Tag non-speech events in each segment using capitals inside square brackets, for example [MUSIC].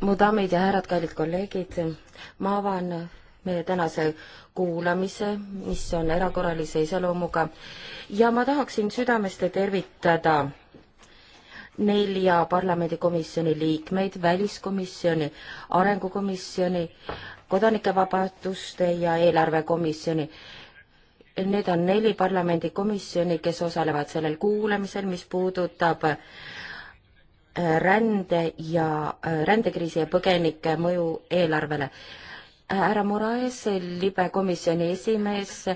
mu daamid ja härrad, kallid kolleegid, ma avan meie tänase kuulamise, mis on erakorralise iseloomuga ja ma tahaksin südamest tervitada nelja parlamendikomisjoni liikmeid, väliskomisjoni, arengukomisjoni, kodanikevabaduste ja eelarvekomisjoni need on neli parlamendikomisjoni, kes osalevad sellel kuulamisel, mis puudutab rände ja, äh, rändekriisi ja põgenike mõju eelarvele. härra Moraes, libe komisjoni esimees,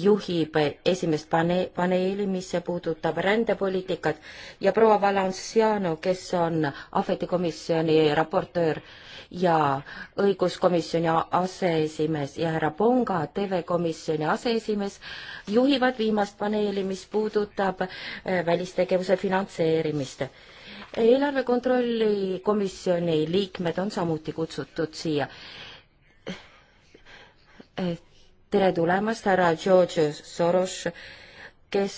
juhib esimest pane-, paneeli, mis puudutab rändepoliitikat ja proua Valenciano, kes on ahvetikomisjoni raportöör ja õiguskomisjoni aseesimees ja härra Ponga, TV-komisjoni aseesimees, juhivad viimast paneeli, mis puudutab äh, välistegevuse finantseerimist eelarve kontrolli komisjoni liikmed on samuti kutsutud siia. tere tulemast, härra George Soros, kes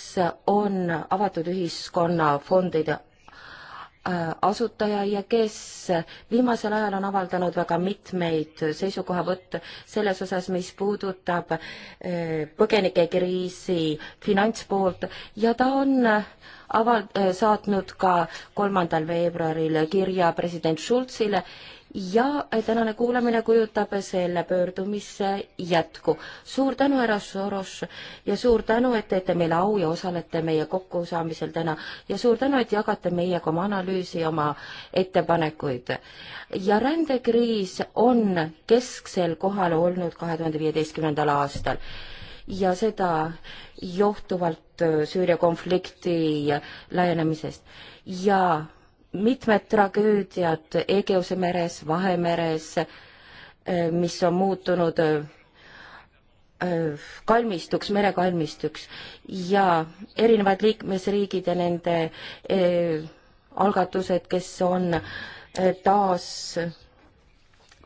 on avatud ühiskonna fondide Äh, asutaja ja kes viimasel ajal on avaldanud väga mitmeid seisukohavõtte selles osas, mis puudutab äh, põgenikekriisi finantspoolt ja ta on äh, aval-, saatnud ka kolmandal veebruaril kirja president Schulzile ja tänane kuulamine kujutab selle pöördumise jätku. suur tänu, härra Soros ja suur tänu, et teete meile au ja osalete meie kokkusaamisel täna ja suur tänu, et jagate meiega oma analüüsi ja oma ettepanekuid. ja rändekriis on kesksel kohal olnud kahe tuhande viieteistkümnendal aastal ja seda johtuvalt Süüria konflikti laienemisest ja mitmed tragöödiad Egeuse meres, Vahemeres, eh, mis on muutunud eh, kalmistuks, merekalmistuks ja erinevad liikmesriigid ja nende eh, algatused, kes on taas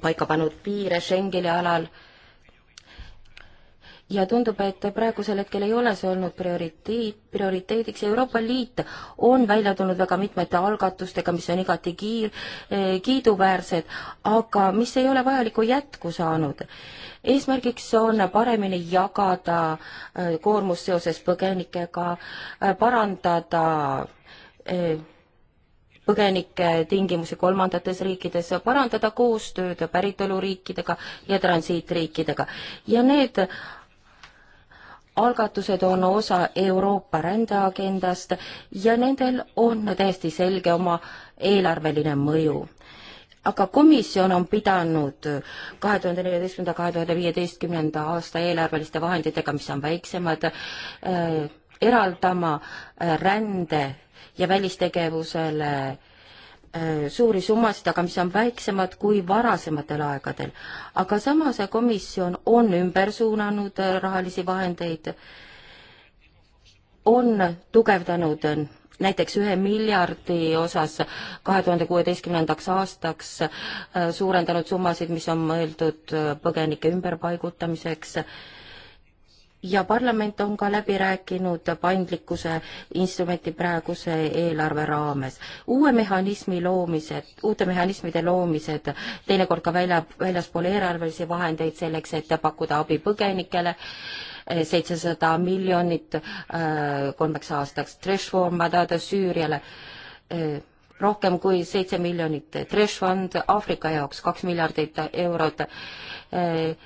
paika pannud piire Schengeni alal ja tundub, et praegusel hetkel ei ole see olnud prioriteet, prioriteediks. Euroopa Liit on välja tulnud väga mitmete algatustega, mis on igati kiir, eh, kiiduväärsed, aga mis ei ole vajalikku jätku saanud. eesmärgiks on paremini jagada eh, koormust seoses põgenikega, eh, parandada põgenike tingimusi kolmandates riikides, parandada koostööd päritoluriikidega ja transiitriikidega. ja need algatused on osa Euroopa rändeagendast ja nendel on täiesti selge oma eelarveline mõju. aga komisjon on pidanud kahe tuhande neljateistkümnenda, kahe tuhande viieteistkümnenda aasta eelarveliste vahenditega, mis on väiksemad äh,, eraldama äh, rände ja välistegevusele Äh, suuri summasid, aga mis on väiksemad kui varasematel aegadel. aga samas komisjon on ümber suunanud äh, rahalisi vahendeid, on tugevdanud äh, näiteks ühe miljardi osas kahe tuhande kuueteistkümnendaks aastaks suurendanud summasid, mis on mõeldud põgenike ümberpaigutamiseks ja parlament on ka läbi rääkinud paindlikkuse instrumenti praeguse eelarve raames. uue mehhanismi loomised, uute mehhanismide loomised, teinekord ka välja, väljaspool eelarvelisi vahendeid selleks, et pakkuda abi põgenikele, seitsesada miljonit äh, kolmeks aastaks, Süüriale äh, rohkem kui seitse miljonit, Aafrika jaoks kaks miljardit eurot, äh,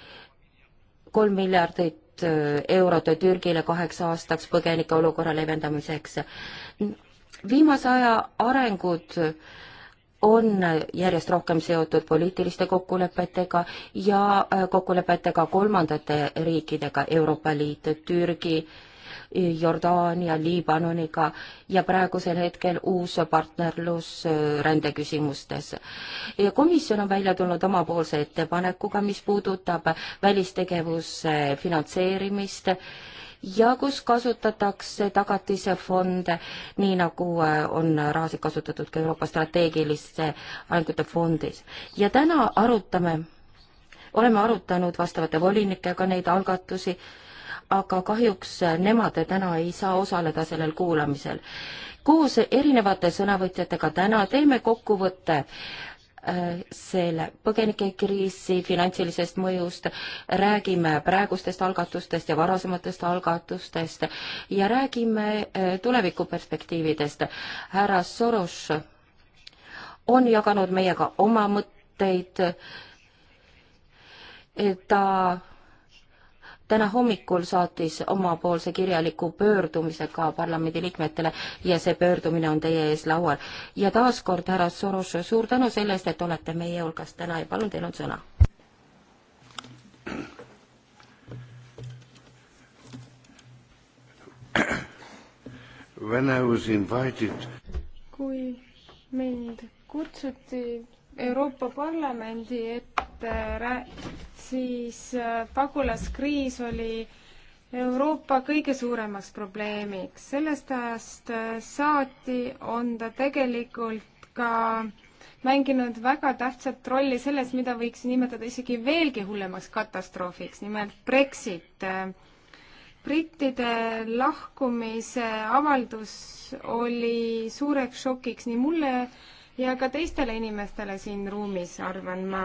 kolm miljardit miljardit äh, eurot Türgile kaheks aastaks põgenike olukorra leevendamiseks. viimase aja arengud on järjest rohkem seotud poliitiliste kokkulepetega ja äh, kokkulepetega kolmandate riikidega, Euroopa Liit, Türgi Jordaania, Liibanoniga ja praegusel hetkel uus partnerlus äh, rändeküsimustes. komisjon on välja tulnud omapoolse ettepanekuga, mis puudutab välistegevuse finantseerimist ja kus kasutatakse tagatise fonde, nii nagu äh, on rahasid kasutatud ka Euroopa strateegiliste arengute fondis. ja täna arutame, oleme arutanud vastavate volinikega neid algatusi aga kahjuks nemad täna ei saa osaleda sellel kuulamisel. koos erinevate sõnavõtjatega täna teeme kokkuvõtte äh, selle põgenikekriisi finantsilisest mõjust, räägime praegustest algatustest ja varasematest algatustest ja räägime äh, tulevikuperspektiividest. härra Soros on jaganud meiega oma mõtteid, ta täna hommikul saatis omapoolse kirjaliku pöördumise ka parlamendiliikmetele ja see pöördumine on teie ees laual. ja taaskord, härra Soros, suur tänu selle eest, et olete meie hulgas täna ja palun, teil on sõna. When I was invited kui mind kutsuti Euroopa Parlamendi ette, Äh, siis äh, pagulaskriis oli Euroopa kõige suuremaks probleemiks. sellest ajast äh, saati on ta tegelikult ka mänginud väga tähtsat rolli selles, mida võiks nimetada isegi veelgi hullemaks katastroofiks, nimelt Brexit. brittide lahkumise avaldus oli suureks šokiks nii mulle ja ka teistele inimestele siin ruumis, arvan ma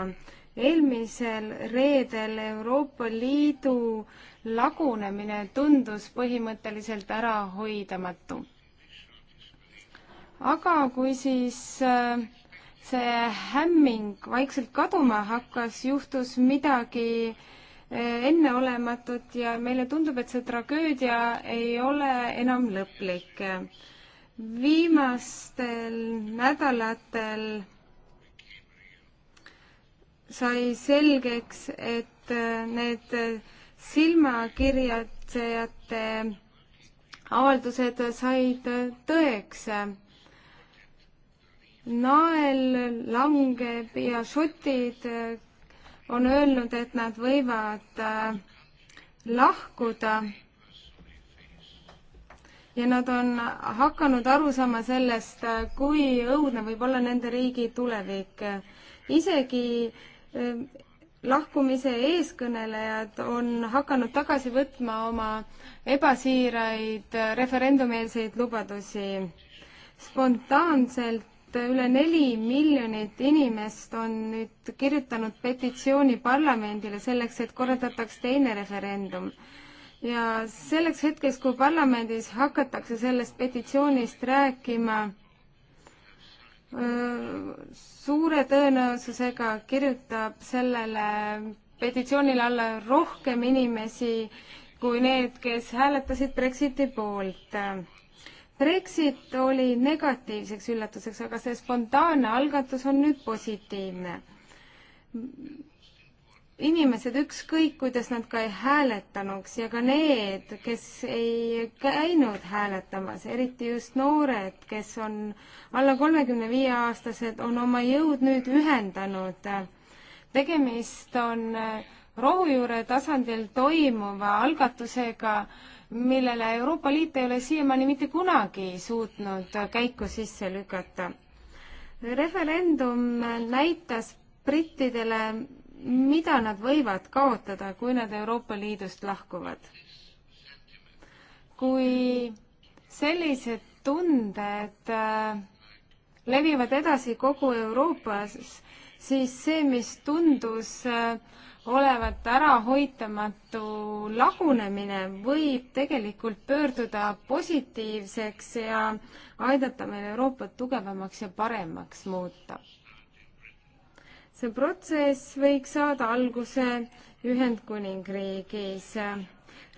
eelmisel reedel Euroopa Liidu lagunemine tundus põhimõtteliselt ärahoidamatu. aga kui siis äh, see hämming vaikselt kaduma hakkas, juhtus midagi äh, enneolematut ja meile tundub, et see tragöödia ei ole enam lõplik. viimastel nädalatel sai selgeks, et äh, need äh, silmakirjatsejate avaldused said äh, tõeks. nael langeb ja šotid on öelnud, et nad võivad lahkuda. ja nad on hakanud aru saama sellest, kui õudne võib olla nende riigi tulevik. isegi lahkumise eeskõnelejad on hakanud tagasi võtma oma ebasiiraid referendumeelseid lubadusi. spontaanselt üle neli miljonit inimest on nüüd kirjutanud petitsiooni parlamendile selleks, et korraldataks teine referendum. ja selleks hetkeks, kui parlamendis hakatakse sellest petitsioonist rääkima, Äh, suure tõenäosusega kirjutab sellele petitsioonile alla rohkem inimesi kui need, kes hääletasid Brexiti poolt. Brexit oli negatiivseks üllatuseks, aga see spontaanne algatus on nüüd positiivne inimesed, ükskõik kuidas nad ka ei hääletanuks ja ka need, kes ei käinud hääletamas, eriti just noored, kes on alla kolmekümne viie aastased, on oma jõud nüüd ühendanud. tegemist on äh, rohujuure tasandil toimuva algatusega, millele Euroopa Liit ei ole siiamaani mitte kunagi suutnud käiku sisse lükata. referendum näitas brittidele mida nad võivad kaotada, kui nad Euroopa Liidust lahkuvad. kui sellised tunded äh, levivad edasi kogu Euroopas, siis see, mis tundus äh, olevat ärahoitamatu lagunemine, võib tegelikult pöörduda positiivseks ja aidata meil Euroopat tugevamaks ja paremaks muuta see protsess võiks saada alguse Ühendkuningriigis.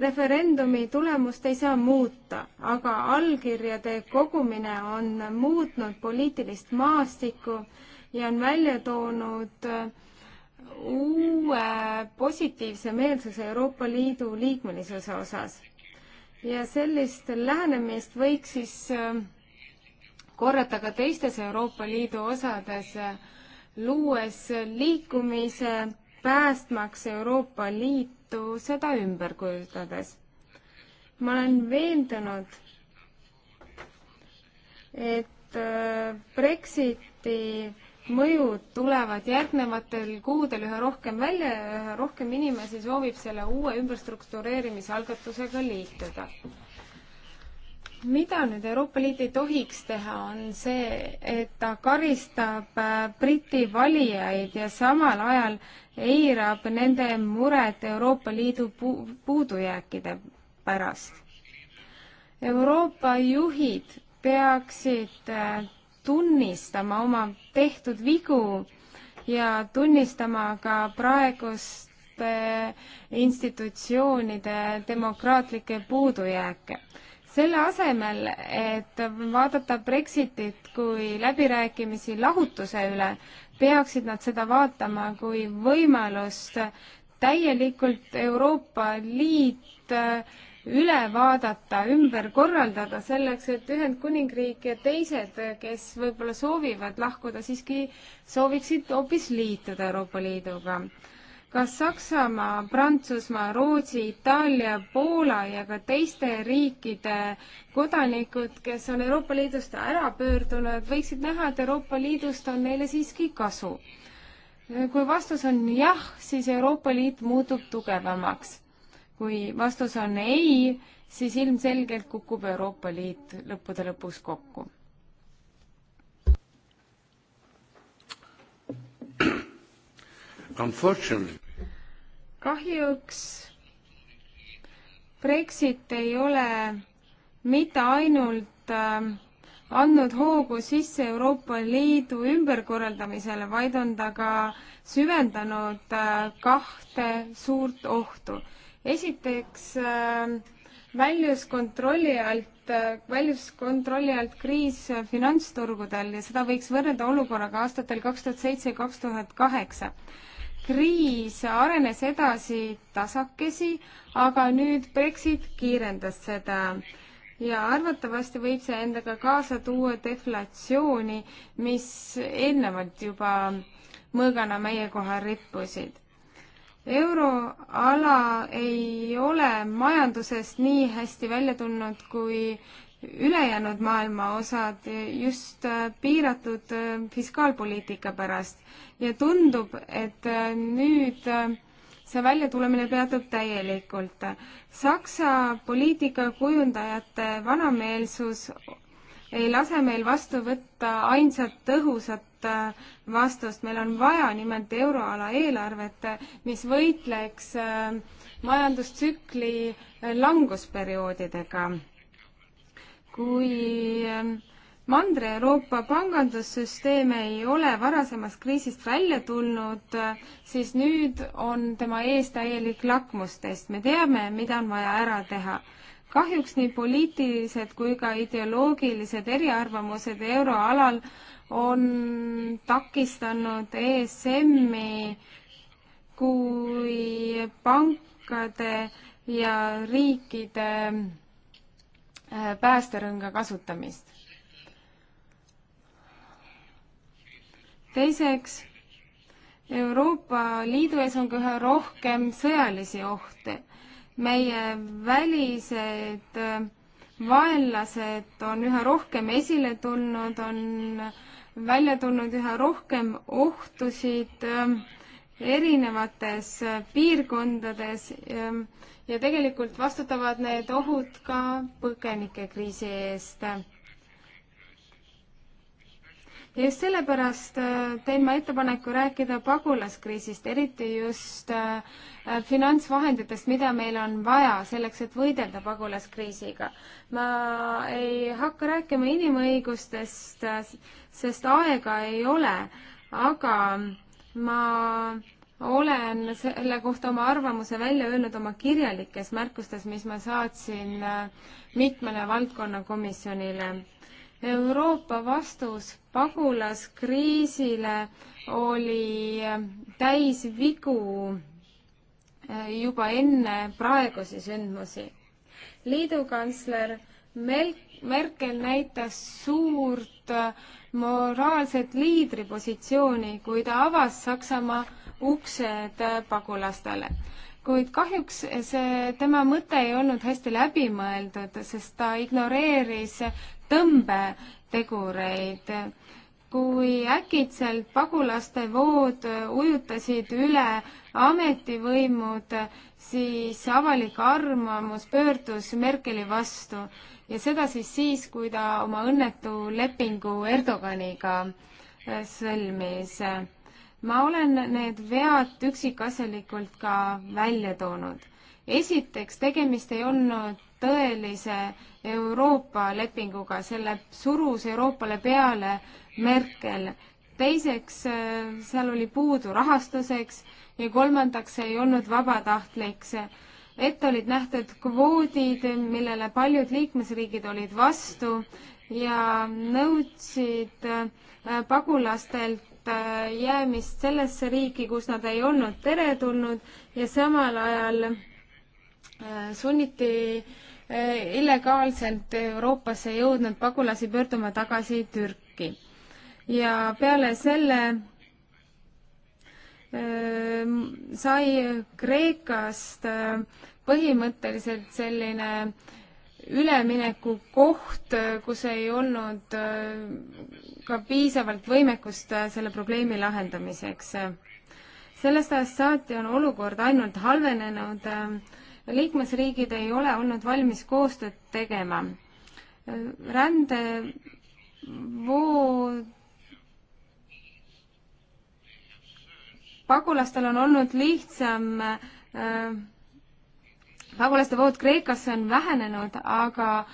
referendumi tulemust ei saa muuta, aga allkirjade kogumine on muutnud poliitilist maastikku ja on välja toonud äh, uue positiivse meelsuse Euroopa Liidu liikmelisuse osas. ja sellist lähenemist võiks siis äh, korrata ka teistes Euroopa Liidu osades äh, luues liikumise päästmaks Euroopa Liitu seda ümber kujutades. ma olen veendunud, et äh, Brexiti mõjud tulevad järgnevatel kuudel üha rohkem välja ja üha rohkem inimesi soovib selle uue ümberstruktureerimise algatusega liituda mida nüüd Euroopa Liit ei tohiks teha, on see, et ta karistab äh, Briti valijaid ja samal ajal eirab nende muret Euroopa Liidu puudujääkide pärast. Euroopa juhid peaksid äh, tunnistama oma tehtud vigu ja tunnistama ka praegust institutsioonide demokraatlikke puudujääke selle asemel, et vaadata Brexitit kui läbirääkimisi lahutuse üle, peaksid nad seda vaatama kui võimalust täielikult Euroopa Liit äh, üle vaadata, ümber korraldada selleks, et Ühendkuningriik ja teised, kes võib-olla soovivad lahkuda, siiski sooviksid hoopis liituda Euroopa Liiduga kas Saksamaa, Prantsusmaa, Rootsi, Itaalia, Poola ja ka teiste riikide kodanikud, kes on Euroopa Liidust ära pöördunud, võiksid näha, et Euroopa Liidust on neile siiski kasu? kui vastus on jah, siis Euroopa Liit muutub tugevamaks. kui vastus on ei, siis ilmselgelt kukub Euroopa Liit lõppude lõpuks kokku Unfortunately kahjuks Brexit ei ole mitte ainult äh, andnud hoogu sisse Euroopa Liidu ümberkorraldamisele, vaid on ta ka süvendanud äh, kahte suurt ohtu. esiteks ähm, äh, väljus kontrolli alt, väljus kontrolli alt kriis äh, finantsturgudel ja seda võiks võrrelda olukorraga aastatel kaks tuhat seitse, kaks tuhat kaheksa kriis arenes edasi tasakesi, aga nüüd Brexit kiirendas seda ja arvatavasti võib see endaga kaasa tuua deflatsiooni, mis eelnevalt juba mõõgana meie kohal rippusid. euroala ei ole majandusest nii hästi välja tulnud kui ülejäänud maailma osad just äh, piiratud äh, fiskaalpoliitika pärast ja tundub, et äh, nüüd see väljatulemine peatub täielikult. Saksa poliitikakujundajate vanameelsus ei lase meil vastu võtta ainsat tõhusat vastust, meil on vaja nimelt euroala eelarvet, mis võitleks majandustsükli langusperioodidega kui ähm, Mandri-Euroopa pangandussüsteem ei ole varasemast kriisist välja tulnud, siis nüüd on tema ees täielik lakmustest. me teame, mida on vaja ära teha. kahjuks nii poliitilised kui ka ideoloogilised eriarvamused euroalal on takistanud ESM-i kui pankade ja riikide Äh, päästerõnga kasutamist. teiseks, Euroopa Liidu ees on ka üha rohkem sõjalisi ohte. meie välised äh, vaenlased on üha rohkem esile tulnud, on välja tulnud üha rohkem ohtusid äh, erinevates piirkondades ja tegelikult vastutavad need ohud ka põgenikekriisi eest. ja just sellepärast äh, teen ma ettepaneku rääkida pagulaskriisist, eriti just äh, finantsvahenditest, mida meil on vaja selleks, et võidelda pagulaskriisiga. ma ei hakka rääkima inimõigustest, äh, sest aega ei ole, aga ma olen selle kohta oma arvamuse välja öelnud oma kirjalikes märkustes, mis ma saatsin äh, mitmele valdkonnakomisjonile. Euroopa vastus pagulaskriisile oli äh, täis vigu äh, juba enne praegusi sündmusi. liidukantsler Melk-, Merkel näitas suurt moraalset liidripositsiooni, kui ta avas Saksamaa uksed pagulastele. kuid kahjuks see, tema mõte ei olnud hästi läbimõeldud, sest ta ignoreeris tõmbetegureid kui äkitselt pagulaste vood ujutasid üle ametivõimud, siis avalik arvamus pöördus Merkeli vastu ja seda siis siis, kui ta oma õnnetu lepingu Erdoganiga sõlmis ma olen need vead üksikasjalikult ka välja toonud. esiteks, tegemist ei olnud tõelise Euroopa lepinguga, selle surus Euroopale peale Merkel. teiseks, seal oli puudu rahastuseks ja kolmandaks ei olnud vabatahtlik see ette olid nähtud kvoodid, millele paljud liikmesriigid olid vastu ja nõudsid pagulastelt jäämist sellesse riiki, kus nad ei olnud teretulnud ja samal ajal äh, sunniti äh, illegaalselt Euroopasse jõudnud pagulasi pöörduma tagasi Türki. ja peale selle äh, sai Kreekast põhimõtteliselt selline äh, ülemineku koht, kus ei olnud äh, ka piisavalt võimekust äh, selle probleemi lahendamiseks. sellest ajast saati on olukord ainult halvenenud, äh, liikmesriigid ei ole olnud valmis koostööd tegema. rändevood pagulastel on olnud lihtsam äh, pagulaste vood Kreekasse on vähenenud, aga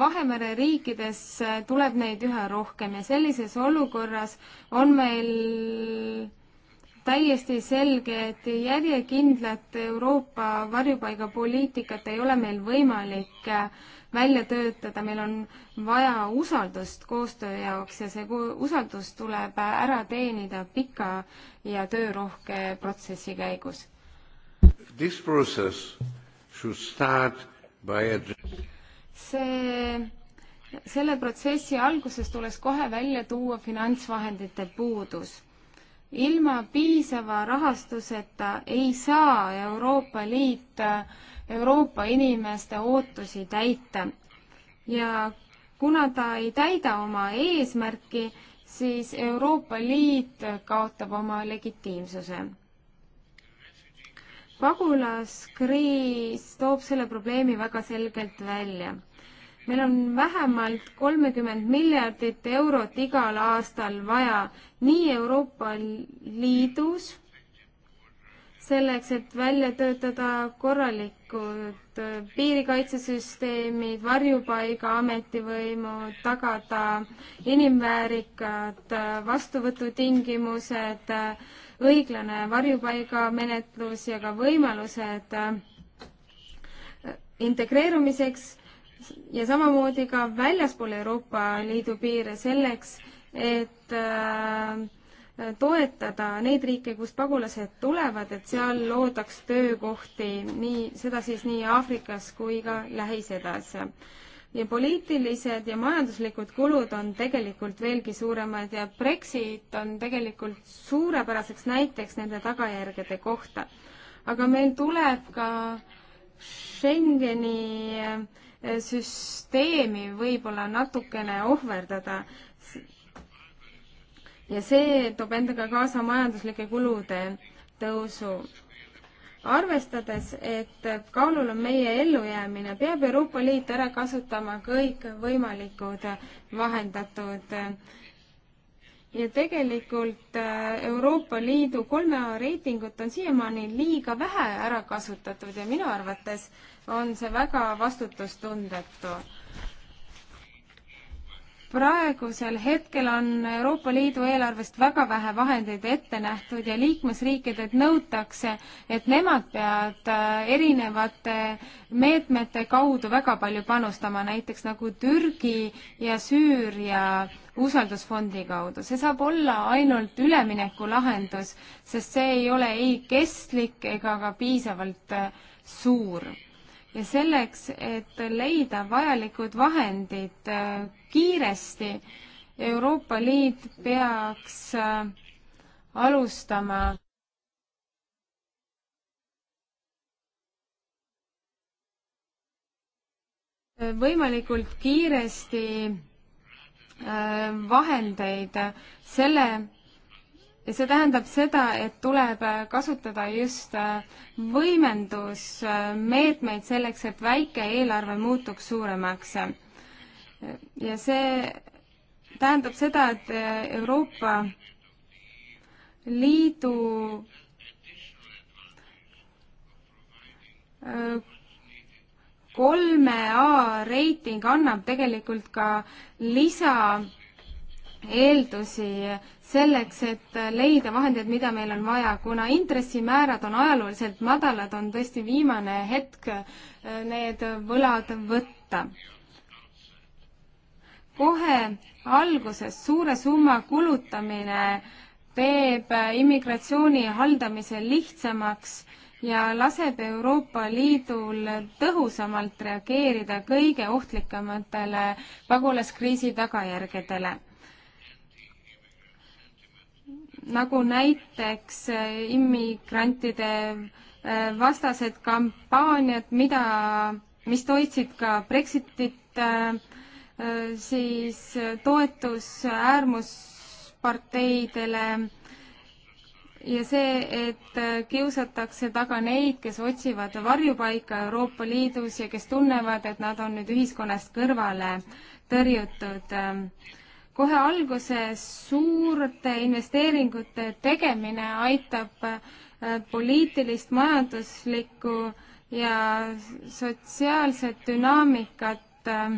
Vahemere riikides tuleb neid üha rohkem ja sellises olukorras on meil täiesti selge, et järjekindlat Euroopa varjupaigapoliitikat ei ole meil võimalik välja töötada, meil on vaja usaldust koostöö jaoks ja see usaldus tuleb ära teenida pika ja töörohke protsessi käigus. This process see, selle protsessi alguses tuleks kohe välja tuua finantsvahendite puudus. ilma piisava rahastuseta ei saa Euroopa Liit Euroopa inimeste ootusi täita. ja kuna ta ei täida oma eesmärki, siis Euroopa Liit kaotab oma legitiimsuse pagulaskriis toob selle probleemi väga selgelt välja. meil on vähemalt kolmekümmend miljardit eurot igal aastal vaja nii Euroopa Liidus selleks, et välja töötada korralikud piirikaitsesüsteemid, varjupaiga ametivõimud, tagada inimväärikad vastuvõtutingimused äh,, õiglane varjupaigamenetlus ja ka võimalused äh, integreerumiseks ja samamoodi ka väljaspool Euroopa Liidu piire selleks, et äh, toetada neid riike, kust pagulased tulevad, et seal loodaks töökohti, nii, seda siis nii Aafrikas kui ka Lähis-Idas ja poliitilised ja majanduslikud kulud on tegelikult veelgi suuremad ja Brexit on tegelikult suurepäraseks näiteks nende tagajärgede kohta. aga meil tuleb ka Schengeni eh, süsteemi võib-olla natukene ohverdada ja see toob endaga kaasa majanduslike kulude tõusu arvestades, et kaalul on meie ellujäämine, peab Euroopa Liit ära kasutama kõik võimalikud vahendatud ja tegelikult äh, Euroopa Liidu kolme A reitingut on siiamaani liiga vähe ära kasutatud ja minu arvates on see väga vastutustundetu praegusel hetkel on Euroopa Liidu eelarvest väga vähe vahendeid ette nähtud ja liikmesriikidelt nõutakse, et nemad peavad äh, erinevate meetmete kaudu väga palju panustama, näiteks nagu Türgi ja Süüria usaldusfondi kaudu. see saab olla ainult ülemineku lahendus, sest see ei ole ei kestlik ega ka piisavalt äh, suur ja selleks, et leida vajalikud vahendid äh, kiiresti, Euroopa Liit peaks äh, alustama võimalikult kiiresti äh, vahendeid selle ja see tähendab seda, et tuleb äh, kasutada just äh, võimendusmeetmeid selleks, et väike eelarve muutuks suuremaks. ja see tähendab seda, et äh, Euroopa Liidu kolme A reiting annab tegelikult ka lisa eeldusi selleks, et leida vahendeid, mida meil on vaja, kuna intressimäärad on ajalooliselt madalad, on tõesti viimane hetk äh, need võlad võtta. kohe alguses suure summa kulutamine teeb äh, immigratsiooni haldamise lihtsamaks ja laseb Euroopa Liidul tõhusamalt reageerida kõige ohtlikamatele pagulaskriisi tagajärgedele nagu näiteks äh, immigrantide äh, vastased kampaaniad, mida, mis toitsid ka Brexitit, äh, siis toetus äärmusparteidele ja see, et kiusatakse taga neid, kes otsivad varjupaika Euroopa Liidus ja kes tunnevad, et nad on nüüd ühiskonnast kõrvale tõrjutud äh, kohe alguses suurte investeeringute tegemine aitab äh, poliitilist, majanduslikku ja sotsiaalset dünaamikat äh,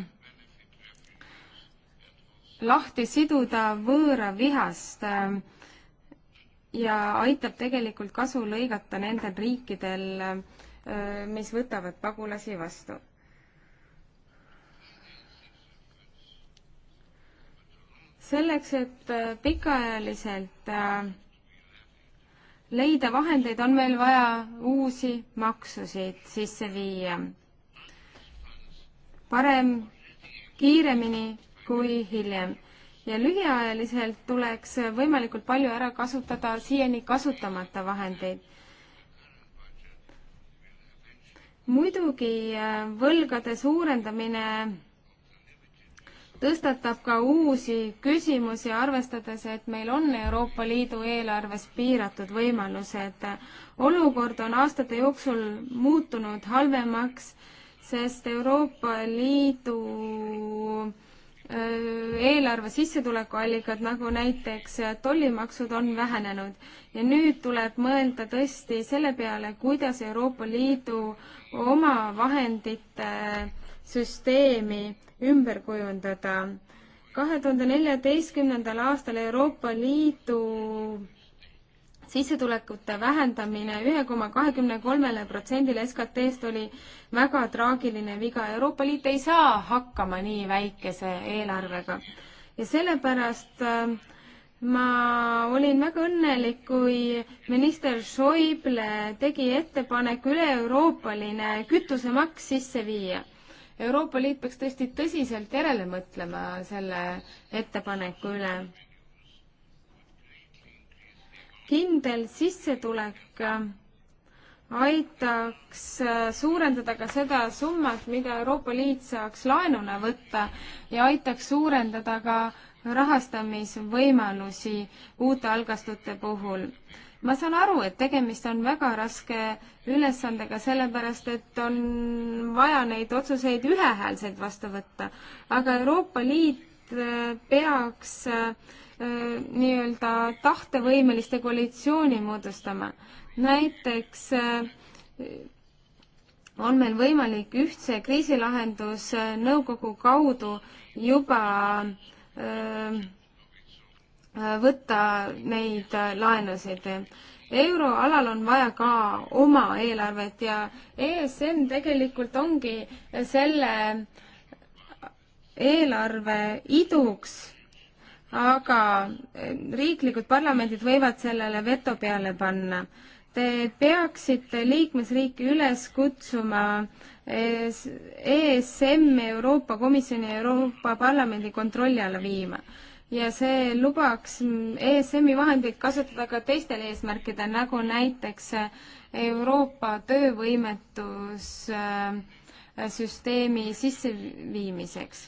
lahti siduda võõra vihast äh, ja aitab tegelikult kasu lõigata nendel riikidel, mis võtavad pagulasi vastu selleks, et äh, pikaajaliselt äh, leida vahendeid, on meil vaja uusi maksusid sisse viia. parem kiiremini kui hiljem. ja lühiajaliselt tuleks võimalikult palju ära kasutada siiani kasutamata vahendeid. muidugi äh, võlgade suurendamine tõstatab ka uusi küsimusi, arvestades, et meil on Euroopa Liidu eelarves piiratud võimalused. olukord on aastate jooksul muutunud halvemaks, sest Euroopa Liidu eelarve sissetulekuallikad, nagu näiteks tollimaksud, on vähenenud. ja nüüd tuleb mõelda tõesti selle peale, kuidas Euroopa Liidu omavahendite süsteemi ümber kujundada. kahe tuhande neljateistkümnendal aastal Euroopa Liidu sissetulekute vähendamine ühe koma kahekümne kolmele protsendile SKT-st oli väga traagiline viga. Euroopa Liit ei saa hakkama nii väikese eelarvega ja sellepärast äh, ma olin väga õnnelik, kui minister Schäuble tegi ettepaneku üle-euroopaline kütusemaks sisse viia Euroopa Liit peaks tõesti tõsiselt järele mõtlema selle ettepaneku üle. kindel sissetulek äh, aitaks äh, suurendada ka seda summat, mida Euroopa Liit saaks laenuna võtta ja aitaks suurendada ka rahastamisvõimalusi uute algastute puhul ma saan aru, et tegemist on väga raske ülesandega, sellepärast et on vaja neid otsuseid ühehäälselt vastu võtta. aga Euroopa Liit äh, peaks äh, nii-öelda tahtevõimeliste koalitsiooni moodustama. näiteks äh, on meil võimalik ühtse kriisilahendusnõukogu äh, kaudu juba äh, võtta neid laenusid. euroalal on vaja ka oma eelarvet ja ESM tegelikult ongi selle eelarve iduks, aga riiklikud parlamendid võivad sellele veto peale panna. Te peaksite liikmesriiki üles kutsuma ESM-i Euroopa Komisjoni ja Euroopa Parlamendi kontrolli alla viima ja see lubaks ESM-i vahendeid kasutada ka teistel eesmärkidel, nagu näiteks Euroopa töövõimetussüsteemi äh, sisseviimiseks.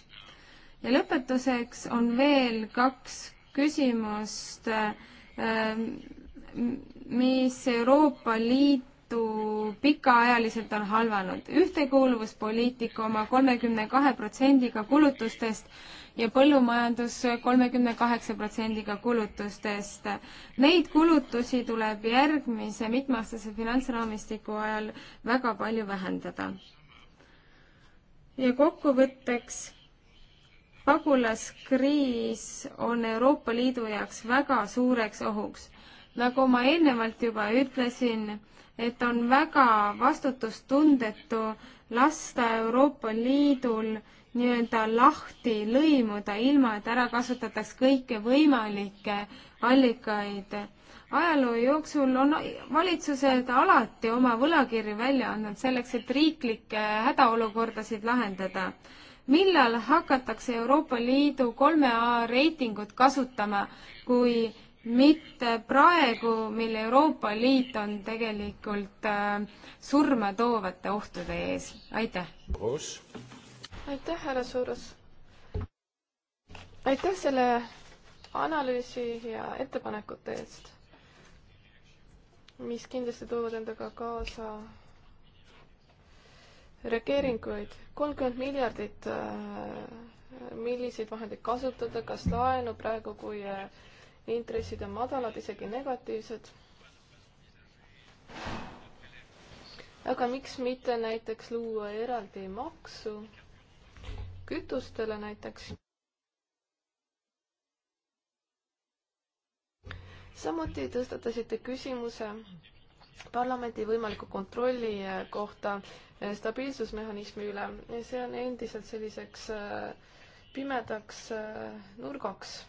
ja lõpetuseks on veel kaks küsimust, äh, mis Euroopa Liit tõttu pikaajaliselt on halvanud. ühtekuuluvuspoliitika oma kolmekümne kahe protsendiga kulutustest ja põllumajandus kolmekümne kaheksa protsendiga kulutustest. Neid kulutusi tuleb järgmise mitmeaastase finantsraamistiku ajal väga palju vähendada. ja kokkuvõtteks, pagulaskriis on Euroopa Liidu jaoks väga suureks ohuks. nagu ma eelnevalt juba ütlesin, et on väga vastutustundetu lasta Euroopa Liidul nii-öelda lahti lõimuda, ilma et ära kasutataks kõiki võimalikke allikaid. ajaloo jooksul on valitsused alati oma võlakirju välja andnud selleks, et riiklikke hädaolukordasid lahendada. millal hakatakse Euroopa Liidu kolme A reitingut kasutama, kui mitte praegu, mil Euroopa Liit on tegelikult äh, surma toovate ohtude ees. aitäh! aitäh, härra Soros! aitäh selle analüüsi ja ettepanekute eest, mis kindlasti toovad endaga kaasa reageeringuid. kolmkümmend miljardit, äh, milliseid vahendeid kasutada, kas laenu praegu, kui äh, intressid on madalad, isegi negatiivsed. aga miks mitte näiteks luua eraldi maksu kütustele näiteks? samuti tõstatasite küsimuse parlamendi võimaliku kontrolli kohta stabiilsusmehhanismi üle. see on endiselt selliseks äh, pimedaks äh, nurgaks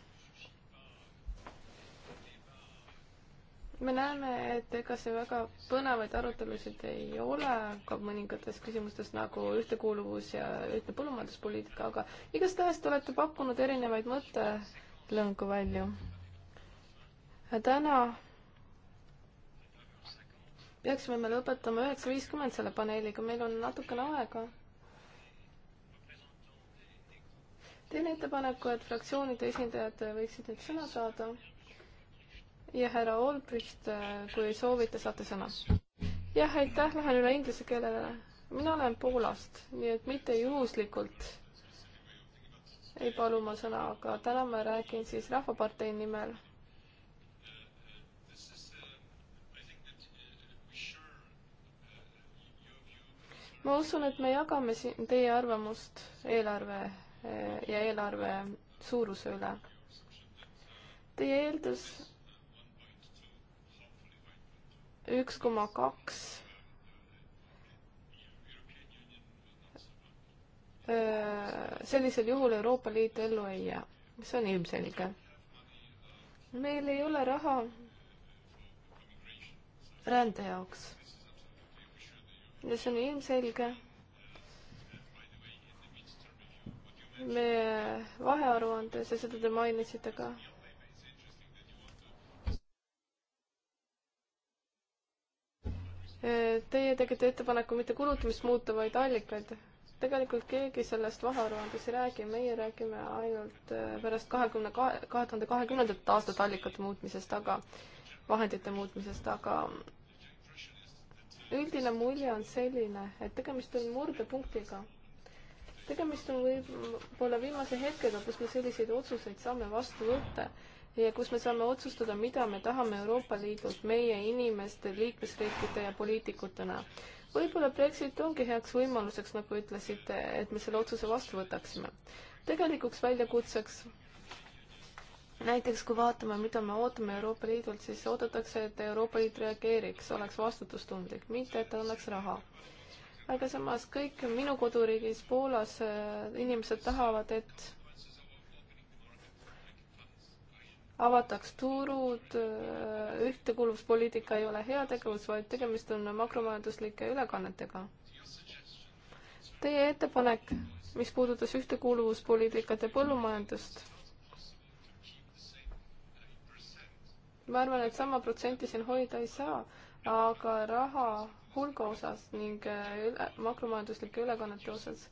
me näeme, et ega see väga põnevaid arutelusid ei ole ka mõningates küsimustes nagu ühtekuuluvus ja ühtne põllumajanduspoliitika, aga igastahes te olete pakkunud erinevaid mõttelõngu välja. täna peaksime me lõpetama üheksa viiskümmend selle paneeliga, meil on natukene aega. teen ettepaneku, et fraktsioonide esindajad võiksid nüüd sõna saada ja härra Olbricht, äh, kui soovite, saate sõna. jah, aitäh, lähen üle inglise keelele. mina olen Poolast, nii et mitte juhuslikult ei palu ma sõna, aga täna ma räägin siis Rahvapartei nimel. ma usun, et me jagame siin teie arvamust eelarve äh, ja eelarve suuruse üle. Teie eeldus üks koma kaks sellisel juhul Euroopa Liit ellu ei jää, mis on ilmselge. meil ei ole raha rände jaoks. ja see on ilmselge. me vahearuandes ja seda te mainisite ka Teie tegite ettepaneku mitte kulutamist muuta, vaid allikaid. tegelikult keegi sellest vahearuandes ei räägi, meie räägime ainult pärast kahekümne, kahe tuhande kahekümnendat aastat allikate muutmisest, aga vahendite muutmisest, aga üldine mulje on selline, et tegemist on murdepunktiga tegemist on võib-olla viimase hetkega, kus me selliseid otsuseid saame vastu võtta ja kus me saame otsustada, mida me tahame Euroopa Liidult meie inimeste, liikmesriikide ja poliitikutena. võib-olla Brexit ongi heaks võimaluseks, nagu ütlesite, et me selle otsuse vastu võtaksime. tegelikuks väljakutseks näiteks kui vaatame, mida me ootame Euroopa Liidult, siis oodatakse, et Euroopa Liit reageeriks, oleks vastutustundlik, mitte et annaks raha aga samas kõik minu koduriigis Poolas äh, inimesed tahavad, et avataks turud, äh, ühtekuuluvuspoliitika ei ole heategevus, vaid tegemist on makromajanduslike ülekannetega. Teie ettepanek, mis puudutas ühtekuuluvuspoliitikat ja põllumajandust, ma arvan, et sama protsenti siin hoida ei saa, aga raha hulga osas ning äh, üle, makromajanduslike ülekannete osas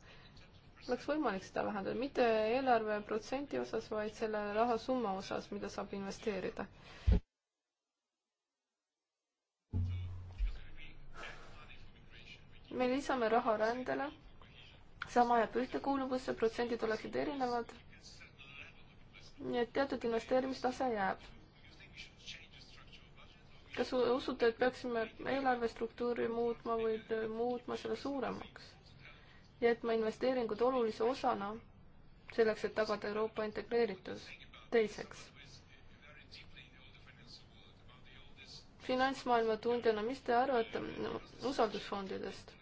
oleks võimalik seda vähendada, mitte eelarve protsenti osas, vaid selle rahasumma osas, mida saab investeerida. me lisame raha rändele, sama jääb ühtekuuluvusse, protsendid oleksid erinevad. nii et teatud investeerimistase jääb. kas usute, et peaksime eelarve struktuuri muutma või muutma selle suuremaks? jätma investeeringud olulise osana selleks, et tagada Euroopa integreeritus. teiseks, finantsmaailma tundjana, mis te arvate usaldusfondidest?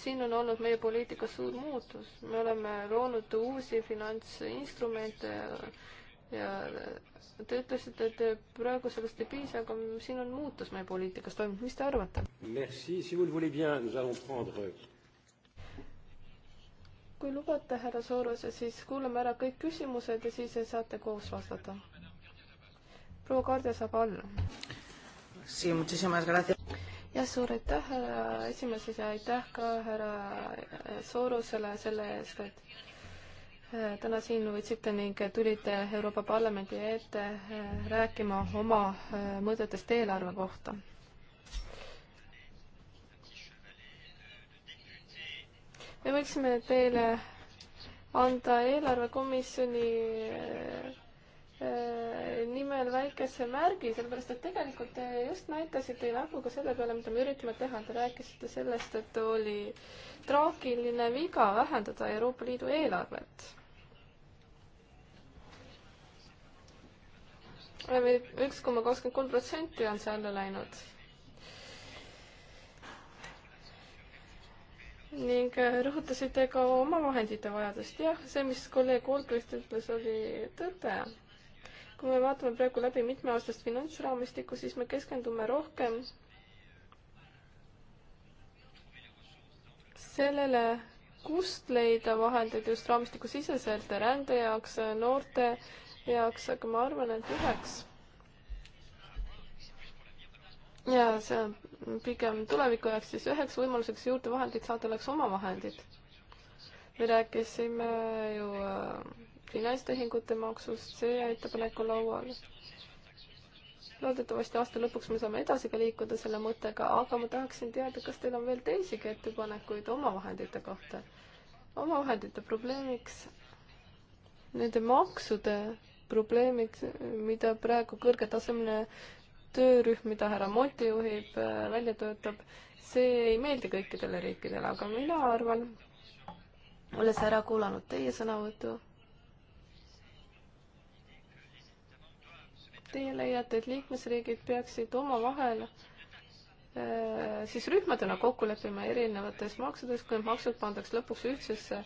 siin on olnud meie poliitikas suur muutus, me oleme loonud uusi finantsinstrumente ja, ja te ütlesite, et praegu sellest ei piisa, aga siin on muutus meie poliitikas toimunud, mis te arvate? Merci, si vous le voulez bien, nous allons prendre kui lubate, härra Soorose, siis kuulame ära kõik küsimused ja siis saate koos vastata. proua Kardja saab alla. jah, suur aitäh, härra esimees ja aitäh ka härra Soorosele selle eest, et äh, täna siin võtsite ning tulite Euroopa Parlamendi ette äh, rääkima oma äh, mõtetest eelarve kohta me võiksime teile anda eelarvekomisjoni eh, eh, nimel väikese märgi, sellepärast et tegelikult te just näitasite näpuga selle peale, mida me üritame teha, te rääkisite sellest, et oli traagiline viga vähendada Euroopa Liidu eelarvet üks koma kakskümmend kolm protsenti on see alla läinud. ning äh, rõhutasite ka oma vahendite vajadust. jah, see, mis kolleeg Olbrist ütles, oli tõde. kui me vaatame praegu läbi mitmeaastast finantsraamistikku, siis me keskendume rohkem sellele, kust leida vahendeid just raamistikusiseselt rände jaoks, noorte jaoks, aga ma arvan, et üheks ja see on pigem tuleviku jaoks, siis üheks võimaluseks juurdevahendiks saada oleks omavahendid. me rääkisime ju äh, finantstehingute maksust, see jäi ettepaneku lauale loodetavasti aasta lõpuks me saame edasi ka liikuda selle mõttega, aga ma tahaksin teada, kas teil on veel teisigi ettepanekuid omavahendite kohta? omavahendite probleemiks, nende maksude probleemiks, mida praegu kõrgetasemeline töörühm, mida härra Monti juhib, äh, välja töötab, see ei meeldi kõikidele riikidele, aga mina arvan, olles ära kuulanud teie sõnavõtu, teie leiate, et liikmesriigid peaksid omavahel äh, siis rühmadena kokku leppima erinevates maksudes, kui maksud pandaks lõpuks ühtsesse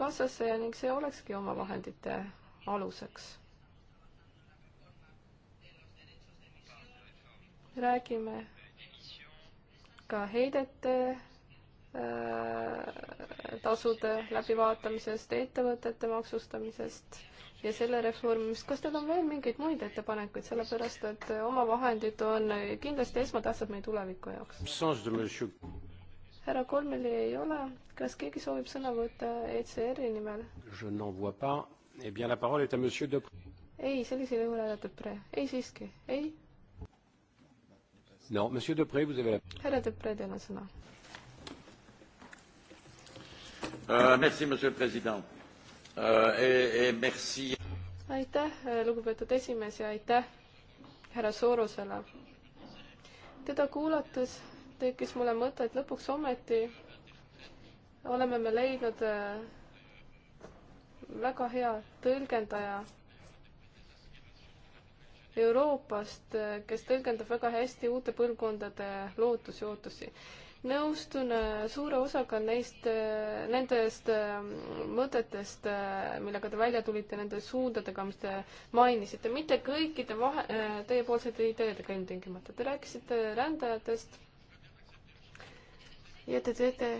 kassasse ja ning see olekski omavahendite aluseks räägime ka heidete äh, tasude läbivaatamisest, ettevõtete maksustamisest ja selle reformimist. kas teil on veel mingeid muid ettepanekuid, sellepärast et omavahendid on kindlasti esmatähtsad meie tuleviku jaoks? härra Kolmeli ei ole, kas keegi soovib sõna võtta ECR-i nimel? Eh de... ei, sellisel juhul hääletab Pre-, ei siiski, ei no monsieur Depree, vous avez la. härra Depree, teil on sõna uh,. Merci, monsieur president uh,. Et, et merci. aitäh, lugupeetud esimees ja aitäh härra Soorosele. teda kuulates tekkis mulle mõte, et lõpuks ometi oleme me leidnud äh, väga hea tõlgendaja Euroopast, kes tõlgendab väga hästi uute põlvkondade lootusi, ootusi. nõustun äh, suure osaga neist, äh, nendest äh, mõtetest, millega te välja tulite, nende suundadega, mis te mainisite, mitte kõikide vahe, teiepoolsete ideedega ilmtingimata. Te rääkisite rändajatest ja te teete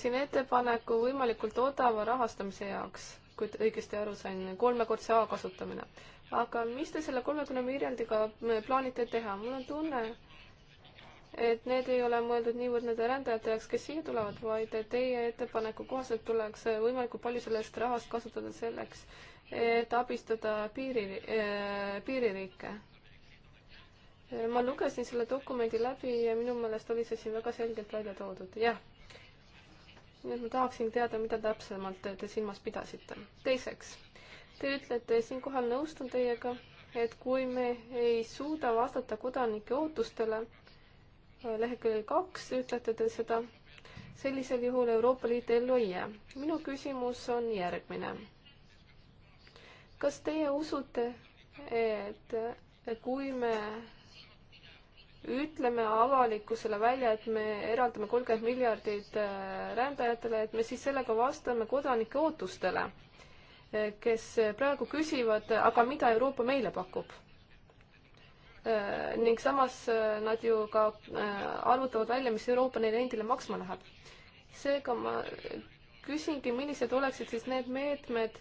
siin ettepaneku võimalikult odava rahastamise jaoks kui õigesti aru sain, kolmekordse A kasutamine. aga mis te selle kolmekümne miljardiga plaanite teha? mul on tunne, et need ei ole mõeldud niivõrd nende rändajate jaoks, kes siia tulevad, vaid teie ettepaneku kohaselt tuleks võimalikult palju sellest rahast kasutada selleks, et abistada piiri äh,, piiririike. ma lugesin selle dokumendi läbi ja minu meelest oli see siin väga selgelt välja toodud, jah nii et ma tahaksin teada, mida täpsemalt te silmas pidasite. teiseks, te ütlete, siinkohal nõustun teiega, et kui me ei suuda vastata kodanike ootustele, äh, leheküljel kaks ütlete te seda, sellisel juhul Euroopa Liit ellu ei jää. minu küsimus on järgmine. kas teie usute, et kui me ütleme avalikkusele välja, et me eraldame kolmkümmend miljardit äh, rändajatele, et me siis sellega vastame kodanike ootustele, äh, kes praegu küsivad, aga mida Euroopa meile pakub. Äh, ning samas nad ju ka arvutavad välja, mis Euroopa neile endile maksma läheb. seega ma küsingi, millised oleksid siis need meetmed,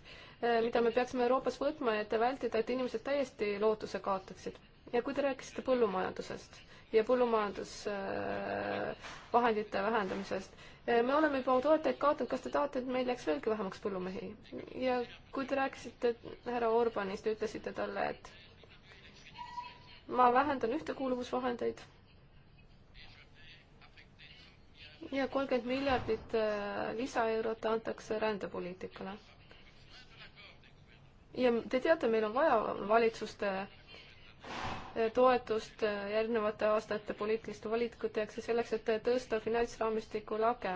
mida me peaksime Euroopas võtma, et vältida, et inimesed täiesti lootuse kaotaksid. ja kui te rääkisite põllumajandusest ja põllumajandusvahendite vähendamisest. Eh, me oleme juba toetajaid kaotanud, kas te tahate, et meil jääks veelgi vähemaks põllumehi? ja kui te rääkisite härra Orbanist ja ütlesite talle, et ma vähendan ühtekuuluvusvahendeid ja kolmkümmend miljardit eh, lisaeurot antakse rändepoliitikale. ja te teate, meil on vaja valitsuste toetust järgnevate aastate poliitiliste valikute jaoks ja selleks, et tõsta finantsraamistiku lage.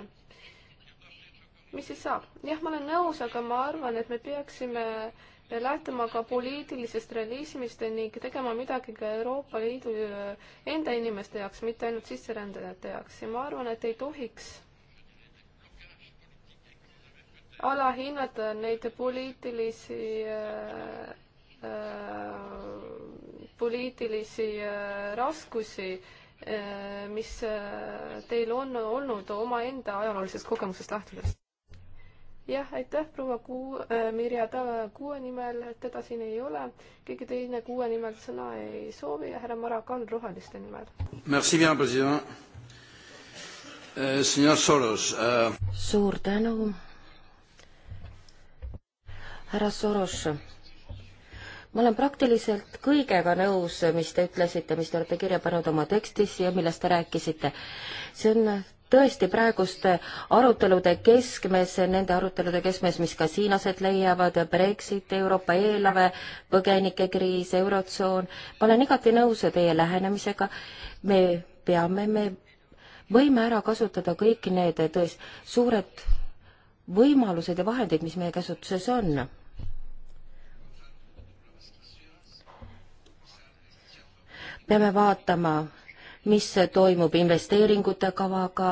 mis siis saab? jah, ma olen nõus, aga ma arvan, et me peaksime lähtuma ka poliitilisest realismist ning tegema midagi ka Euroopa Liidu enda inimeste jaoks, mitte ainult sisserändajate jaoks ja ma arvan, et ei tohiks alahinnata neid poliitilisi äh, äh, poliitilisi äh, raskusi, äh, mis äh, teil on olnud omaenda ajaloolisest kogemusest lähtudes? jah, aitäh, proua Kuu- äh,, Mirja Tala Kuue nimel, teda siin ei ole. keegi teine Kuue nimel sõna ei soovi ja härra Marakan Roheliste nimel. Merci bien, president äh,. Euh, Senor Soros äh.... suur tänu. härra Soros ma olen praktiliselt kõigega nõus, mis te ütlesite, mis te olete kirja pannud oma tekstis ja millest te rääkisite. see on tõesti praeguste arutelude keskmes, nende arutelude keskmes, mis kasiin aset leiavad, Brexit, Euroopa eelarve, põgenikekriis, Eurotsoon, ma olen igati nõus teie lähenemisega, me peame, me võime ära kasutada kõik need tõesti suured võimalused ja vahendid, mis meie käsutuses on peame vaatama, mis toimub investeeringute kavaga,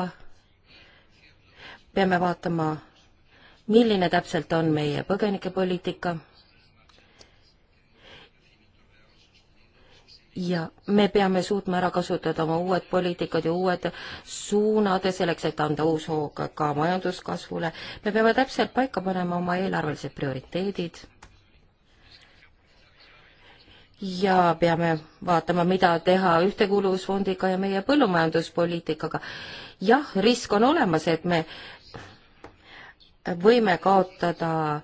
peame vaatama, milline täpselt on meie põgenikepoliitika ja me peame suutma ära kasutada oma uued poliitikad ja uued suunad selleks, et anda uus hoog ka majanduskasvule. me peame täpselt paika panema oma eelarvelised prioriteedid ja peame vaatama, mida teha Ühtekuuluvusfondiga ja meie põllumajanduspoliitikaga. jah, risk on olemas, et me võime kaotada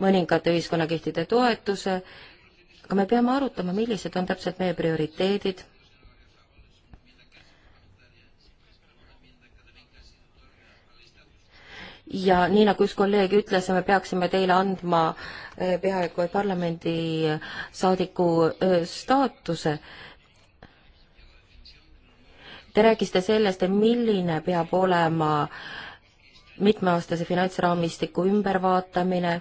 mõningate ühiskonnakihtide toetuse, aga me peame arutama, millised on täpselt meie prioriteedid ja nii, nagu üks kolleeg ütles, me peaksime teile andma eh, peaaegu et parlamendisaadiku eh, eh, staatuse. Te rääkisite sellest, et milline peab olema mitmeaastase finantsraamistiku ümbervaatamine,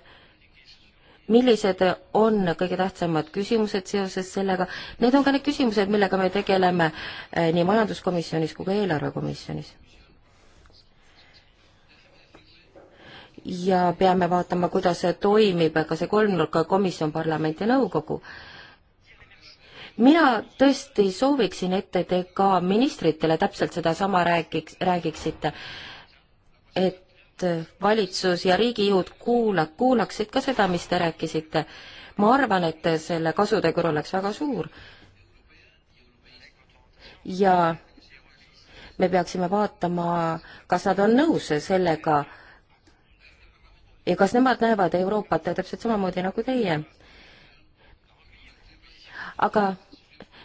millised on kõige tähtsamad küsimused seoses sellega, need on ka need küsimused, millega me tegeleme nii majanduskomisjonis kui ka eelarvekomisjonis ja peame vaatama, kuidas see toimib, ka see kolmnurka komisjon, parlament ja nõukogu. mina tõesti sooviksin, et te ka ministritele täpselt sedasama räägiks, räägiksite, et valitsus ja riigijõud kuula, kuulaksid ka seda, mis te rääkisite. ma arvan, et selle kasutegur oleks väga suur. ja me peaksime vaatama, kas nad on nõus sellega, ja kas nemad näevad Euroopat täpselt samamoodi nagu teie? aga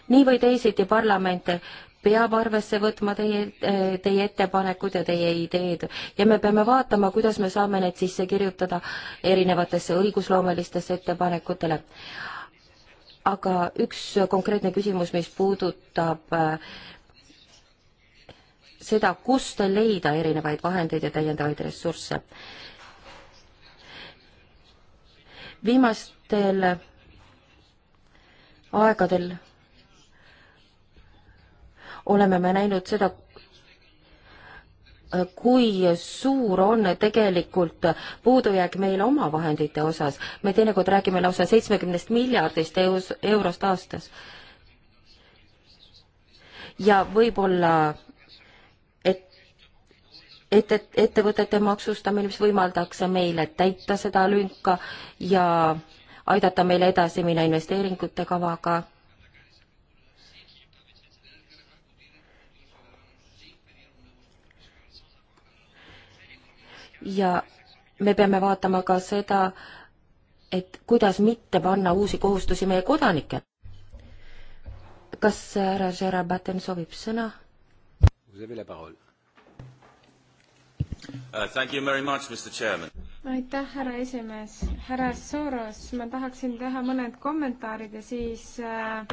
nii või teisiti parlament peab arvesse võtma teie, teie ettepanekud ja teie ideed ja me peame vaatama, kuidas me saame need sisse kirjutada erinevatesse õigusloomelistesse ettepanekutele. aga üks konkreetne küsimus, mis puudutab äh, seda, kust leida erinevaid vahendeid ja täiendavaid ressursse viimastel aegadel oleme me näinud seda, kui suur on tegelikult puudujääk meil omavahendite osas. me teinekord räägime lausa seitsmekümnest miljardist euros, eurost aastas. ja võib-olla ette, ettevõtete maksustamine, mis võimaldaks meile täita seda lünka ja aidata meile edasi minna investeeringute kavaga. ja me peame vaatama ka seda, et kuidas mitte panna uusi kohustusi meie kodanikele. kas härra Gerard Batten soovib sõna? Vous avez la parole. Uh, aitäh, härra esimees. härra Soros, ma tahaksin teha mõned kommentaarid ja siis äh,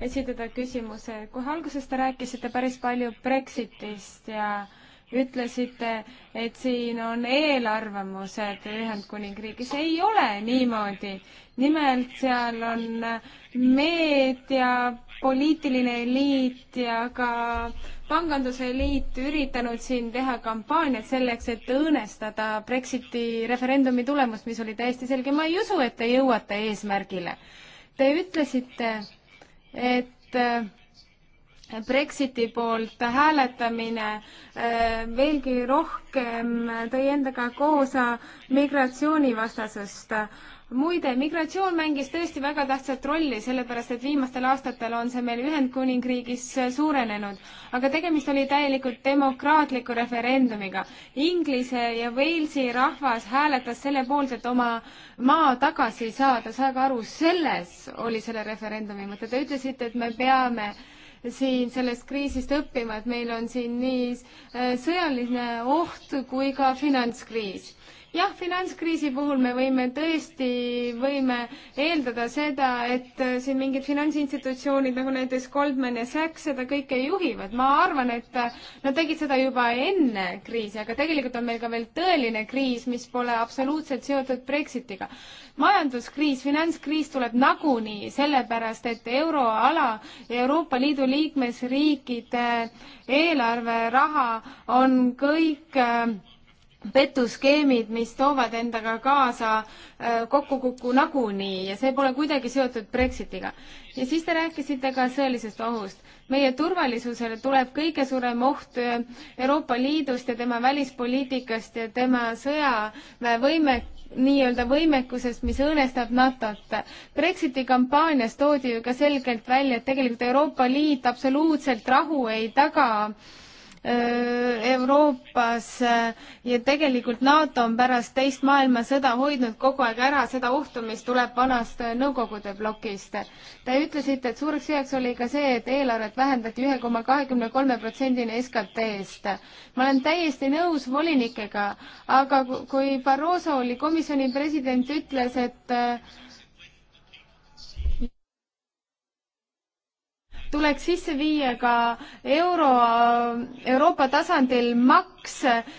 esitada küsimuse. kohe alguses te rääkisite päris palju Brexitist ja ütlesite, et siin on eelarvamused Ühendkuningriigis. ei ole niimoodi. nimelt seal on meedia poliitiline eliit ja ka panganduse eliit üritanud siin teha kampaaniat selleks, et õõnestada Brexiti referendumi tulemust, mis oli täiesti selge. ma ei usu, et te jõuate eesmärgile. Te ütlesite, et äh, Brexiti poolt hääletamine äh, veelgi rohkem tõi endaga koosa migratsioonivastasust, muide, migratsioon mängis tõesti väga tähtsat rolli, sellepärast et viimastel aastatel on see meil Ühendkuningriigis suurenenud. aga tegemist oli täielikult demokraatliku referendumiga. Inglise ja Walesi rahvas hääletas selle poolt, et oma maa tagasi saada, saage aru, selles oli selle referendumi mõte. Te ütlesite, et me peame siin sellest kriisist õppima, et meil on siin nii äh, sõjaline oht kui ka finantskriis jah, finantskriisi puhul me võime tõesti, võime eeldada seda, et äh, siin mingid finantsinstitutsioonid nagu näiteks Goldman ja Sachs seda kõike juhivad. ma arvan, et äh, nad tegid seda juba enne kriisi, aga tegelikult on meil ka veel tõeline kriis, mis pole absoluutselt seotud Brexitiga. majanduskriis, finantskriis tuleb nagunii, sellepärast et euroala ja Euroopa Liidu liikmesriikide eelarveraha on kõik äh, petuskeemid, mis toovad endaga kaasa äh, kokkukukku nagunii ja see pole kuidagi seotud Brexitiga. ja siis te rääkisite ka sõelisest ohust. meie turvalisusele tuleb kõige suurem oht äh, Euroopa Liidust ja tema välispoliitikast ja tema sõjaväevõime äh, nii-öelda võimekusest, mis õõnestab NATO-t. Brexiti kampaanias toodi ju ka selgelt välja, et tegelikult Euroopa Liit absoluutselt rahu ei taga äh, Äh, Euroopas äh, ja tegelikult NATO on pärast teist maailmasõda hoidnud kogu aeg ära seda ohtu, mis tuleb vanast äh, Nõukogude plokist. Te ütlesite, et suureks hüveks oli ka see, et eelarvet vähendati ühe koma kahekümne kolme protsendini SKT-st. ma olen täiesti nõus volinikega, aga kui Barroso oli komisjoni president, ütles, et tuleks sisse viia ka euro, Euroopa tasandil maks,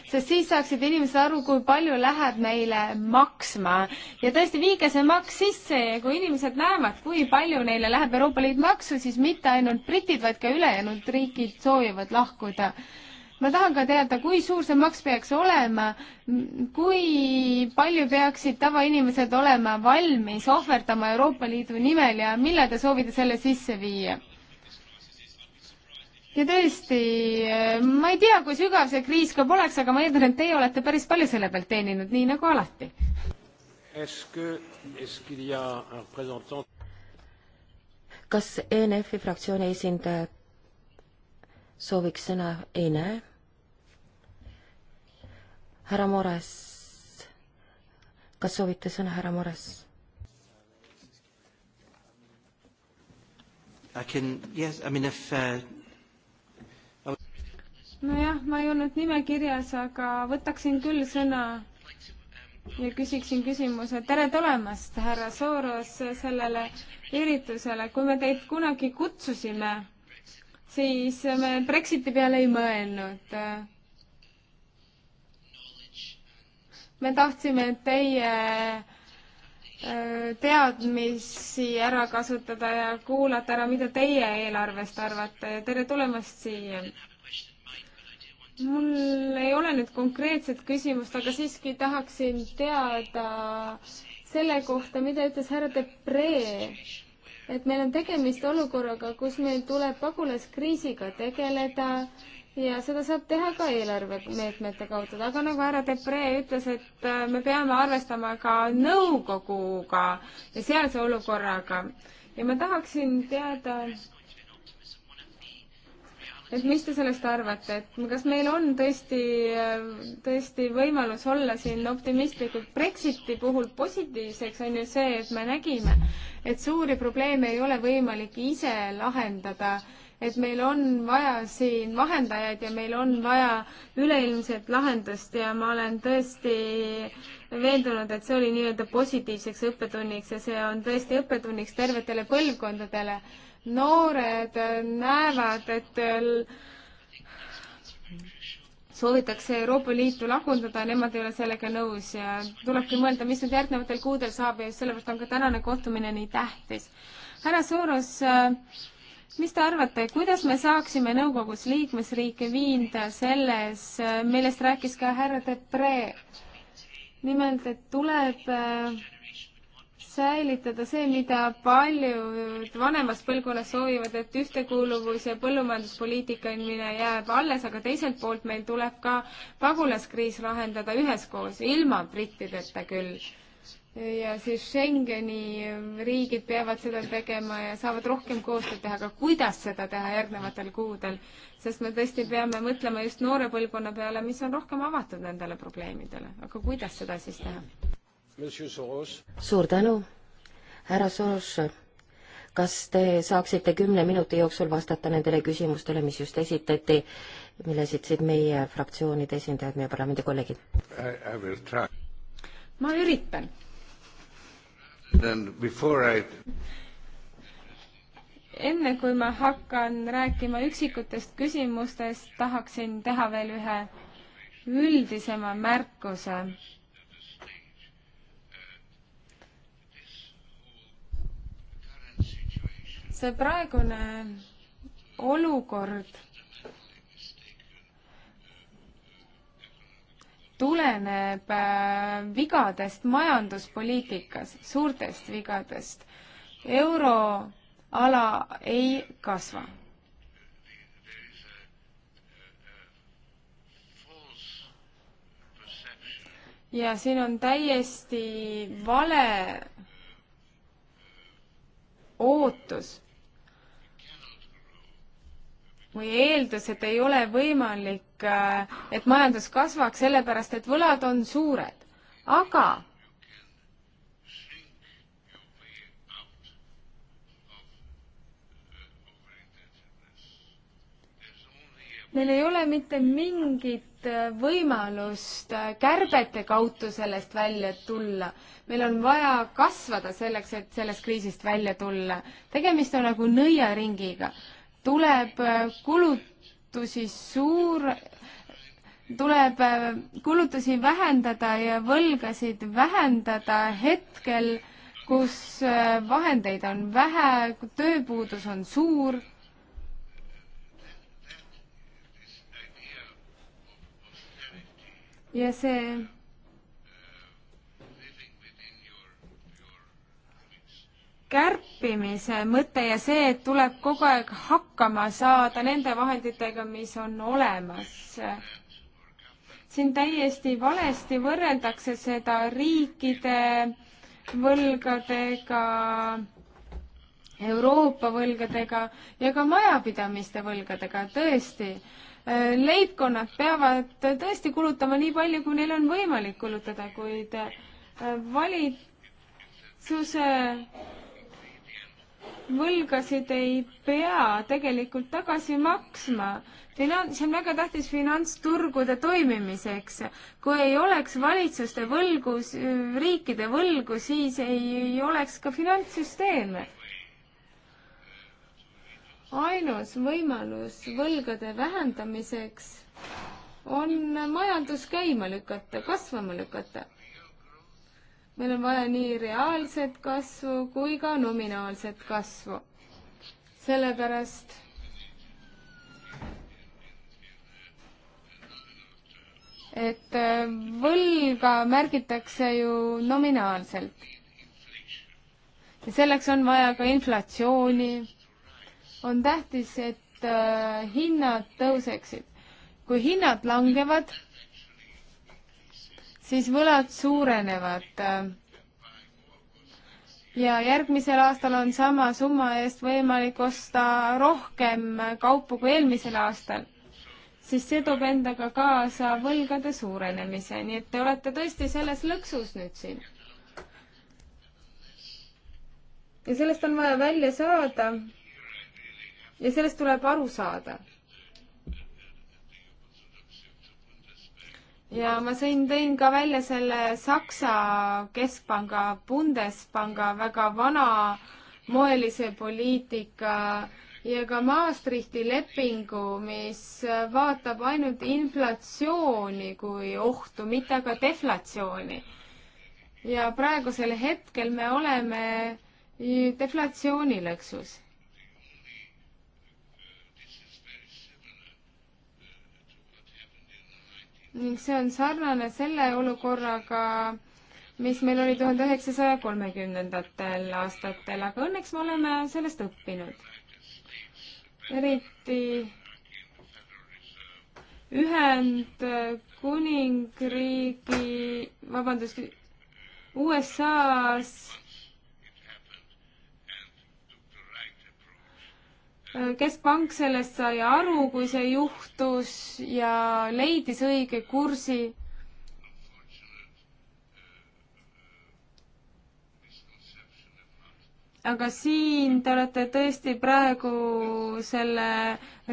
sest siis saaksid inimesed aru, kui palju läheb meile maksma. ja tõesti, viige see maks sisse ja kui inimesed näevad, kui palju neile läheb Euroopa Liidu maksu, siis mitte ainult britid, vaid ka ülejäänud riigid soovivad lahkuda ma tahan ka teada, kui suur see maks peaks olema, kui palju peaksid tavainimesed olema valmis ohverdama Euroopa Liidu nimel ja millal te soovite selle sisse viia? ja tõesti, eh, ma ei tea, kui sügav see kriis ka poleks, aga ma eeldan, et teie olete päris palju selle pealt teeninud, nii nagu alati. kas ENF-i fraktsiooni esindaja sooviks sõna? ei näe. härra Mores, kas soovite sõna, härra Mores? I can, yes, I mean if uh, nojah, ma ei olnud nimekirjas, aga võtaksin küll sõna ja küsiksin küsimuse. tere tulemast, härra Soros, sellele üritusele. kui me teid kunagi kutsusime, siis me Brexiti peale ei mõelnud. me tahtsime teie äh, teadmisi ära kasutada ja kuulata ära, mida teie eelarvest arvate. tere tulemast siia mul ei ole nüüd konkreetset küsimust, aga siiski tahaksin teada selle kohta, mida ütles härra Depree. et meil on tegemist olukorraga, kus meil tuleb pagulaskriisiga tegeleda ja seda saab teha ka eelarvemeetmete kaudu, aga nagu härra Depree ütles, et äh, me peame arvestama ka nõukoguga ja sealse olukorraga ja ma tahaksin teada, et mis te sellest arvate, et kas meil on tõesti, tõesti võimalus olla siin optimistlikud Brexiti puhul positiivseks, on ju see, et me nägime, et suuri probleeme ei ole võimalik ise lahendada, et meil on vaja siin vahendajaid ja meil on vaja üleilmset lahendust ja ma olen tõesti veendunud, et see oli nii-öelda positiivseks õppetunniks ja see on tõesti õppetunniks tervetele põlvkondadele noored näevad, et äh, soovitakse Euroopa Liitu lagundada, nemad ei ole sellega nõus ja tulebki mõelda, mis nüüd järgnevatel kuudel saab ja just sellepärast on ka tänane kohtumine nii tähtis. härra Soros, äh, mis te arvate, kuidas me saaksime nõukogus liikmesriike viinda selles, äh, millest rääkis ka härra Depre? nimelt, et tuleb äh, säilitada see, mida paljud vanemas põlvkonnas soovivad, et ühtekuuluvus ja põllumajanduspoliitikamine jääb alles, aga teiselt poolt meil tuleb ka pagulaskriis lahendada üheskoos, ilma brittideta küll. ja siis Schengeni riigid peavad seda tegema ja saavad rohkem koostööd teha, aga kuidas seda teha järgnevatel kuudel, sest me tõesti peame mõtlema just noore põlvkonna peale, mis on rohkem avatud nendele probleemidele, aga kuidas seda siis teha? suur tänu, härra Soros, kas te saaksite kümne minuti jooksul vastata nendele küsimustele, mis just esitati, mille esitasid meie fraktsioonide esindajad, meie parlamendi kolleegid? ma üritan. I... enne kui ma hakkan rääkima üksikutest küsimustest, tahaksin teha veel ühe üldisema märkuse see praegune olukord tuleneb äh, vigadest majanduspoliitikas, suurtest vigadest. euroala ei kasva. ja siin on täiesti vale ootus või eeldus, et ei ole võimalik, äh, et majandus kasvaks, sellepärast et võlad on suured. aga meil ei ole mitte mingit äh, võimalust äh, kärbete kaudu sellest välja tulla. meil on vaja kasvada selleks, et sellest kriisist välja tulla. tegemist on nagu nõiaringiga tuleb äh, kulutusi suur, tuleb äh, kulutusi vähendada ja võlgasid vähendada hetkel, kus äh, vahendeid on vähe, tööpuudus on suur ja see kärpimise mõte ja see, et tuleb kogu aeg hakkama saada nende vahenditega, mis on olemas. siin täiesti valesti võrreldakse seda riikide võlgadega, Euroopa võlgadega ja ka majapidamiste võlgadega, tõesti leibkonnad peavad tõesti kulutama nii palju, kui neil on võimalik kulutada, kuid valitsuse võlgasid ei pea tegelikult tagasi maksma. Finants, see on väga tähtis finantsturgude toimimiseks. kui ei oleks valitsuste võlgu, riikide võlgu, siis ei, ei oleks ka finantssüsteeme. ainus võimalus võlgade vähendamiseks on majandus käima lükata, kasvama lükata meil on vaja nii reaalset kasvu kui ka nominaalset kasvu. sellepärast et äh, võlga märgitakse ju nominaalselt. ja selleks on vaja ka inflatsiooni. on tähtis, et äh, hinnad tõuseksid. kui hinnad langevad, siis võlad suurenevad. ja järgmisel aastal on sama summa eest võimalik osta rohkem kaupu kui eelmisel aastal, siis see toob endaga kaasa võlgade suurenemise, nii et te olete tõesti selles lõksus nüüd siin. ja sellest on vaja välja saada. ja sellest tuleb aru saada ja ma siin tõin ka välja selle Saksa keskpanga, Bundespanga väga vana moelise poliitika ja ka Maastrichti lepingu, mis vaatab ainult inflatsiooni kui ohtu, mitte aga deflatsiooni. ja praegusel hetkel me oleme deflatsioonilõksus ning see on sarnane selle olukorraga, mis meil oli tuhande üheksasaja kolmekümnendatel aastatel, aga õnneks me oleme sellest õppinud. eriti Ühendkuningriigi, vabandust, USA-s keskpank sellest sai aru, kui see juhtus ja leidis õige kursi. aga siin te olete tõesti praegu selle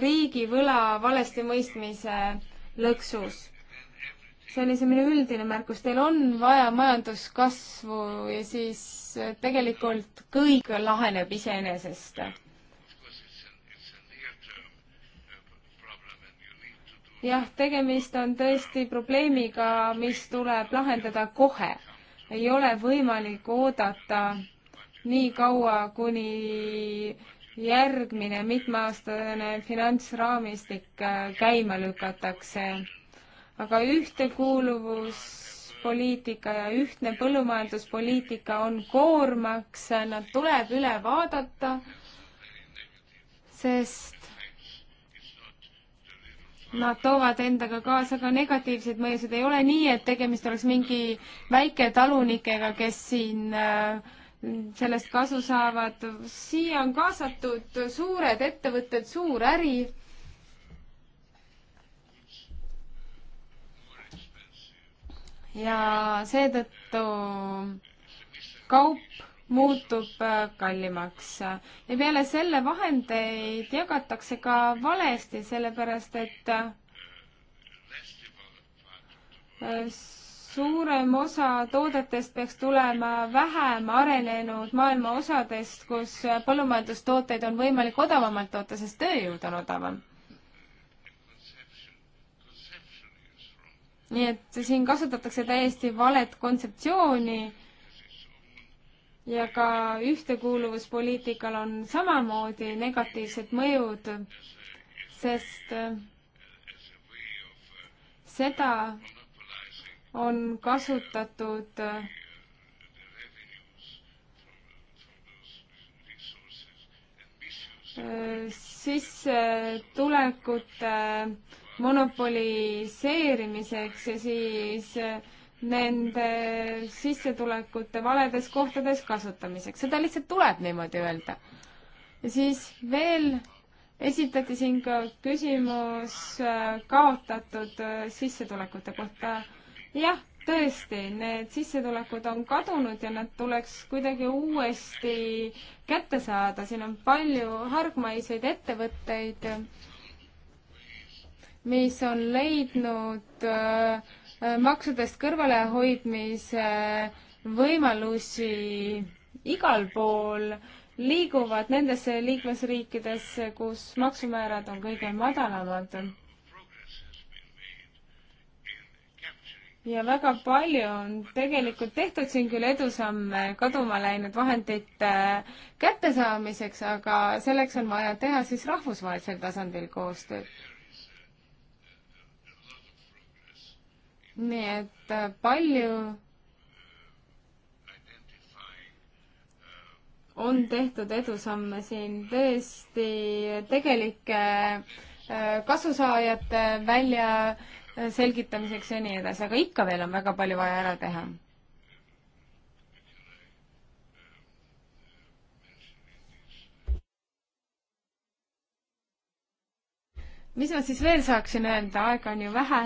riigivõla valesti mõistmise lõksus see oli selline üldine märkus, teil on vaja majanduskasvu ja siis tegelikult kõik laheneb iseenesest. jah, tegemist on tõesti probleemiga, mis tuleb lahendada kohe. ei ole võimalik oodata nii kaua, kuni järgmine mitmeaastane finantsraamistik äh, käima lükatakse. aga ühtekuuluvuspoliitika ja ühtne põllumajanduspoliitika on koormaks, nad tuleb üle vaadata, sest Nad toovad endaga kaasa ka negatiivseid mõjusid, ei ole nii, et tegemist oleks mingi väiketalunikega, kes siin äh, sellest kasu saavad. siia on kaasatud suured ettevõtted, suur äri. ja seetõttu kaup muutub äh, kallimaks. ja peale selle vahendeid jagatakse ka valesti, sellepärast et äh, suurem osa toodetest peaks tulema vähem arenenud maailma osadest, kus põllumajandustooteid on võimalik odavamalt toota, sest tööjõud on odavam nii et siin kasutatakse täiesti valet kontseptsiooni ja ka ühtekuuluvuspoliitikal on samamoodi negatiivsed mõjud, sest äh, seda on kasutatud äh, sissetulekute monopoliseerimiseks ja siis äh, nende sissetulekute valedes kohtades kasutamiseks, seda lihtsalt tuleb niimoodi öelda. ja siis veel esitati siin ka küsimus äh, kaotatud äh, sissetulekute kohta. jah, tõesti, need sissetulekud on kadunud ja nad tuleks kuidagi uuesti kätte saada, siin on palju hargmaiseid ettevõtteid, mis on leidnud äh, Äh, maksudest kõrvalehoidmise äh, võimalusi igal pool, liiguvad nendesse liikmesriikidesse, kus maksumäärad on kõige madalamad. ja väga palju on tegelikult tehtud siin küll edusamme kaduma läinud vahendite kättesaamiseks, aga selleks on vaja teha siis rahvusvahelisel tasandil koostööd nii et äh, palju on tehtud edusamme siin tõesti tegelike äh, kasusaajate väljaselgitamiseks äh, ja nii edasi, aga ikka veel on väga palju vaja ära teha. mis ma siis veel saaksin öelda, aega on ju vähe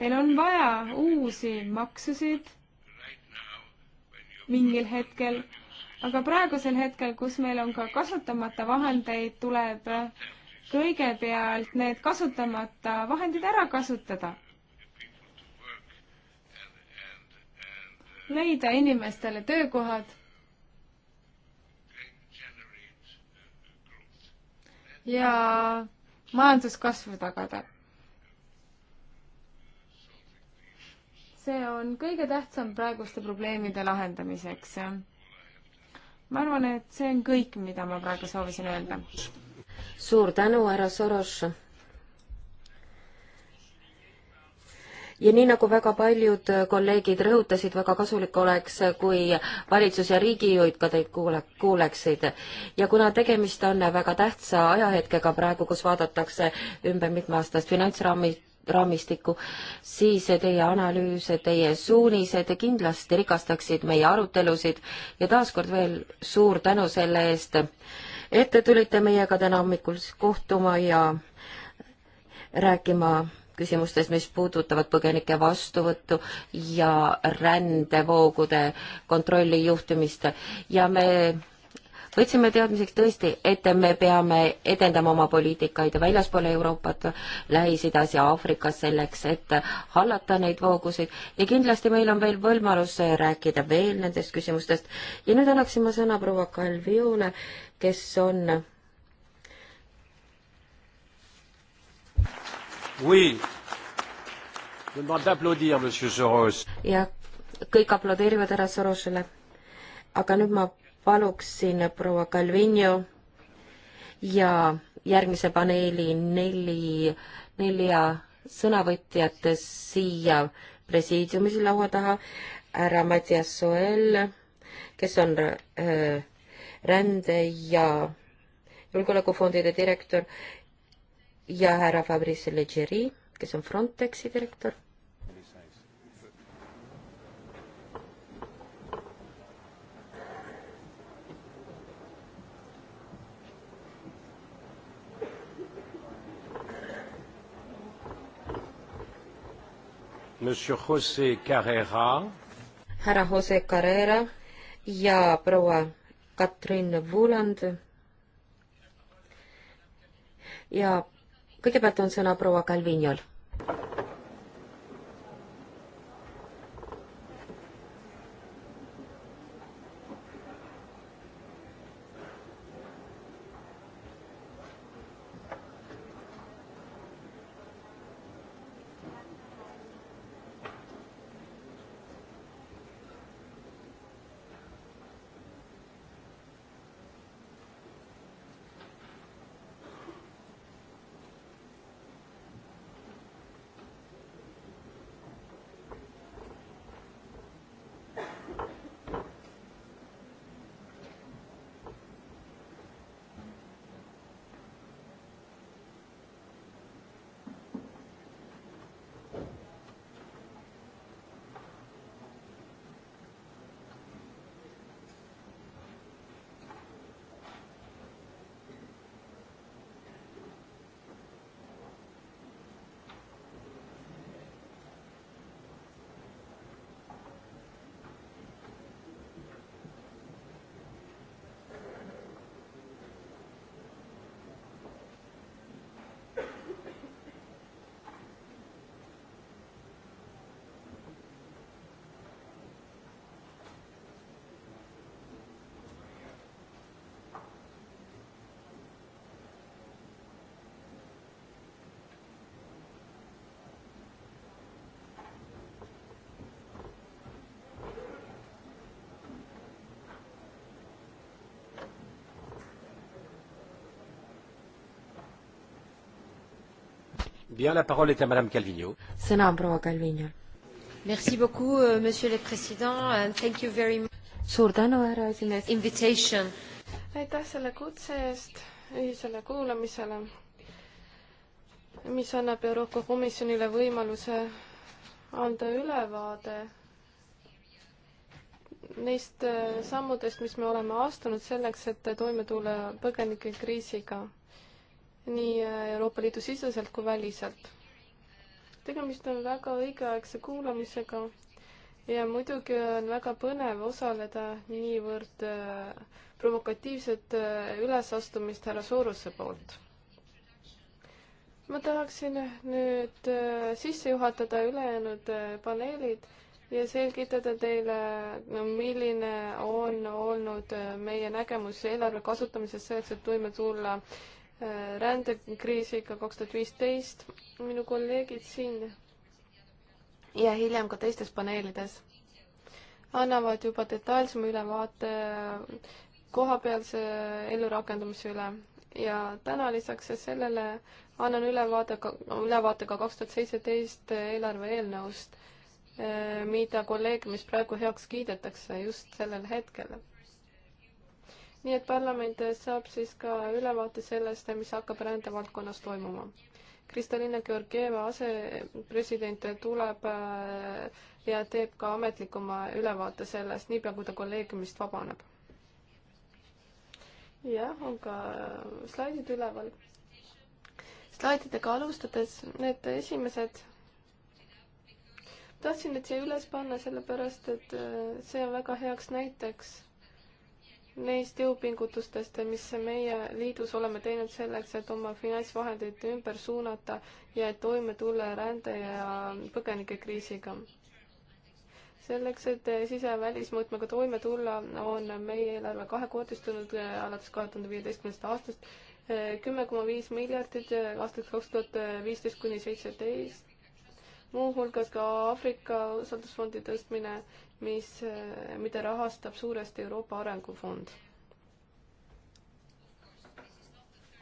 Teil on vaja uusi maksusid mingil hetkel, aga praegusel hetkel, kus meil on ka kasutamata vahendeid, tuleb kõigepealt need kasutamata vahendid ära kasutada. leida inimestele töökohad ja majanduskasvu tagada see on kõige tähtsam praeguste probleemide lahendamiseks. ma arvan, et see on kõik, mida ma praegu soovisin öelda. suur tänu, härra Soros. ja nii nagu väga paljud kolleegid rõhutasid, väga kasulik oleks, kui valitsus ja riigijuhid ka teid kuule, kuuleksid. ja kuna tegemist on väga tähtsa ajahetkega praegu, kus vaadatakse ümber mitmeaastast finantsraamit, raamistikku, siis teie analüüs, teie suunised kindlasti rikastaksid meie arutelusid ja taaskord veel suur tänu selle eest, et te tulite meiega täna hommikul kohtuma ja rääkima küsimustes, mis puudutavad põgenike vastuvõttu ja rändevoogude kontrolli juhtimist ja me võtsime teadmiseks tõesti, et me peame edendama oma poliitikaid väljaspool Euroopat, Lähis-Idas ja Aafrikas selleks, et hallata neid voogusid ja kindlasti meil on veel võimalus rääkida veel nendest küsimustest. ja nüüd annaksin ma sõna proua Kalviule, kes on Oui. Je demande d'applaudir, monsieur Soros. ja kõik aplodeerivad härra Sorosele. aga nüüd ma paluksin proua Calvino ja järgmise paneeli neli, nelja sõnavõtjat siia presiidiumis laua taha. härra Mattias Soel, kes on äh, rände ja julgeolekufondide direktor ja härra Fabrice Leggeri, kes on Frontexi direktor härra Jose Carrera ja proua Katrin Vuland. ja kõigepealt on sõna proua Calvinol Bien, la parole est à madame Calvino. sõna on proua Calvino. Merci beaucoup, euh, monsieur le president and thank you very much. suur tänu, härra esimees. Invitation. aitäh selle kutse eest ühisele kuulamisele, mis annab Euroopa Komisjonile võimaluse anda ülevaade neist äh, sammudest, mis me oleme astunud selleks, et toime tulla põgenikekriisiga nii äh, Euroopa Liidu siseselt kui väliselt. tegemist on väga õigeaegse kuulamisega ja muidugi on väga põnev osaleda niivõrd äh, provokatiivset äh, ülesastumist härra Sooruse poolt. ma tahaksin nüüd sisse juhatada ülejäänud paneelid ja selgitada teile, no milline on olnud meie nägemus eelarve kasutamisest selleks, et toime tulla rändekriisiga kaks tuhat viisteist, minu kolleegid siin ja hiljem ka teistes paneelides annavad juba detailsema ülevaate kohapealse ellurakendamise üle ja täna lisaks sellele annan ülevaade ka, ülevaate ka kaks tuhat seitseteist eelarve eelnõust, eh, mida kolleegiumis praegu heaks kiidetakse just sellel hetkel nii et parlament saab siis ka ülevaate sellest, mis hakkab rändevaldkonnas toimuma. Kristalina Georgieva asepresident tuleb äh, ja teeb ka ametlikuma ülevaate sellest, niipea kui ta kolleegiumist vabaneb. jah, on ka äh, slaidid üleval. slaididega alustades, need esimesed tahtsin need siia üles panna, sellepärast et äh, see on väga heaks näiteks neist jõupingutustest, mis meie liidus oleme teinud selleks, et oma finantsvahendeid ümber suunata ja et toime tulla rände ja põgenikekriisiga. selleks, et sise- ja välismõõtmega toime tulla, on meie eelarve kahekordistunud alates kahe tuhande viieteistkümnendast aastast, kümme koma viis miljardit aastaks kaks tuhat viisteist kuni seitseteist muuhulgas ka Aafrika usaldusfondi tõstmine, mis, mida rahastab suuresti Euroopa Arengufond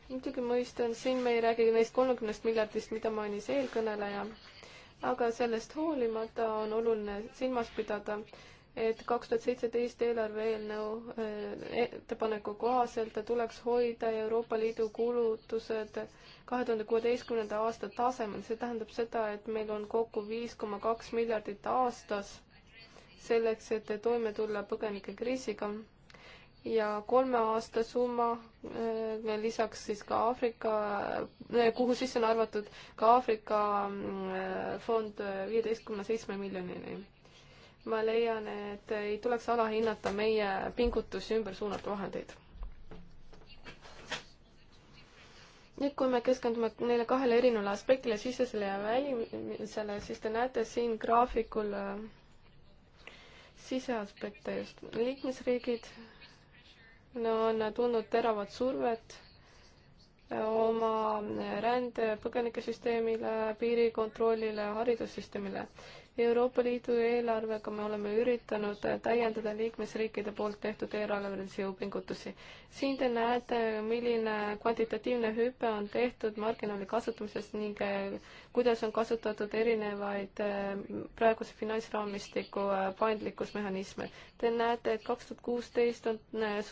muidugi mõistan, siin me ei räägi neist kolmekümnest miljardist, mida mainis eelkõneleja, aga sellest hoolimata on oluline silmas pidada, et kaks tuhat seitseteist eelarve eelnõu eh, ettepaneku kohaselt tuleks hoida Euroopa Liidu kulutused kahe tuhande kuueteistkümnenda aasta tasemel, see tähendab seda, et meil on kokku viis koma kaks miljardit aastas selleks, et toime tulla põgenikekriisiga ja kolme aasta summa eh, lisaks siis ka Aafrika, eh, kuhu sisse on arvatud ka Aafrika eh, fond viieteist koma seitsme miljonini. ma leian, et ei tuleks alahinnata meie pingutusi ümber suunata vahendeid nüüd, kui me keskendume neile kahele erinevale aspektile, sisesele ja välisele, siis te näete siin graafikul äh, siseaspekte just. liikmesriigid no, on tundnud teravat survet äh, oma rände, põgenikesüsteemile, piirikontrollile, haridussüsteemile Euroopa Liidu eelarvega me oleme üritanud täiendada liikmesriikide poolt tehtud eelarvelisi jõupingutusi. siin te näete, milline kvantitatiivne hüpe on tehtud marginaali kasutamisest ning eh, kuidas on kasutatud erinevaid eh, praeguse finantsraamistiku eh, paindlikkusmehhanisme. Te näete, et kaks tuhat kuusteist on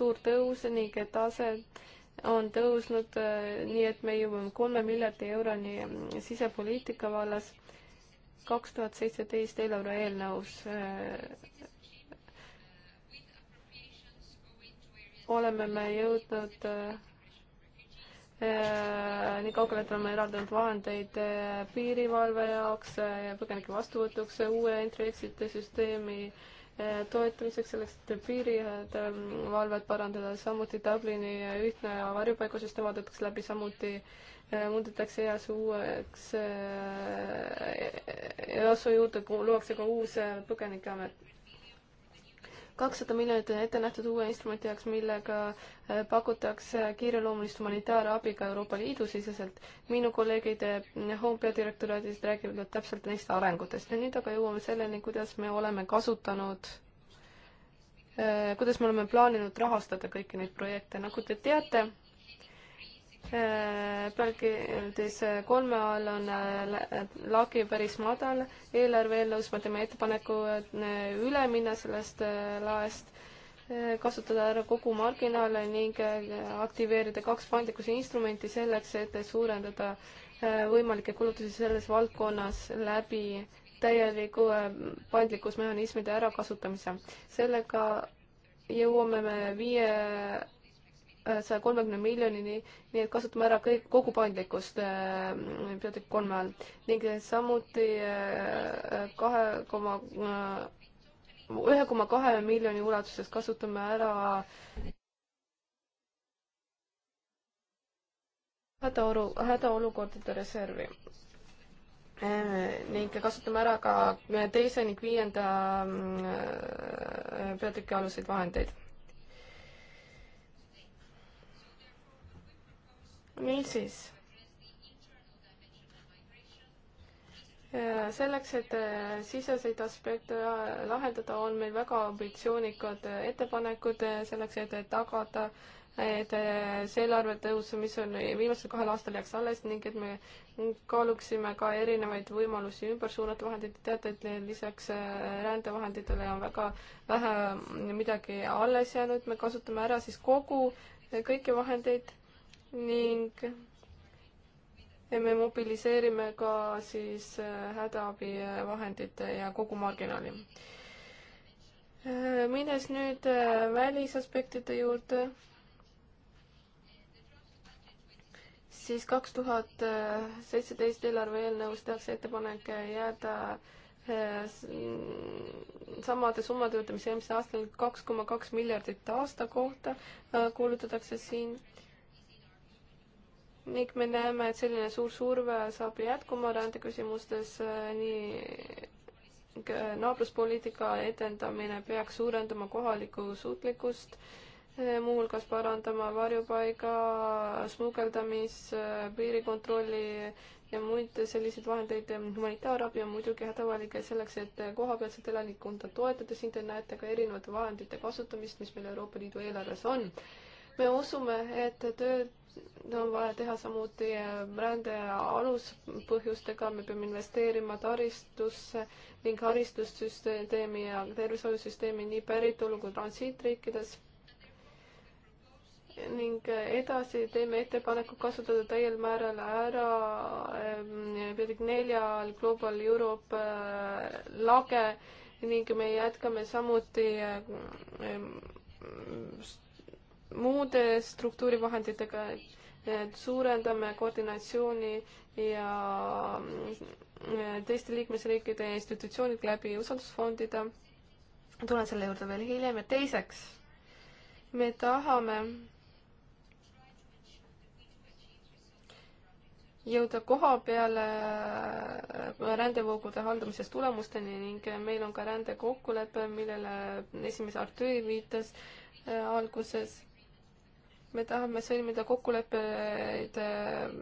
suur tõus ning tase on tõusnud nii, et me jõuame kolme miljardi euroni mm, sisepoliitika vallas kaks tuhat seitseteist eelarve eelnõus äh, oleme me jõudnud äh, äh, nii kaugele, et oleme eraldanud vahendeid piirivalve jaoks, põgenike vastuvõtuks, uue entry-exit'e süsteemi äh, toetamiseks, selleks, et piirivalvet ähm, parandada, samuti Dublini ühtne varjupaigasüsteem vaadatakse läbi, samuti äh, muudetakse EAS uueks, äh, EAS-u juurde luuakse ka uus äh, põgenikeamet kakssada miljonit on ette nähtud uue instrumenti jaoks, millega äh, pakutakse kiireloomulist humanitaarabi ka Euroopa Liidu siseselt. minu kolleegid äh, Home peadirektoraadist räägivad täpselt neist arengutest ja nüüd aga jõuame selleni, kuidas me oleme kasutanud äh, kuidas me oleme plaaninud rahastada kõiki neid projekte, nagu te teate, Äh, pealkirjades äh, kolme all on äh, lagi päris madal, eelarve eelnõus me teeme ettepaneku üle minna sellest laest, kasutada ära kogu marginaale ning aktiveerida kaks paindlikkuse instrumenti selleks, et suurendada võimalikke kulutusi selles valdkonnas läbi täieliku paindlikkusmehhanismide ärakasutamise. sellega jõuame me viie saja kolmekümne miljonini, nii et kasutame ära kõik, kogu paindlikkust peatükk äh, kolme all ning samuti äh, kahe koma, äh, ühe koma kahe miljoni ulatuses kasutame ära hädaolu, hädaolukordade reservi ning kasutame ära ka teise ning viienda peatüki aluseid vahendeid niisiis, äh, selleks, et äh, siseseid aspekte äh, lahendada, on meil väga ambitsioonikad ettepanekud selleks, et tagada et see eelarve tõus, mis on viimasel kahel aastal jääks alles ning et me kaaluksime ka erinevaid võimalusi ümber suunata vahendeid. teate, et lisaks rändevahenditele on väga vähe mm, midagi alles jäänud, me kasutame ära siis kogu, kõiki vahendeid ning me mobiliseerime ka siis äh, hädaabivahendite äh, ja kogu marginaali. Äh, minnes nüüd välisaspektide juurde, siis kaks tuhat seitseteist eelarve eelnõus tehakse ettepanek jääda samade summade juurde, mis eelmisel aastal kaks koma kaks miljardit aasta kohta kuulutatakse siin ning me näeme, et selline suur surve saab jätkuma rändeküsimustes äh, nii äh, naabruspoliitika edendamine peaks suurendama kohalikku suutlikkust, äh, muuhulgas parandama varjupaiga, smugeldamis, piirikontrolli ja muid selliseid vahendeid, humanitaarabi on muidugi hädavajalik selleks, et kohapealset elanikkonda toetada, siin te näete ka erinevate vahendite kasutamist, mis meil Euroopa Liidu eelarves on. me usume, et tööd on vaja teha samuti äh, rände aluspõhjustega, me peame investeerima taristusse ning haridussüsteemi ja tervishoiusüsteemi nii päritolu kui transiitriikides. ning äh, edasi teeme ettepaneku kasutada täiel määral ära ähm, peaaegu neljal Global Europe äh, lage ning me jätkame samuti muude struktuurivahenditega suurendame koordinatsiooni ja mm, teiste liikmesriikide institutsioonid läbi usaldusfondide. tulen selle juurde veel hiljem ja teiseks, me tahame jõuda koha peale äh, rändevoogude haldamises tulemusteni ning meil on ka rändekokkulepe, millele esimees Artüri viitas äh, alguses me tahame sõlmida kokkuleppeid äh,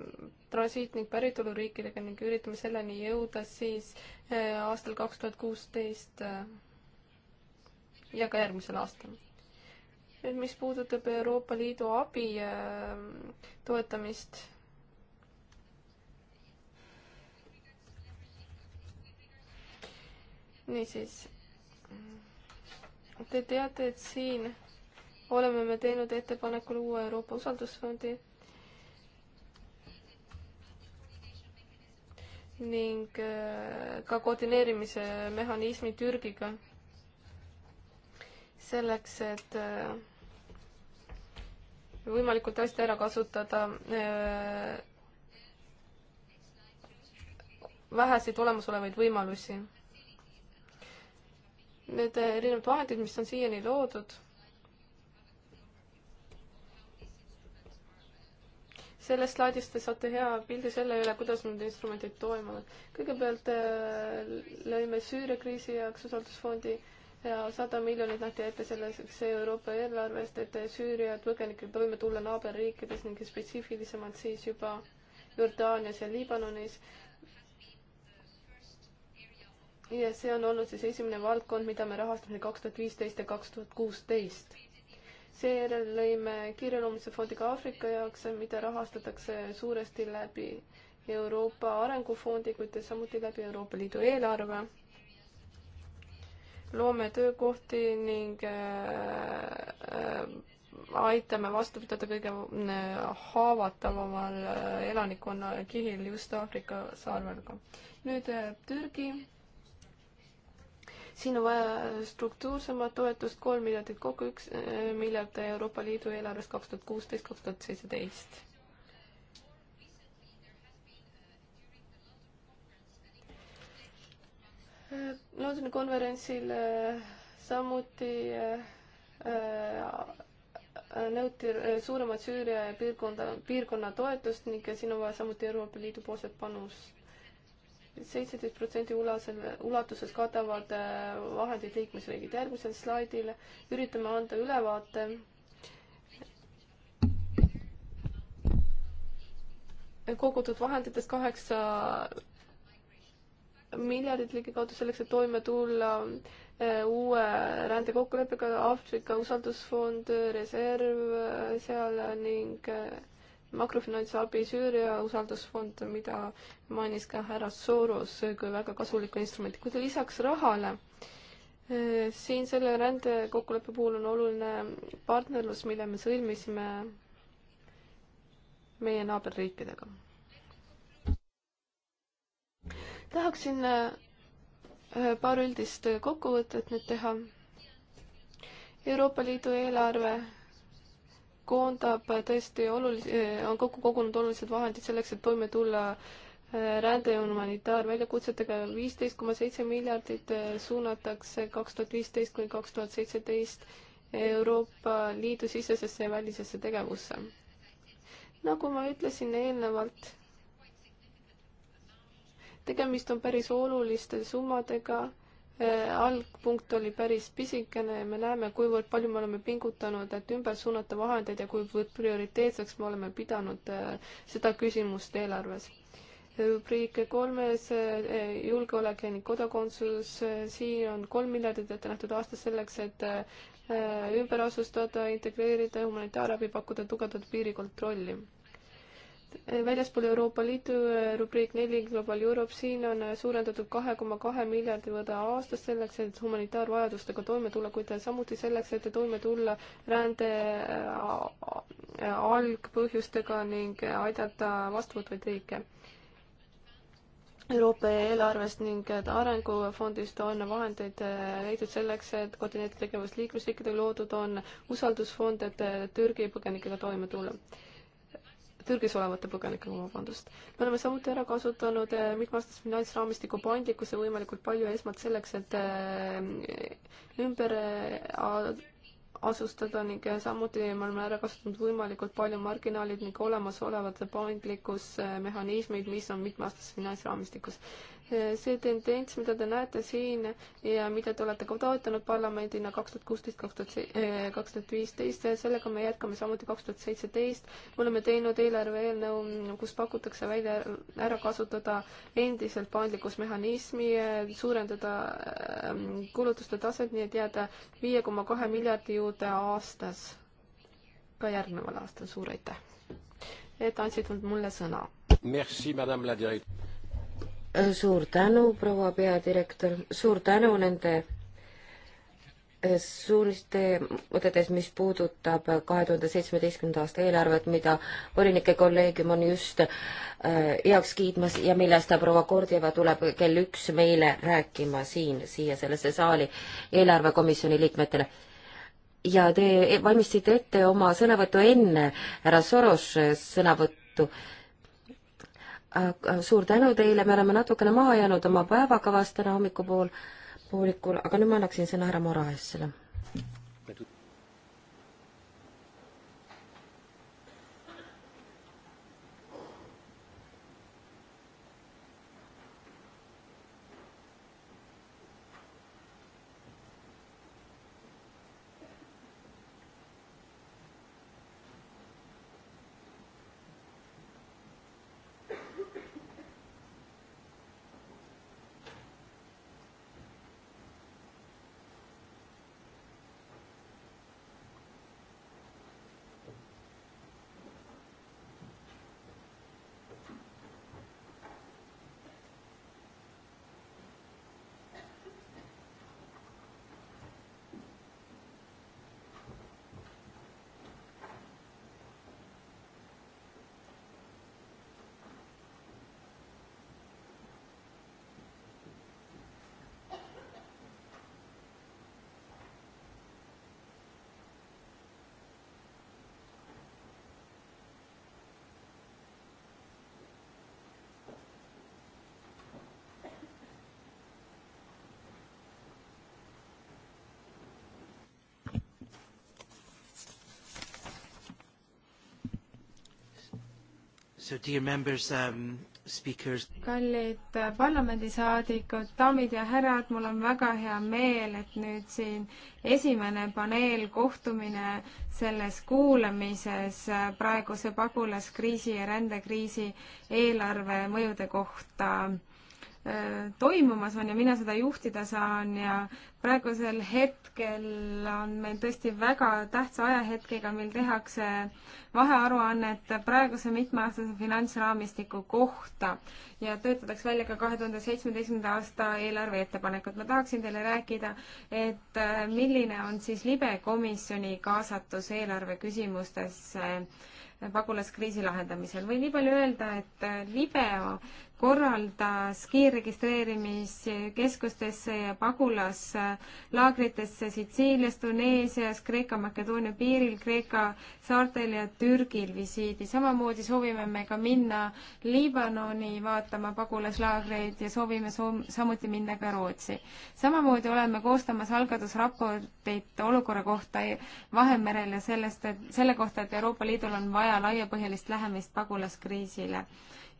transiit- ning päritoluriikidega ning üritame selleni jõuda siis äh, aastal kaks tuhat kuusteist äh, ja ka järgmisel aastal. nüüd, mis puudutab Euroopa Liidu abi toetamist, niisiis, te teate, et siin oleme me teinud ettepaneku luua Euroopa usaldusfondi ning äh, ka koordineerimise mehhanismi Türgiga selleks, et äh, võimalikult hästi ära kasutada äh, väheseid olemasolevaid võimalusi. Need erinevad vahendid, mis on siiani loodud sellest slaidist te saate hea pildi selle üle, kuidas need instrumendid toimuvad. kõigepealt äh, lõime Süüria kriisi jaoks usaldusfondi ja sada miljonit nähti ette selleks Euroopa eelarvest, et Süüria põgenikel toime tulla naaberriikides ning spetsiifilisemalt siis juba Jordaanias ja Liibanonis. ja see on olnud siis esimene valdkond, mida me rahastasime kaks tuhat viisteist ja kaks tuhat kuusteist seejärel lõime kiireloomulise fondi ka Aafrika jaoks, mida rahastatakse suuresti läbi Euroopa Arengufondi, kuid samuti läbi Euroopa Liidu eelarve. loome töökohti ning äh, äh aitame vastu pidada kõige äh, haavatavamal äh, elanikkonna kihil just Aafrika saarvel ka. nüüd Türgi siin on vaja struktuursemat toetust, kolm miljardit kokku, üks eh, miljard Euroopa Liidu eelarvest kaks tuhat kuusteist, kaks tuhat seitseteist. Londoni konverentsil eh, samuti eh, nõuti suuremat Süüria piirkonda, piirkonna toetust ning siin on vaja samuti Euroopa Liidu poolset panust seitseteist protsendi ulatuses katavad äh, vahendid liikmesriigid. järgmisel slaidil üritame anda ülevaate kogutud vahenditest kaheksa miljardit ligikaudu selleks, et toime tulla äh, uue rändekokkuleppega Aafrika usaldusfond, reserv äh, seal ning makrofinantsabi, Süüria usaldusfond, mida mainis ka härra Soros kui väga kasulikku instrumenti, kuid lisaks rahale eh, siin selle rändekokkuleppe puhul on oluline partnerlus, mille me sõlmisime meie naaberriikidega. tahaksin eh, paar üldist kokkuvõtet nüüd teha. Euroopa Liidu eelarve koondab tõesti olulisi, eh, on kokku kogunud olulised vahendid selleks, et toime tulla eh, rände ja humanitaarväljakutsetega viisteist koma seitse miljardit eh, suunatakse kaks tuhat viisteist kuni kaks tuhat seitseteist Euroopa Liidu sisesesse ja välisesse tegevusse. nagu ma ütlesin eelnevalt, tegemist on päris oluliste summadega Äh, algpunkt oli päris pisikene ja me näeme, kuivõrd palju me oleme pingutanud, et ümber suunata vahendeid ja kuivõrd prioriteetseks me oleme pidanud äh, seda küsimust eelarves. rubriik kolmes, äh, julgeolek ja kodakondsus, siin on kolm miljardit ette nähtud aastas selleks, et ümber asustada, integreerida, humanitaarabi pakkuda, tugevdada piirikontrolli väljaspool Euroopa Liidu rubriik neli Global Europe, siin on suurendatud kahe koma kahe miljardi võrra aastas selleks, et humanitaarvajadustega toime tulla, kuid samuti selleks, et toime tulla rände äh, äh, algpõhjustega ning aidata vastuvõtvaid riike. Euroopa eelarvest ning Arengufondist on vahendeid äh, leitud selleks, et koordineerida tegevust liikmesriikidega, loodud on usaldusfond, et Türgi põgenikega toime tulla Türgis olevate põgenikega, vabandust. me oleme samuti ära kasutanud eh, mitmeaastase finantsraamistiku paindlikkuse võimalikult palju esmalt selleks, et eh, ümber eh, asustada ning samuti me oleme ära kasutanud võimalikult palju marginaalid ning olemasolevad paindlikkusmehhanismid, mis on mitmeaastases finantsraamistikus see tendents, mida te näete siin ja mida te olete ka toetanud parlamendina kaks tuhat kuusteist, kaks tuhat, eh, kaks tuhat viisteist, sellega me jätkame samuti kaks tuhat seitseteist. me oleme teinud eelarve eelnõu, kus pakutakse välja ära kasutada endiselt paindlikkusmehhanismi, eh, suurendada eh, kulutuste taset, nii et jääda viie koma kahe miljardi juurde aastas ka järgneval aastal, suur aitäh, et andsite mulle sõna. Merci, madame la direkt- suur tänu, proua peadirektor, suur tänu nende eh, suuniste mõtetes, mis puudutab eh, kahe tuhande seitsmeteistkümnenda aasta eelarvet, mida volinike kolleegium on just eh, heaks kiitmas ja millest proua Kordjeva tuleb kell üks meile rääkima siin, siia sellesse saali eelarvekomisjoni liikmetele. ja te valmistasite ette oma sõnavõtu enne härra Soros sõnavõttu Äh, äh, suur tänu teile, me oleme natukene maha jäänud oma päevakavast täna hommikupool, poolikul, aga nüüd ma annaksin sõna härra Moraesele So dear members, um, speakers. kallid äh, parlamendisaadikud, daamid ja härrad, mul on väga hea meel, et nüüd siin esimene paneelkohtumine selles kuulamises äh, praeguse pagulaskriisi ja rändekriisi eelarve mõjude kohta äh, toimumas on ja mina seda juhtida saan ja praegusel hetkel on meil tõesti väga tähtsa ajahetkega, mil tehakse vahearuannet praeguse mitmeaastase finantsraamistiku kohta ja töötatakse välja ka kahe tuhande seitsmeteistkümnenda aasta eelarve ettepanekud. ma tahaksin teile rääkida, et äh, milline on siis libe komisjoni kaasatus eelarve küsimustesse pagulaskriisi lahendamisel. võin nii palju öelda, et äh, libe korraldas kiirregistreerimiskeskustesse ja pagulaslaagritesse Sitsiilias, Tuneesias, Kreeka-Makedoonia piiril, Kreeka saartel ja Türgil visiidi. samamoodi soovime me ka minna Liibanoni vaatama pagulaslaagreid ja soovime soom-, samuti minna ka Rootsi. samamoodi oleme koostamas algatusraporteid olukorra kohta Vahemerel ja sellest, et selle kohta, et Euroopa Liidul on vaja laiapõhjalist lähemist pagulaskriisile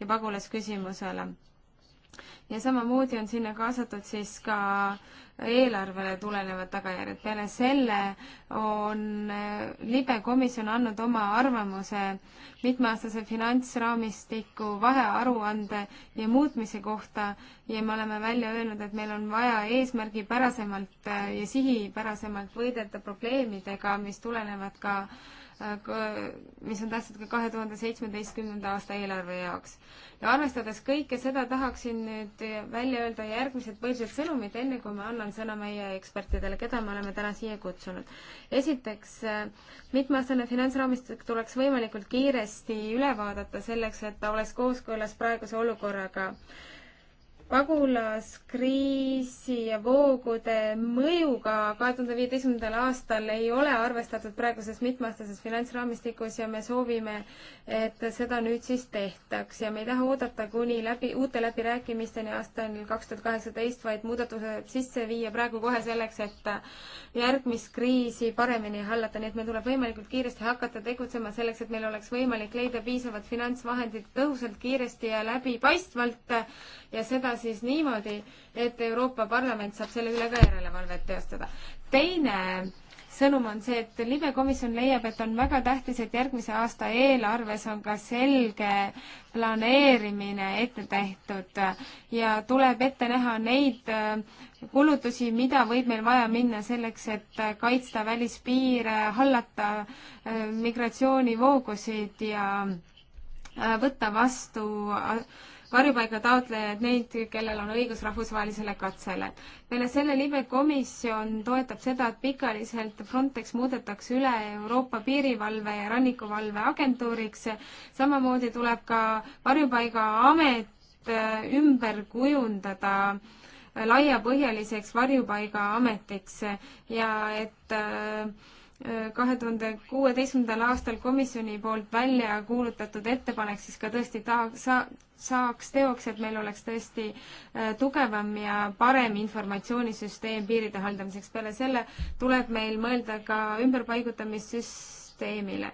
ja pagulasküsimusele. ja samamoodi on sinna kaasatud siis ka eelarvele tulenevad tagajärjed. peale selle on eh, libe komisjon andnud oma arvamuse mitmeaastase finantsraamistiku vahearuande ja muutmise kohta ja me oleme välja öelnud, et meil on vaja eesmärgipärasemalt eh, ja sihipärasemalt võidelda probleemidega, mis tulenevad ka äh, mis on tähtsad ka kahe tuhande seitsmeteistkümnenda aasta eelarve jaoks. ja arvestades kõike seda, tahaksin nüüd välja öelda järgmised põhilised sõnumid, enne kui ma annan sõna meie ekspertidele, keda me oleme täna siia kutsunud. esiteks, mitmeaastane finantsraamistik tuleks võimalikult kiiresti üle vaadata selleks, et ta oleks kooskõlas praeguse olukorraga pagulaskriisi ja voogude mõjuga kahe tuhande viieteistkümnendal aastal ei ole arvestatud praeguses mitmeaastases finantsraamistikus ja me soovime, et seda nüüd siis tehtaks ja me ei taha oodata kuni läbi, uute läbirääkimisteni aastal kaks tuhat kaheksateist, vaid muudatused sisse viia praegu kohe selleks, et järgmist kriisi paremini hallata, nii et meil tuleb võimalikult kiiresti hakata tegutsema selleks, et meil oleks võimalik leida piisavad finantsvahendid tõhusalt, kiiresti ja läbipaistvalt ja seda siis niimoodi, et Euroopa Parlament saab selle üle ka järelevalvet teostada. teine sõnum on see, et libe komisjon leiab, et on väga tähtis, et järgmise aasta eelarves on ka selge planeerimine ette tehtud ja tuleb ette näha neid äh, kulutusi, mida võib meil vaja minna selleks, et äh, kaitsta välispiire, hallata äh, migratsioonivoogusid ja võtta vastu varjupaiga taotlejaid, neid, kellel on õigus rahvusvahelisele katsele. peale selle libe komisjon toetab seda, et pikaajaliselt Frontex muudetakse üle Euroopa piirivalve ja rannikuvalve agentuuriks. samamoodi tuleb ka varjupaigaamet äh, ümber kujundada äh, laiapõhjaliseks varjupaigaametiks ja et äh, kahe tuhande kuueteistkümnendal aastal komisjoni poolt välja kuulutatud ettepanek siis ka tõesti ta-, sa-, saaks teoks, et meil oleks tõesti äh, tugevam ja parem informatsioonisüsteem piiride haldamiseks. peale selle tuleb meil mõelda ka ümberpaigutamissüsteemile.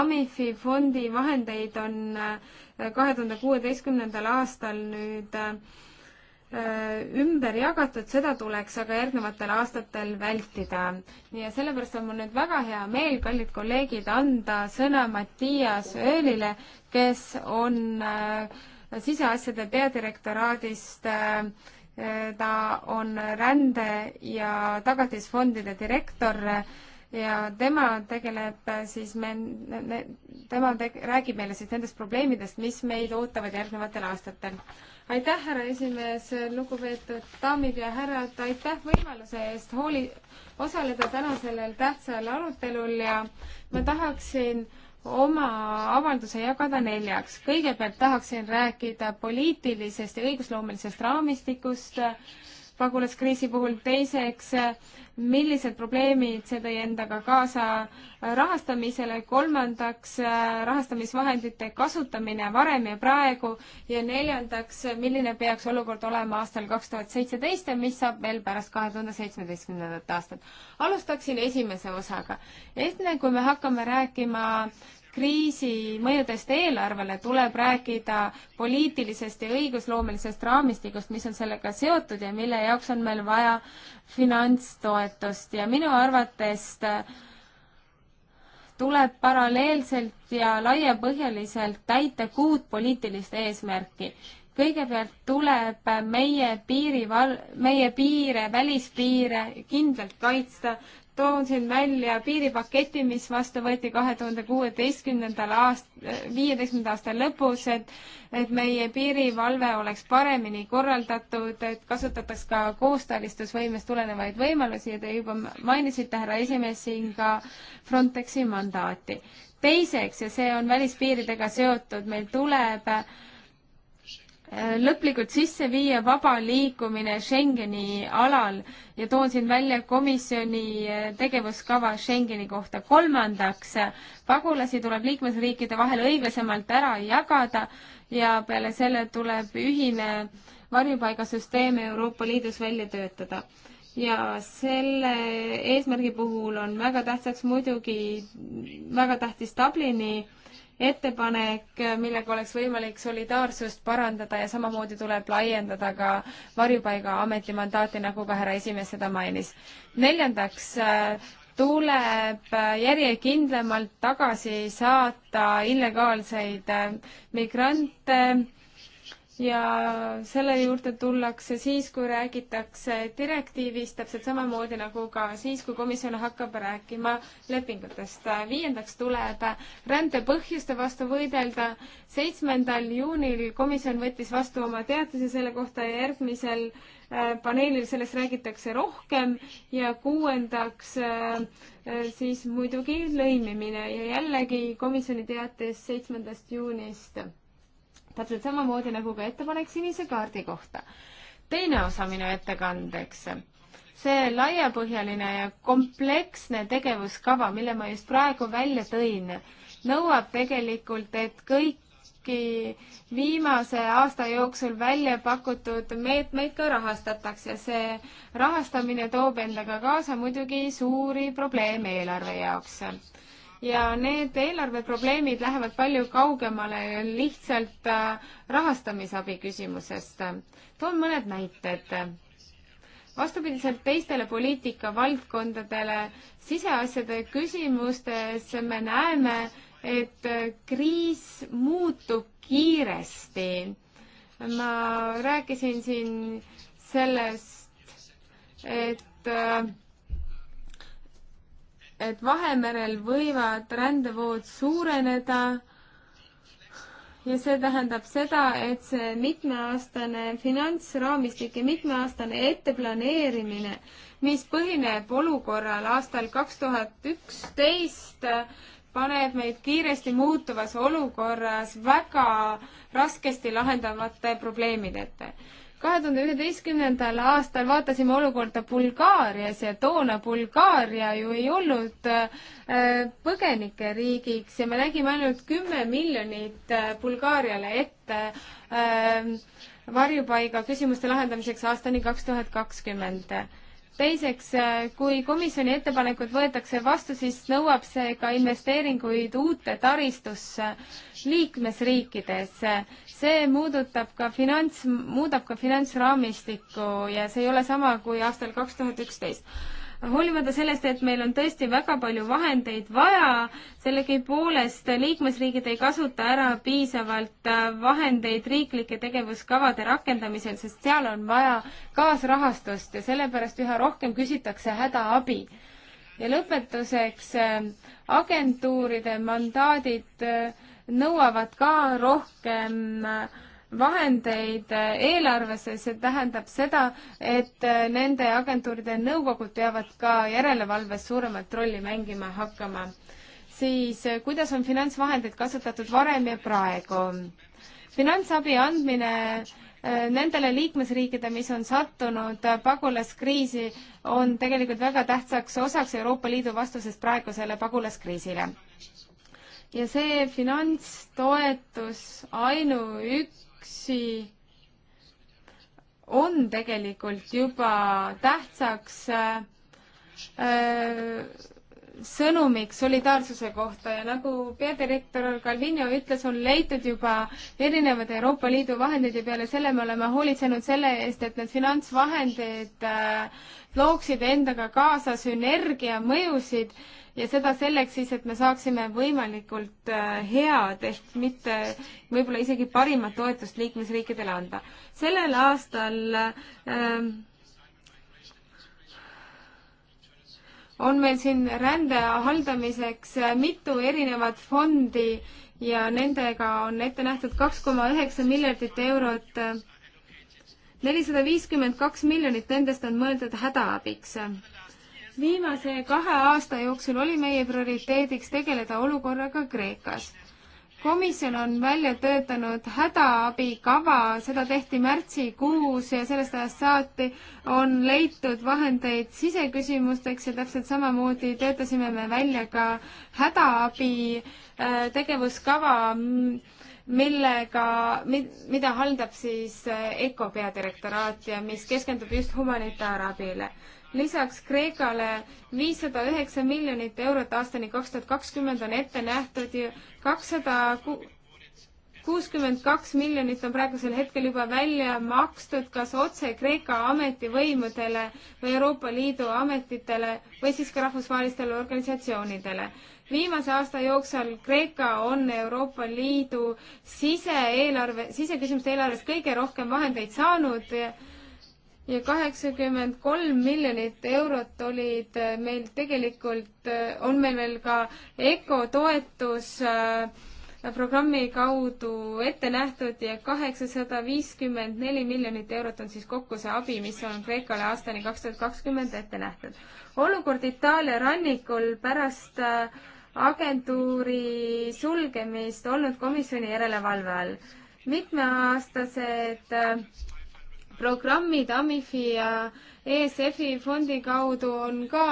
Amifi fondi vahendeid on äh, kahe tuhande kuueteistkümnendal aastal nüüd äh, Äh, ümber jagatud, seda tuleks aga järgnevatel aastatel vältida. ja sellepärast on mul nüüd väga hea meel, kallid kolleegid, anda sõna Mattias Öölile, kes on äh, siseasjade peadirektoraadist äh, ta on rände- ja tagatisfondide direktor ja tema tegeleb siis me, tema te, räägib meile siis nendest probleemidest, mis meid ootavad järgnevatel aastatel aitäh, härra esimees, lugupeetud daamid ja härrad, aitäh võimaluse eest hooli, osaleda täna sellel tähtsal arutelul ja ma tahaksin oma avalduse jagada neljaks. kõigepealt tahaksin rääkida poliitilisest ja õigusloomelisest raamistikust pagulaskriisi puhul, teiseks millised probleemid see tõi endaga kaasa rahastamisele, kolmandaks äh, rahastamisvahendite kasutamine varem ja praegu ja neljandaks, milline peaks olukord olema aastal kaks tuhat seitseteist ja mis saab veel pärast kahe tuhande seitsmeteistkümnendat aastat. alustaksin esimese osaga. enne kui me hakkame rääkima kriisi mõjudest eelarvele, tuleb rääkida poliitilisest ja õigusloomelisest raamistikust, mis on sellega seotud ja mille jaoks on meil vaja finantstoetust ja minu arvates tuleb paralleelselt ja laiapõhjaliselt täita kuut poliitilist eesmärki. kõigepealt tuleb meie piiri val-, meie piire, välispiire kindlalt kaitsta, toon siin välja piiripaketi, mis vastu võeti kahe tuhande kuueteistkümnendal aast-, viieteistkümnenda aasta lõpus, et et meie piirivalve oleks paremini korraldatud, et kasutataks ka koostalistusvõimest tulenevaid võimalusi ja te juba mainisite, härra esimees, siin ka Frontexi mandaati. teiseks, ja see on välispiiridega seotud, meil tuleb äh, Äh, lõplikult sisse viia vaba liikumine Schengeni alal ja toon siin välja komisjoni äh, tegevuskava Schengeni kohta. kolmandaks, pagulasi tuleb liikmesriikide vahel õiglasemalt ära jagada ja peale selle tuleb ühine varjupaigasüsteem Euroopa Liidus välja töötada. ja selle eesmärgi puhul on väga tähtsaks muidugi, väga tähtis Dublini ettepanek, millega oleks võimalik solidaarsust parandada ja samamoodi tuleb laiendada ka varjupaigaameti mandaati, nagu ka härra esimees seda mainis. neljandaks tuleb järjekindlamalt tagasi saata illegaalseid migrante ja selle juurde tullakse siis, kui räägitakse direktiivist, täpselt samamoodi nagu ka siis, kui komisjon hakkab rääkima lepingutest. viiendaks tuleb rände põhjuste vastu võidelda. seitsmendal juunil komisjon võttis vastu oma teatise selle kohta ja järgmisel äh, paneelil sellest räägitakse rohkem ja kuuendaks äh, siis muidugi lõimimine ja jällegi komisjoni teatis seitsmendast juunist täpselt samamoodi nagu ka ettepanek sinise kaardi kohta. teine osa minu ettekandeks, see laiapõhjaline ja kompleksne tegevuskava, mille ma just praegu välja tõin, nõuab tegelikult, et kõiki viimase aasta jooksul välja pakutud meetmeid ka rahastatakse ja see rahastamine toob endaga kaasa muidugi suuri probleeme eelarve jaoks ja need eelarveprobleemid lähevad palju kaugemale lihtsalt äh, rahastamisabi küsimusest. toon mõned näited. vastupidiselt teistele poliitikavaldkondadele siseasjade küsimustes me näeme, et kriis muutub kiiresti. ma rääkisin siin sellest, et äh, et Vahemerel võivad rändevood suureneda ja see tähendab seda, et see mitmeaastane finantsraamistik ja mitmeaastane etteplaneerimine, mis põhineb olukorral aastal kaks tuhat üksteist, paneb meid kiiresti muutuvas olukorras väga raskesti lahendavate probleemide ette kahe tuhande üheteistkümnendal aastal vaatasime olukorda Bulgaarias ja toona Bulgaaria ju ei olnud äh, põgenikeriigiks ja me nägime ainult kümme miljonit äh, Bulgaariale ette äh, varjupaiga küsimuste lahendamiseks aastani kaks tuhat kakskümmend teiseks, äh, kui komisjoni ettepanekud võetakse vastu, siis nõuab see ka investeeringuid uute taristusse liikmesriikides. see muudutab ka finants, muudab ka finantsraamistikku ja see ei ole sama kui aastal kaks tuhat üksteist hoolimata sellest, et meil on tõesti väga palju vahendeid vaja, sellegipoolest liikmesriigid ei kasuta ära piisavalt äh, vahendeid riiklike tegevuskavade rakendamisel, sest seal on vaja kaasrahastust ja sellepärast üha rohkem küsitakse hädaabi. ja lõpetuseks, äh, agentuuride mandaadid äh, nõuavad ka rohkem äh, vahendeid äh, eelarvesse, see tähendab seda, et äh, nende agentuuride nõukogud peavad ka järelevalves suuremat rolli mängima hakkama. siis äh, kuidas on finantsvahendeid kasutatud varem ja praegu? finantsabi andmine nendele liikmesriikide, mis on sattunud pagulaskriisi, on tegelikult väga tähtsaks osaks Euroopa Liidu vastusest praegusele pagulaskriisile. ja see finantstoetus ainuüksi taksi on tegelikult juba tähtsaks äh, äh sõnumiks solidaarsuse kohta ja nagu peadirektor Calvino ütles, on leitud juba erinevad Euroopa Liidu vahendid ja peale selle me oleme hoolitsenud selle eest, et need finantsvahendid äh, looksid endaga kaasa sünergiamõjusid ja seda selleks siis, et me saaksime võimalikult äh, head ehk mitte võib-olla isegi parimat toetust liikmesriikidele anda. sellel aastal ähm, on meil siin rände haldamiseks mitu erinevat fondi ja nendega on ette nähtud kaks koma üheksa miljardit eurot. nelisada viiskümmend kaks miljonit nendest on mõeldud hädaabiks. viimase kahe aasta jooksul oli meie prioriteediks tegeleda olukorraga Kreekas komisjon on välja töötanud hädaabikava, seda tehti märtsikuus ja sellest ajast saati on leitud vahendeid siseküsimusteks ja täpselt samamoodi töötasime me välja ka hädaabi äh, tegevuskava, millega, mida haldab siis äh, EKO peadirektoraat ja mis keskendub just humanitaarabile lisaks Kreekale viissada üheksa miljonit eurot aastani kaks tuhat kakskümmend on ette nähtud ja kakssada kuuskümmend kaks miljonit on praegusel hetkel juba välja makstud kas otse Kreeka ametivõimudele või Euroopa Liidu ametitele või siis ka rahvusvahelistele organisatsioonidele. viimase aasta jooksul Kreeka on Euroopa Liidu siseeelarve, siseküsimuste eelarvest kõige rohkem vahendeid saanud ja kaheksakümmend kolm miljonit eurot olid äh, meil tegelikult, äh, on meil veel ka EKO toetus äh, programmi kaudu ette nähtud ja kaheksasada viiskümmend neli miljonit eurot on siis kokku see abi, mis on Kreekale aastani kaks tuhat kakskümmend ette nähtud. olukord Itaalia rannikul pärast agentuuri sulgemist olnud komisjoni järelevalve all. mitmeaastased programmid AMIFi ja ESF-i fondi kaudu on ka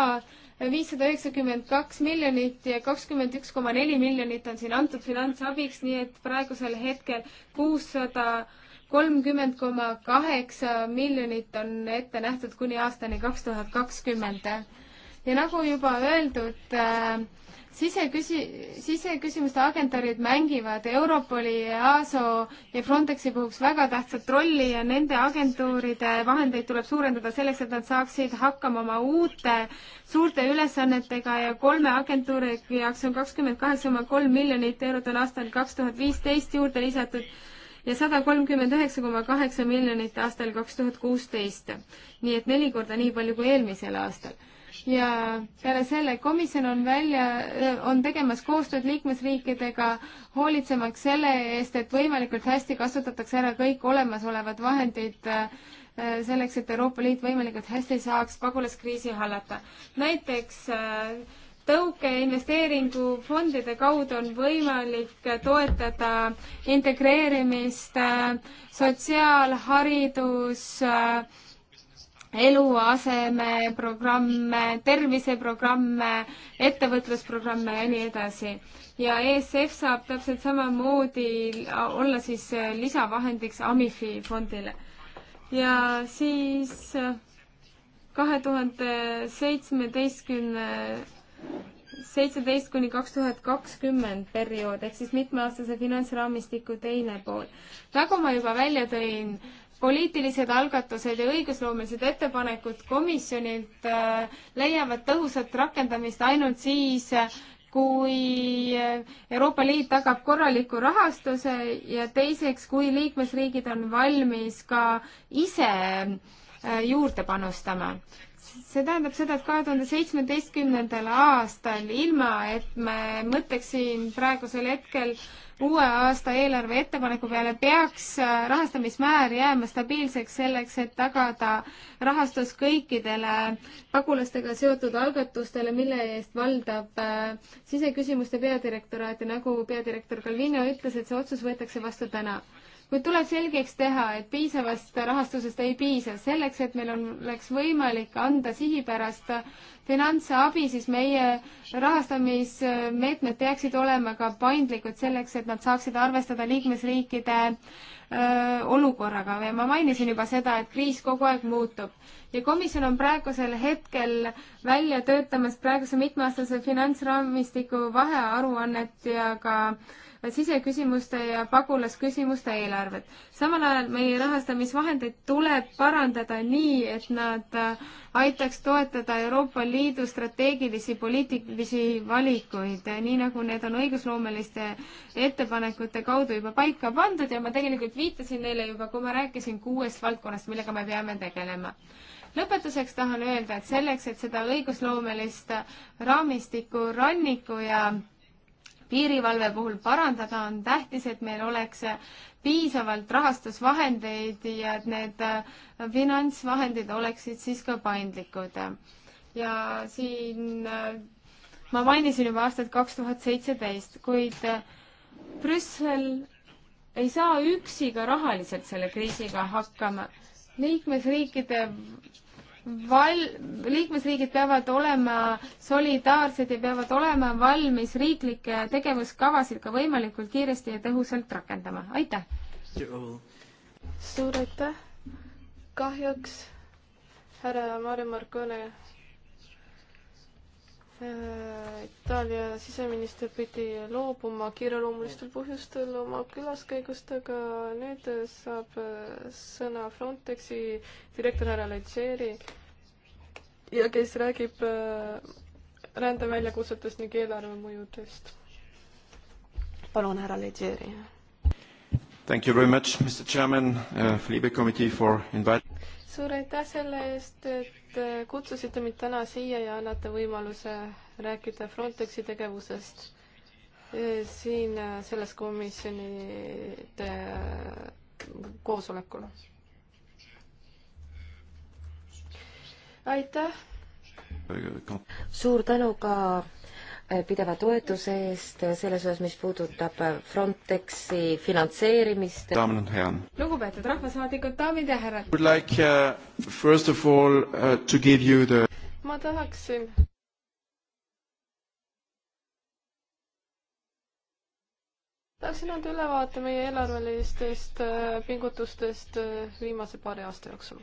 viissada üheksakümmend kaks miljonit ja kakskümmend üks koma neli miljonit on siin antud finantsabiks, nii et praegusel hetkel kuussada kolmkümmend koma kaheksa miljonit on ette nähtud kuni aastani kaks tuhat kakskümmend. ja nagu juba öeldud äh,, siseküsi-, siseküsimuste agentuurid mängivad Europoli, EASO ja Frontexi puhuks väga tähtsat rolli ja nende agentuuride vahendeid tuleb suurendada selleks, et nad saaksid hakkama oma uute suurte ülesannetega ja kolme agentuuri jaoks on kakskümmend kaheksa koma kolm miljonit eurot on aastal kaks tuhat viisteist juurde lisatud ja sada kolmkümmend üheksa koma kaheksa miljonit aastal kaks tuhat kuusteist. nii et neli korda nii palju kui eelmisel aastal ja peale selle komisjon on välja, on tegemas koostööd liikmesriikidega, hoolitsemaks selle eest, et võimalikult hästi kasutatakse ära kõik olemasolevad vahendid äh, selleks, et Euroopa Liit võimalikult hästi saaks pagulaskriisi hallata. näiteks äh, tõuke investeeringufondide kaudu on võimalik toetada integreerimist, äh, sotsiaalharidus, eluasemeprogramme, terviseprogramme, ettevõtlusprogramme ja nii edasi. ja ESF saab täpselt samamoodi olla siis lisavahendiks Amifi fondile. ja siis kahe tuhande seitsmeteistkümne, seitseteist kuni kaks tuhat kakskümmend periood ehk siis mitmeaastase finantsraamistiku teine pool. nagu ma juba välja tõin, poliitilised algatused ja õigusloomelised ettepanekud komisjonilt äh, leiavad tõhusat rakendamist ainult siis, kui äh, Euroopa Liit tagab korraliku rahastuse ja teiseks, kui liikmesriigid on valmis ka ise äh, juurde panustama see tähendab seda, et kahe tuhande seitsmeteistkümnendal aastal, ilma et me mõtleksin praegusel hetkel uue aasta eelarve ettepaneku peale, peaks äh, rahastamismäär jääma stabiilseks selleks, et tagada rahastus kõikidele pagulastega seotud algatustele, mille eest valdab äh, siseküsimuste peadirektoraat ja nagu peadirektor Calvino ütles, et see otsus võetakse vastu täna kuid tuleb selgeks teha, et piisavast rahastusest ei piisa. selleks, et meil on, oleks võimalik anda sihipärast finantsabi, siis meie rahastamismeetmed peaksid olema ka paindlikud selleks, et nad saaksid arvestada liikmesriikide öö, olukorraga ja ma mainisin juba seda, et kriis kogu aeg muutub ja komisjon on praegusel hetkel välja töötamas praeguse mitmeaastase finantsraamistiku vahearuannet ja ka äh, siseküsimuste ja pagulasküsimuste eelarvet. samal ajal meie rahastamisvahendeid tuleb parandada nii, et nad äh, aitaks toetada Euroopa Liidu strateegilisi poliitilisi valikuid, nii nagu need on õigusloomeliste ettepanekute kaudu juba paika pandud ja ma tegelikult viitasin neile juba, kui ma rääkisin kuuest valdkonnast, millega me peame tegelema lõpetuseks tahan öelda, et selleks, et seda õigusloomelist raamistikku ranniku ja piirivalve puhul parandada, on tähtis, et meil oleks piisavalt rahastusvahendeid ja et need äh, finantsvahendid oleksid siis ka paindlikud. ja siin äh, ma mainisin juba aastat kaks tuhat seitseteist, kuid äh, Brüssel ei saa üksi ka rahaliselt selle kriisiga hakkama. liikmesriikide val-, liikmesriigid peavad olema solidaarsed ja peavad olema valmis riiklikke tegevuskavasid ka võimalikult kiiresti ja tõhusalt rakendama, aitäh! suur aitäh! kahjuks härra Maarja Markone Äh, Itaalia siseminister pidi loobuma kiireloomulistel põhjustel oma külaskäigust, aga nüüd saab äh, sõna Frontexi direktor härra Leggeri ja kes räägib äh, rändeväljakutsetest ning eelarve mõjudest. palun, härra Leggeri. Thank you very much, Mr Chairman uh,, Libe Committee for inviting suur aitäh selle eest, et äh, kutsusite mind täna siia ja annate võimaluse rääkida Frontexi tegevusest äh, siin äh, selles komisjonide koosolekul. aitäh! suur tänu ka pideva toetuse eest selles osas, mis puudutab Frontexi finantseerimist. lugupeetud rahvasaadikud, daamid ja härrad. Like, uh, first of all uh, to give you the ma tahaksin tahaksin anda ülevaate meie eelarvelistest uh, pingutustest uh, viimase paari aasta jooksul.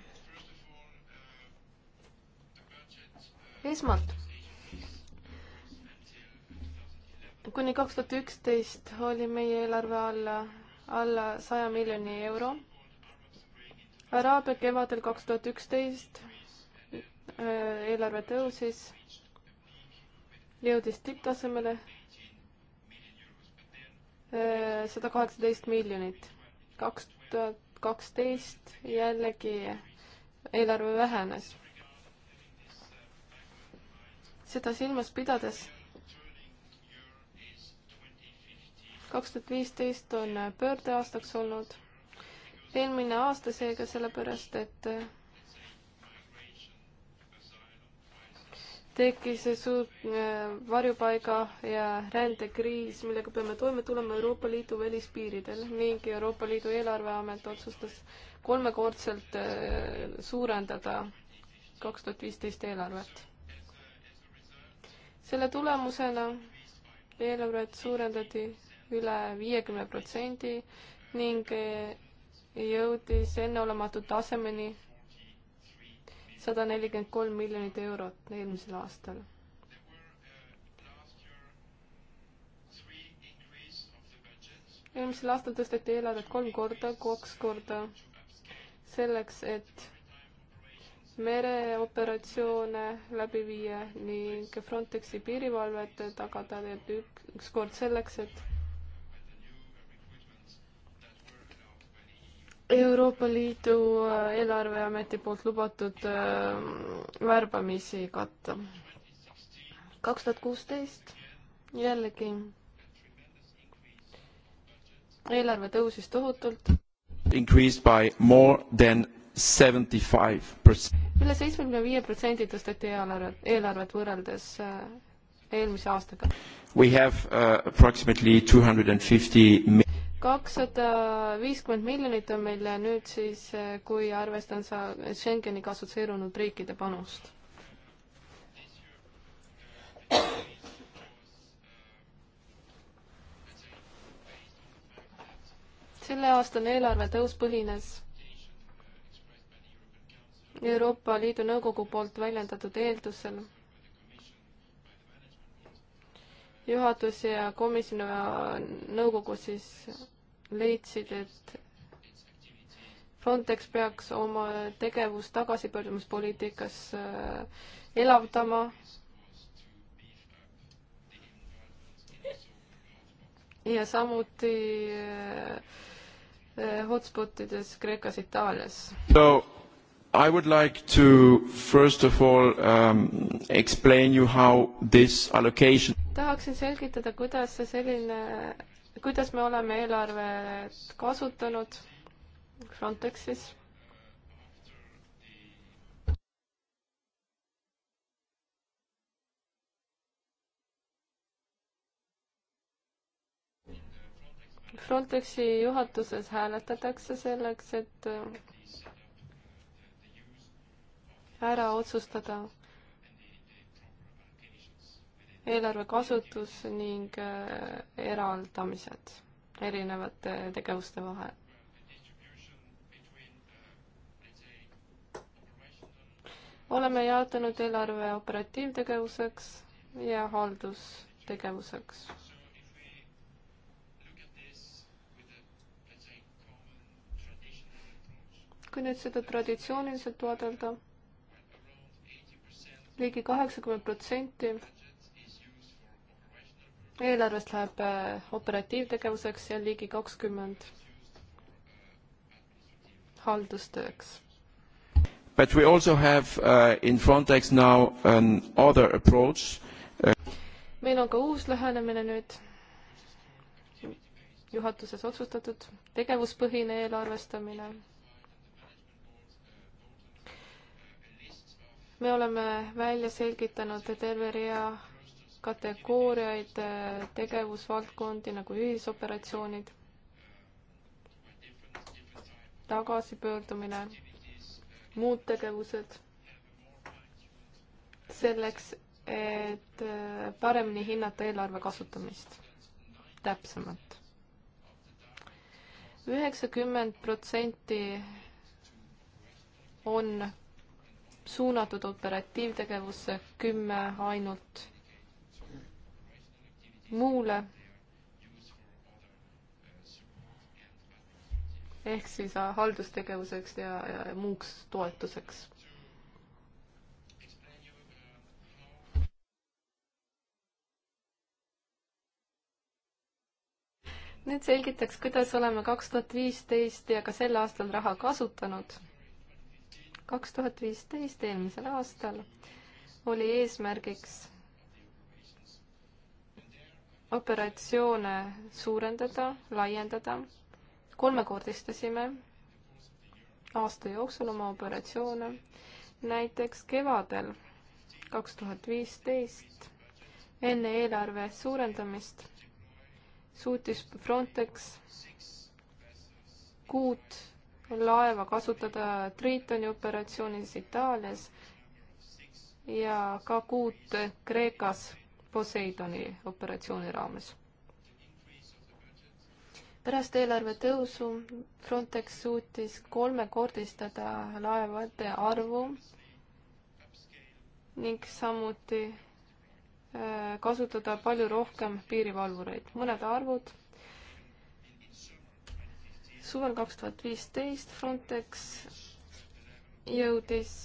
esmalt kuni kaks tuhat üksteist oli meie eelarve alla, alla saja miljoni euro. Araabia kevadel kaks tuhat üksteist äh, eelarve tõusis, jõudis tipptasemele äh, sada kaheksateist miljonit. kaks tuhat kaksteist jällegi eelarve vähenes. seda silmas pidades kaks tuhat viisteist on pöördeaastaks olnud, eelmine aasta seega sellepärast, et tekkis suur äh, varjupaiga ja rändekriis, millega peame toime tulema Euroopa Liidu välispiiridel ning Euroopa Liidu eelarveamet otsustas kolmekordselt äh, suurendada kaks tuhat viisteist eelarvet. selle tulemusena eelarvet suurendati üle viiekümne protsendi ning jõudis enneolematu tasemeni sada nelikümmend kolm miljonit eurot eelmisel aastal. eelmisel aastal tõsteti eelarvet kolm korda, kaks korda selleks, et mereoperatsioone läbi viia ning Frontexi piirivalvet tagada, et ükskord selleks, et Euroopa Liidu äh, eelarveameti poolt lubatud äh, värbamisi katta. kaks tuhat kuusteist jällegi eelarve tõusis tohutult. Increased by more than seventy five percent. üle seitsmekümne viie protsendi tõsteti eelarvet, eelarvet võrreldes äh, eelmise aastaga. We have uh, approximately two hundred and fifty kakssada viiskümmend miljonit on meil nüüd siis, eh, kui arvestan sa Schengeni assotsieerunud riikide panust. selleaastane eelarve tõus põhines Euroopa Liidu Nõukogu poolt väljendatud eeldusel juhatus ja komisjon ja nõukogu siis leidsid, et Frontex peaks oma tegevust tagasipöördumispoliitikas äh, elavdama. ja samuti äh, äh, hotspotides Kreekas, Itaalias. So I would like to first of all um, explain you how this allocation tahaksin selgitada, kuidas see selline, kuidas me oleme eelarvet kasutanud Frontexis Frontexi juhatuses hääletatakse selleks, et ära otsustada, eelarve kasutus ning äh, eraldamised erinevate tegevuste vahel. oleme jaotanud eelarve operatiivtegevuseks ja haldustegevuseks. kui nüüd seda traditsiooniliselt vaadelda ligi, ligi kaheksakümmend protsenti eelarvest läheb äh, operatiivtegevuseks ja ligi kakskümmend haldustööks. But we also have uh, in Frontex now an other approach uh.... meil on ka uus lähenemine nüüd juhatuses otsustatud, tegevuspõhine eelarvestamine. me oleme välja selgitanud terve rea kategooriaid, äh, tegevusvaldkondi nagu ühisoperatsioonid, tagasipöördumine, muud tegevused, selleks, et äh, paremini hinnata eelarve kasutamist täpsemalt. üheksakümmend protsenti on suunatud operatiivtegevusse, kümme ainult muule ehk siis äh, haldustegevuseks ja, ja muuks toetuseks. nüüd selgitaks, kuidas oleme kaks tuhat viisteist ja ka sel aastal raha kasutanud. kaks tuhat viisteist, eelmisel aastal, oli eesmärgiks operatsioone suurendada, laiendada, kolmekordistasime aasta jooksul oma operatsioone. näiteks kevadel kaks tuhat viisteist enne eelarve suurendamist suutis Frontex kuut laeva kasutada Tritoni operatsioonis Itaalias ja ka kuut Kreekas Poseidoni operatsiooni raames. pärast eelarve tõusu Frontex suutis kolmekordistada laevade arvu ning samuti äh, kasutada palju rohkem piirivalvureid. mõned arvud. suvel kaks tuhat viisteist Frontex jõudis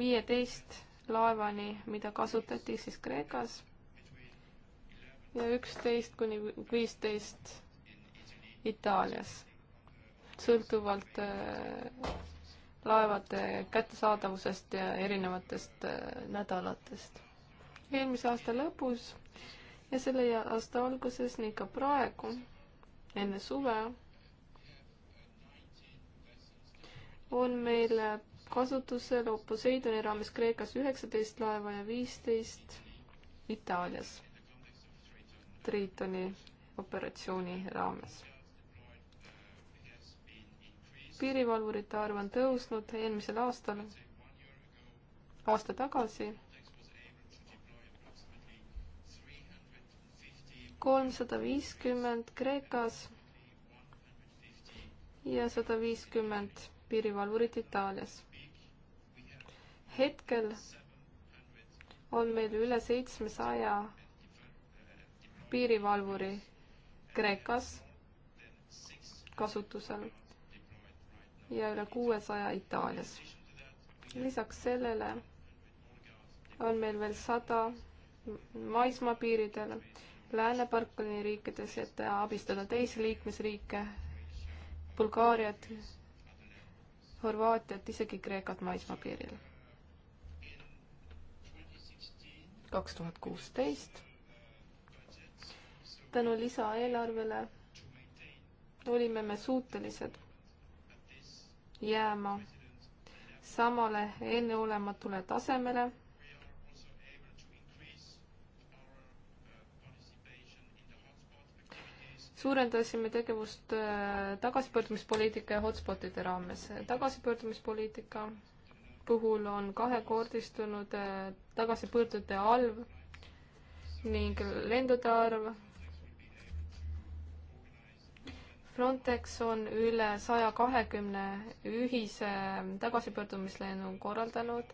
viieteist laevani, mida kasutati siis Kreekas ja üksteist kuni viisteist Itaalias, sõltuvalt äh, laevade kättesaadavusest ja erinevatest äh, nädalatest. eelmise aasta lõpus ja selle aasta alguses ning ka praegu, enne suve, on meil kasutusel Oposeidoni raames Kreekas üheksateist laeva ja viisteist Itaalias Tritoni operatsiooni raames. piirivalvurite arv on tõusnud eelmisel aastal, aasta tagasi kolmsada viiskümmend Kreekas ja sada viiskümmend piirivalvurit Itaalias hetkel on meil üle seitsmesaja piirivalvuri Kreekas kasutusel ja üle kuuesaja Itaalias. lisaks sellele on meil veel sada maismaapiiridel Lääne-Balkani riikides, et abistada teisi liikmesriike, Bulgaariat, Horvaatiat, isegi Kreekat maismaapiiril kaks tuhat kuusteist. tänu lisaeelarvele olime me suutelised jääma samale enneolematule tasemele suurendasime tegevust äh, tagasipöördumispoliitika ja hotspotide raames. tagasipöördumispoliitika puhul on kahekordistunud äh, tagasipõrdude arv ning lendude arv. Frontex on üle saja kahekümne ühise äh, tagasipöördumislennu korraldanud,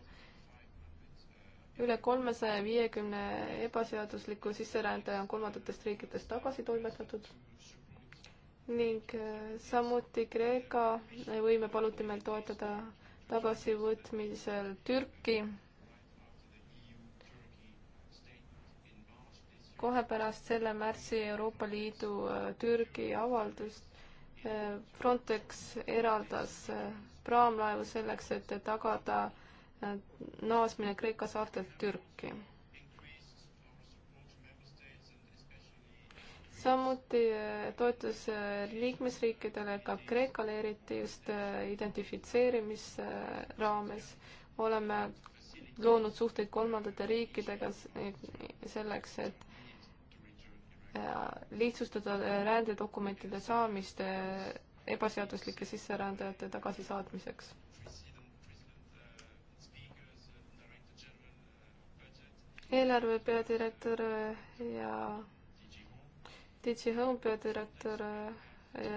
üle kolmesaja viiekümne ebaseadusliku sisserändaja on kolmandatest riikidest tagasi toimetatud ning äh, samuti Kreeka võime paluti meil toetada tagasivõtmisel Türki. kohe pärast selle märtsi Euroopa Liidu äh, Türgi avaldust äh, Frontex eraldas äh, praamlaevu selleks, et tagada naasmine Kreeka saartelt Türki samuti äh, toetus äh, liikmesriikidele, ka Kreekale eriti just äh, identifitseerimise raames oleme loonud suhteid kolmandate riikidega selleks, et lihtsustada rändedokumentide saamist ebaseaduslike sisserändajate tagasisaatmiseks. eelarve peadirektor ja DG Home peadirektor äh,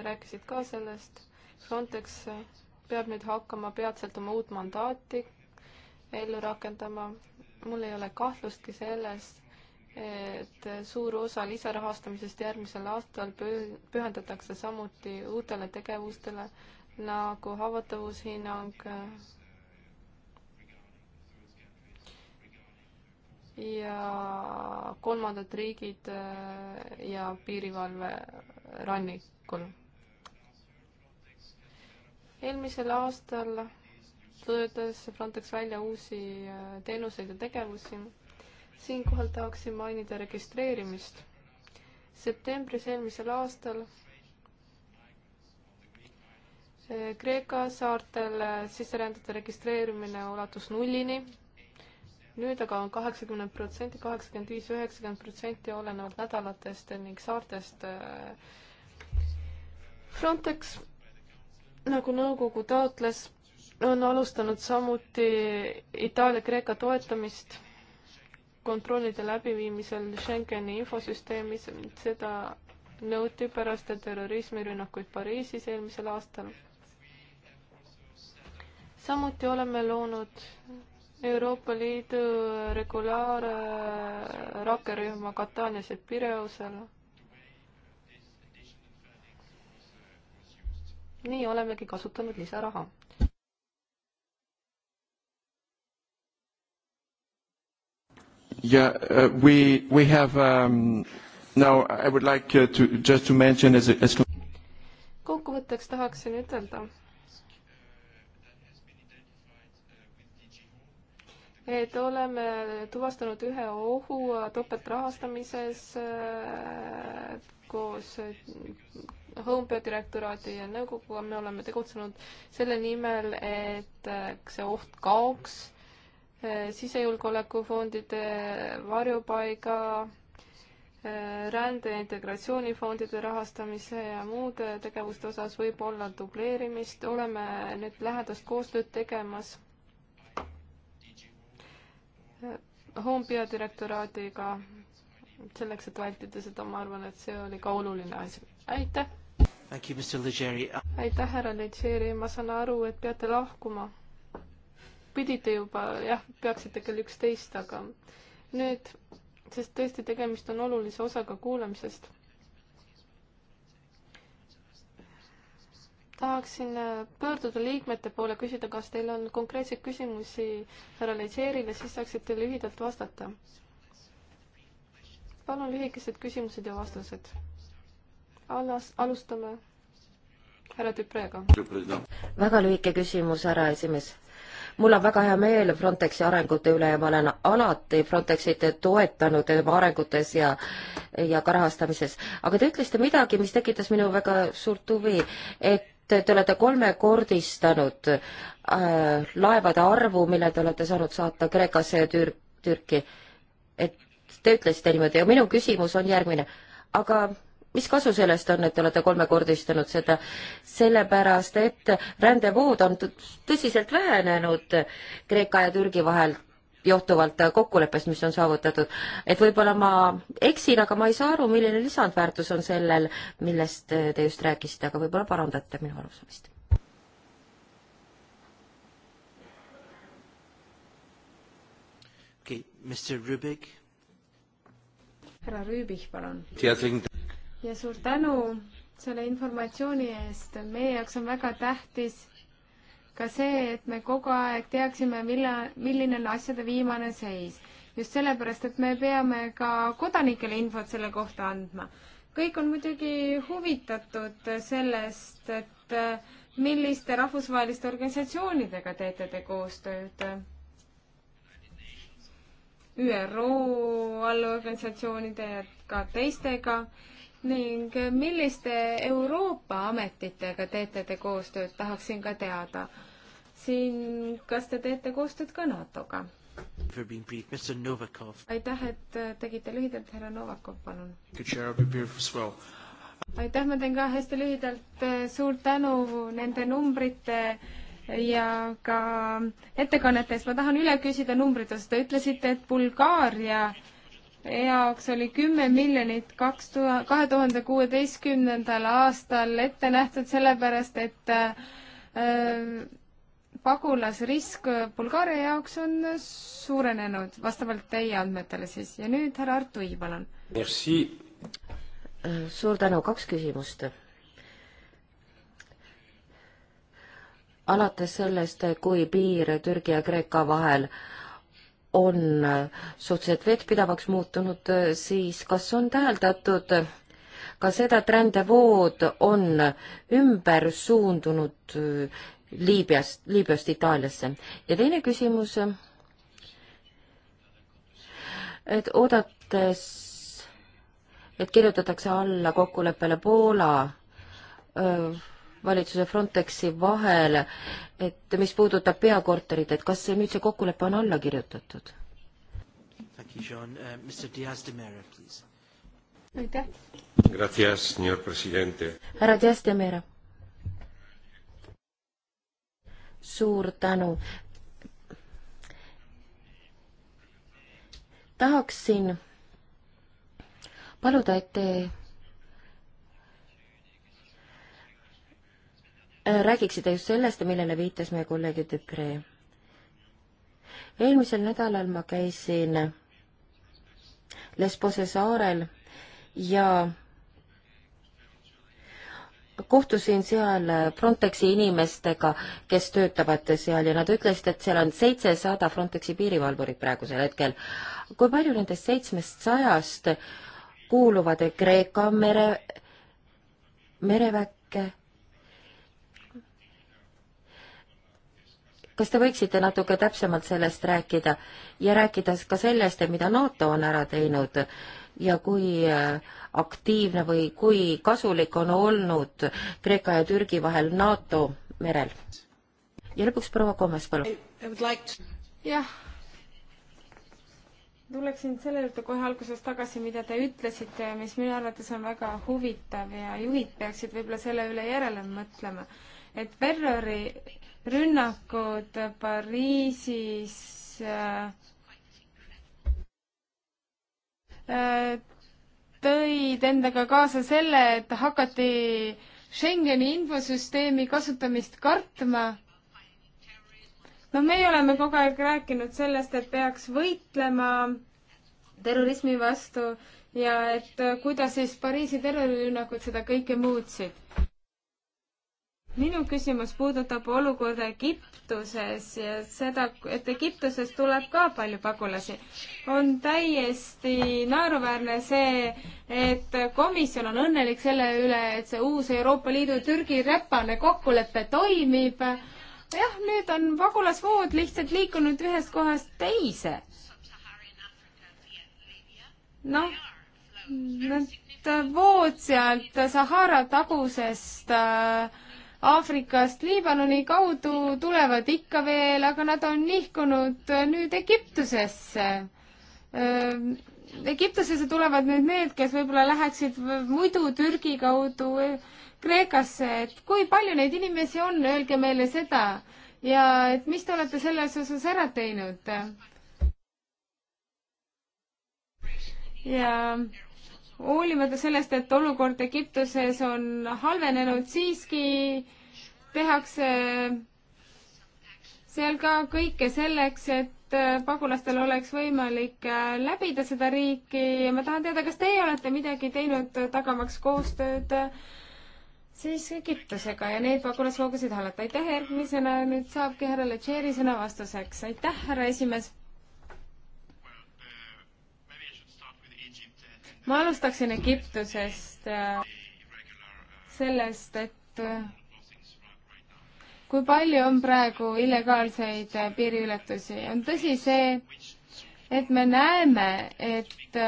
rääkisid ka sellest. Frontex äh, peab nüüd hakkama peatselt oma uut mandaati ellu rakendama. mul ei ole kahtlustki selles, et suur osa lisarahastamisest järgmisel aastal pühendatakse samuti uutele tegevustele nagu haavatavushinnang, ja kolmandad riigid äh, ja piirivalve rannikul. eelmisel aastal töötas Frontex välja uusi äh, teenuseid ja tegevusi. siinkohal tahaksin mainida registreerimist. septembris eelmisel aastal äh, Kreeka saartel sisserändajate registreerimine ulatus nullini nüüd aga on kaheksakümmend protsenti, kaheksakümmend viis, üheksakümmend protsenti olenevalt nädalatest ning saartest. Äh, Frontex, nagu nõukogu taotles, on alustanud samuti Itaalia-Kreeka toetamist kontrollide läbiviimisel Schengeni infosüsteemis, seda nõuti pärast terrorismirünnakuid Pariisis eelmisel aastal. samuti oleme loonud Euroopa Liidu regulaarrakkerühma rakkerühma Katanias ja Pireusel. nii olemegi kasutanud lisaraha. Yeah, uh, we, we have um, now I would like uh, to just to mention as, as... kokkuvõtteks tahaksin ütelda et oleme tuvastanud ühe ohu topeltrahastamises äh, koos äh, Homepeo direktoraadi ja nõukoguga me oleme tegutsenud selle nimel, et äh, see oht kaoks sisejulgeolekufondide varjupaiga rände ja integratsioonifondide rahastamise ja muude tegevuste osas võib olla dubleerimist, oleme nüüd lähedast koostööd tegemas Home peadirektoraadiga selleks, et vältida seda, ma arvan, et see oli ka oluline asi. aitäh! aitäh, härra Leggeri, ma saan aru, et peate lahkuma. pidite juba, jah, peaksite kell üksteist, aga nüüd, sest tõesti tegemist on olulise osaga kuulamisest tahaksin äh, pöörduda liikmete poole, küsida, kas teil on konkreetseid küsimusi härra Leitseerile, siis saaksite lühidalt vastata. palun lühikesed küsimused ja vastused. Alas, alustame härra Tüprega. väga lühike küsimus, härra esimees mul on väga hea meel Frontexi arengute üle ja ma olen alati Frontexit toetanud tema arengutes ja, ja ka rahastamises. aga te ütlesite midagi, mis tekitas minu väga suurt huvi, et te olete kolmekordistanud äh, laevade arvu, mille te olete saanud saata Kreekasse ja Tür-, Türki. et te ütlesite niimoodi ja minu küsimus on järgmine. aga mis kasu sellest on, et te olete kolmekordistanud seda, sellepärast et rändevood on tõsiselt vähenenud Kreeka ja Türgi vahel johtuvalt kokkuleppest, mis on saavutatud. et võib-olla ma eksin, aga ma ei saa aru, milline lisandväärtus on sellel, millest te just rääkisite, aga võib-olla parandate minu arusaamist. okei okay,, Mr Rubik. härra Rüübich, palun. ja suur tänu selle informatsiooni eest, meie jaoks on väga tähtis ka see, et me kogu aeg teaksime, mille, milline on asjade viimane seis. just sellepärast, et me peame ka kodanikele infot selle kohta andma. kõik on muidugi huvitatud sellest, et äh, milliste rahvusvaheliste organisatsioonidega teete te koostööd? ÜRO allorganisatsioonide ja ka teistega ning milliste Euroopa ametitega teete te koostööd, tahaksin ka teada siin, kas te teete koostööd ka NATO-ga? aitäh, et äh, tegite lühidalt, härra Novakov, palun. aitäh, ma teen ka hästi lühidalt. Äh, suur tänu nende numbrite äh, ja ka ettekannetes. ma tahan üle küsida numbrite osas. Te ütlesite, et Bulgaaria jaoks oli kümme miljonit kaks tuhat, kahe tuhande kuueteistkümnendal aastal ette nähtud sellepärast, et äh, pagulasrisk Bulgaaria jaoks on suurenenud, vastavalt teie andmetele siis. ja nüüd härra Artur Ii, palun. suur tänu, kaks küsimust. alates sellest, kui piir Türgi ja Kreeka vahel on suhteliselt vettpidavaks muutunud, siis kas on täheldatud ka seda, et rändevood on ümber suundunud Liibüast, Liibüast Itaaliasse. ja teine küsimus, et oodates, et kirjutatakse alla kokkuleppele Poola öö, valitsuse Frontexi vahel, et mis puudutab peakorterit, et kas see, nüüd see kokkulepe on alla kirjutatud? Uh, aitäh. härra Diaz de Mera suur tänu. tahaksin paluda, et te äh, räägiksite just sellest, millele viitas meie kolleeg Dupre. eelmisel nädalal ma käisin Lesbose saarel ja kohtusin seal Frontexi inimestega, kes töötavad seal ja nad ütlesid, et seal on seitsesada Frontexi piirivalvurit praegusel hetkel. kui palju nendest seitsmest sajast kuuluvad Kreeka mere, mereväkke? kas te võiksite natuke täpsemalt sellest rääkida ja rääkida ka sellest, mida NATO on ära teinud ja kui äh, aktiivne või kui kasulik on olnud Kreeka ja Türgi vahel NATO merel? ja lõpuks proua Komes, palun. jah, tuleksin selle juurde kohe alguses tagasi, mida te ütlesite ja mis minu arvates on väga huvitav ja juhid peaksid võib-olla selle üle järele mõtlema, et terrorirünnakud Pariisis äh, tõid endaga kaasa selle, et hakati Schengeni infosüsteemi kasutamist kartma. no meie oleme kogu aeg rääkinud sellest, et peaks võitlema terrorismi vastu ja et kuidas siis Pariisi terrorirünnakud seda kõike muutsid minu küsimus puudutab olukorda Egiptuses ja seda, et Egiptuses tuleb ka palju pagulasi. on täiesti naeruväärne see, et komisjon on õnnelik selle üle, et see uus Euroopa Liidu Türgi räpane kokkulepe toimib. jah, nüüd on pagulasvood lihtsalt liikunud ühest kohast teise. noh, nad vood sealt Sahara tagusest äh, Aafrikast Liibanoni kaudu tulevad ikka veel, aga nad on nihkunud nüüd Egiptusesse. Egiptusesse tulevad nüüd need, kes võib-olla läheksid muidu Türgi kaudu e, Kreekasse, et kui palju neid inimesi on, öelge meile seda. ja et mis te olete selles osas ära teinud? ja hoolimata sellest, et olukord Egiptuses on halvenenud, siiski tehakse seal ka kõike selleks, et äh, pagulastel oleks võimalik äh, läbida seda riiki ja ma tahan teada, kas teie olete midagi teinud tagamaks koostööd äh, siis Egiptusega ja neid pagulasvoogusid hallata. aitäh, järgmisena nüüd saabki härra Lecheri sõna vastuseks. aitäh, härra esimees ma alustaksin Egiptusest, äh, sellest, et äh, kui palju on praegu illegaalseid äh, piiriületusi. on tõsi see, et me näeme, et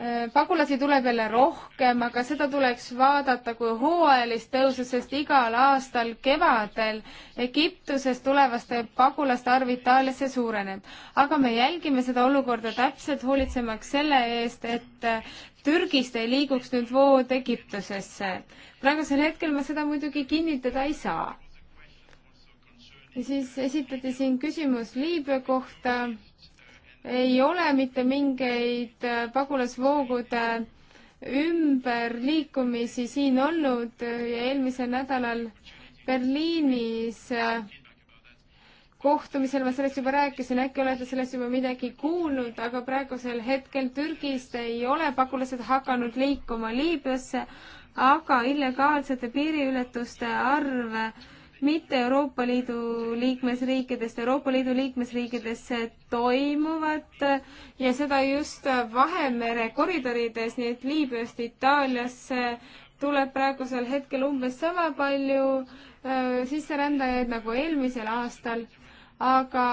Äh, pagulasi tuleb jälle rohkem, aga seda tuleks vaadata kui hooajalist tõusu, sest igal aastal kevadel Egiptusest tulevaste pagulaste arv Itaaliasse suureneb. aga me jälgime seda olukorda täpselt, hoolitsemaks selle eest, et äh, Türgist ei liiguks nüüd vood Egiptusesse. praegusel hetkel ma seda muidugi kinnitada ei saa. ja siis esitati siin küsimus Liibüa kohta ei ole mitte mingeid äh, pagulasvoogude ümberliikumisi siin olnud ja eelmisel nädalal Berliinis äh, kohtumisel ma sellest juba rääkisin, äkki olete sellest juba midagi kuulnud, aga praegusel hetkel Türgist ei ole pagulased hakanud liikuma Liibüasse, aga illegaalsete piiriületuste arv mitte Euroopa Liidu liikmesriikidest, Euroopa Liidu liikmesriikides toimuvat ja seda just Vahemere koridorides, nii et Liibüast Itaaliasse tuleb praegusel hetkel umbes sama palju äh, sisserändajaid nagu eelmisel aastal, aga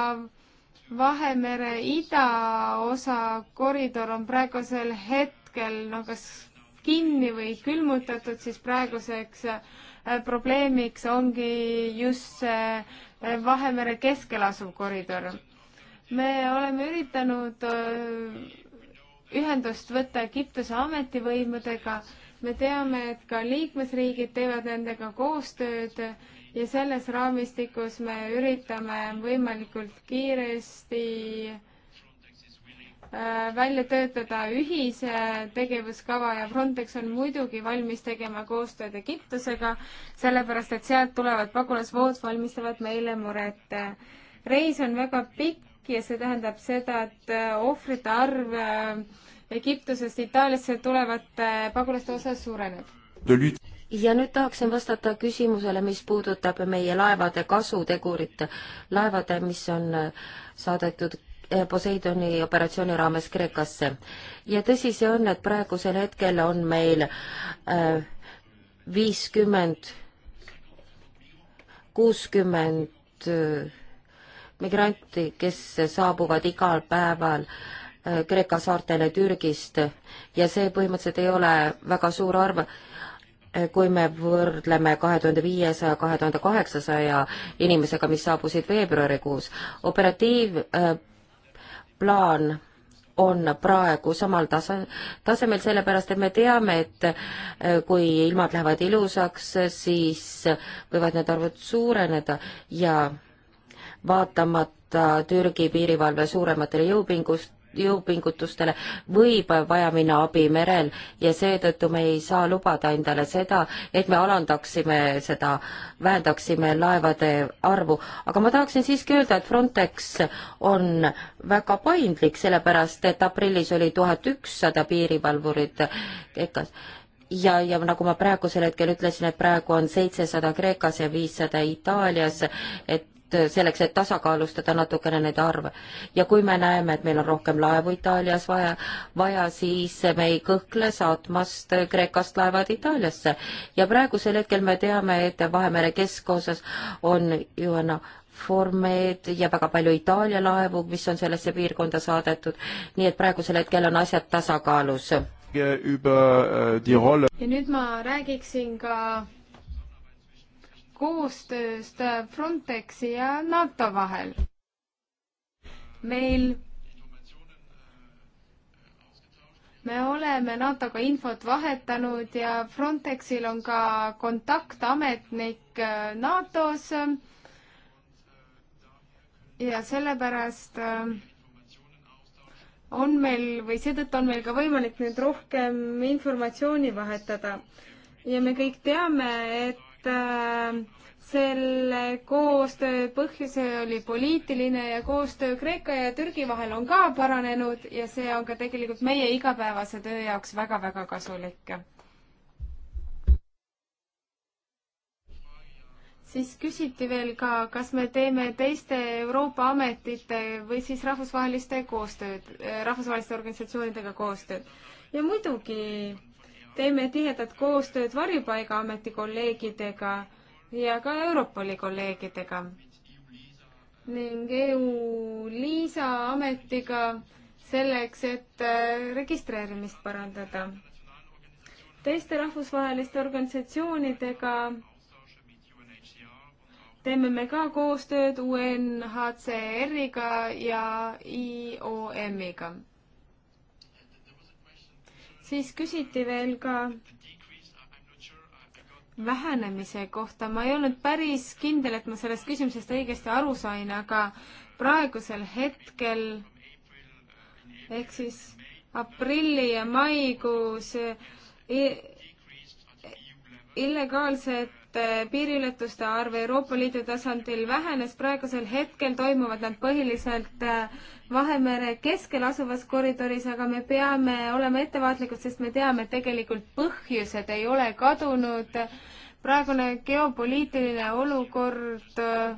Vahemere idaosa koridor on praegusel hetkel no kas kinni või külmutatud, siis praeguseks Äh, probleemiks ongi just see äh, Vahemere keskel asuv koridor. me oleme üritanud äh, ühendust võtta Egiptuse ametivõimudega, me teame, et ka liikmesriigid teevad nendega koostööd ja selles raamistikus me üritame võimalikult kiiresti Äh, välja töötada ühise tegevuskava ja Frontex on muidugi valmis tegema koostööd Egiptusega, sellepärast et sealt tulevad pagulasvood valmistavad meile muret. reis on väga pikk ja see tähendab seda, et äh, ohvrite arv äh, Egiptusest Itaaliasse tulevate pagulaste osas suureneb. ja nüüd tahaksin vastata küsimusele, mis puudutab meie laevade kasutegurit, laevade, mis on saadetud Eh, Poseidoni operatsiooni raames Kreekasse. ja tõsi see on, et praegusel hetkel on meil eh, viiskümmend, kuuskümmend eh, migranti, kes saabuvad igal päeval Kreeka saartele Türgist ja see põhimõtteliselt ei ole väga suur arv kui me võrdleme kahe tuhande viiesaja, kahe tuhande kaheksasaja inimesega, mis saabusid veebruarikuus, operatiiv plaan on praegu samal tase, tasemel, sellepärast et me teame, et äh, kui ilmad lähevad ilusaks, siis võivad need arvud suureneda ja vaatamata Türgi piirivalve suurematele jõupingust, jõupingutustele võib vaja minna abi merel ja seetõttu me ei saa lubada endale seda, et me alandaksime seda, vähendaksime laevade arvu. aga ma tahaksin siiski öelda, et Frontex on väga paindlik, sellepärast et aprillis oli tuhat ükssada piirivalvurit EKA-s ja, ja nagu ma praegusel hetkel ütlesin, et praegu on seitsesada Kreekas ja viissada Itaalias, et Äh, selleks, et tasakaalustada natukene neid arve. ja kui me näeme, et meil on rohkem laevu Itaalias vaja, vaja, siis me ei kõhkle saatmast Kreekast laevad Itaaliasse. ja praegusel hetkel me teame, et Vahemere keskosas on ju noh, Formed ja väga palju Itaalia laevu, mis on sellesse piirkonda saadetud, nii et praegusel hetkel on asjad tasakaalus. ja nüüd ma räägiksin ka koostööst Frontexi ja NATO vahel. meil me oleme NATO-ga infot vahetanud ja Frontexil on ka kontaktametnik äh, NATO-s. ja sellepärast äh, on meil või seetõttu on meil ka võimalik nüüd rohkem informatsiooni vahetada. ja me kõik teame, et Äh, selle koostöö põhjus oli poliitiline ja koostöö Kreeka ja Türgi vahel on ka paranenud ja see on ka tegelikult meie igapäevase töö jaoks väga-väga kasulik. siis küsiti veel ka, kas me teeme teiste Euroopa ametite või siis rahvusvaheliste koostööd, äh, rahvusvaheliste organisatsioonidega koostööd. ja muidugi teeme tihedat koostööd Varjupaigaameti kolleegidega ja ka Europoli kolleegidega ning EU Liisa ametiga selleks, et äh, registreerimist parandada. teiste rahvusvaheliste organisatsioonidega teeme me ka koostööd UNHCR-iga ja IOM-iga siis küsiti veel ka vähenemise kohta, ma ei olnud päris kindel, et ma sellest küsimusest õigesti aru sain, aga praegusel hetkel ehk siis aprilli ja maikuus illegaalsed suurte äh, piiriületuste arv Euroopa Liidu tasandil vähenes, praegusel hetkel toimuvad nad põhiliselt äh, Vahemere keskel asuvas koridoris, aga me peame olema ettevaatlikud, sest me teame, et tegelikult põhjused ei ole kadunud. praegune geopoliitiline olukord äh,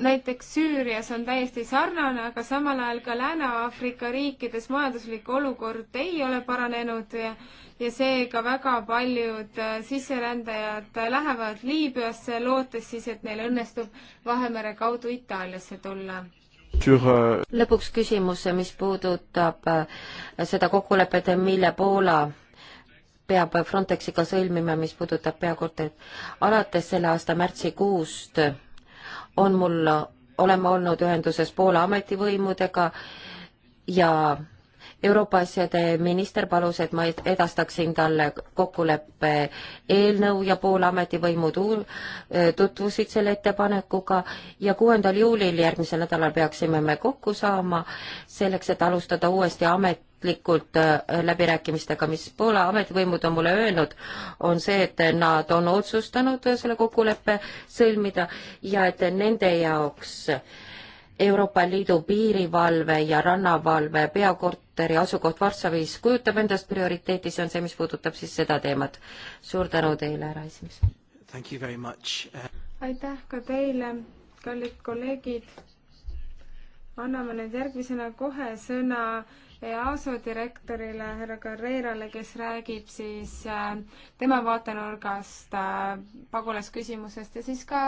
näiteks Süürias on täiesti sarnane, aga samal ajal ka Lääne-Aafrika riikides majanduslik olukord ei ole paranenud ja, ja seega väga paljud äh, sisserändajad lähevad Liibüasse, lootes siis, et neil õnnestub Vahemere kaudu Itaaliasse tulla. Äh, lõpuks küsimus, mis puudutab äh, seda kokkulepet, mille Poola peab Frontexiga sõlmima, mis puudutab peakorterit. alates selle aasta märtsikuust on mul, oleme olnud ühenduses Poola ametivõimudega ja Euroopa asjade minister palus, et ma edastaksin talle kokkuleppe eelnõu ja Poola ametivõimud äh, tutvusid selle ettepanekuga ja kuuendal juulil järgmisel nädalal peaksime me kokku saama selleks, et alustada uuesti ametlikult äh, läbirääkimistega, mis Poola ametivõimud on mulle öelnud, on see, et nad on otsustanud selle kokkuleppe sõlmida ja et nende jaoks äh, Euroopa Liidu piirivalve ja rannavalve peakorteri asukoht Varssavis kujutab endast prioriteeti, see on see, mis puudutab siis seda teemat. suur tänu teile, härra esimees! aitäh ka teile, kallid kolleegid! anname nüüd järgmisena kohe sõna EASO direktorile härra Carrerale, kes räägib siis äh, tema vaatenurgast äh, pagulasküsimusest ja siis ka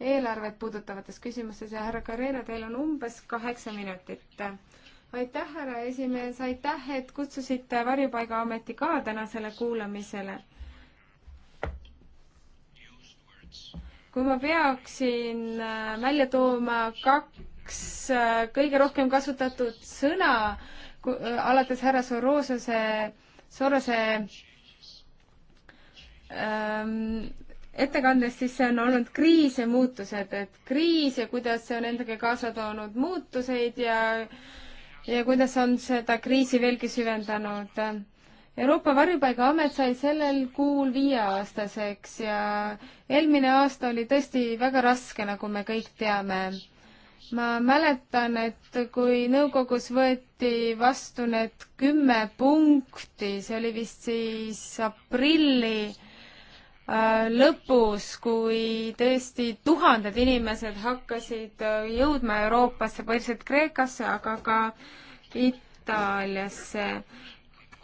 eelarvet puudutavates küsimustes ja härra Carrera, teil on umbes kaheksa minutit. aitäh, härra esimees, aitäh, et kutsusite Varjupaigaameti ka tänasele kuulamisele kui ma peaksin äh, välja tooma kaks kõige rohkem kasutatud sõna Äh, alates härra Sorosese, Sorose ähm, ettekandest, siis see on olnud kriis ja muutused, et kriis ja kuidas see on endaga kaasa toonud muutuseid ja ja kuidas on seda kriisi veelgi süvendanud. Euroopa Varjupaigaamet sai sellel kuul viieaastaseks ja eelmine aasta oli tõesti väga raske, nagu me kõik teame ma mäletan, et kui nõukogus võeti vastu need kümme punkti, see oli vist siis aprilli äh, lõpus, kui tõesti tuhanded inimesed hakkasid äh, jõudma Euroopasse, põhiliselt Kreekasse, aga ka Itaaliasse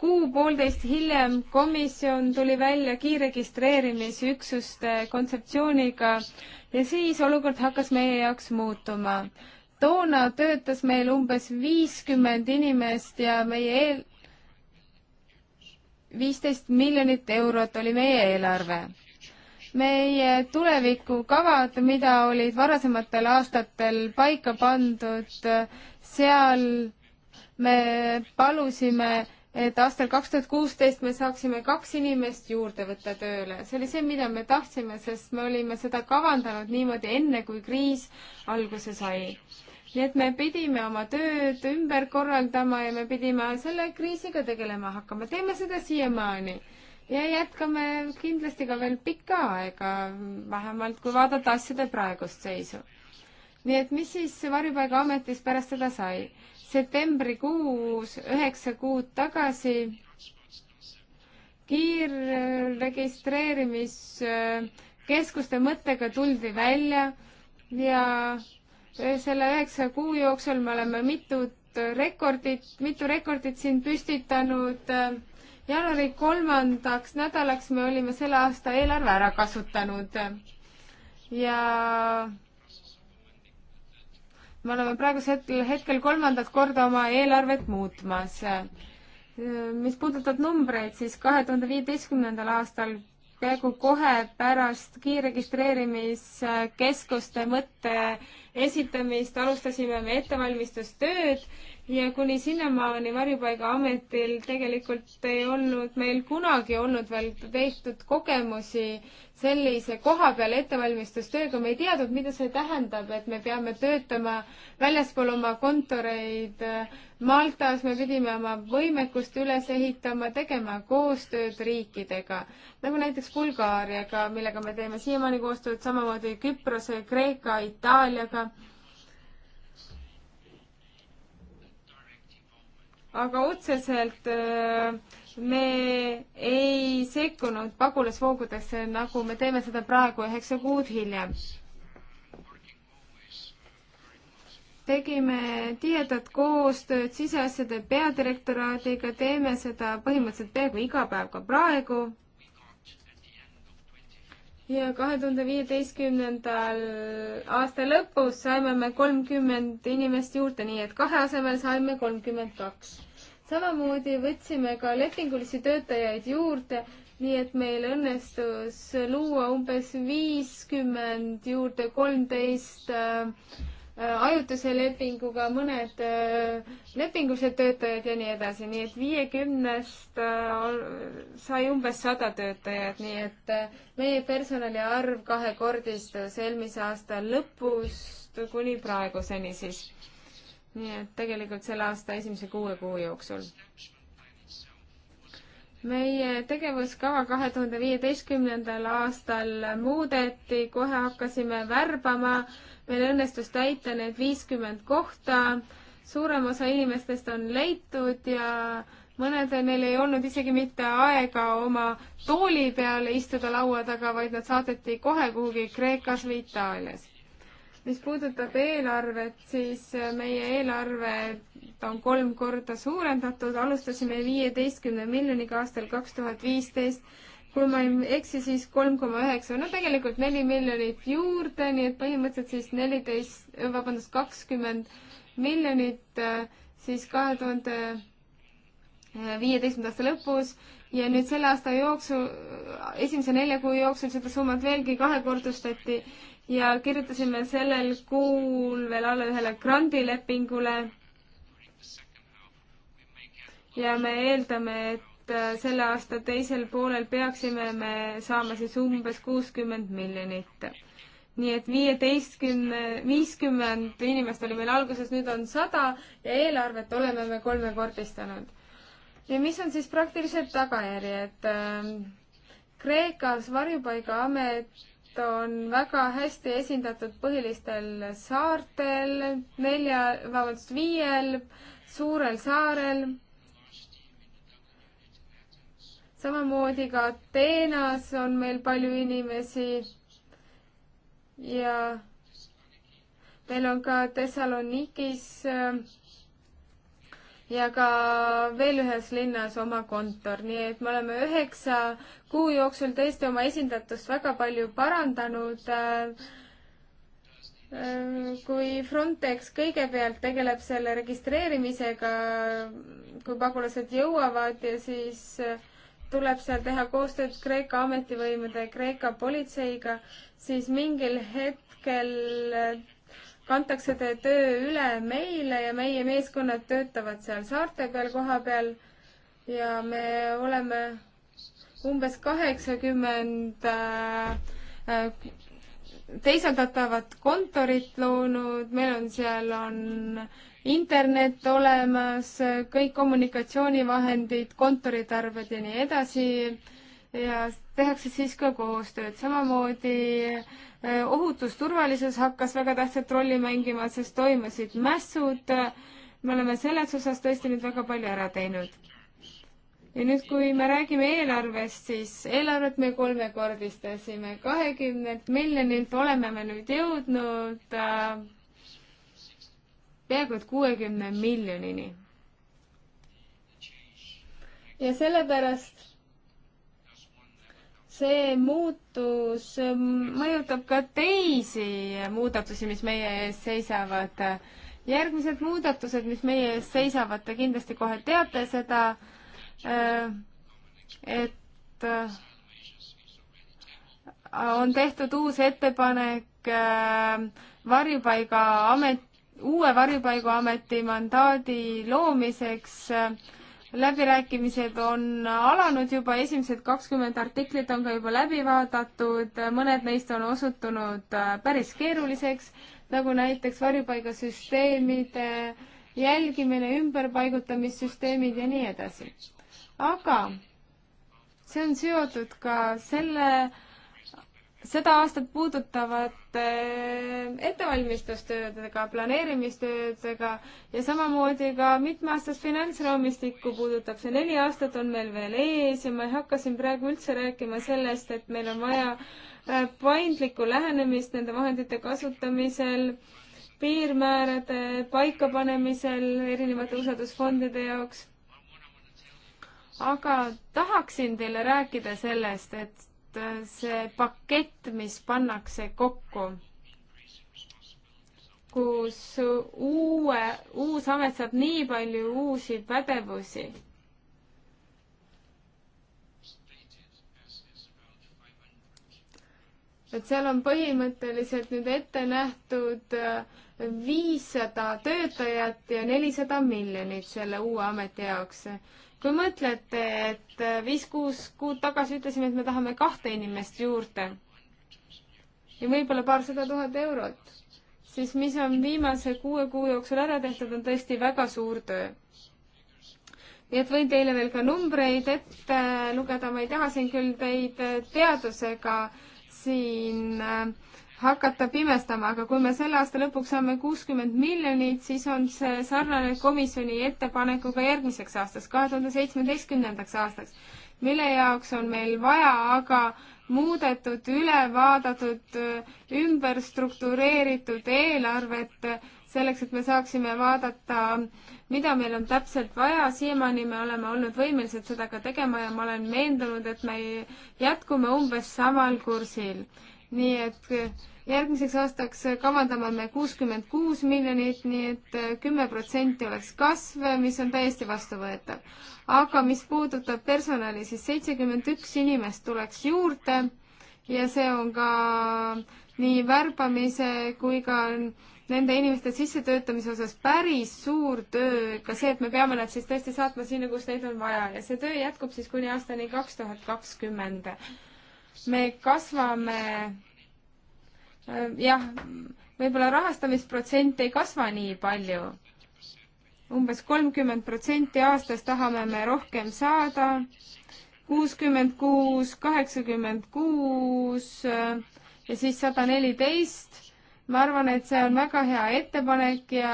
kuu-poolteist hiljem komisjon tuli välja kiirregistreerimisüksuste kontseptsiooniga ja siis olukord hakkas meie jaoks muutuma. toona töötas meil umbes viiskümmend inimest ja meie eel-, viisteist miljonit eurot oli meie eelarve meie tulevikukavad, mida olid varasematel aastatel paika pandud, seal me palusime et aastal kaks tuhat kuusteist me saaksime kaks inimest juurde võtta tööle. see oli see, mida me tahtsime, sest me olime seda kavandanud niimoodi enne, kui kriis alguse sai. nii et me pidime oma tööd ümber korraldama ja me pidime selle kriisiga tegelema hakkama. teeme seda siiamaani ja jätkame kindlasti ka veel pikka aega, vähemalt kui vaadata asjade praegust seisu. nii et mis siis Varjupaigaametis pärast seda sai? septembrikuus, üheksa kuud tagasi kiirregistreerimiskeskuste mõttega tuldi välja ja selle üheksa kuu jooksul me oleme mitut rekordit, mitu rekordit siin püstitanud. jaanuari kolmandaks nädalaks me olime selle aasta eelarve ära kasutanud ja me oleme praegusel hetkel, hetkel kolmandat korda oma eelarvet muutmas. mis puudutab numbreid, siis kahe tuhande viieteistkümnendal aastal peaaegu kohe pärast kiirregistreerimiskeskuste mõtte esitamist alustasime me ettevalmistustööd ja kuni sinnamaani Varjupaigaametil tegelikult ei olnud meil kunagi olnud veel tehtud kogemusi sellise kohapeal ettevalmistustööga, me ei teadnud, mida see tähendab, et me peame töötama väljaspool oma kontoreid Maltas, me pidime oma võimekust üles ehitama, tegema koostööd riikidega, nagu näiteks Bulgaariaga, millega me teeme siiamaani koostööd, samamoodi Küprose, Kreeka, Itaaliaga aga otseselt me ei sekkunud pagulasvoogudesse, nagu me teeme seda praegu üheksa kuud hiljem. tegime tihedat koostööd siseasjade peadirektoraadiga, teeme seda põhimõtteliselt peaaegu iga päev ka praegu ja kahe tuhande viieteistkümnendal aasta lõpus saime me kolmkümmend inimest juurde, nii et kahe asemel saime kolmkümmend kaks. samamoodi võtsime ka lepingulisi töötajaid juurde, nii et meil õnnestus luua umbes viiskümmend juurde kolmteist 13 äh, Äh, ajutise lepinguga, mõned äh, lepingulised töötajad ja nii edasi, nii et viiekümnest äh, sai umbes sada töötajat, nii et meie personali arv kahekordistus eelmise aasta lõpust kuni praeguseni siis. nii et tegelikult selle aasta esimese kuue kuu jooksul. meie tegevuskava kahe tuhande viieteistkümnendal aastal muudeti, kohe hakkasime värbama äh, meil õnnestus täita need viiskümmend kohta, suurem osa inimestest on leitud ja mõnedel neil ei olnud isegi mitte aega oma tooli peale istuda laua taga, vaid nad saadeti kohe kuhugi Kreekas või Itaalias. mis puudutab eelarvet, siis meie eelarvet on kolm korda suurendatud, alustasime viieteistkümne miljoniga aastal kaks tuhat viisteist kui ma ei eksi, siis kolm koma üheksa, no tegelikult neli miljonit juurde, nii et põhimõtteliselt siis neliteist, vabandust, kakskümmend miljonit äh, siis kahe tuhande äh, viieteistkümnenda aasta lõpus ja nüüd selle aasta jooksul, äh, esimese nelja kuu jooksul seda summat veelgi kahekordustati ja kirjutasime sellel kuul veel alla ühele grandilepingule. ja me eeldame, et Äh, selle aasta teisel poolel peaksime me saama siis umbes kuuskümmend miljonit. nii et viieteistkümne, viiskümmend inimest oli meil alguses, nüüd on sada ja eelarvet oleme me kolmekordistanud. ja mis on siis praktilised tagajärjed? Ähm, Kreekas varjupaigaamet on väga hästi esindatud põhilistel saartel, nelja, vabandust, viiel suurel saarel samamoodi ka Ateenas on meil palju inimesi ja meil on ka Thessalonikis äh, ja ka veel ühes linnas oma kontor, nii et me oleme üheksa kuu jooksul tõesti oma esindatust väga palju parandanud. Äh, äh, kui Frontex kõigepealt tegeleb selle registreerimisega, kui pagulased jõuavad ja siis äh, tuleb seal teha koostööd Kreeka ametivõimude, Kreeka politseiga, siis mingil hetkel äh, kantakse see töö üle meile ja meie meeskonnad töötavad seal saarte peal kohapeal ja me oleme umbes kaheksakümmend äh, äh, teisaldatavad kontorit loonud, meil on seal on internet olemas, kõik kommunikatsioonivahendid, kontoritarved ja nii edasi ja tehakse siis ka koostööd, samamoodi eh, ohutus, turvalisus hakkas väga tähtsat rolli mängima, sest toimusid mässud, me oleme selles osas tõesti nüüd väga palju ära teinud. ja nüüd, kui me räägime eelarvest, siis eelarvet me kolmekordistasime, kahekümnelt miljonilt oleme me nüüd jõudnud äh, peaaegu et kuuekümne miljonini. ja sellepärast see muutus mõjutab ka teisi muudatusi, mis meie ees seisavad. järgmised muudatused, mis meie ees seisavad, te kindlasti kohe teate seda, äh, et äh, on tehtud uus ettepanek äh, varjupaiga amet, uue varjupaiguameti mandaadi loomiseks. Äh, läbirääkimised on alanud juba, esimesed kakskümmend artiklit on ka juba läbi vaadatud, äh, mõned neist on osutunud äh, päris keeruliseks, nagu näiteks varjupaigasüsteemide jälgimine, ümberpaigutamissüsteemid ja nii edasi. aga see on seotud ka selle seda aastat puudutavad eh, ettevalmistustöödega, planeerimistöödega ja samamoodi ka mitmeaastast finantsraamistikku puudutab see. neli aastat on meil veel ees ja ma ei hakka siin praegu üldse rääkima sellest, et meil on vaja eh, paindlikku lähenemist nende vahendite kasutamisel, piirmäärade paikapanemisel erinevate usaldusfondide jaoks. aga tahaksin teile rääkida sellest, et Äh, see pakett, mis pannakse kokku, kus uue, uus amet saab nii palju uusi pädevusi et seal on põhimõtteliselt nüüd ette nähtud äh, viissada töötajat ja nelisada miljonit selle uue ameti jaoks kui mõtlete, et viis-kuus kuud tagasi ütlesime, et me tahame kahte inimest juurde ja võib-olla paarsada tuhat eurot, siis mis on viimase kuue kuu jooksul ära tehtud, on tõesti väga suur töö. nii et võin teile veel ka numbreid ette lugeda, ma ei taha siin küll teid teadusega siin äh, hakata pimestama, aga kui me selle aasta lõpuks saame kuuskümmend miljonit, siis on see sarnane komisjoni ettepanekuga järgmiseks aastaks, kahe tuhande seitsmeteistkümnendaks aastaks, mille jaoks on meil vaja aga muudetud, üle vaadatud, ümber struktureeritud eelarvet, selleks, et me saaksime vaadata, mida meil on täpselt vaja, siiamaani me oleme olnud võimelised seda ka tegema ja ma olen veendunud, et me jätkume umbes samal kursil. nii et järgmiseks aastaks kavandame me kuuskümmend kuus miljonit, nii et kümme protsenti oleks kasv, mis on täiesti vastuvõetav. aga mis puudutab personali, siis seitsekümmend üks inimest tuleks juurde ja see on ka nii värbamise kui ka nende inimeste sissetöötamise osas päris suur töö, ka see, et me peame nad siis tõesti saatma sinna, kus neid on vaja ja see töö jätkub siis kuni aastani kaks tuhat kakskümmend. me kasvame jah, võib-olla rahastamisprotsent ei kasva nii palju umbes. umbes kolmkümmend protsenti aastas tahame me rohkem saada, kuuskümmend kuus, kaheksakümmend kuus ja siis sada neliteist. ma arvan, et see on väga hea ettepanek ja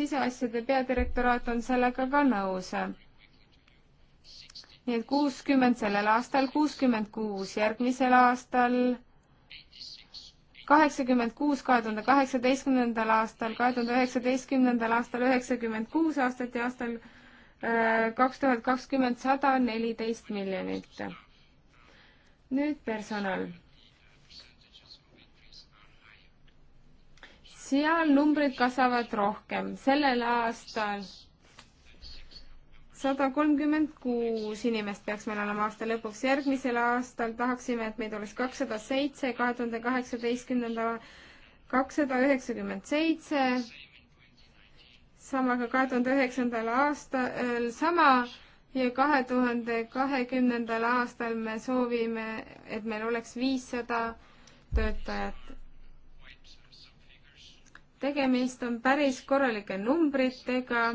siseasjade peadirektoraat on sellega ka nõus nii et kuuskümmend sellel aastal, kuuskümmend kuus järgmisel aastal kaheksakümmend kuus kahe tuhande kaheksateistkümnendal aastal, kahe tuhande üheksateistkümnendal aastal üheksakümmend kuus aastat ja aastal äh, kaks tuhat kakskümmend sada neliteist miljonit. nüüd personal. seal numbrid kasvavad rohkem, sellel aastal sada kolmkümmend kuus inimest peaks meil olema aasta lõpuks. järgmisel aastal tahaksime, et meid oleks kakssada seitse, kahe tuhande kaheksateistkümnendal kakssada üheksakümmend seitse, sama ka kahe tuhande üheksandal aastal äh, sama ja kahe tuhande kahekümnendal aastal me soovime, et meil oleks viissada töötajat tegemist on päris korralike numbritega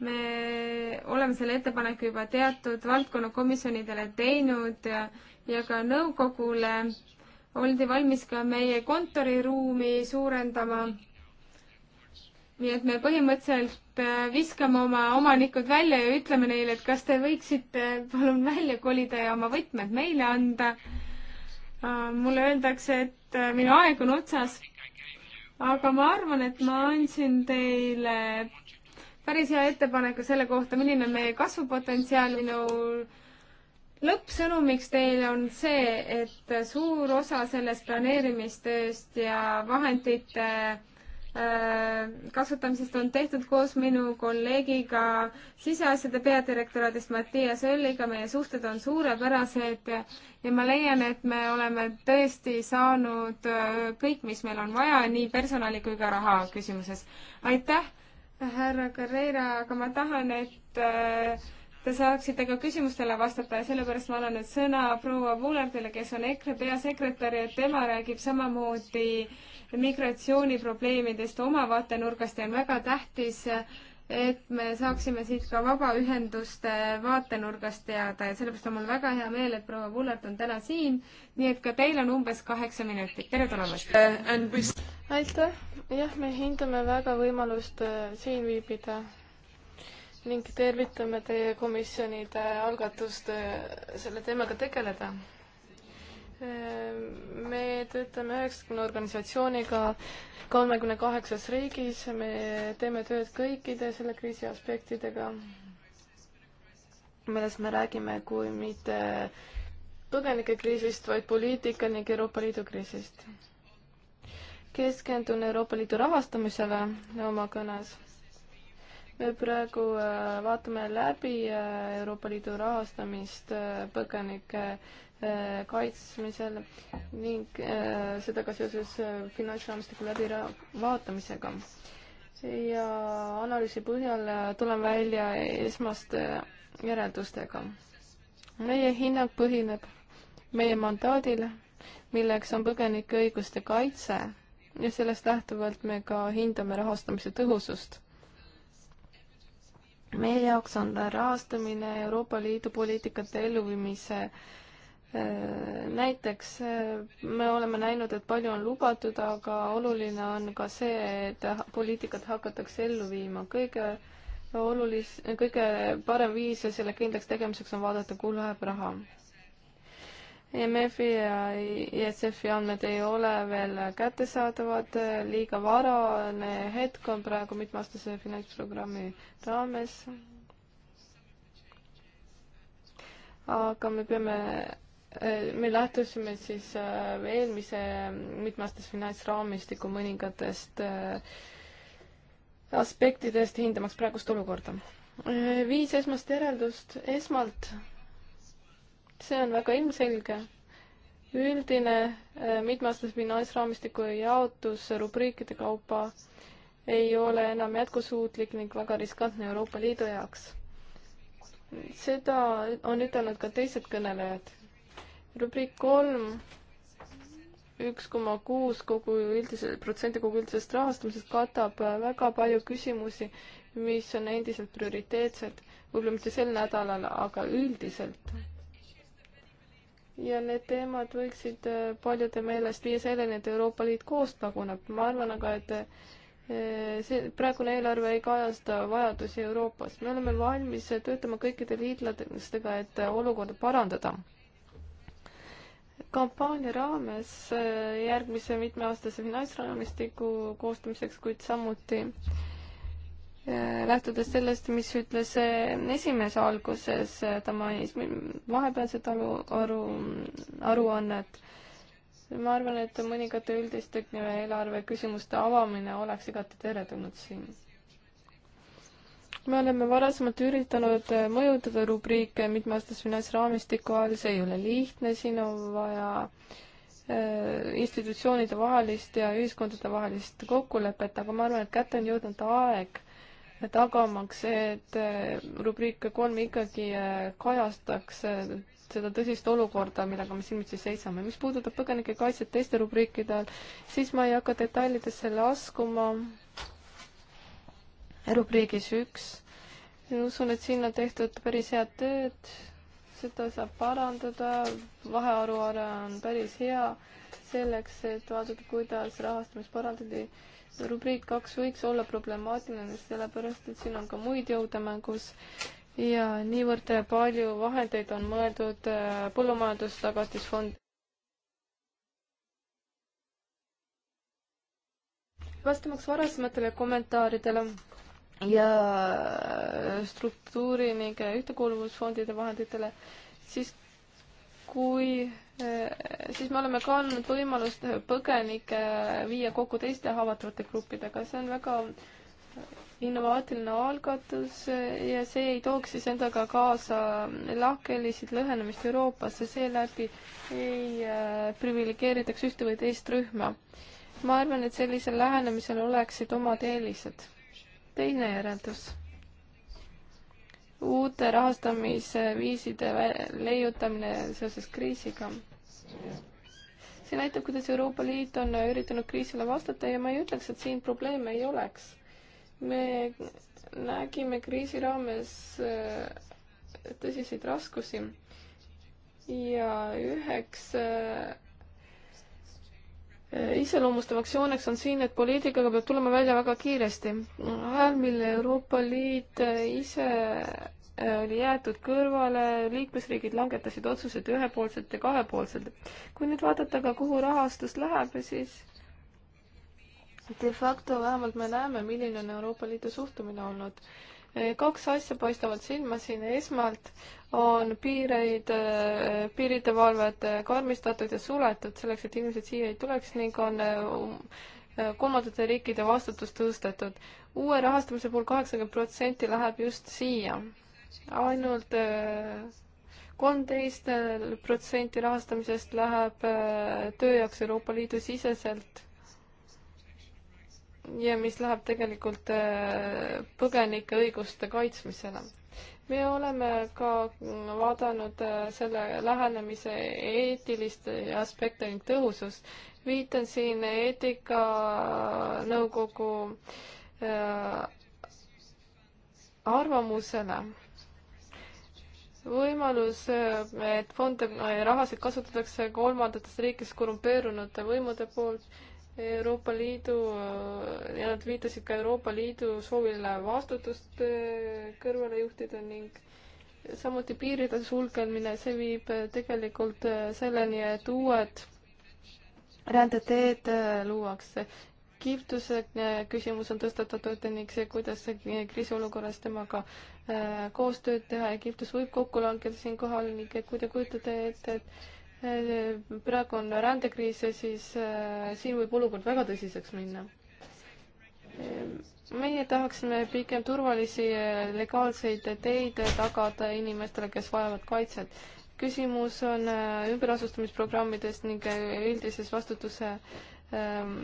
me oleme selle ettepaneku juba teatud valdkonnakomisjonidele teinud ja, ja ka nõukogule oldi valmis ka meie kontoriruumi suurendama. nii et me põhimõtteliselt äh, viskame oma omanikud välja ja ütleme neile, et kas te võiksite palun välja kolida ja oma võtmed meile anda. Äh, mulle öeldakse, et äh, minu aeg on otsas. aga ma arvan, et ma andsin teile päris hea ettepaneku selle kohta, milline on meie kasvupotentsiaal. minu lõppsõnumiks teile on see, et suur osa sellest planeerimistööst ja vahendite äh, kasutamisest on tehtud koos minu kolleegiga siseasjade peadirektoraadist Mattias Ölliga, meie suhted on suurepärased ja ma leian, et me oleme tõesti saanud äh, kõik, mis meil on vaja, nii personali kui ka raha küsimuses. aitäh härra Carreira, aga ma tahan, et äh, te saaksite ka küsimustele vastata ja sellepärast ma annan nüüd sõna proua Vuulerdile, kes on EKRE peasekretär ja tema räägib samamoodi migratsiooniprobleemidest oma vaatenurgast ja on väga tähtis, et me saaksime siis ka vabaühenduste vaatenurgast teada ja sellepärast on mul väga hea meel, et proua Kullert on täna siin, nii et ka teil on umbes kaheksa minutit, tere tulemast! Eh, aitäh, jah, me hindame väga võimalust eh, siin viibida ning tervitame teie komisjonide algatust eh, selle teemaga tegeleda Ehm, me töötame üheksakümne organisatsiooniga kolmekümne kaheksas riigis, me teeme tööd kõikide selle kriisi aspektidega, millest me räägime, kui mitte põgenikekriisist, vaid poliitika ning Euroopa Liidu kriisist. keskendun Euroopa Liidu rahastamisele oma kõnes. me praegu äh, vaatame läbi äh, Euroopa Liidu rahastamist äh, põgenike äh, Äh, kaitsmisel ning äh, seda ka seoses äh, finantsraamistiku läbivaatamisega. ja analüüsi põhjal tulen välja esmaste järeldustega. meie hinnang põhineb meie mandaadil, milleks on põgenike õiguste kaitse ja sellest lähtuvalt me ka hindame rahastamise tõhusust meie jaoks on rahastamine Euroopa Liidu poliitikate elluviimise äh, näiteks eh, me oleme näinud, et palju on lubatud, aga oluline on ka see, et poliitikat hakatakse ellu viima. kõige olulis-, kõige parem viis selle kindlaks tegemiseks on vaadata, kuhu läheb raha. IMF-i e ja ISF-i e andmed ei ole veel kättesaadavad, liiga varane hetk on praegu mitmeaastase finantsprogrammi raames. aga me peame Äh, me lähtusime siis äh, eelmise mitmeaastase finantsraamistiku mõningatest äh, aspektidest, hindamaks praegust olukorda. viis esmast järeldust. esmalt, see on väga ilmselge, üldine mitmeaastase finantsraamistiku jaotus rubriikide kaupa ei ole enam jätkusuutlik ning väga riskantne Euroopa Liidu jaoks seda on ütelnud ka teised kõnelejad rubriik kolm, üks koma kuus kogu üldise, protsenti kogu üldisest rahastamisest katab äh, väga palju küsimusi, mis on endiselt prioriteetsed, võib-olla mitte sel nädalal, aga üldiselt. ja need teemad võiksid äh, paljude meelest viia selleni, et Euroopa Liit koos taguneb, ma arvan aga, et äh, see praegune eelarve ei kajasta vajadusi Euroopas, me oleme valmis töötama kõikide liitlastega, et olukorda parandada kampaania raames äh, järgmise mitmeaastase finantsraamistiku koostamiseks, kuid samuti äh, lähtudes sellest, mis ütles äh, esimees alguses, ta mainis vahepealset aru, aru, aruannet. ma arvan, et mõningate üldiste eelarve küsimuste avamine oleks igati teretulnud siin me oleme varasemalt üritanud mõjutada rubriike mitmeaastase finantsraamistiku all, see ei ole lihtne, siin on vaja äh, institutsioonide vahelist ja ühiskondade vahelist kokkulepet, aga ma arvan, et kätte on jõudnud aeg tagamaks, et äh, rubriik kolm ikkagi äh, kajastaks seda tõsist olukorda, millega me silmitsi seisame. mis puudutab põgenike kaitset teiste rubriikide all, siis ma ei hakka detailidesse laskuma rubriigis üks. usun, et siin on tehtud päris head tööd, seda saab parandada, vahearuanne on päris hea selleks, et vaadata, kuidas rahastamist parandada. rubriik kaks võiks olla problemaatiline, sellepärast et siin on ka muid jõude mängus ja niivõrd palju vahendeid on mõeldud äh, põllumajandustagatisfondi. vastamaks varasematele kommentaaridele ja struktuuri ning ühtekuuluvusfondide vahenditele, siis kui, eh, siis me oleme kaalunud võimalust põgenikke viia kokku teiste haavatavate gruppidega, see on väga innovaatiline algatus ja see ei tooks siis endaga kaasa lahkhelisid lõhenemist Euroopas ja seeläbi ei eh, priviligeeritaks ühte või teist rühma. ma arvan, et sellisel lähenemisel oleksid omad eelised teine järeldus. uute rahastamisviiside leiutamine seoses kriisiga. see näitab, kuidas Euroopa Liit on üritanud kriisile vastata ja ma ei ütleks, et siin probleeme ei oleks. me nägime kriisi raames äh, tõsiseid raskusi ja üheks äh, iseloomustavaks jooneks on siin, et poliitikaga peab tulema välja väga kiiresti. ajal, mil Euroopa Liit ise äh, oli jäetud kõrvale, liikmesriigid langetasid otsused ühepoolselt ja kahepoolselt. kui nüüd vaadata ka, kuhu rahastus läheb, siis de facto vähemalt me näeme, milline on Euroopa Liidu suhtumine olnud. Äh, kaks asja paistavad silma siin, esmalt on piireid, äh, piiride valved äh, karmistatud ja suletud selleks, et inimesed siia ei tuleks ning on um, kolmandate riikide vastutus tõstetud. uue rahastamise puhul kaheksakümmend protsenti läheb just siia ainult. ainult kolmteist protsenti rahastamisest läheb töö jaoks Euroopa Liidu siseselt ja mis läheb tegelikult äh, põgenike õiguste kaitsmisele. me oleme ka vaadanud äh, selle lähenemise eetilist aspekte ning tõhusust. viitan siin eetikanõukogu äh, arvamusele võimalus, et fonde, rahasid kasutatakse kolmandates riikides korrumpeerunud võimude poolt Euroopa Liidu ja nad viitasid ka Euroopa Liidu soovile vastutust äh, kõrvale juhtida ning samuti piiride sulgemine, see viib äh, tegelikult äh, selleni, et uued rändeteed luuakse. kiirtuse küsimus on tõstatatud ning see, kuidas kriisiolukorras temaga koostööd teha ja kiirtus võib kokku langeda siinkohal ning kui te kujutate ette, et, et praegu on rändekriis, siis äh, siin võib olukord väga tõsiseks minna. meie tahaksime pigem turvalisi äh, legaalseid teid tagada inimestele, kes vajavad kaitset. küsimus on äh, ümberasustamisprogrammidest ning üldises vastutuse ähm,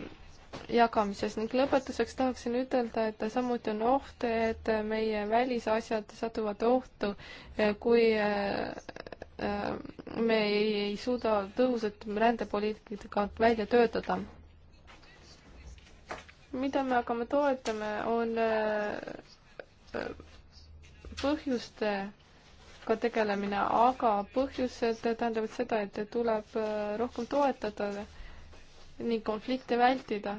jagamises ning lõpetuseks tahaksin ütelda, et samuti on oht, et meie välisasjad satuvad ohtu, kui Äh, me ei, ei suuda tõhusat rändepoliitikat välja töötada. mida me aga me toetame, on äh, põhjustega tegelemine, aga põhjused tähendavad seda, et tuleb äh, rohkem toetada ning konflikte vältida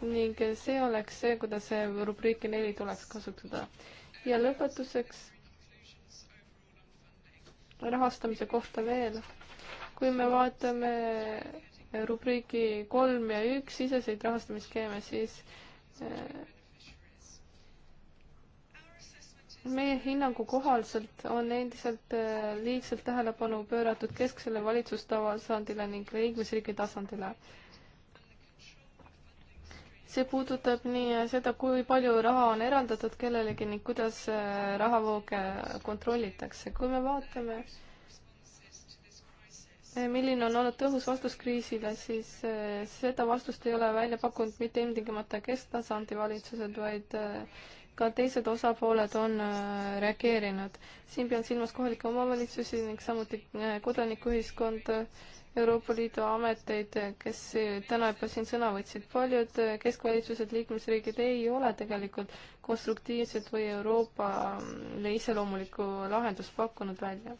ning see oleks see, kuidas rubriiki neli tuleks kasutada. ja lõpetuseks rahastamise kohta veel. kui me vaatame rubriigi kolm ja üks siseseid rahastamisskeeme, siis äh, meie hinnangu kohaselt on endiselt äh, liigselt tähelepanu pööratud kesksele valitsustasandile ning liikmesriigi tasandile see puudutab nii äh, seda, kui palju raha on eraldatud kellelegi ning kuidas äh, rahavooge kontrollitakse. kui me vaatame, äh, milline on olnud tõhus vastus kriisile, siis seda vastust ei ole välja pakkunud mitte ilmtingimata kesktasandi valitsused, vaid ka teised osapooled on reageerinud. siin pean silmas kohalikke omavalitsusi ning samuti kodanikuühiskonda Euroopa Liidu ameteid, kes täna juba siin sõna võtsid. paljud keskvalitsused, liikmesriigid ei ole tegelikult konstruktiivset või Euroopale iseloomulikku lahendust pakkunud välja.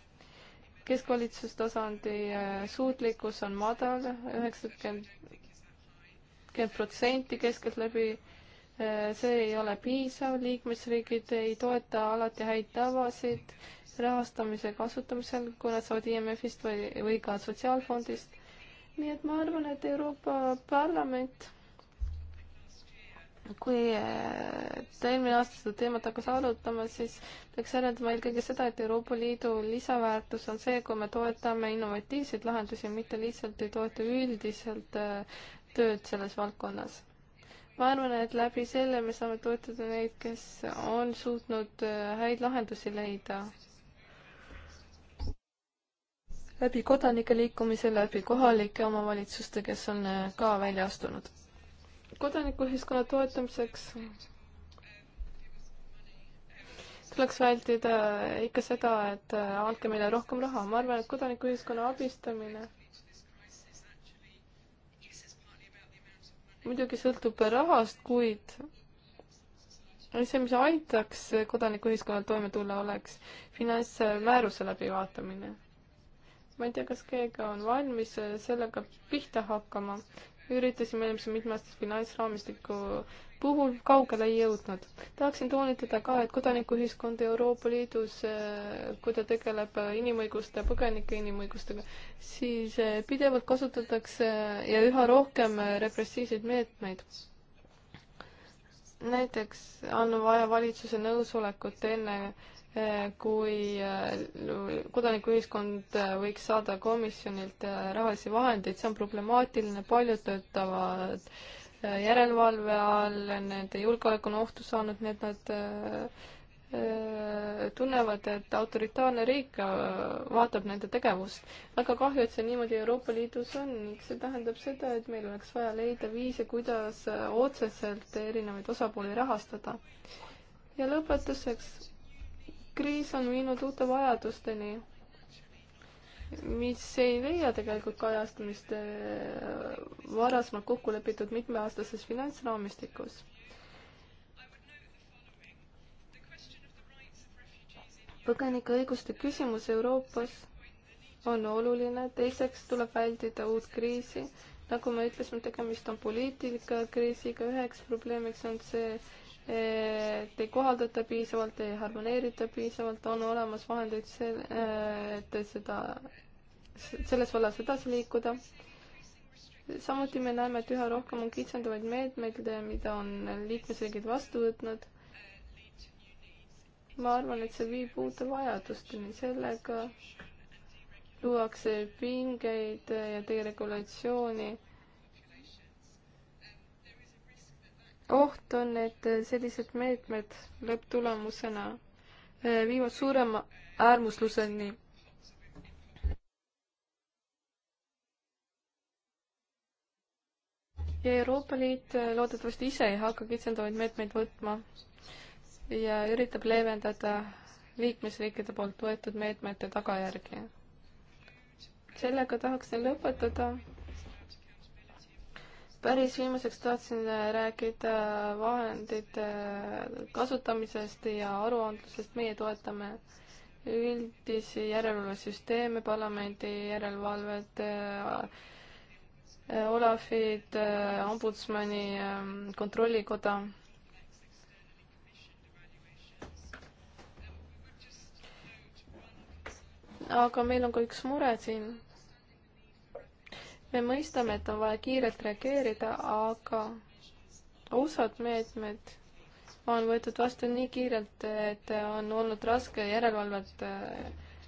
keskvalitsustasandi äh, suutlikkus on madal, üheksakümmend protsenti keskeltläbi äh, see ei ole piisav, liikmesriigid ei toeta alati häid tavasid rahastamise kasutamisel, kui nad saavad IMF-ist või, või ka Sotsiaalfondist. nii et ma arvan, et Euroopa Parlament, kui ta äh, eelmine aasta seda teemat hakkas arutama, siis peaks järeldama eelkõige seda, et Euroopa Liidu lisaväärtus on see, kui me toetame innovatiivseid lahendusi, mitte lihtsalt ei toeta üldiselt äh, tööd selles valdkonnas ma arvan, et läbi selle me saame toetada neid, kes on suutnud äh, häid lahendusi leida läbi kodanike liikumise, läbi kohalike omavalitsuste, kes on äh, ka välja astunud. kodanikuühiskonna toetamiseks tuleks vältida äh, ikka seda, et äh, andke meile rohkem raha, ma arvan, et kodanikuühiskonna abistamine muidugi sõltub rahast, kuid see, mis aitaks kodanikuühiskonnal toime tulla, oleks finantsmääruse läbivaatamine ma ei tea, kas keegi on valmis äh, sellega pihta hakkama. üritasime eelmise mitmeaastase finantsraamistiku puhul kaugele ei jõudnud. tahaksin toonitada ka, et kodanikuühiskond Euroopa Liidus, äh, kui ta tegeleb äh, inimõiguste, põgenike inimõigustega, siis pidevalt kasutatakse ja üha rohkem repressiivseid meetmeid. näiteks on vaja valitsuse nõusolekut enne kui äh, kodanikuühiskond äh, võiks saada komisjonilt äh, rahalisi vahendeid, see on problemaatiline, paljud töötavad järelevalve all, nende julgeolek on ohtu saanud, nii et nad tunnevad, et autoritaarne riik vaatab nende tegevust. väga kahju, et see niimoodi Euroopa Liidus on, see tähendab seda, et meil oleks vaja leida viise, kuidas otseselt erinevaid osapooli rahastada. ja lõpetuseks kriis on viinud uute vajadusteni, mis ei leia tegelikult kajastamist äh, varasemalt kokku lepitud mitmeaastases finantsraamistikus põgenike õiguste küsimus Euroopas on oluline, teiseks tuleb väldida uut kriisi. nagu me ütlesime, tegemist on poliitika kriisiga, üheks probleemiks on see, et ei kohaldata piisavalt, ei harmoneerita piisavalt, on olemas vahendeid, et seda, selles vallas edasi liikuda. samuti me näeme, et üha rohkem on kitsendavaid meetmeid, mida on liikmesriigid vastu võtnud. ma arvan, et see viib uute vajadusteni, sellega luuakse pingeid ja deregulatsiooni oht on, et äh, sellised meetmed lõpptulemusena äh, viivad suurema äärmusluseni. ja Euroopa Liit äh, loodetavasti ise ei hakka kitsendavaid meetmeid võtma ja üritab leevendada liikmesriikide poolt võetud meetmete tagajärgi. sellega tahaksin lõpetada päris viimaseks tahtsin äh, rääkida äh, vahendite äh, kasutamisest ja aruandlusest. meie toetame üldisi järelevalvesüsteeme, parlamendi järelevalvet, Olafid, ombudsmani, ähm, kontrollikoda. aga meil on ka üks mure siin me mõistame, et on vaja kiirelt reageerida, aga osad meetmed on võetud vastu nii kiirelt, et on olnud raske järelevalvet eh,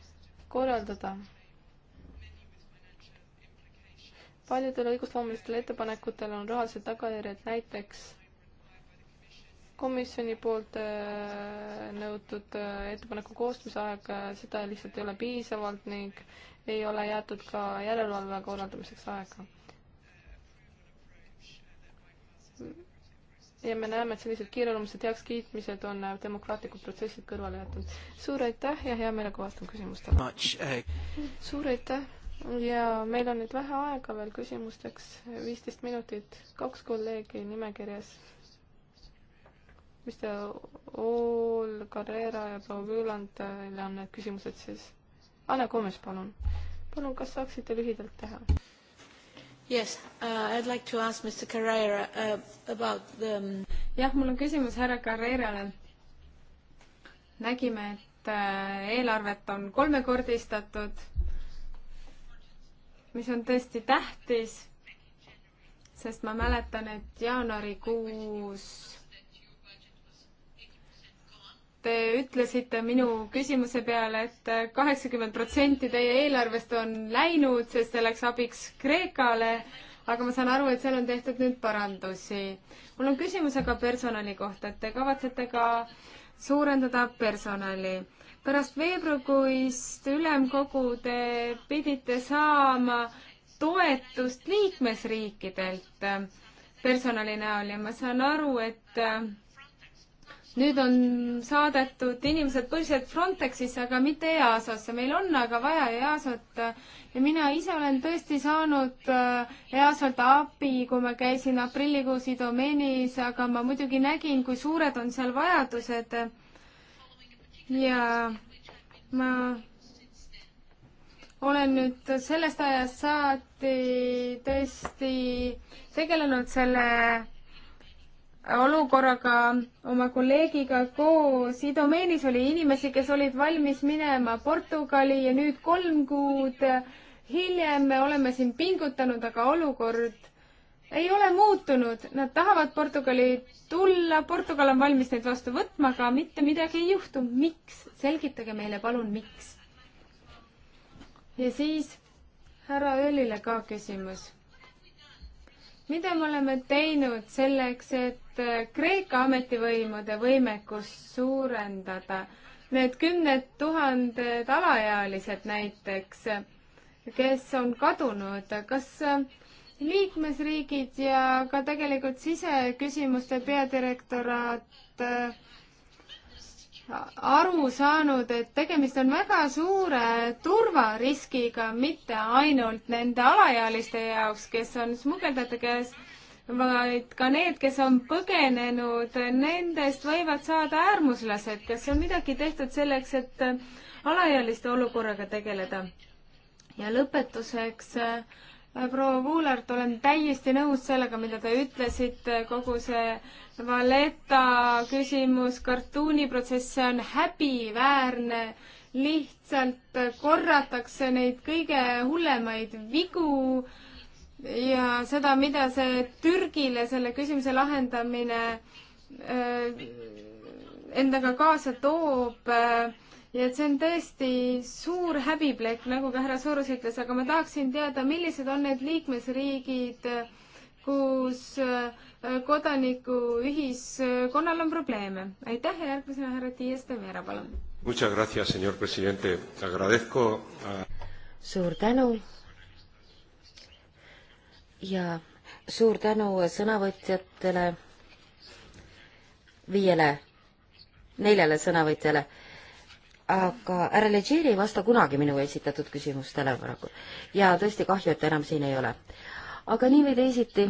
korraldada. paljudel õigusloomelistel ettepanekutel on rahalised tagajärjed, näiteks komisjoni poolt eh, nõutud eh, ettepaneku koostamise aeg, seda lihtsalt ei ole piisavalt ning ei ole jäetud ka järelevalve korraldamiseks aega. ja me näeme, et sellised kiireloomulised heakskiitmised on demokraatlikud protsessid kõrvale jätnud. suur aitäh ja hea meelega vastan küsimustele. Eh. suur aitäh ja meil on nüüd vähe aega veel küsimusteks, viisteist minutit, kaks kolleegi nimekirjas. mis te, Ool, Carrera ja proua Vüüland, teil on need küsimused siis? Anne Komes, palun. palun, kas saaksite lühidalt teha? Yes uh,, I'd like to ask Mr Carrera uh, about the um, jah, mul on küsimus härra Carrerale. nägime, et uh, eelarvet on kolmekordistatud, mis on tõesti tähtis, sest ma mäletan, et jaanuarikuus Te ütlesite minu küsimuse peale et, et kaheksakümmend protsenti teie eelarvest on läinud, sest see läks abiks Kreekale, aga ma saan aru, et seal on tehtud nüüd parandusi. mul on küsimus aga personali kohta, et te kavatsete ka suurendada personali. pärast veebruarikuist ülemkogu te pidite saama toetust liikmesriikidelt personali näol ja ma saan aru, et nüüd on saadetud inimesed põhiliselt Frontexisse, aga mitte EASA-sse. meil on aga vaja EASA-t ja mina ise olen tõesti saanud äh, EASA-lt abi, kui ma käisin aprillikuus Idomenis, aga ma muidugi nägin, kui suured on seal vajadused. ja ma olen nüüd sellest ajast saati tõesti tegelenud selle olukorraga oma kolleegiga koos. Idomeenis oli inimesi, kes olid valmis minema Portugali ja nüüd kolm kuud hiljem me oleme siin pingutanud, aga olukord ei ole muutunud. Nad tahavad Portugali tulla, Portugal on valmis neid vastu võtma, aga mitte midagi ei juhtu. miks? selgitage meile palun, miks? ja siis härra Öllile ka küsimus mida me oleme teinud selleks, et äh, Kreeka ametivõimude võimekust suurendada? Need kümned tuhanded alaealised näiteks, kes on kadunud, kas äh, liikmesriigid ja ka tegelikult siseküsimuste peadirektoraat äh, aru saanud, et tegemist on väga suure turvariskiga, mitte ainult nende alaealiste jaoks, kes on smugeldajate käes, vaid ka need, kes on põgenenud, nendest võivad saada äärmuslased. kas on midagi tehtud selleks, et alaealiste olukorraga tegeleda? ja lõpetuseks äh, Äh, proua Kuulert, olen täiesti nõus sellega, mida te ütlesite, kogu see Valeta küsimus, kartuuniprotsess, see on häbiväärne, lihtsalt korratakse neid kõige hullemaid vigu ja seda, mida see Türgile selle küsimuse lahendamine öö, äh, endaga kaasa toob öö, äh, ja et see on tõesti suur häbiplekk, nagu ka härra Soros ütles, aga ma tahaksin teada, millised on need liikmesriigid, kus äh, kodanikuühiskonnal on probleeme. aitäh ja järgmisena härra Dias de Mera, palun. suur tänu ja suur tänu sõnavõtjatele, viiele, neljale sõnavõtjale aga härra Legeri ei vasta kunagi minu esitatud küsimustele paraku. ja tõesti kahju, et ta enam siin ei ole. aga nii või teisiti,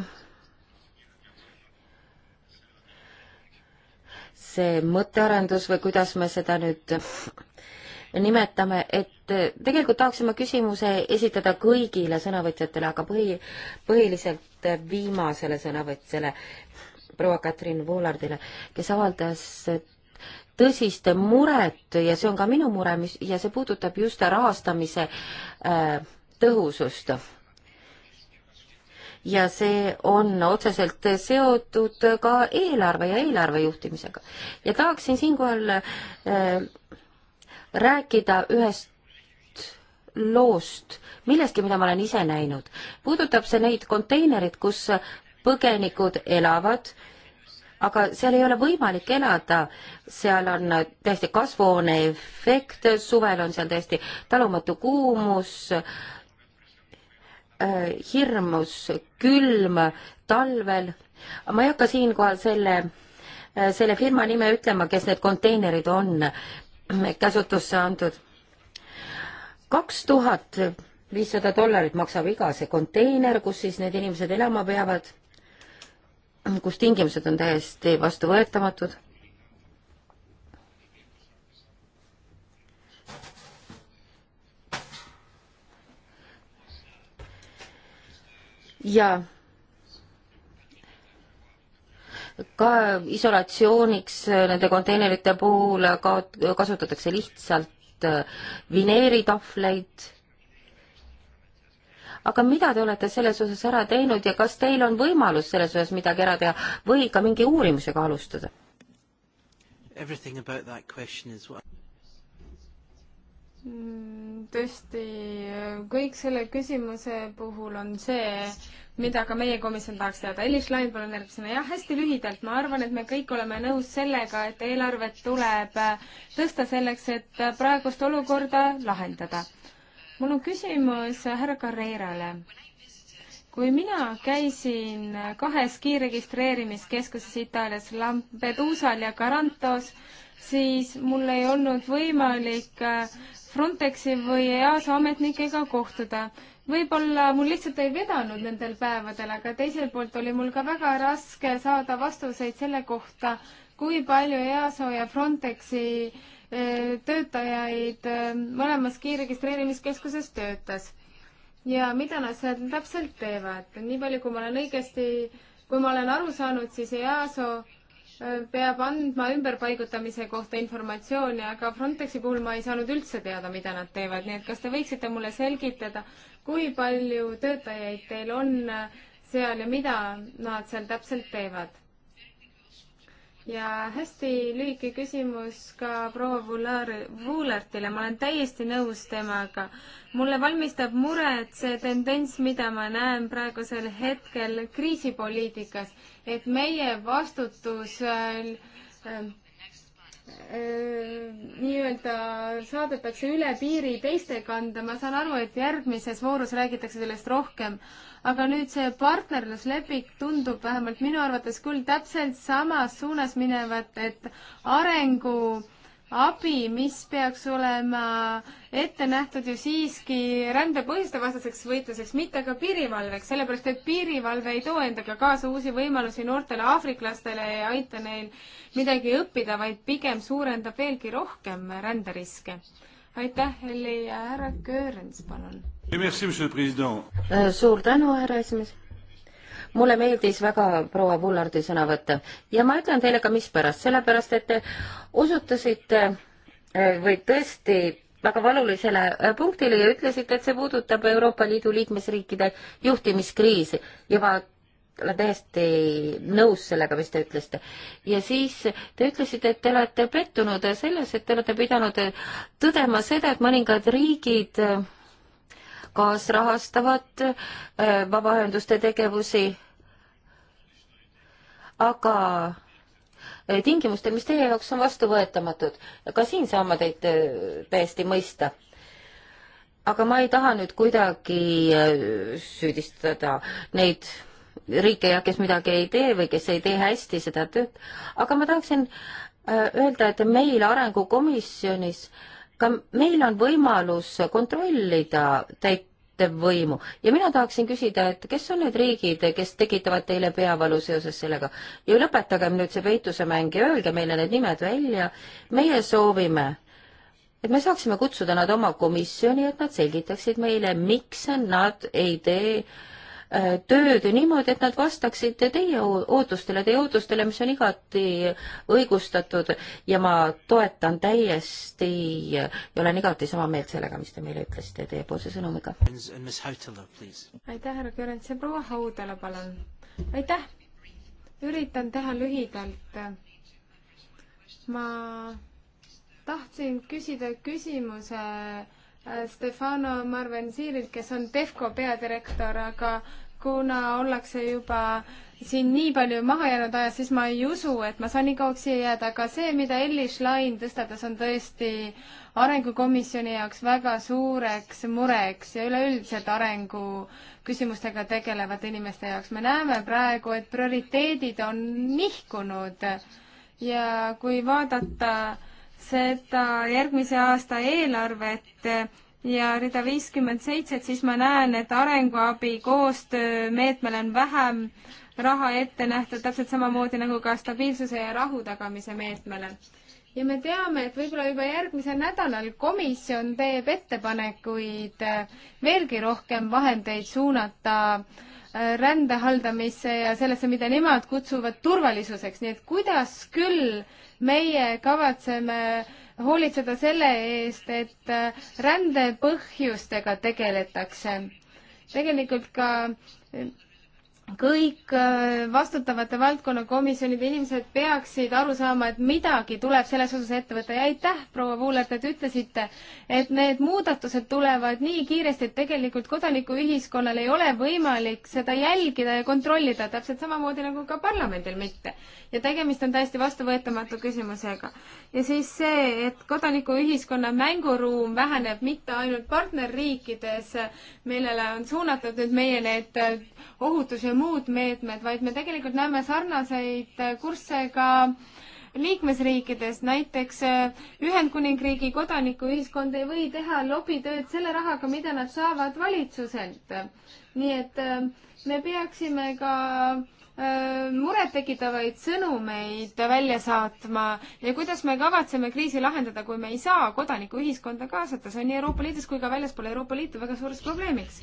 see mõttearendus või kuidas me seda nüüd nimetame, et tegelikult tahaksime küsimuse esitada kõigile sõnavõtjatele, aga põhi, põhiliselt viimasele sõnavõtjale, proua Katrin Voolardile, kes avaldas tõsist muret ja see on ka minu mure, mis ja see puudutab just rahastamise äh, tõhusust. ja see on otseselt seotud ka eelarve ja eelarve juhtimisega. ja tahaksin siinkohal äh, rääkida ühest loost, millestki, mida ma olen ise näinud. puudutab see neid konteinerid, kus põgenikud elavad äh, aga seal ei ole võimalik elada, seal on täiesti kasvuhooneefekt, suvel on seal täiesti talumatu kuumus, äh, hirmus külm talvel. ma ei hakka siinkohal selle, äh, selle firma nime ütlema, kes need konteinerid on [CLEARS THROAT] käsutusse antud. kaks tuhat viissada dollarit maksab iga see konteiner, kus siis need inimesed elama peavad kus tingimused on täiesti vastuvõetamatud. ja ka isolatsiooniks nende konteinerite puhul kaot-, kasutatakse lihtsalt vineeritahvleid aga mida te olete selles osas ära teinud ja kas teil on võimalus selles osas midagi ära teha või ka mingi uurimisega alustada? Mm, tõesti, kõik selle küsimuse puhul on see, mida ka meie komisjon tahaks teada. Elis Lain, palun järgmisena. jah, hästi lühidalt, ma arvan, et me kõik oleme nõus sellega, et eelarvet tuleb tõsta selleks, et praegust olukorda lahendada mul on küsimus härra Carreirale. kui mina käisin kahes kiirregistreerimiskeskuses Itaalias, Lampeduusal ja Carantos, siis mul ei olnud võimalik äh, Frontexi või EASA ametnikega kohtuda. võib-olla mul lihtsalt ei vedanud nendel päevadel, aga teiselt poolt oli mul ka väga raske saada vastuseid selle kohta, kui palju EASO ja Frontexi äh, töötajaid ehm, mõlemaski registreerimiskeskuses töötas. ja mida nad seal täpselt teevad, nii palju kui ma olen õigesti, kui ma olen aru saanud, siis EASO ehm, peab andma ümberpaigutamise kohta informatsiooni, aga Frontexi puhul ma ei saanud üldse teada, mida nad teevad, nii et kas te võiksite mulle selgitada, kui palju töötajaid teil on ehm, seal ja mida nad seal täpselt teevad? ja hästi lühike küsimus ka proua Vuulertile, ma olen täiesti nõus temaga. mulle valmistab muret see tendents, mida ma näen praegusel hetkel kriisipoliitikas, et meie vastutus äh, äh, nii-öelda saadetakse üle piiri teiste kanda, ma saan aru, et järgmises voorus räägitakse sellest rohkem, aga nüüd see partnerlusleping tundub vähemalt minu arvates küll täpselt samas suunas minevat, et arengu abi, mis peaks olema ette nähtud ju siiski rände põhjuste vastaseks võitluseks, mitte ka piirivalveks, sellepärast et piirivalve ei too endaga kaasa uusi võimalusi noortele aafriklastele ja ei aita neil midagi õppida, vaid pigem suurendab veelgi rohkem ränderiske aitäh, Heli ja härra Köörens, palun. Äh, suur tänu, härra esimees. mulle meeldis väga proua Pullardi sõnavõtt ja ma ütlen teile ka mispärast, sellepärast et te osutasite äh, või tõesti väga valulisele äh, punktile ja ütlesite, et see puudutab Euroopa Liidu liikmesriikide juhtimiskriisi ja ma olen täiesti nõus sellega, mis te ütlesite. ja siis te ütlesite, et te olete pettunud selles, et te olete pidanud tõdema seda, et mõningad riigid kaasrahastavad äh, vabaühenduste tegevusi, aga äh, tingimustel, mis teie jaoks on vastuvõetamatud. ka siin saan ma teid äh, täiesti mõista aga ma ei taha nüüd kuidagi süüdistada neid riike ja kes midagi ei tee või kes ei tee hästi seda tööd, aga ma tahaksin äh, öelda, et meil Arengukomisjonis ka meil on võimalus kontrollida täitevvõimu ja mina tahaksin küsida, et kes on need riigid, kes tekitavad teile peavalu seoses sellega ja lõpetagem nüüd see peitusemäng ja öelge meile need nimed välja. meie soovime, et me saaksime kutsuda nad oma komisjoni, et nad selgitaksid meile, miks nad ei tee äh, Äh, tööd niimoodi, et nad vastaksid teie ootustele, teie ootustele, mis on igati õigustatud ja ma toetan täiesti ja olen igati sama meelt sellega, mis te meile ütlesite teiepoolse sõnumiga. Uh, aitäh, härra Kürents ja proua Haudala, palun. aitäh, üritan teha lühidalt. ma tahtsin küsida küsimuse äh, Äh, Stefano Marvensiirilt, kes on Defco peadirektor, aga kuna ollakse juba siin nii palju maha jäänud ajast, siis ma ei usu, et ma saan nii kauaks siia jääda, aga see, mida Elli Schlein tõstatas, on tõesti arengukomisjoni jaoks väga suureks mureks ja üleüldiselt arengu küsimustega tegelevate inimeste jaoks. me näeme praegu, et prioriteedid on nihkunud ja kui vaadata äh, seda järgmise aasta eelarvet ja rida viiskümmend seitse, et siis ma näen, et arenguabi koostöömeetmele on vähem raha ette nähtud, täpselt samamoodi nagu ka stabiilsuse ja rahu tagamise meetmele. ja me teame, et võib-olla juba järgmisel nädalal komisjon teeb ettepanekuid veelgi rohkem vahendeid suunata äh, rände haldamisse ja sellesse, mida nemad kutsuvad turvalisuseks, nii et kuidas küll meie kavatseme hoolitseda selle eest, et äh, rände põhjustega tegeletakse. tegelikult ka äh, kõik äh, vastutavate valdkonnakomisjonide inimesed peaksid aru saama, et midagi tuleb selles osas ette võtta ja aitäh, proua Puulert, et ütlesite, et need muudatused tulevad nii kiiresti, et tegelikult kodanikuühiskonnal ei ole võimalik seda jälgida ja kontrollida, täpselt samamoodi nagu ka parlamendil mitte. ja tegemist on täiesti vastuvõetamatu küsimusega. ja siis see, et kodanikuühiskonna mänguruum väheneb mitte ainult partnerriikides, millele on suunatud nüüd meie need äh, ohutus- ja muud meetmed, vaid me tegelikult näeme sarnaseid kursse ka liikmesriikides, näiteks eh, Ühendkuningriigi kodanikuühiskond ei või teha lobitööd selle rahaga, mida nad saavad valitsuselt. nii et eh, me peaksime ka eh, murettekitavaid sõnumeid välja saatma ja kuidas me kavatseme kriisi lahendada, kui me ei saa kodanikuühiskonda kaasata, see on nii Euroopa Liidus kui ka väljaspool Euroopa Liitu väga suureks probleemiks.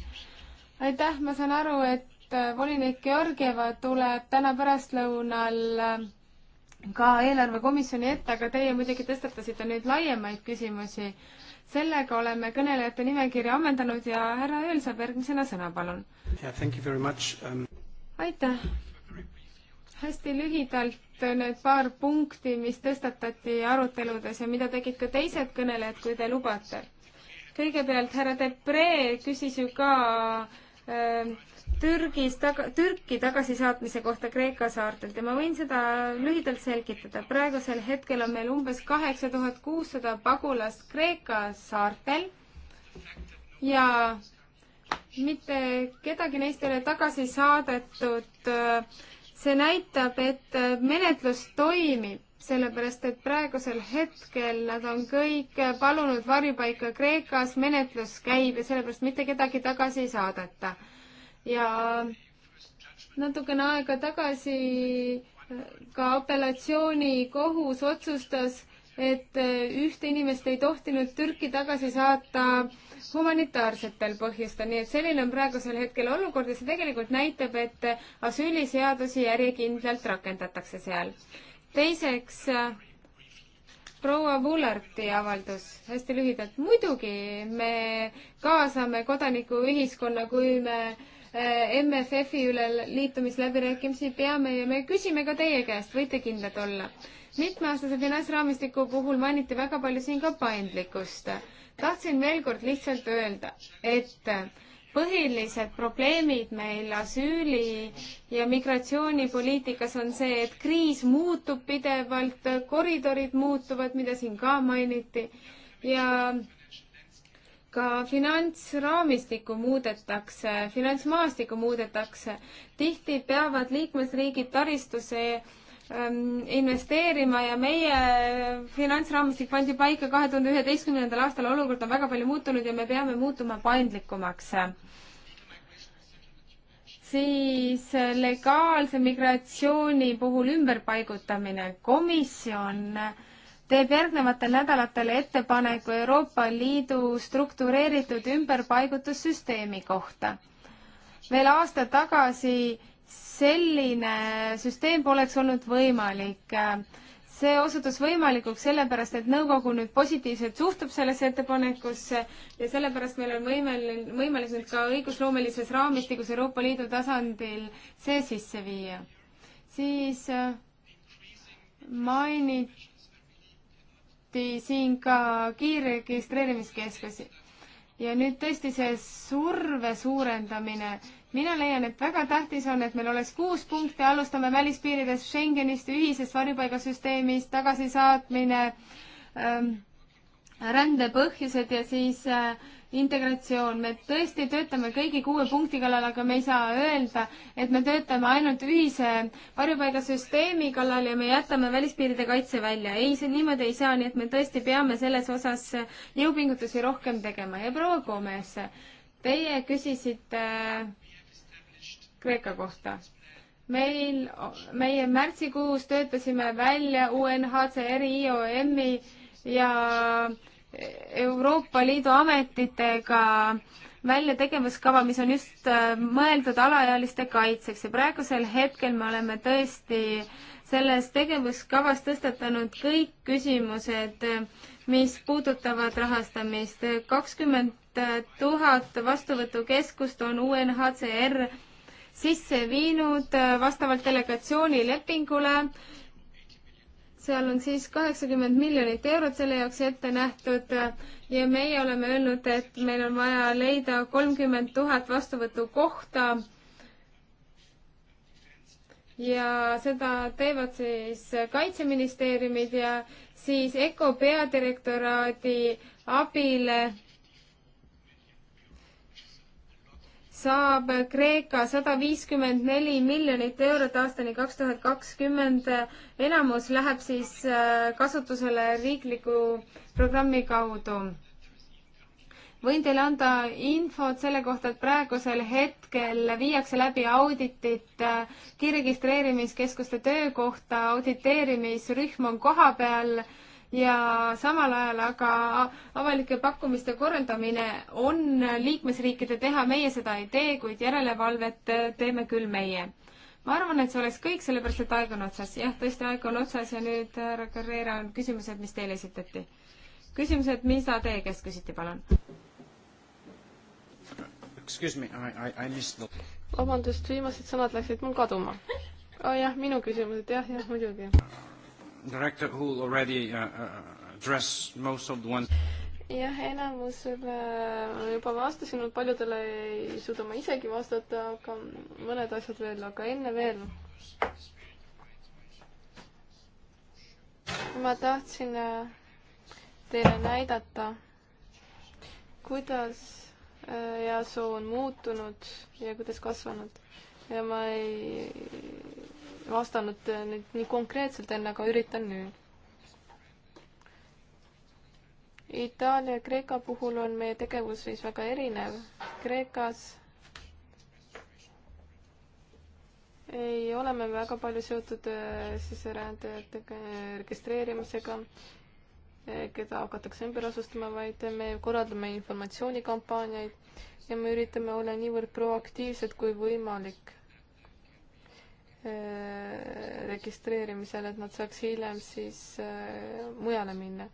aitäh, ma saan aru, et et äh, volinik Georgieva tuleb täna pärastlõunal äh, ka eelarvekomisjoni ette, aga teie muidugi tõstatasite nüüd laiemaid küsimusi. sellega oleme kõnelejate nimekirja ammendanud ja härra Ööl saab järgmisena sõna, palun yeah,. Um... aitäh. hästi lühidalt need paar punkti, mis tõstatati aruteludes ja mida tegid ka teised kõnelejad, kui te lubate. kõigepealt härra Depree küsis ju ka äh, Türgis taga, Türki tagasisaatmise kohta Kreeka saartelt ja ma võin seda lühidalt selgitada. praegusel hetkel on meil umbes kaheksa tuhat kuussada pagulast Kreeka saartel ja mitte kedagi neist ei ole tagasi saadetud. see näitab, et menetlus toimib, sellepärast et praegusel hetkel nad on kõik palunud varjupaika Kreekas, menetlus käib ja sellepärast mitte kedagi tagasi ei saadeta ja natukene aega tagasi äh, ka apellatsioonikohus otsustas, et äh, ühte inimest ei tohtinud Türki tagasi saata humanitaarsetel põhjustel, nii et selline on praegusel hetkel olukord ja see tegelikult näitab, et äh, asüüliseadusi järjekindlalt rakendatakse seal. teiseks, proua Vullerti avaldus, hästi lühidalt, muidugi me kaasame kodanikuühiskonna, kui me äh, Äh, MFF-i üle liitumisläbirääkimisi peame ja me küsime ka teie käest, võite kindlad olla. mitmeaastase finantsraamistiku puhul mainiti väga palju siin ka paindlikkust. tahtsin veel kord lihtsalt öelda, et põhilised probleemid meil asüüli ja migratsioonipoliitikas on see, et kriis muutub pidevalt, koridorid muutuvad, mida siin ka mainiti ja ka finantsraamistikku muudetakse, finantsmaastikku muudetakse. tihti peavad liikmesriigid taristusse ähm, investeerima ja meie finantsraamistik pandi paika kahe tuhande üheteistkümnendal aastal, olukord on väga palju muutunud ja me peame muutuma paindlikumaks. siis legaalse migratsiooni puhul ümberpaigutamine, komisjon äh, teeb järgnevatel nädalatel ettepaneku Euroopa Liidu struktureeritud ümberpaigutussüsteemi kohta. veel aasta tagasi selline süsteem poleks olnud võimalik. see osutus võimalikuks sellepärast, et nõukogu nüüd positiivselt suhtub sellesse ettepanekusse ja sellepärast meil on võimeline, võimalus nüüd ka õigusloomelises raamistikus Euroopa Liidu tasandil see sisse viia. siis äh, mainiti mainiti siin ka kiirregistreerimiskeskusi. ja nüüd tõesti see surve suurendamine. mina leian, et väga tähtis on, et meil oleks kuus punkti, alustame välispiiridest, Schengenist, ühisest varjupaigasüsteemist, tagasisaatmine ähm,, rände põhjused ja siis äh, integratsioon, me tõesti töötame kõigi kuue punkti kallal, aga me ei saa öelda, et me töötame ainult ühise varjupaigasüsteemi kallal ja me jätame välispiiride kaitse välja. ei, see niimoodi ei saa, nii et me tõesti peame selles osas jõupingutusi rohkem tegema. ja proua Gomes, teie küsisite äh, Kreeka kohta meil, meie märtsikuus töötasime välja UNHCR-i, IOM-i ja äh, Euroopa Liidu ametitega välja tegevuskava, mis on just äh, mõeldud alaealiste kaitseks ja praegusel hetkel me oleme tõesti selles tegevuskavas tõstatanud kõik küsimused, mis puudutavad rahastamist. kakskümmend tuhat vastuvõtukeskust on UNHCR sisse viinud äh, vastavalt delegatsioonilepingule seal on siis kaheksakümmend miljonit eurot selle jaoks ette nähtud ja meie oleme öelnud, et meil on vaja leida kolmkümmend tuhat vastuvõtukohta. ja seda teevad siis kaitseministeeriumid ja siis EKO peadirektoraadi abile saab Kreeka sada viiskümmend neli miljonit eurot aastani kaks tuhat kakskümmend. enamus läheb siis äh, kasutusele riikliku programmi kaudu. võin teile anda infot selle kohta, et praegusel hetkel viiakse läbi auditit äh, kiirregistreerimiskeskuste töö kohta, auditeerimisrühm on kohapeal ja samal ajal aga avalike pakkumiste korraldamine on liikmesriikide teha, meie seda ei tee, kuid järelevalvet äh, teeme küll meie. ma arvan, et see oleks kõik, sellepärast et aeg on otsas. jah, tõesti, aeg on otsas ja nüüd äh, härra Carrera on küsimused, mis teile esitati. küsimused, mida teie käest küsiti, palun? vabandust, viimased sõnad läksid mul kaduma. aa oh, jah, minu küsimused, jah, jah, muidugi Director who already uh, uh, addressed most of the ones jah, enamusele äh, juba vastasin, paljudele ei suuda ma isegi vastata, aga mõned asjad veel, aga enne veel. ma tahtsin äh, teile näidata, kuidas easoo äh, on muutunud ja kuidas kasvanud ja ma ei vastanud äh, nüüd nii konkreetselt enne, aga üritan nüüd. Itaalia ja Kreeka puhul on meie tegevus siis väga erinev. Kreekas ei ole me väga palju seotud äh, sisserändajate äh, registreerimisega, keda hakatakse ümber asustama, vaid me korraldame informatsioonikampaaniaid ja me üritame olla niivõrd proaktiivsed kui võimalik Äh, registreerimisel, et nad saaks hiljem siis äh, mujale minna.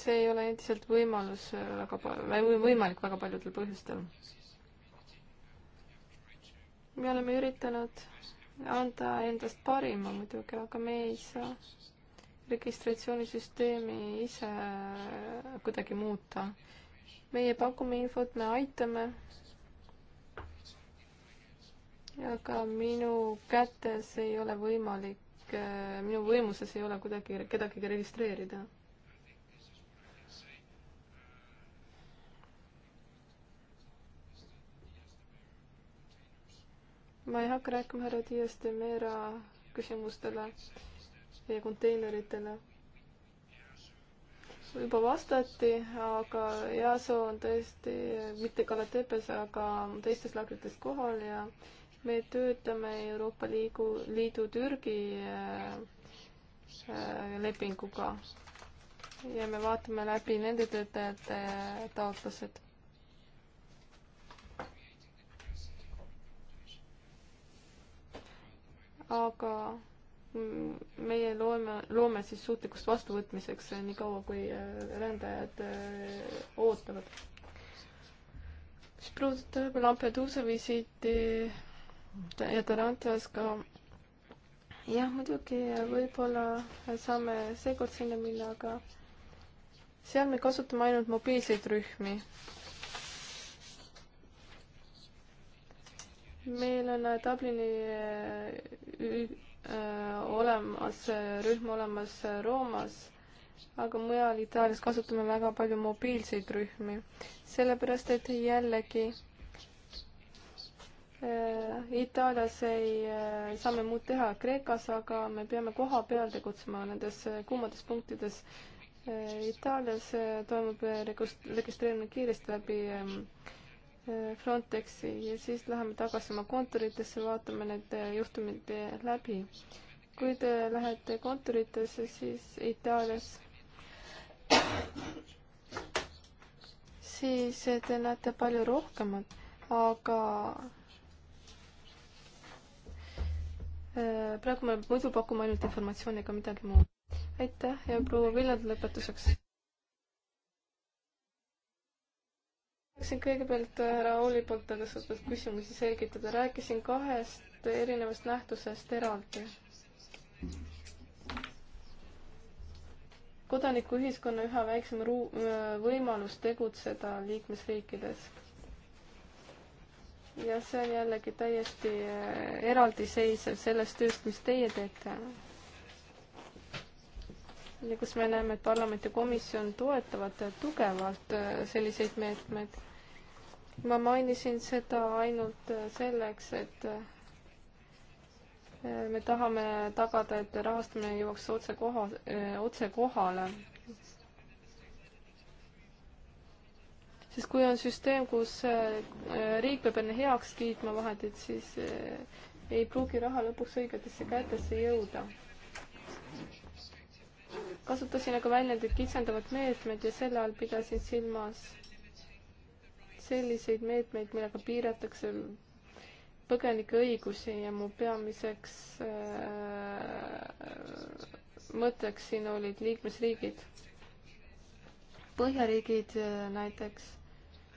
see ei ole endiselt võimalus äh, väga palju, võimalik väga paljudel põhjustel. me oleme üritanud anda endast parima muidugi, aga me ei saa registratsioonisüsteemi ise kuidagi muuta. meie pakume infot, me aitame aga minu kätes ei ole võimalik, äh, minu võimuses ei ole kuidagi kedagi registreerida. ma ei hakka rääkima härra Dias de Mera küsimustele ja konteineritele juba vastati, aga EASO on tõesti mitte Kalatepes, aga teistes laagrites kohal ja äh, me töötame Euroopa Liidu, Liidu Türgi äh, lepinguga ja me vaatame läbi nende töötajate taotlused. aga meie loome, loome siis suutlikkust vastuvõtmiseks niikaua, kui äh, rändajad äh, ootavad. mis puudutab Lampeduusa visiiti ja Tarant ütles ka jah, muidugi võib-olla saame seekord sinna minna, aga seal me kasutame ainult mobiilseid rühmi. meil on Dublini äh, äh, olemas, rühm olemas Roomas, aga mujal Itaalias kasutame väga palju mobiilseid rühmi, sellepärast et jällegi Äh, Itaalias ei, ei äh, saa me muud teha, Kreekas aga me peame koha peal tegutsema nendes äh, kuumades punktides. Itaalias toimub registreerimine kiiresti läbi ähm, Frontexi ja siis läheme tagasi oma kontoritesse, vaatame need juhtumid läbi. kui te lähete kontoritesse, siis Itaalias, [COUGHS] siis te näete palju rohkemat, aga Äh, praegu me muidu pakume ainult informatsiooni, ega midagi muud. aitäh ja proua Viljand lõpetuseks. tahaksin kõigepealt härra äh, Olli poolt talle suhteliselt küsimusi selgitada. rääkisin kahest erinevast nähtusest eraldi. kodanikuühiskonna üha väiksem ruu-, äh, võimalus tegutseda liikmesriikides ja see on jällegi täiesti äh, eraldiseisev sellest tööst, mis teie teete. ja kus me näeme, et parlament ja komisjon toetavad tugevalt äh, selliseid meetmeid. ma mainisin seda ainult äh, selleks, et me tahame tagada, et rahastamine jõuaks otse koha, otse kohale sest kui on süsteem, kus äh, riik peab enne heaks kiitma vahendid, siis äh, ei pruugi raha lõpuks õigetesse kätesse jõuda. kasutasin aga väljendit kitsendavad meetmed ja selle all pidasin silmas selliseid meetmeid, millega piiratakse põgenike õigusi ja mu peamiseks äh, mõtteks siin olid liikmesriigid. Põhjariigid äh, näiteks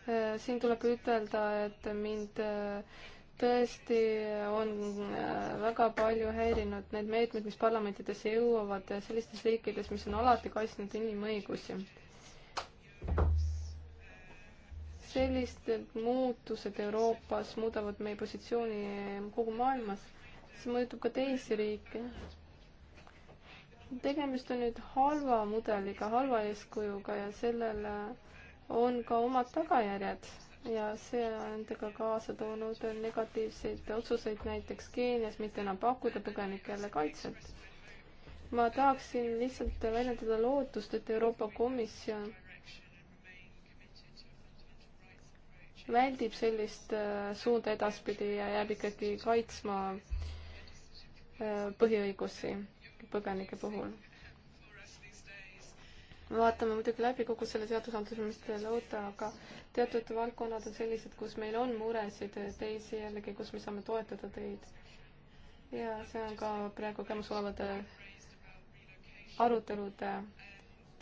Äh, siin tuleb ütelda, et mind äh, tõesti on äh, väga palju häirinud need meetmed, mis parlamentidesse jõuavad sellistes riikides, mis on alati kaitsnud inimõigusi. sellised muutused Euroopas muudavad meie positsiooni kogu maailmas, see mõjutab ka teisi riike. tegemist on nüüd halva mudeliga, halva eeskujuga ja sellele on ka omad tagajärjed ja see on endaga kaasa toonud negatiivseid otsuseid näiteks Keenias mitte enam pakkuda põgenikele kaitset. ma tahaksin lihtsalt väljendada lootust, et Euroopa Komisjon väldib sellist äh, suunda edaspidi ja jääb ikkagi kaitsma äh, põhiõigusi põgenike puhul me vaatame muidugi läbi kogu selle seadusandluse, mis teile oota, aga teatud valdkonnad on sellised, kus meil on muresid, teisi jällegi, kus me saame toetada teid. ja see on ka praegu käimasolevate arutelude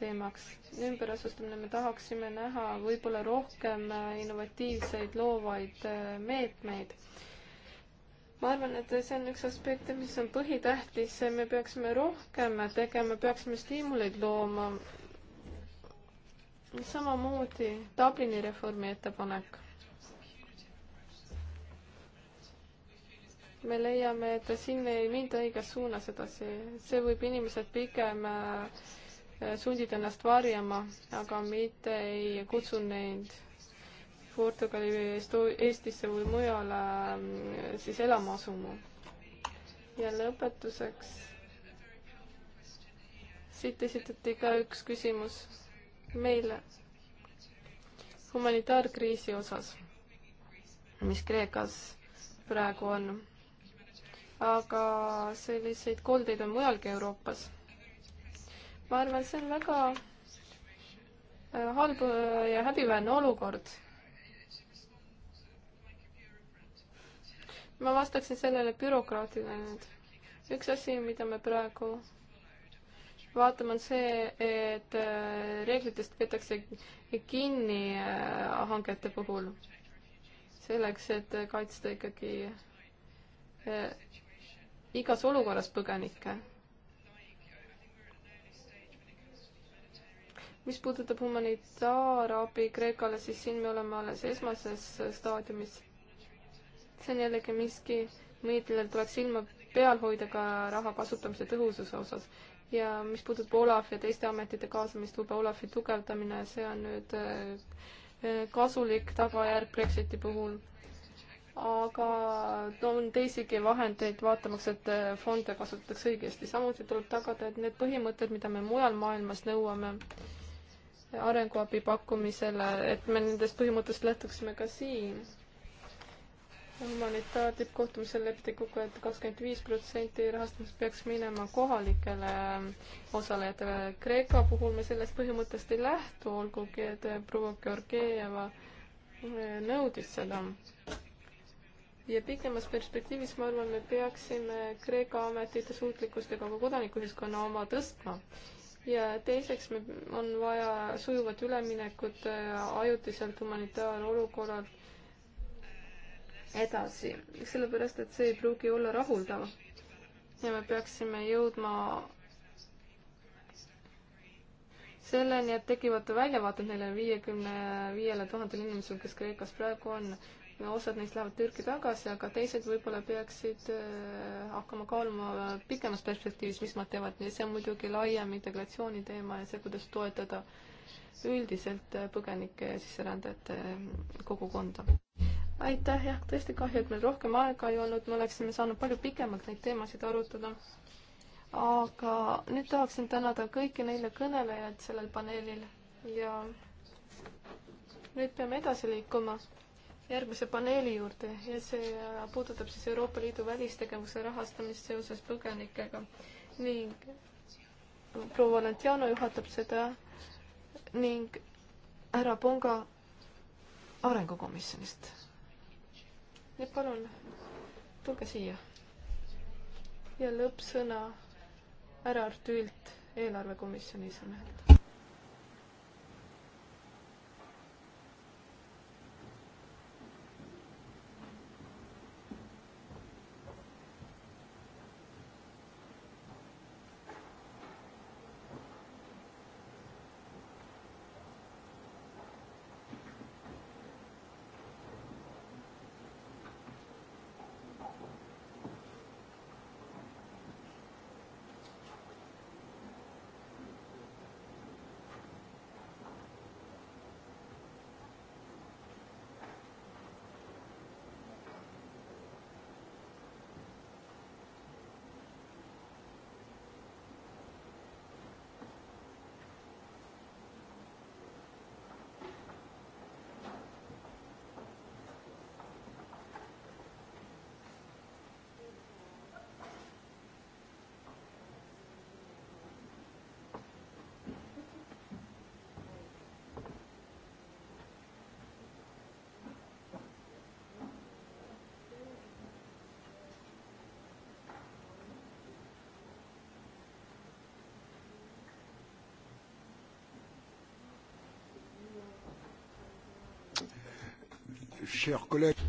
teemaks. ümberasustamine, me tahaksime näha võib-olla rohkem innovatiivseid, loovaid meetmeid ma arvan, et see on üks aspekte, mis on põhitähtis, me peaksime rohkem tegema, peaksime stiimuleid looma samamoodi Dublini reformi ettepanek. me leiame, et siin ei minda õiges suunas edasi, see võib inimesed pigem äh, sundida ennast varjama, aga mitte ei kutsu neid Portugali, Eestisse või mujale mm, siis elama asuma. ja lõpetuseks. siit esitati ka üks küsimus meile humanitaarkriisi osas, mis Kreekas praegu on. aga selliseid koldeid on mujalgi Euroopas. ma arvan, see on väga äh, halb äh, ja häbiväärne olukord. ma vastaksin sellele bürokraatile nüüd. üks asi, mida me praegu vaatama, on see, et äh, reeglitest peetakse kinni äh, hangete puhul. selleks, et kaitsta ikkagi äh, igas olukorras põgenikke. mis puudutab humanitaarabi Kreekale, siis siin me oleme alles esmases staadiumis. see on jällegi miski, millel tuleks silma peal hoida ka raha kasutamise tõhususe osas. ja mis puudutab Olavi ja teiste ametite kaasamist, võib-olla Olavi tugevdamine, see on nüüd äh, äh, kasulik tagajärg Brexiti puhul. aga on teisigi vahendeid vaatamaks, et äh, fonde kasutatakse õigesti. samuti tuleb tagada, et need põhimõtted, mida me mujal maailmas nõuame, arenguabi pakkumisele, et me nendest põhimõttest lähtuksime ka siin humanitaar tippkohtumisel lepiti kokku, et kakskümmend viis protsenti rahastamist peaks minema kohalikele ähm, osalejatele. Kreeka puhul me sellest põhimõttest ei lähtu, olgugi et äh, proua Georgieva äh, nõudis seda. ja pikemas perspektiivis, ma arvan, me peaksime Kreeka ametite suutlikkust ja ka kodanikuühiskonna oma tõstma ja teiseks me, on vaja sujuvat üleminekut äh, ajutiselt humanitaarolukorralt edasi, sellepärast et see ei pruugi olla rahuldav. ja me peaksime jõudma selleni, et tekivad väljavaated neile viiekümne viiele tuhandele inimesele, kes Kreekas praegu on. osad neist lähevad Türki tagasi, aga teised võib-olla peaksid äh, hakkama kaaluma pikemas perspektiivis, mis nad teevad. see on muidugi laiem integratsiooni teema ja see, kuidas toetada üldiselt põgenike ja sisserändajate äh, kogukonda aitäh, jah, tõesti kahju, et meil rohkem aega ei olnud, me oleksime saanud palju pikemalt neid teemasid arutada. aga nüüd tahaksin tänada kõiki neile kõnelejaid sellel paneelil ja nüüd peame edasi liikuma järgmise paneeli juurde ja see puudutab siis Euroopa Liidu välistegevuse rahastamist seoses põgenikega ning proua Valentiano juhatab seda ning härra Ponga arengukomisjonist nii palun tulge siia. ja lõppsõna härra Artüült, eelarvekomisjoni esimehelt.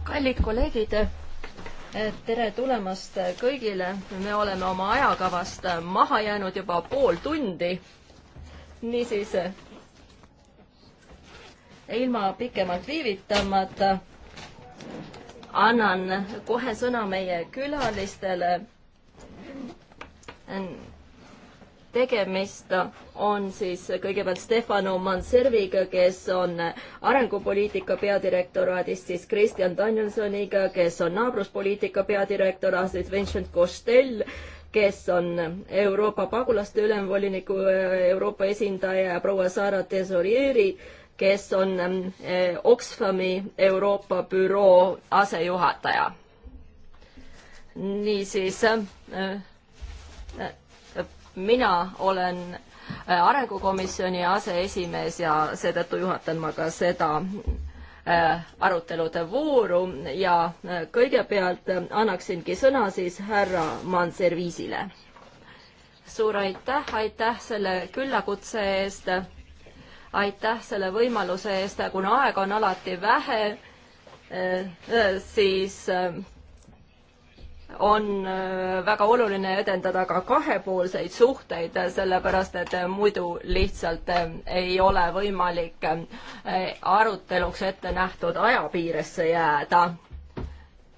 kallid kolleegid, tere tulemast kõigile, me oleme oma ajakavast maha jäänud juba pool tundi. niisiis, ilma pikemalt viivitamata annan kohe sõna meie külalistele tegemist on siis kõigepealt Stefano Manserviga, kes on arengupoliitika peadirektoraadist, siis Kristjan Danielsoniga, kes on naabruspoliitika peadirektoraadist, Vincent Costello, kes on Euroopa pagulaste ülemvoliniku Euroopa esindaja ja proua Sara Tesorieri, kes on eh, Oxfami Euroopa büroo asejuhataja. niisiis eh, mina olen äh, arengukomisjoni aseesimees ja seetõttu juhatan ma ka seda äh, arutelude vooru ja äh, kõigepealt annaksingi sõna siis härra Manserviisile. suur aitäh, aitäh selle küllakutse eest, aitäh selle võimaluse eest, kuna aega on alati vähe, siis on äh, väga oluline edendada ka kahepoolseid suhteid, sellepärast et äh, muidu lihtsalt äh, ei ole võimalik aruteluks ette nähtud ajapiiresse jääda.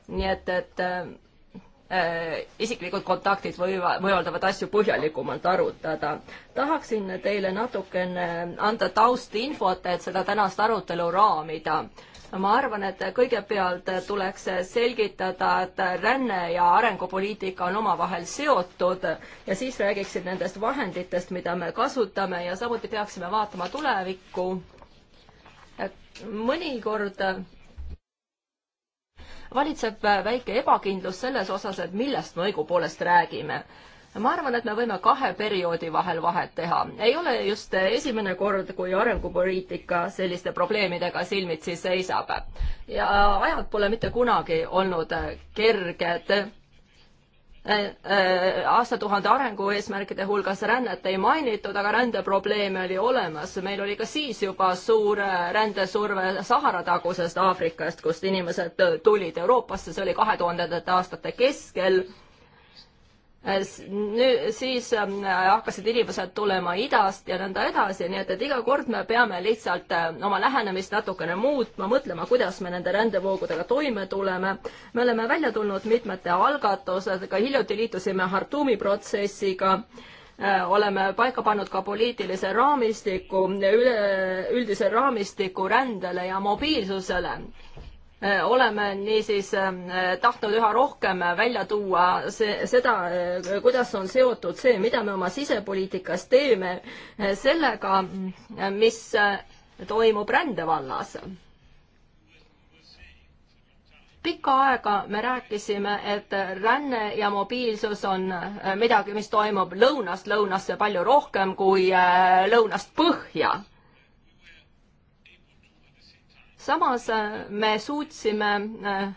nii et, et äh, isiklikud kontaktid võivad, võimaldavad asju põhjalikumalt arutada. tahaksin teile natukene anda taustinfot, et seda tänast arutelu raamida ma arvan, et kõigepealt tuleks selgitada, et ränne ja arengupoliitika on omavahel seotud ja siis räägiksin nendest vahenditest, mida me kasutame ja samuti peaksime vaatama tulevikku. mõnikord valitseb väike ebakindlus selles osas, et millest me õigupoolest räägime ma arvan, et me võime kahe perioodi vahel vahet teha. ei ole just esimene kord, kui arengupoliitika selliste probleemidega silmitsi seisab. ja ajad pole mitte kunagi olnud kerged äh, äh, aastatuhande arengueesmärkide hulgas rännet ei mainitud, aga rändeprobleeme oli olemas. meil oli ka siis juba suur rändesurve Sahara-tagusest Aafrikast, kust inimesed tulid Euroopasse, see oli kahe tuhandendate aastate keskel Äh, nüüd siis ähm, hakkasid inimesed tulema idast ja nõnda edasi, nii et, et iga kord me peame lihtsalt äh, oma lähenemist natukene muutma, mõtlema, kuidas me nende rändevoogudega toime tuleme. me oleme välja tulnud mitmete algatusega, hiljuti liitusime Hartumi protsessiga, äh, oleme paika pannud ka poliitilise raamistiku, üle, üldise raamistiku rändele ja mobiilsusele Äh, oleme niisiis ähm, tahtnud üha rohkem äh, välja tuua see, seda, äh, kuidas on seotud see, mida me oma sisepoliitikas teeme, sellega, mis toimub rändevallas. pikka aega me rääkisime, et ränne ja mobiilsus on midagi, mis toimub lõunast lõunasse palju rohkem kui lõunast põhja samas äh, me suutsime äh,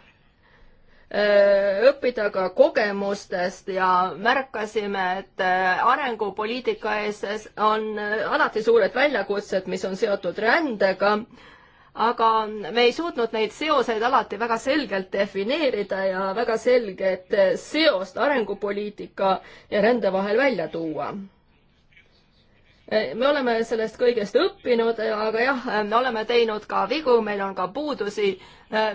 äh, õppida ka kogemustest ja märkasime, et arengupoliitika ees on alati suured väljakutsed, mis on seotud rändega, aga me ei suutnud neid seoseid alati väga selgelt defineerida ja väga selget seost arengupoliitika ja rände vahel välja tuua Eh, me oleme sellest kõigest õppinud, eh, aga jah, eh, me oleme teinud ka vigu, meil on ka puudusi,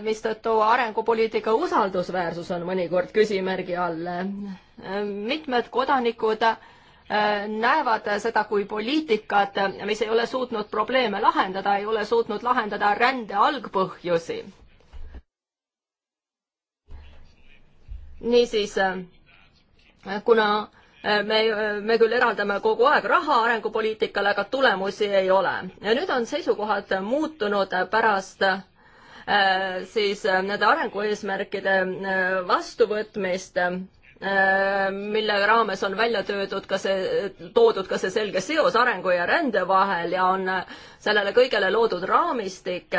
mistõttu arengupoliitika usaldusväärsus on mõnikord küsimärgi all. mitmed kodanikud näevad seda kui poliitikat, mis ei ole suutnud probleeme lahendada, ei ole suutnud lahendada rände algpõhjusi. niisiis, kuna Äh, me, äh, me küll eraldame kogu aeg raha arengupoliitikale, aga tulemusi ei ole. ja nüüd on seisukohad muutunud pärast äh, siis nende arengueesmärkide vastuvõtmist, mille raames on välja töötud ka see, toodud ka see selge seos arengu ja rände vahel ja on sellele kõigele loodud raamistik,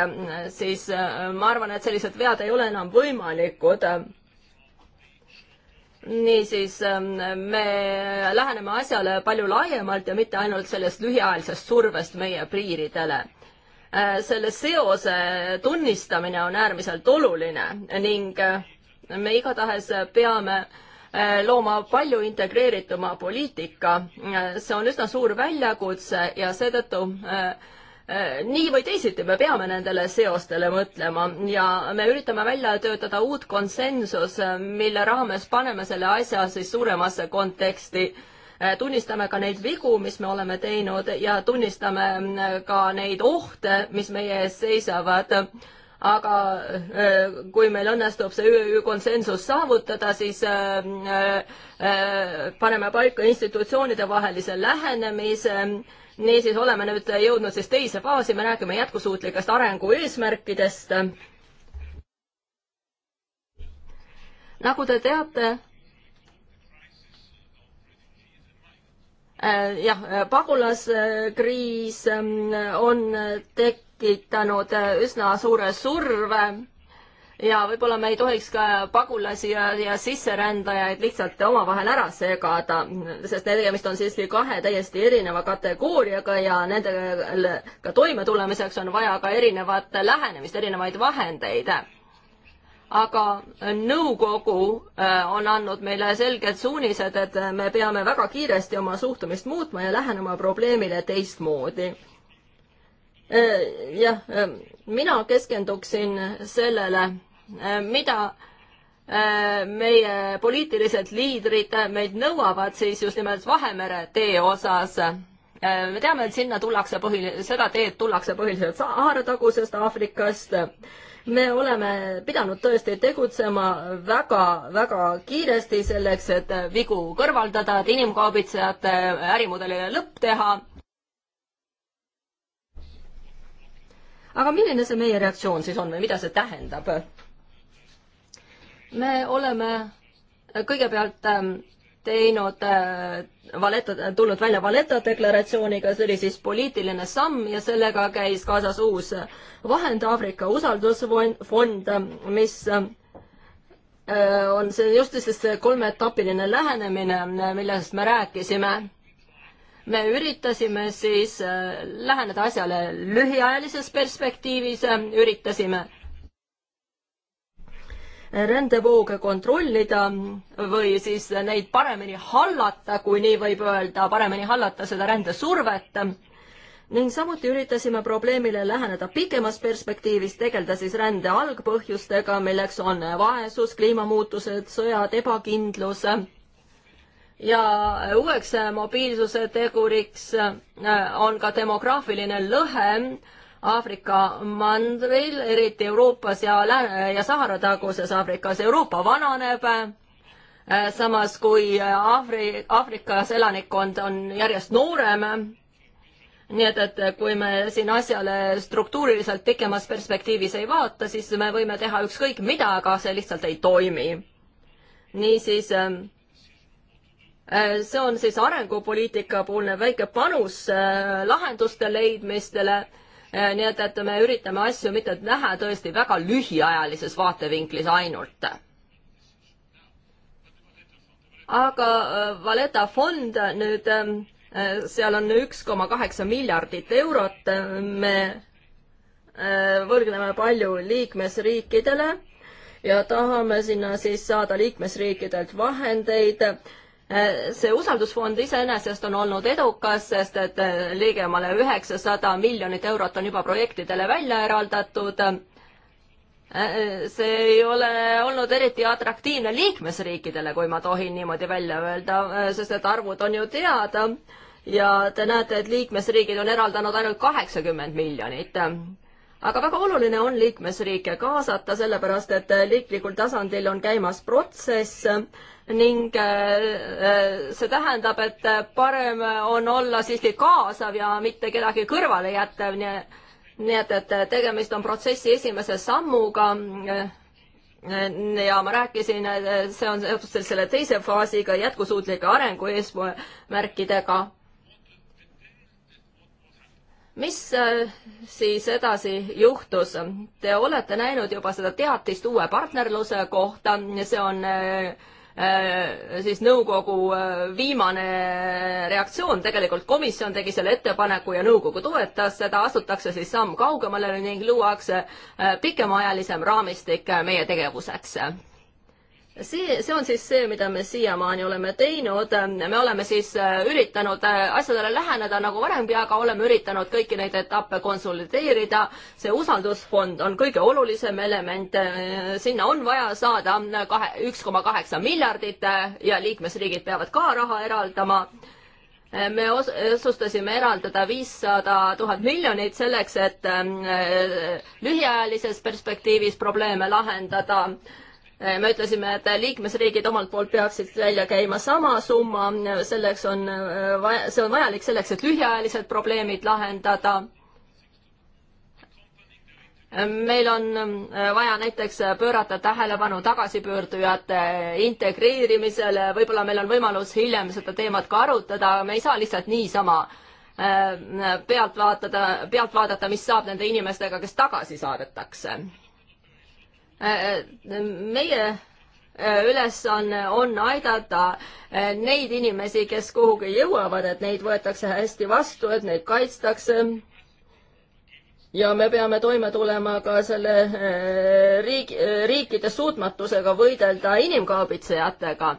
siis ma arvan, et sellised vead ei ole enam võimalikud niisiis ähm, me läheneme asjale palju laiemalt ja mitte ainult sellest lühiajalisest survest meie piiridele äh, selle seose tunnistamine on äärmiselt oluline ning äh, me igatahes peame äh, looma palju integreerituma poliitika. see on üsna suur väljakutse ja seetõttu Äh, nii või teisiti me peame nendele seostele mõtlema ja me üritame välja töötada uut konsensus, äh, mille raames paneme selle asja siis suuremasse konteksti. Äh, tunnistame ka neid vigu, mis me oleme teinud ja tunnistame ka neid ohte, mis meie ees seisavad aga kui meil õnnestub see ÜÜ konsensus saavutada, siis paneme paika institutsioonide vahelise lähenemise niisiis oleme nüüd jõudnud siis teise faasi, me räägime jätkusuutlikest arengu eesmärkidest. nagu te teate, äh, jah, pagulaskriis ähm, on tekitanud äh, üsna suure surve ja võib-olla me ei tohiks ka pagulasi ja, ja sisserändajaid lihtsalt omavahel ära segada, sest tegemist on siiski kahe täiesti erineva kategooriaga ja nendega toimetulemiseks on vaja ka erinevat lähenemist, erinevaid vahendeid. aga nõukogu äh, on andnud meile selged suunised, et me peame väga kiiresti oma suhtumist muutma ja lähenema probleemile teistmoodi äh, jah, äh, mina keskenduksin sellele, Äh, mida äh, meie poliitilised liidrid äh, meid nõuavad siis just nimelt Vahemere tee osas. me teame, et sinna tullakse põhi, seda teed tullakse põhiliselt saartagusest Aafrikast. me oleme pidanud tõesti tegutsema väga, väga kiiresti selleks, et vigu kõrvaldada, et inimkaubitsejate ärimudelile lõpp teha. aga milline see meie reaktsioon siis on või mida see tähendab? me oleme kõigepealt ähm, teinud äh, valeta, tulnud välja valeta deklaratsiooniga, see oli siis poliitiline samm ja sellega käis kaasas uus vahend Aafrika usaldusfond, ähm, mis ähm, äh, on see just siis see kolmeetapiline lähenemine, äh, millest me rääkisime. me üritasime siis läheneda asjale lühiajalises perspektiivis, üritasime rändevooge kontrollida või siis neid paremini hallata, kui nii võib öelda, paremini hallata seda rändesurvet ning samuti üritasime probleemile läheneda pikemas perspektiivis, tegeleda siis rände algpõhjustega, milleks on vaesus, kliimamuutused, sõjad, ebakindlus ja uueks mobiilsuse teguriks on ka demograafiline lõhe Aafrika mandril, eriti Euroopas ja Lääne- ja Sahara taguses Aafrikas, Euroopa vananeb, äh, samas kui Aafri-, äh, Aafrikas elanikkond on järjest noorem, nii et, et kui me siin asjale struktuuriliselt pikemas perspektiivis ei vaata, siis me võime teha ükskõik mida, aga see lihtsalt ei toimi. niisiis äh, see on siis arengupoliitika poolne väike panus lahenduste leidmistele Äh, nii et, et me üritame asju mitte näha tõesti väga lühiajalises vaatevinklis ainult. aga äh, Valeta fond nüüd, ähm, äh, seal on üks koma kaheksa miljardit eurot, me võlgneme palju liikmesriikidele ja tahame sinna siis saada liikmesriikidelt vahendeid Äh, see usaldusfond iseenesest on olnud edukas, sest et äh, ligemale üheksasada miljonit eurot on juba projektidele välja eraldatud. Äh, see ei ole olnud eriti atraktiivne liikmesriikidele, kui ma tohin niimoodi välja öelda, sest et arvud on ju teada ja te näete, et liikmesriigid on eraldanud ainult kaheksakümmend miljonit aga väga oluline on liikmesriike kaasata, sellepärast et riiklikul tasandil on käimas protsess ning äh, äh, see tähendab, et parem on olla siiski kaasav ja mitte kedagi kõrvale jättev, nii nii et, et tegemist on protsessi esimese sammuga ja ma rääkisin, see on seotud selle teise faasiga, jätkusuutlike arengu eesmärkidega mis äh, siis edasi juhtus? Te olete näinud juba seda teatist uue partnerluse kohta, see on äh, äh, siis nõukogu viimane reaktsioon, tegelikult komisjon tegi selle ettepaneku ja nõukogu toetas seda, astutakse siis samm kaugemale ning luuakse pikemaajalisem raamistik meie tegevuseks see, see on siis see, mida me siiamaani oleme teinud, me oleme siis äh, üritanud äh, asjadele läheneda nagu varemgi, aga oleme üritanud kõiki neid etappe konsolideerida. see usaldusfond on kõige olulisem element, äh, sinna on vaja saada kahe, üks koma kaheksa miljardit ja liikmesriigid peavad ka raha eraldama me otsustasime eraldada viissada tuhat miljonit selleks, et lühiajalises perspektiivis probleeme lahendada Äh, me ütlesime, et liikmesriigid omalt poolt peaksid välja käima sama summa, selleks on äh, vaja, see on vajalik selleks, et lühiajalised probleemid lahendada. meil on äh, vaja näiteks pöörata tähelepanu tagasipöördujate integreerimisele, võib-olla meil on võimalus hiljem seda teemat ka arutada, me ei saa lihtsalt niisama pealt vaatada, pealt vaadata, mis saab nende inimestega, kes tagasi saadetakse Äh, äh, meie äh, ülesanne on, on aidata neid inimesi, kes kuhugi jõuavad, et neid võetakse hästi vastu, et neid kaitstakse. ja me peame toime tulema ka selle riigi, riikide suutmatusega võidelda inimkaubitsejatega.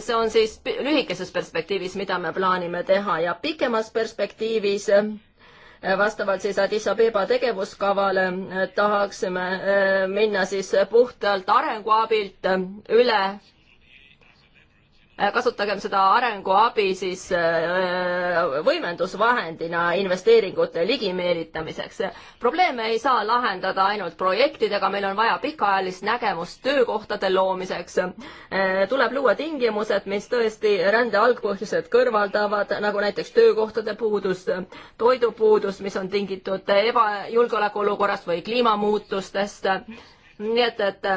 see on siis lühikeses perspektiivis, mida me plaanime teha ja pikemas perspektiivis vastavalt siis Addis Abeba tegevuskavale eh, tahaksime eh, minna siis puhtalt arenguabilt eh, üle Äh, kasutagem seda arenguabi siis äh, võimendusvahendina investeeringute ligimeelitamiseks. probleeme ei saa lahendada ainult projektidega, meil on vaja pikaajalist nägemust töökohtade loomiseks. Äh, tuleb luua tingimused, mis tõesti rände algpõhjused kõrvaldavad, nagu näiteks töökohtade puudus, toidupuudus, mis on tingitud ebajulgeolekuolukorrast või kliimamuutustest. nii et, et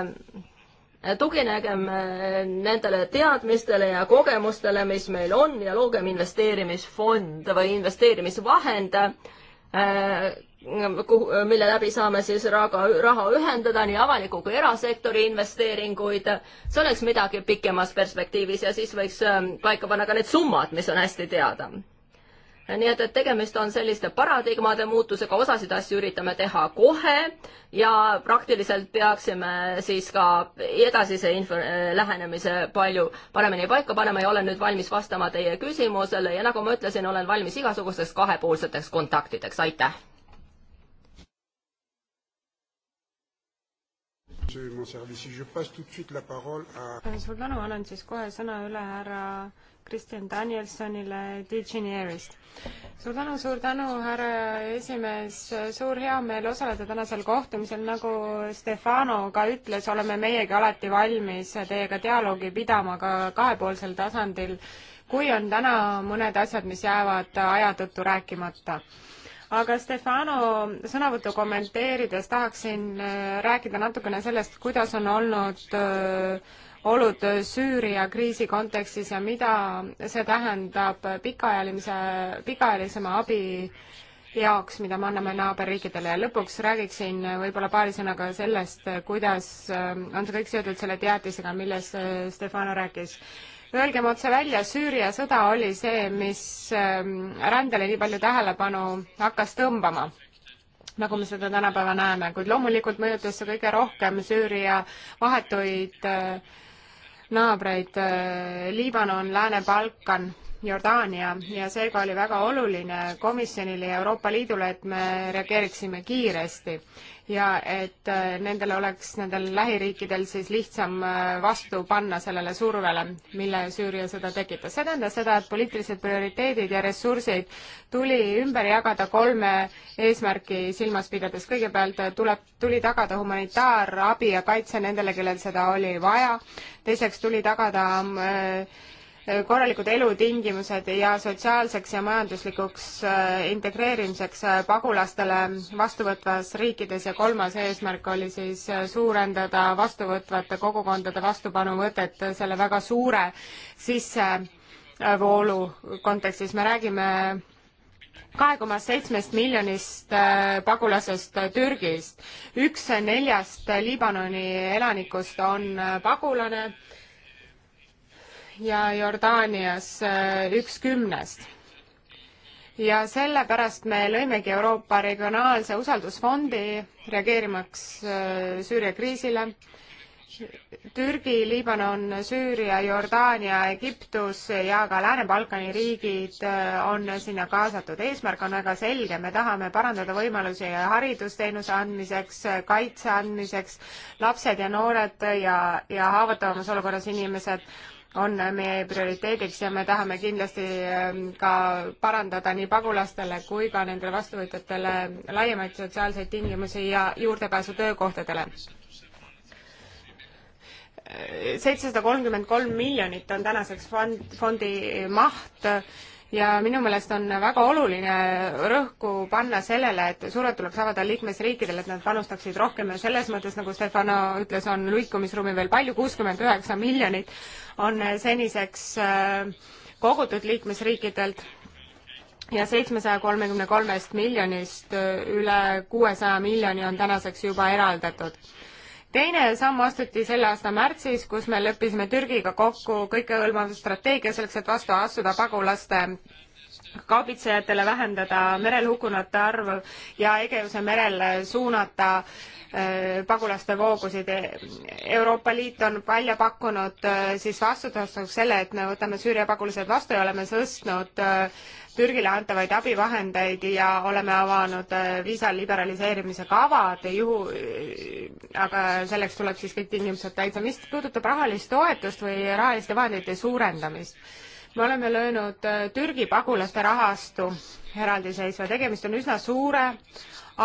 tuginegem äh, nendele teadmistele ja kogemustele, mis meil on ja loogem investeerimisfond või investeerimisvahend, äh, mille läbi saame siis raha, raha ühendada nii avaliku kui erasektori investeeringuid. see oleks midagi pikemas perspektiivis ja siis võiks äh, paika panna ka need summad, mis on hästi teada nii et, et tegemist on selliste paradigmade muutusega, osasid asju üritame teha kohe ja praktiliselt peaksime siis ka edasise info, äh, lähenemise palju paremini paika panema ja olen nüüd valmis vastama teie küsimusele ja nagu ma ütlesin, olen valmis igasugusteks kahepoolseteks kontaktideks, aitäh. suur tänu, annan siis kohe sõna üle härra Kristjan Danielsonile Digineerist. suur tänu, suur tänu, härra esimees, suur heameel osaleda tänasel kohtumisel, nagu Stefano ka ütles, oleme meiegi alati valmis teiega dialoogi pidama ka kahepoolsel tasandil, kui on täna mõned asjad, mis jäävad aja tõttu rääkimata aga Stefano sõnavõttu kommenteerides tahaksin äh, rääkida natukene sellest, kuidas on olnud öö, äh, olud Süüria kriisi kontekstis ja mida see tähendab pikaajalise, pikaajalisema abi jaoks, mida me anname naaberriikidele ja lõpuks räägiksin võib-olla paari sõnaga sellest, kuidas ähm, on see kõik seotud selle teatisega, millest äh, Stefano rääkis öelgem otse välja, Süüria sõda oli see, mis ähm, rändele nii palju tähelepanu hakkas tõmbama, nagu me seda tänapäeva näeme, kuid loomulikult mõjutas see kõige rohkem Süüria vahetuid äh, naabreid äh, Liibanon, Lääne-Balkan Jordaania ja seega oli väga oluline komisjonile ja Euroopa Liidule, et me reageeriksime kiiresti ja et äh, nendel oleks, nendel lähiriikidel siis lihtsam äh, vastu panna sellele survele, mille Süüria sõda tekitas. see tähendas seda, et poliitilised prioriteedid ja ressursid tuli ümber jagada kolme eesmärki silmas pidades. kõigepealt äh, tuleb, tuli tagada humanitaarabi ja kaitse nendele, kellel seda oli vaja, teiseks tuli tagada äh, korralikud elutingimused ja sotsiaalseks ja majanduslikuks äh, integreerimiseks äh, pagulastele vastuvõtvas riikides ja kolmas eesmärk oli siis äh, suurendada vastuvõtvate kogukondade vastupanuvõtet selle väga suure sissevoolu kontekstis. me räägime kahe koma seitsmest miljonist pagulasest Türgist. üks neljast Liibanoni elanikust on pagulane ja Jordaanias äh, üks kümnest. ja sellepärast me lõimegi Euroopa Regionaalse Usaldusfondi, reageerimaks äh, Süüria kriisile. Türgi, Liibanon, Süüria, Jordaania, Egiptus ja ka Lääne-Balkani riigid äh, on sinna kaasatud. eesmärk on väga selge, me tahame parandada võimalusi haridusteenuse andmiseks, kaitse andmiseks, lapsed ja noored ja, ja haavatavamas olukorras inimesed on meie prioriteediks ja me tahame kindlasti ähm, ka parandada nii pagulastele kui ka nendele vastuvõtjatele laiemaid sotsiaalseid tingimusi ja juurdepääsu töökohtadele. seitsesada kolmkümmend kolm miljonit on tänaseks fond, fondi maht ja minu meelest on väga oluline rõhku panna sellele, et survet tuleks avada liikmesriikidele, et nad panustaksid rohkem ja selles mõttes, nagu Stefano ütles, on liikumisruumi veel palju, kuuskümmend üheksa miljonit on seniseks äh, kogutud liikmesriikidelt ja seitsmesaja kolmekümne kolmest miljonist äh, üle kuuesaja miljoni on tänaseks juba eraldatud teine samm astuti selle aasta märtsis, kus me leppisime Türgiga kokku kõikehõlmav strateegia selleks, et vastu astuda pagulaste kaubitsejatele vähendada merel hukkunute arvu ja Egeuse merel suunata äh, pagulaste voogusid. Euroopa Liit on välja pakkunud äh, siis vastutuseks selle, et me võtame Süüria pagulased vastu ja oleme sõstnud äh, Türgile antavaid abivahendeid ja oleme avanud viisa liberaliseerimise kavad, juhu, aga selleks tuleb siis kõik tingimused täitsa. mis puudutab rahalist toetust või rahaliste vahendite suurendamist me oleme löönud äh, Türgi pagulaste rahastu eraldiseisva, tegemist on üsna suure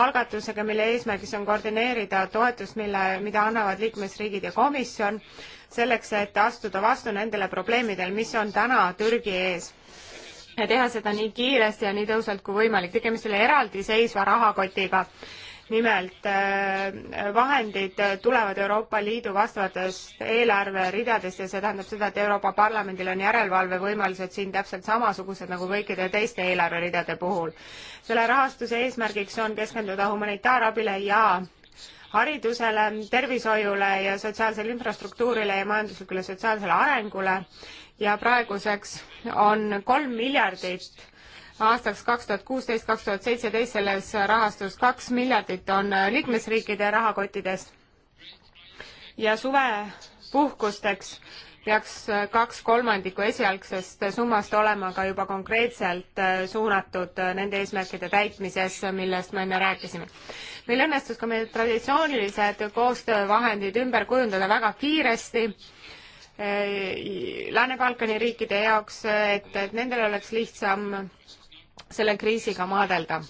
algatusega, mille eesmärgis on koordineerida toetust, mille, mida annavad liikmesriigid ja komisjon, selleks, et astuda vastu nendele probleemidele, mis on täna Türgi ees. ja teha seda nii kiiresti ja nii tõhusalt kui võimalik, tegemist oli eraldiseisva rahakotiga nimelt äh, vahendid tulevad Euroopa Liidu vastavatest eelarveridadest ja see tähendab seda, et Euroopa Parlamendil on järelevalvevõimalused siin täpselt samasugused nagu kõikide teiste eelarveridade puhul. selle rahastuse eesmärgiks on keskenduda humanitaarabile ja haridusele, tervishoiule ja sotsiaalsele infrastruktuurile ja majanduslikule sotsiaalsele arengule ja praeguseks on kolm miljardit aastaks kaks tuhat kuusteist, kaks tuhat seitseteist selles rahastus kaks miljardit on äh, liikmesriikide rahakottides ja suvepuhkusteks peaks äh, kaks kolmandikku esialgsest summast olema ka juba konkreetselt äh, suunatud nende eesmärkide täitmisesse, millest me enne rääkisime. meil õnnestus ka meie traditsioonilised koostöövahendid ümber kujundada väga kiiresti Lääne-Balkani riikide jaoks, et, et nendel oleks lihtsam selle kriisiga maadelda.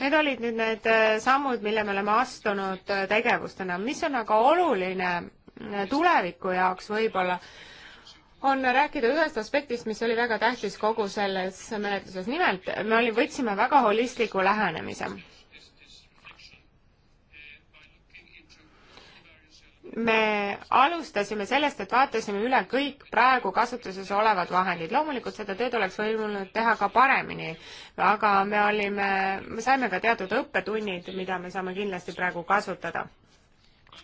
Need olid nüüd need äh, sammud, mille me oleme astunud äh, tegevustena. mis on aga oluline äh, tuleviku jaoks võib-olla, on rääkida ühest aspektist, mis oli väga tähtis kogu selles menetluses. nimelt, me oli, võtsime väga holistliku lähenemise me alustasime sellest, et vaatasime üle kõik praegu kasutuses olevad vahendid. loomulikult seda tööd oleks võimalik teha ka paremini, aga me olime, me saime ka teatud õppetunnid, mida me saame kindlasti praegu kasutada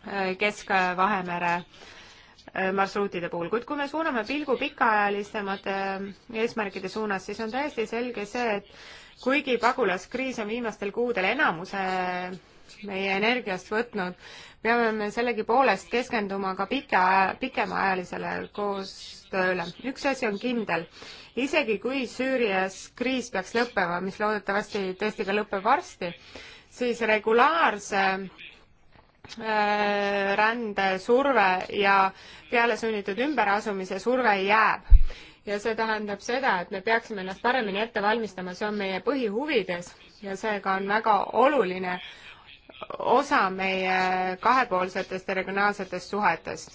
äh, Kesk-Vahemere äh, marsruutide puhul, kuid kui me suuname pilgu pikaajalisemate äh, eesmärkide suunas, siis on täiesti selge see, et kuigi pagulaskriis on viimastel kuudel enamuse meie energiast võtnud, peame me sellegipoolest keskenduma ka pika, pikemaajalisele koostööle. üks asi on kindel, isegi kui Süürias kriis peaks lõppema, mis loodetavasti tõesti ka lõpeb varsti, siis regulaarse äh, rände surve ja pealesunnitud ümberasumise surve jääb ja see tähendab seda, et me peaksime ennast paremini ette valmistama, see on meie põhihuvides ja seega on väga oluline äh, osa meie kahepoolsetest ja regionaalsetest suhetest.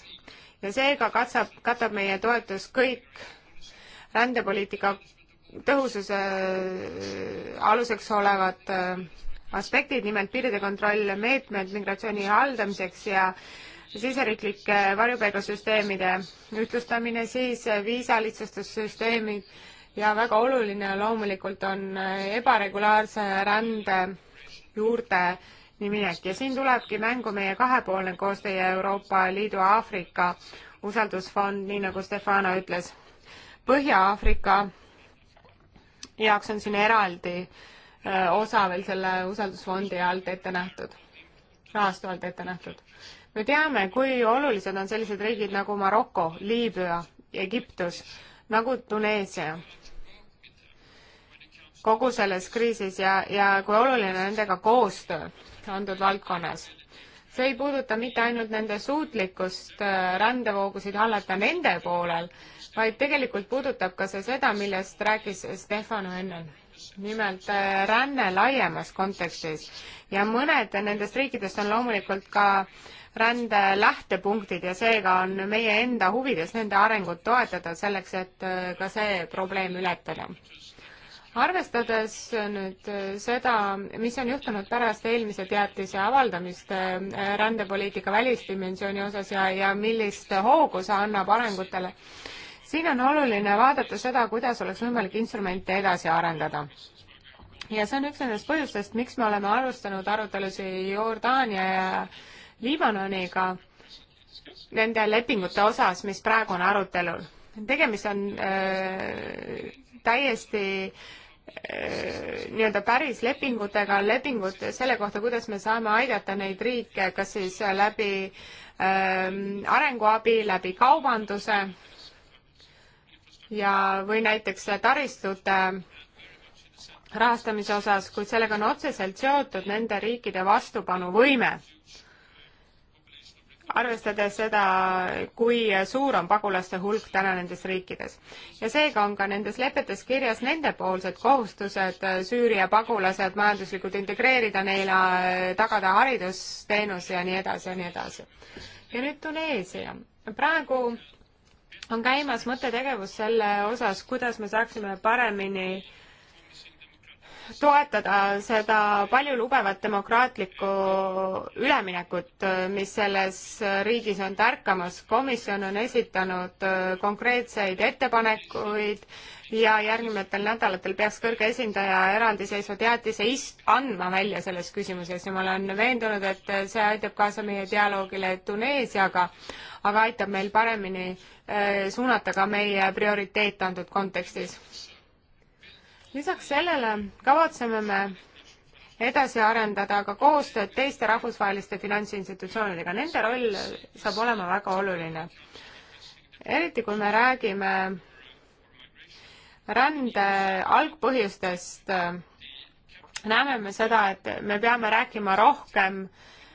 ja seega katsab, katab meie toetus kõik rändepoliitika tõhususe äh, aluseks olevad äh, aspektid, nimelt piiride kontroll, meetmed migratsiooni haldamiseks ja siseriiklike varjupaigasüsteemide ühtlustamine, siis äh, viisalihtsustussüsteemid ja väga oluline loomulikult on ebaregulaarse rände juurde nii minek ja siin tulebki mängu meie kahepoolne koostöö Euroopa Liidu Aafrika usaldusfond, nii nagu Stefano ütles. Põhja-Aafrika jaoks on siin eraldi osa veel selle usaldusfondi alt ette nähtud, rahastu alt ette nähtud. me teame, kui olulised on sellised riigid nagu Maroko, Liibüa, Egiptus, nagu Tuneesia kogu selles kriisis ja, ja kui oluline on nendega koostöö antud valdkonnas. see ei puuduta mitte ainult nende suutlikkust äh, rändevoogusid hallata nende poolel, vaid tegelikult puudutab ka see seda, millest rääkis Stefano ennem nimelt äh, ränne laiemas kontekstis ja mõned nendest riikidest on loomulikult ka rände lähtepunktid ja seega on meie enda huvides nende arengut toetada selleks, et äh, ka see probleem ületada arvestades nüüd äh, seda, mis on juhtunud pärast eelmise teatise avaldamist äh, rändepoliitika välisdimensiooni osas ja, ja millist hoogu see annab arengutele, siin on oluline vaadata seda, kuidas oleks võimalik instrumente edasi arendada ja see on üks nendest põhjustest, miks me oleme alustanud arutelusid Jordaania ja Liibanoniga nende lepingute osas, mis praegu on arutelul. tegemist on öö, äh, täiesti Äh, nii-öelda päris lepingutega on lepingud selle kohta, kuidas me saame aidata neid riike, kas siis läbi ähm, arenguabi, läbi kaubanduse ja, või näiteks taristute rahastamise osas, kuid sellega on otseselt seotud nende riikide vastupanuvõime arvestades seda, kui suur on pagulaste hulk täna nendes riikides. ja seega on ka nendes lepetes kirjas nendepoolsed kohustused äh, Süüria pagulased majanduslikult integreerida neile, äh, tagada haridusteenus ja nii edasi ja nii edasi. ja nüüd Tuneesia. praegu on käimas mõttetegevus selle osas, kuidas me saaksime paremini äh, toetada seda paljulubevat demokraatlikku üleminekut, mis selles riigis on tärkamas. komisjon on esitanud äh, konkreetseid ettepanekuid ja järgnevatel nädalatel peaks kõrge esindaja eraldiseisva teatise is-, andma välja selles küsimuses ja ma olen veendunud, et see aitab kaasa meie dialoogile Tuneesiaga, aga aitab meil paremini äh, suunata ka meie prioriteet antud kontekstis lisaks sellele kavatseme me edasi arendada ka koostööd teiste rahvusvaheliste finantsinstitutsioonidega, nende roll saab olema väga oluline. eriti kui me räägime rände algpõhjustest, näeme me seda, et me peame rääkima rohkem äh,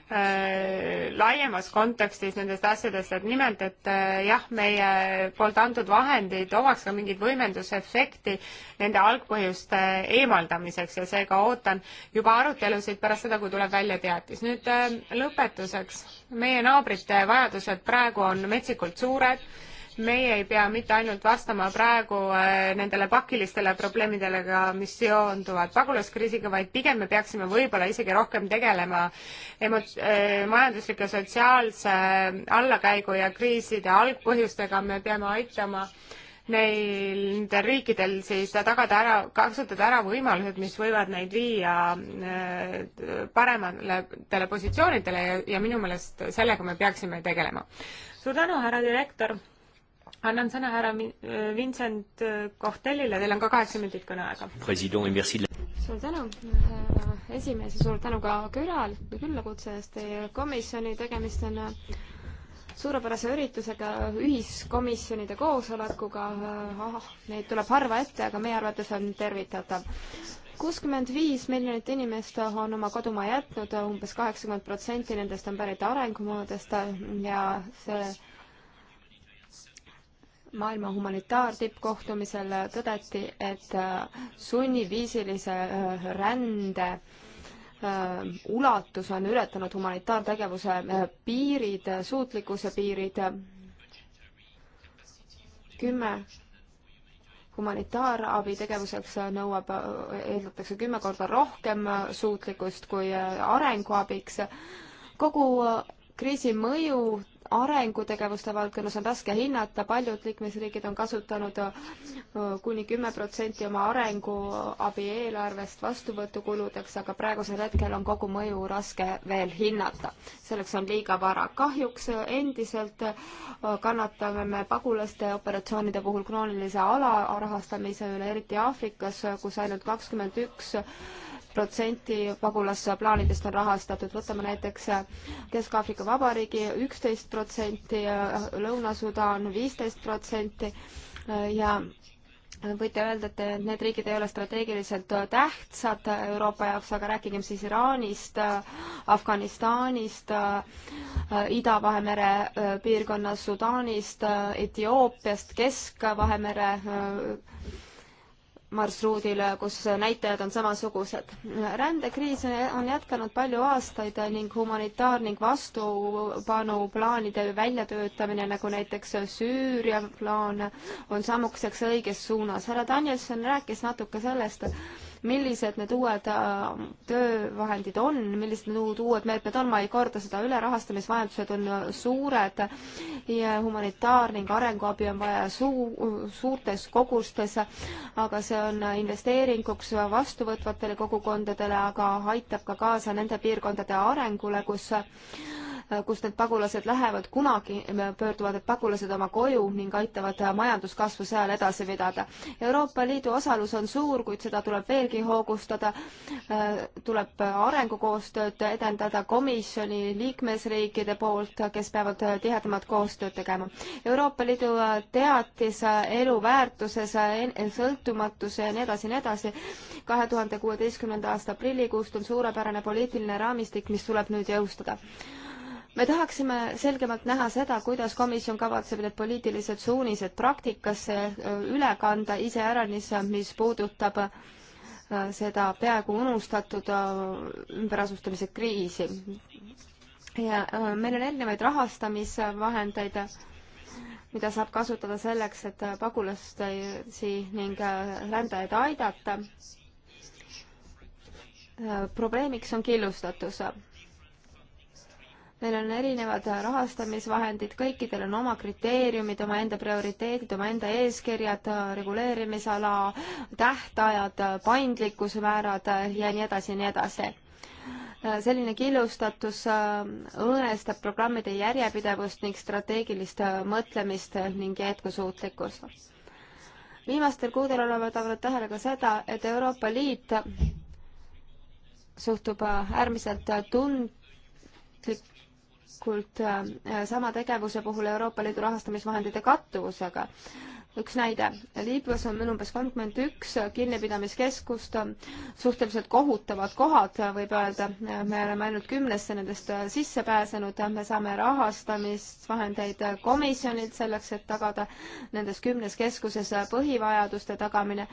Äh, laiemas kontekstis nendest asjadest, et nimelt, et äh, jah, meie poolt antud vahendid omaks ka mingit võimendusefekti nende algpõhjuste eemaldamiseks ja seega ootan juba arutelusid pärast seda, kui tuleb välja teatis. nüüd äh, lõpetuseks, meie naabrite vajadused praegu on metsikult suured meie ei pea mitte ainult vastama praegu äh, nendele pakilistele probleemidele, mis seonduvad pagulaskriisiga, vaid pigem me peaksime võib-olla isegi rohkem tegelema emot-, äh, majandusliku, sotsiaalse allakäigu ja kriiside algpõhjustega, me peame aitama neil riikidel siis tagada ära, kasutada ära võimalused, mis võivad neid viia äh, parematele positsioonidele ja, ja minu meelest sellega me peaksime tegelema. suur tänu, härra direktor! annan sõna härra Vincent Kohtellile, teil on ka kaheksa minutit kõneaega. suur tänu, härra esimees ja suur tänu ka külal, küllakutse eest teie komisjoni, tegemist on äh, suurepärase üritusega, ühiskomisjonide koosolekuga, ahah, ah, neid tuleb harva ette, aga meie arvates on tervitatav kuuskümmend viis miljonit inimest on oma kodumaa jätnud umbes, umbes kaheksakümmend protsenti nendest on pärit arengumaadest ja see maailma humanitaartippkohtumisel tõdeti, et äh, sunniviisilise äh, rände äh, ulatus on ületanud humanitaartegevuse piirid, suutlikkuse piirid. kümme humanitaarabi tegevuseks nõuab, eeldatakse kümme korda rohkem suutlikkust kui arenguabiks. kogu kriisi mõju arengutegevuste valdkonnas on raske hinnata, paljud liikmesriigid on kasutanud kuni kümme protsenti oma arenguabi eelarvest vastuvõtukuludeks, aga praegusel hetkel on kogu mõju raske veel hinnata. selleks on liiga vara. kahjuks endiselt kannatame me pagulaste operatsioonide puhul kroonilise alarahastamise üle, eriti Aafrikas, kus ainult kakskümmend üks protsenti pagulasplaanidest on rahastatud, võtame näiteks Kesk-Aafrika Vabariigi üksteist protsenti, Lõuna-Sudaan viisteist protsenti ja võite öelda, et need riigid ei ole strateegiliselt tähtsad Euroopa jaoks, aga rääkigem siis Iraanist, Afganistanist, Ida-Vahemere äh, piirkonnas Sudaanist, äh, Etioopiast, Kesk-Vahemere äh, marsruudil, kus näitajad on samasugused. rändekriis on jätkanud palju aastaid ning humanitaar- ning vastupanuplaanide väljatöötamine, nagu näiteks Süüria plaan, on sammukeseks õiges suunas. härra Danielson rääkis natuke sellest, millised need uued äh, töövahendid on, millised need uued, uued meetmed on, ma ei korda seda üle, rahastamisvajadused on äh, suured ja humanitaar- ning arenguabi on vaja suu-, suurtes kogustes, aga see on investeeringuks vastuvõtvatele kogukondadele, aga aitab ka kaasa nende piirkondade arengule, kus Äh, kust need pagulased lähevad, kunagi pöörduvad need pagulased oma koju ning aitavad äh, majanduskasvu seal edasi pidada. Euroopa Liidu osalus on suur, kuid seda tuleb veelgi hoogustada, äh, tuleb arengukoostööd edendada komisjoni liikmesriikide poolt, kes peavad tihedamat koostööd tegema. Euroopa Liidu teatis eluväärtuses, sõltumatus ja nii edasi ja nii edasi, kahe tuhande kuueteistkümnenda aasta aprillikuust on suurepärane poliitiline raamistik, mis tuleb nüüd jõustada me tahaksime selgemalt näha seda, kuidas komisjon kavatseb need poliitilised suunised praktikasse äh, üle kanda, iseäranis, mis puudutab äh, seda peaaegu unustatud äh, ümberasustamise kriisi. ja meil on erinevaid rahastamisvahendeid, mida saab kasutada selleks, et pagulasi ning rändajaid aidata. probleemiks on killustatus Neil on erinevad rahastamisvahendid, kõikidel on oma kriteeriumid, omaenda prioriteedid, omaenda eeskirjad, reguleerimisala, tähtajad, paindlikkuse määrad ja nii edasi ja nii edasi. selline killustatus äh, õõnestab programmide järjepidevust ning strateegilist äh, mõtlemist ning jätkusuutlikkust. viimastel kuudel oleme tabanud tähele ka seda, et Euroopa Liit suhtub äh, äärmiselt tund-, kult äh, sama tegevuse puhul Euroopa Liidu rahastamisvahendite kattuvusega. üks näide, Liibüas on umbes kolmkümmend üks kinnipidamiskeskust, suhteliselt kohutavad kohad, võib öelda, me oleme ainult kümnesse nendest sisse pääsenud, me saame rahastamisvahendeid komisjonilt selleks, et tagada nendes kümnes keskuses põhivajaduste tagamine,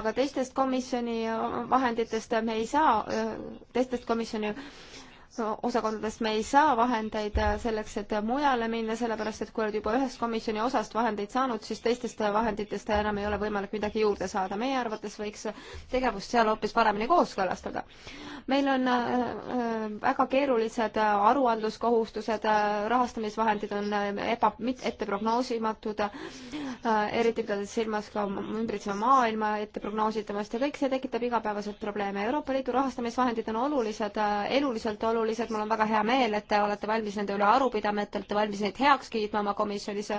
aga teistest komisjoni vahenditest me ei saa, teistest komisjoni osakondadest me ei saa vahendeid äh, selleks, et mujale minna, sellepärast et kui oled juba ühest komisjoni osast vahendeid saanud, siis teistest äh, vahenditest äh, enam ei ole võimalik midagi juurde saada. meie arvates võiks tegevust seal hoopis paremini kooskõlastada. meil on väga keerulised aruandluskohustused, rahastamisvahendid on eba, etteprognoosimatud, eriti pidades silmas ka ümbritseva maailma etteprognoositamist ja kõik see tekitab igapäevaselt probleeme. Euroopa Liidu rahastamisvahendid on olulised, eluliselt olulised olulised, mul on väga hea meel, et te olete valmis nende üle aru pidama, et te olete valmis neid heaks kiitma oma komisjonis,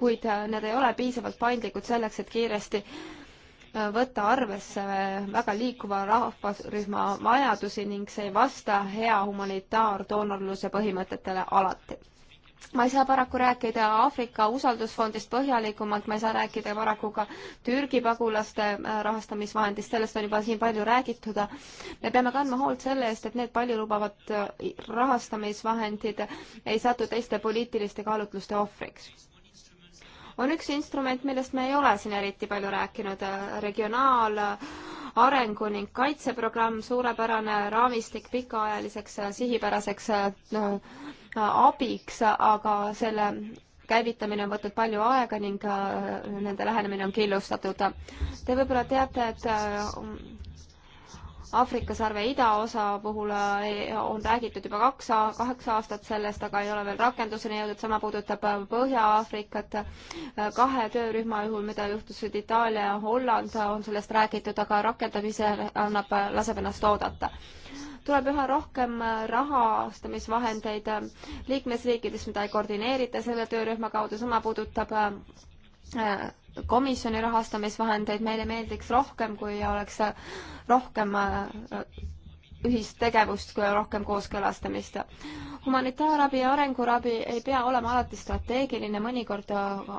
kuid äh, need ei ole piisavalt paindlikud selleks, et kiiresti äh, võtta arvesse äh, väga liikuva rahvusrühma vajadusi ning see ei vasta hea humanitaardoonorluse põhimõtetele alati ma ei saa paraku rääkida Aafrika usaldusfondist põhjalikumalt, ma ei saa rääkida paraku ka Türgi pagulaste äh, rahastamisvahendist, sellest on juba siin palju räägitud. me peame kandma hoolt selle eest, et need paljulubavad äh, rahastamisvahendid ei satu teiste poliitiliste kaalutluste ohvriks. on üks instrument, millest me ei ole siin eriti palju rääkinud, äh, regionaal arengu ning kaitseprogramm, suurepärane raamistik pikaajaliseks sihipäraseks abiks, aga selle käivitamine on võtnud palju aega ning äh, nende lähenemine on killustatud. Te võib-olla teate, et äh, Aafrika sarve idaosa puhul äh, on räägitud juba kaks, kaheksa aastat sellest, aga ei ole veel rakenduseni jõudnud, sama puudutab Põhja-Aafrikat. kahe töörühma juhul, mida juhtusid Itaalia ja Holland, on sellest räägitud, aga rakendamisel annab, laseb ennast oodata tuleb üha rohkem äh, rahastamisvahendeid äh, liikmesriikides, mida ei koordineerita selle töörühma kaudu, sama puudutab äh, komisjoni rahastamisvahendeid, meile meeldiks rohkem, kui oleks rohkem ühist tegevust, kui rohkem kooskõlastamist. humanitaarabi ja arengurabi ei pea olema alati strateegiline, mõnikord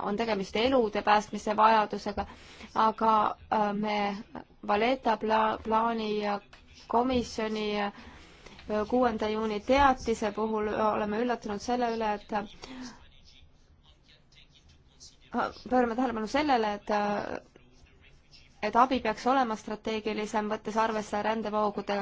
on tegemist elude päästmise vajadusega, aga me Valeta pla-, plaani ja komisjoni äh, kuuenda juuni teatise puhul äh, oleme üllatunud selle üle, et äh, pöörame tähelepanu sellele, et et abi peaks olema strateegilisem, võttes arvesse rändevoogude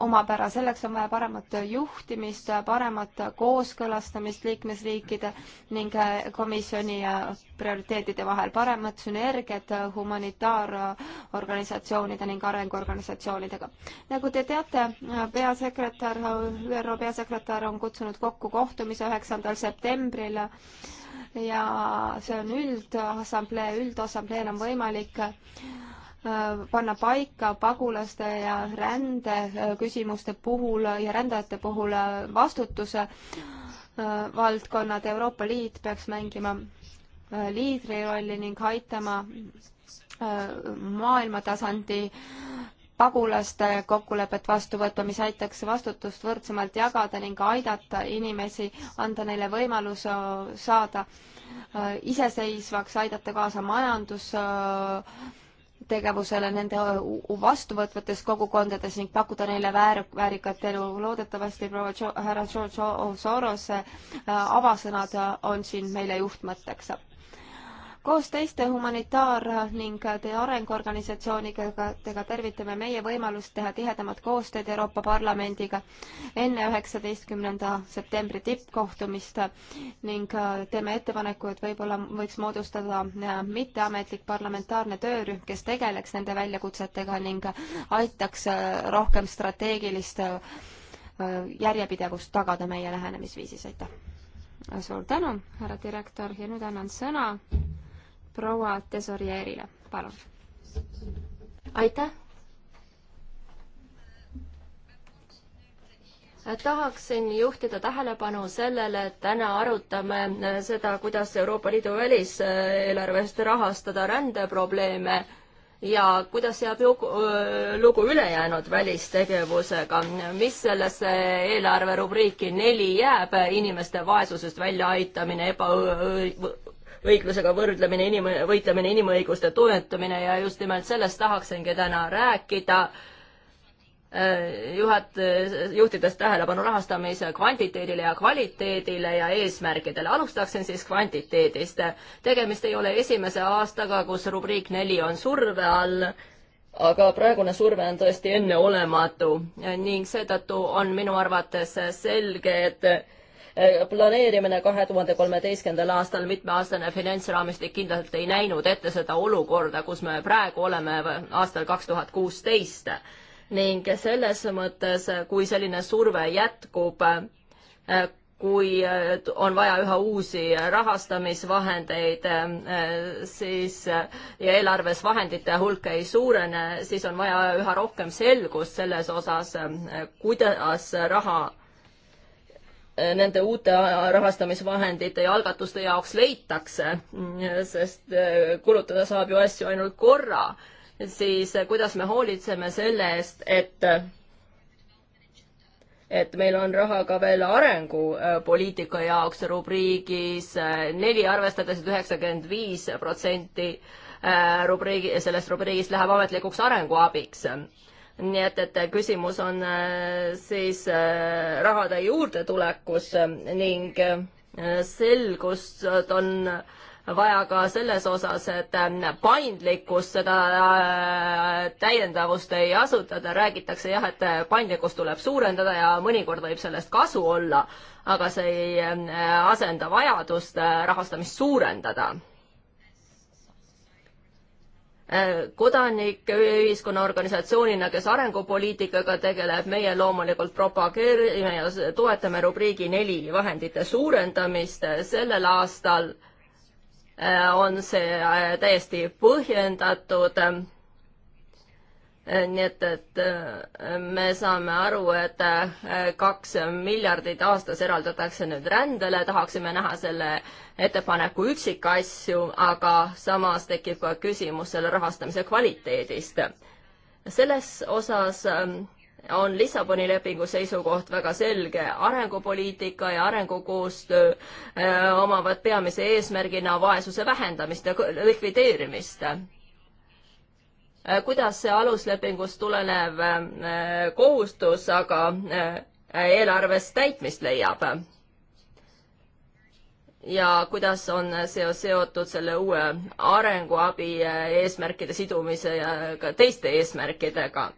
omapära, selleks on vaja paremat juhtimist, paremat kooskõlastamist liikmesriikide ning äh, komisjoni äh, prioriteetide vahel, paremat sünergiat äh, humanitaarorganisatsioonide ning arenguorganisatsioonidega. nagu te teate, peasekretär, ÜRO peasekretär on kutsunud kokku kohtumise üheksandal septembril ja see on üldassamblee, üldassambleel on võimalik Äh, panna paika pagulaste ja rände äh, küsimuste puhul ja rändajate puhul äh, vastutuse valdkonnad. Euroopa Liit peaks mängima liidri rolli ning aitama maailmatasandi pagulaste kokkulepet vastu võtma, mis aitaks vastutust võrdsemalt jagada ning aidata inimesi, anda neile võimalus saada iseseisvaks, aidata kaasa majandus äh, tegevusele nende vastuvõtvates kogukondades ning pakkuda neile väär, väärikat elu. loodetavasti proua härra George Soros äh, avasõnad on siin meile juhtmõtteks koos teiste humanitaar- ning arenguorganisatsioonidega tervitame meie võimalust teha tihedamat koostööd Euroopa Parlamendiga enne üheksateistkümnenda septembri tippkohtumist ning äh, teeme ettepaneku, et võib-olla võiks moodustada äh, mitteametlik parlamentaarne töörühm, kes tegeleks nende väljakutsetega ning aitaks äh, rohkem strateegilist järjepidevust tagada meie lähenemisviisis, aitäh! suur tänu, härra direktor, ja nüüd annan sõna proua Tesorierile, palun. aitäh. tahaksin juhtida tähelepanu sellele, et täna arutame seda, kuidas Euroopa Liidu väliseelarvest rahastada rändeprobleeme ja kuidas jääb lugu, lugu ülejäänud välistegevusega, mis sellesse eelarverubriiki neli jääb, inimeste vaesusest väljaaitamine, ebaõiglased õiglusega võrdlemine, inim-, võitlemine, inimõiguste toetamine ja just nimelt sellest tahaksingi täna rääkida äh, juhat-, juhtides tähelepanu rahastamise kvantiteedile ja kvaliteedile ja eesmärgidele. alustaksin siis kvantiteedist. tegemist ei ole esimese aastaga, kus rubriik neli on surve all, aga praegune surve on tõesti enneolematu ning seetõttu on minu arvates selge, et Äh, planeerimine kahe tuhande kolmeteistkümnendal aastal, mitmeaastane finantsraamistik kindlalt ei näinud ette seda olukorda, kus me praegu oleme aastal kaks tuhat kuusteist. ning selles mõttes, kui selline surve jätkub, äh, kui äh, on vaja üha uusi rahastamisvahendeid, siis ja eelarves vahendite hulk ei suurene, siis on vaja üha rohkem selgust selles osas, kuidas raha nende uute rahastamisvahendite ja algatuste jaoks leitakse, sest äh, kulutada saab ju asju ainult korra, siis äh, kuidas me hoolitseme selle eest, et et meil on raha ka veel arengupoliitika äh, jaoks rubriigis neli, arvestades, et üheksakümmend viis protsenti rubriigi, sellest rubriigist läheb ametlikuks arenguabiks nii et, et küsimus on äh, siis äh, rahade juurdetulekus äh, ning selgust on vaja ka selles osas, et paindlikkus, seda täiendavust ei asutada, räägitakse jah, et paindlikkust tuleb suurendada ja mõnikord võib sellest kasu olla, aga see ei asenda vajadust rahastamist suurendada kodanike ühiskonnaorganisatsioonina, kes arengupoliitikaga tegeleb, meie loomulikult propageerime ja toetame rubriigi neli vahendite suurendamist. sellel aastal äh, on see äh, täiesti põhjendatud. Äh, nii et, et me saame aru, et kaks miljardit aastas eraldatakse nüüd rändele, tahaksime näha selle ettepaneku üksikasju, aga samas tekib ka küsimus selle rahastamise kvaliteedist. selles osas ähm, on Lissaboni lepingu seisukoht väga selge, arengupoliitika ja arengukoostöö äh, omavad peamise eesmärgina vaesuse vähendamist ja likvideerimist äh, kuidas see aluslepingust tulenev äh, kohustus aga eelarves täitmist leiab? ja kuidas on see seotud selle uue arenguabi eesmärkide sidumise ja ka teiste eesmärkidega.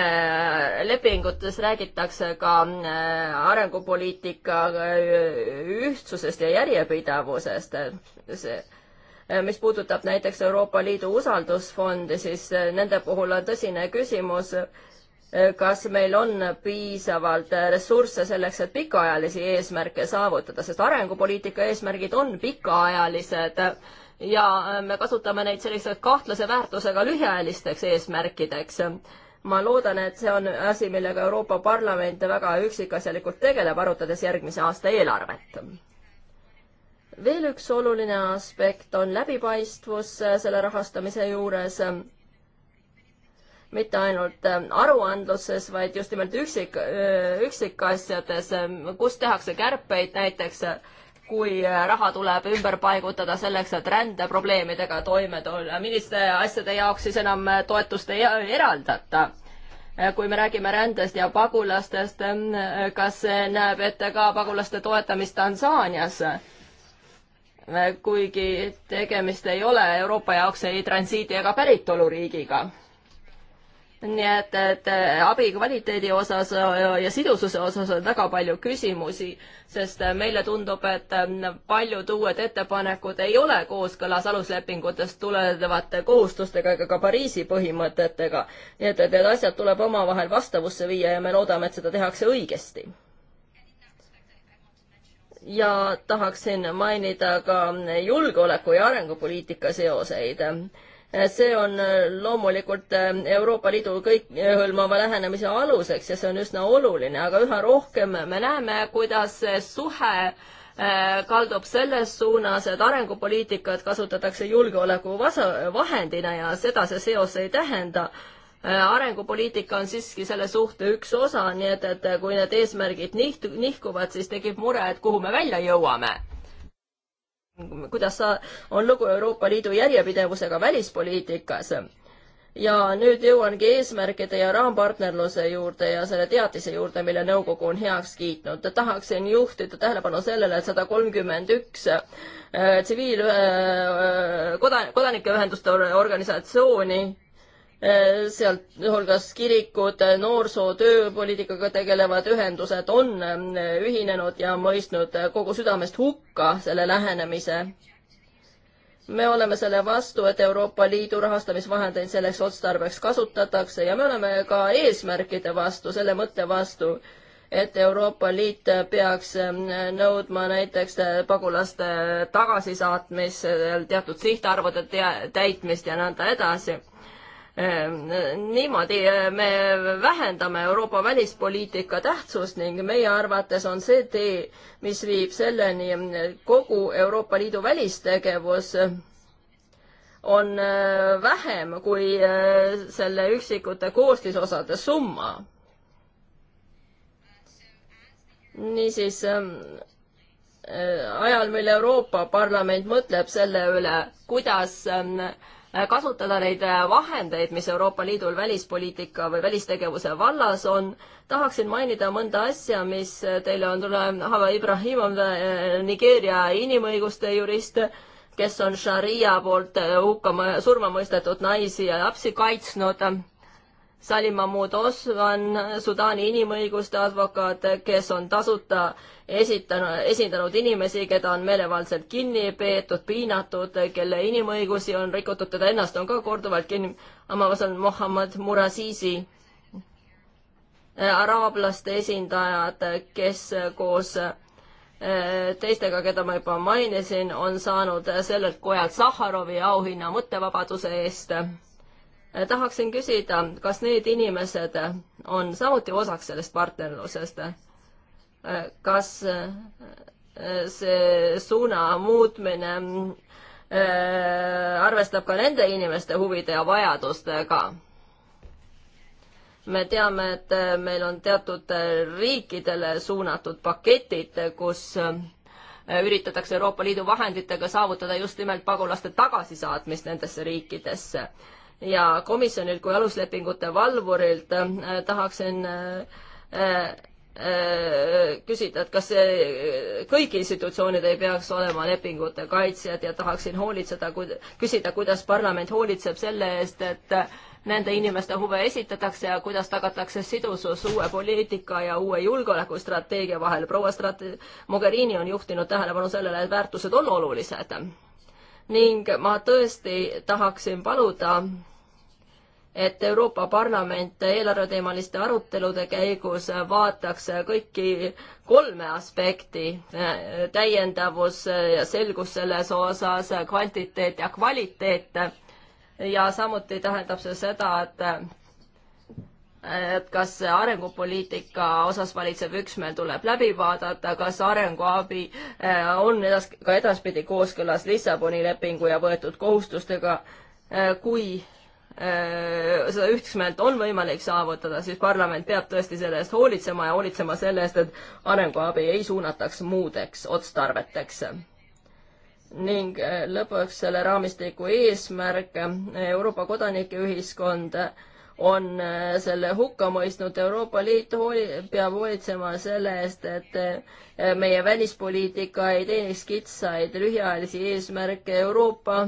Äh, lepingutes räägitakse ka äh, arengupoliitika äh, ühtsusest ja järjepidavusest. see mis puudutab näiteks Euroopa Liidu usaldusfondi, siis nende puhul on tõsine küsimus, Eh, kas meil on piisavalt eh, ressursse selleks, et pikaajalisi eesmärke saavutada, sest arengupoliitika eesmärgid on pikaajalised ja eh, me kasutame neid sellise kahtlase väärtusega lühiajalisteks eesmärkideks. ma loodan, et see on asi, millega Euroopa Parlament väga üksikasjalikult tegeleb, arutades järgmise aasta eelarvet veel üks oluline aspekt on läbipaistvus selle rahastamise juures mitte ainult äh, aruandluses, vaid just nimelt üksik, äh, üksikasjades, äh, kus tehakse kärpeid näiteks, kui raha tuleb ümber paigutada selleks, et rändeprobleemidega toime tulla, milliste asjade jaoks siis enam toetust ei eraldata? kui me räägime rändest ja pagulastest, kas see näeb ette ka pagulaste toetamist Tansaanias? kuigi tegemist ei ole Euroopa jaoks ei transiidi ega päritoluriigiga nii et, et abi kvaliteedi osas äh, ja sidususe osas on väga palju küsimusi, sest äh, meile tundub, et äh, paljud uued ettepanekud ei ole kooskõlas aluslepingutest tulenevate kohustustega ega ka Pariisi põhimõtetega. nii et, et need asjad tuleb omavahel vastavusse viia ja me loodame, et seda tehakse õigesti ja tahaksin mainida ka julgeoleku ja arengupoliitika seoseid Eh, see on eh, loomulikult eh, Euroopa Liidu kõikehõlmava lähenemise aluseks ja see on üsna oluline, aga üha rohkem me näeme, kuidas see suhe kaldub selles suunas, et arengupoliitikat kasutatakse julgeoleku vasa-, vahendina ja seda see seos ei tähenda. arengupoliitika on siiski selle suhte üks osa, nii et, et kui need eesmärgid niht-, nihkuvad, siis tekib mure, et kuhu me välja jõuame kuidas on lugu Euroopa Liidu järjepidevusega välispoliitikas. ja nüüd jõuangi eesmärkide ja raampartnerluse juurde ja selle teatise juurde, mille nõukogu on heaks kiitnud. tahaksin juhtida tähelepanu sellele, et sada kolmkümmend üks äh, tsiviil- äh, koda,, kodanikeühenduste organisatsiooni sealhulgas kirikud, noorsoo, tööpoliitikaga tegelevad ühendused on eh, ühinenud ja mõistnud kogu südamest hukka selle lähenemise. me oleme selle vastu, et Euroopa Liidu rahastamisvahendeid selleks otstarbeks kasutatakse ja me oleme ka eesmärkide vastu, selle mõtte vastu, et Euroopa Liit peaks eh, nõudma näiteks eh, pagulaste tagasisaatmisel teatud sihtarvude täitmist ja nõnda edasi Ehm, niimoodi ehm, me vähendame Euroopa välispoliitika tähtsust ning meie arvates on see tee, mis viib selleni, ehm, kogu Euroopa Liidu välistegevus on vähem kui selle üksikute koostisosade summa. niisiis ajal, mil Euroopa Parlament mõtleb selle üle, kuidas Äh, kasutada neid äh, vahendeid, mis Euroopa Liidul välispoliitika või välistegevuse vallas on. tahaksin mainida mõnda asja, mis äh, teile on tulnud, Hava Ibrahimov, Nigeeria inimõiguste jurist, kes on Sharia poolt hukka, surma mõistetud naisi ja lapsi kaitsnud Salima Mudos on Sudaani inimõiguste advokaat, kes on tasuta esitanud, esindanud inimesi, keda on meelevaldselt kinni peetud, piinatud, kelle inimõigusi on rikutud, teda ennast on ka korduvalt kinni, Amavas on Mohammed Murasisi, äh, araablaste esindajad, kes koos äh, teistega, keda ma juba mainisin, on saanud sellelt kojalt Sahharovi auhinna mõttevabaduse eest Äh, tahaksin küsida, kas need inimesed äh, on samuti osaks sellest partnerlusest? Äh, kas see suuna muutmine arvestab ka nende inimeste huvide ja vajadustega? me teame, et meil on teatud riikidele suunatud paketid, kus üritatakse Euroopa Liidu vahenditega saavutada just nimelt pagulaste tagasisaatmist nendesse riikidesse ja komisjonilt kui aluslepingute valvurilt äh, tahaksin äh, äh, küsida, et kas kõik institutsioonid ei peaks olema lepingute kaitsjad ja tahaksin hoolitseda, küsida, kuidas parlament hoolitseb selle eest, et nende inimeste huve esitatakse ja kuidas tagatakse sidusus uue poliitika ja uue julgeolekustrateegia vahel. proua strate-, Mogherini on juhtinud tähelepanu sellele, et väärtused on olulised. ning ma tõesti tahaksin paluda et Euroopa Parlament eelarveteemaliste arutelude käigus vaataks kõiki kolme aspekti, eh, täiendavus ja selgus selles osas, kvantiteet ja kvaliteet. ja samuti tähendab see seda, et et kas arengupoliitika osas valitsev üksmeel tuleb läbi vaadata, kas arenguabi eh, on edas-, ka edaspidi kooskõlas Lissaboni lepingu ja võetud kohustustega, eh, kui Äh, seda ühtsmeelt on võimalik saavutada, siis parlament peab tõesti selle eest hoolitsema ja hoolitsema selle eest, et arenguabi ei suunataks muudeks otstarveteks. ning äh, lõpuks selle raamistiku eesmärk, äh, Euroopa kodanikeühiskond on selle hukka mõistnud, Euroopa Liit hooli-, peab hoolitsema selle eest, et meie välispoliitika ei teeniks kitsaid lühiajalisi eesmärke Euroopa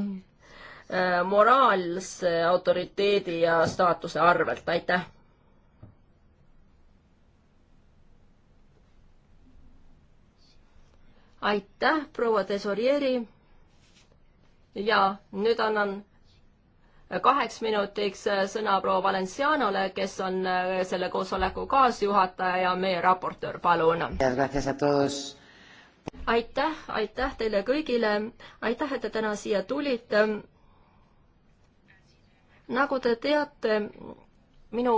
Äh, moraalse autoriteedi ja staatuse arvelt, aitäh. aitäh, proua Tesorieri. ja nüüd annan kaheks minutiks äh, sõna proua Valencianole, kes on äh, selle koosoleku kaasjuhataja ja meie raportöör, palun. aitäh, aitäh teile kõigile, aitäh, et te täna siia tulite nagu te teate, minu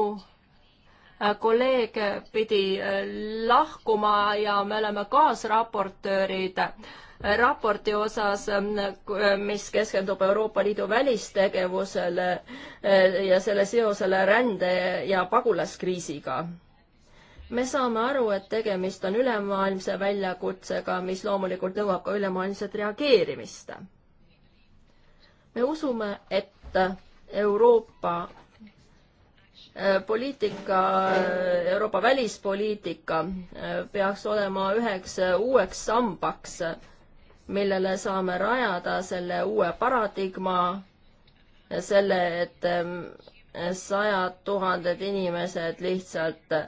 äh, kolleeg pidi äh, lahkuma ja me oleme kaasraportöörid äh, raporti osas, mis keskendub Euroopa Liidu välistegevusele ja selle seosele rände ja pagulaskriisiga. me saame aru, et tegemist on ülemaailmse väljakutsega, mis loomulikult nõuab ka ülemaailmset reageerimist. me usume, et Euroopa äh, poliitika, äh, Euroopa välispoliitika äh, peaks olema üheks uueks sambaks, millele saame rajada selle uue paradigma, selle, et ähm, sajad tuhanded inimesed lihtsalt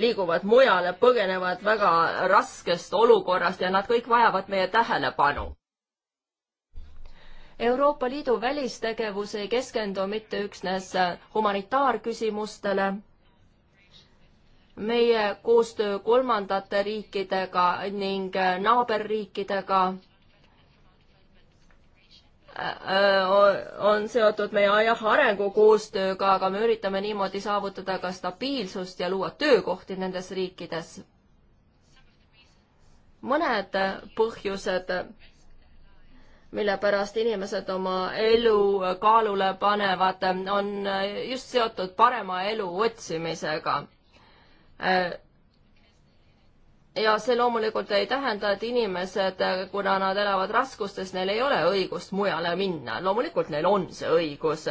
liiguvad mujale, põgenevad väga raskest olukorrast ja nad kõik vajavad meie tähelepanu Euroopa Liidu välistegevus ei keskendu mitte üksnes humanitaarküsimustele, meie koostöö kolmandate riikidega ning äh, naaberriikidega äh, on seotud meie jah, arengukoostööga, aga me üritame niimoodi saavutada ka stabiilsust ja luua töökohti nendes riikides. mõned põhjused mille pärast inimesed oma elu kaalule panevad, on just seotud parema elu otsimisega. ja see loomulikult ei tähenda, et inimesed, kuna nad elavad raskustes, neil ei ole õigust mujale minna, loomulikult neil on see õigus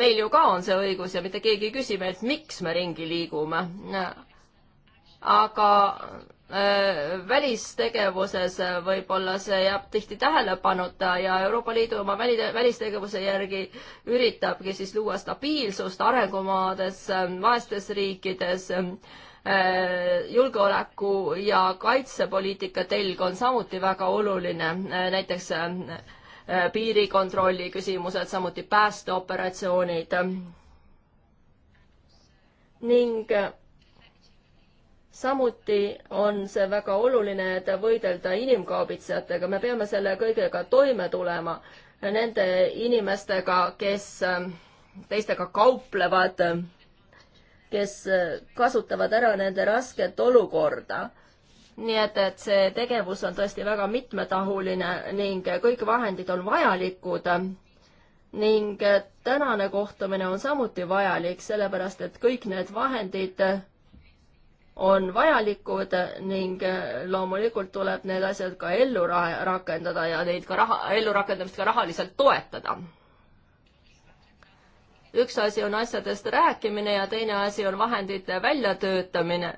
meil ju ka on see õigus ja mitte keegi ei küsi meilt, miks me ringi liigume. aga Äh, välistegevuses äh, võib-olla see jääb tihti tähelepanuta ja Euroopa Liidu oma väli, välistegevuse järgi üritabki siis luua stabiilsust arengumaades, äh, vaestes riikides. julgeoleku ja kaitsepoliitika telg on samuti väga oluline, näiteks piirikontrolli küsimused, samuti päästeoperatsioonid. ning samuti on see väga oluline, et võidelda inimkaubitsejatega, me peame selle kõigega toime tulema, nende inimestega, kes ähm, teistega kauplevad, kes äh, kasutavad ära nende rasket olukorda. nii et, et see tegevus on tõesti väga mitmetahuline ning kõik vahendid on vajalikud ning tänane kohtumine on samuti vajalik, sellepärast et kõik need vahendid on vajalikud ning äh, loomulikult tuleb need asjad ka ellu ra rakendada ja neid ka raha, ellurakendamist ka rahaliselt toetada. üks asi on asjadest rääkimine ja teine asi on vahendite väljatöötamine.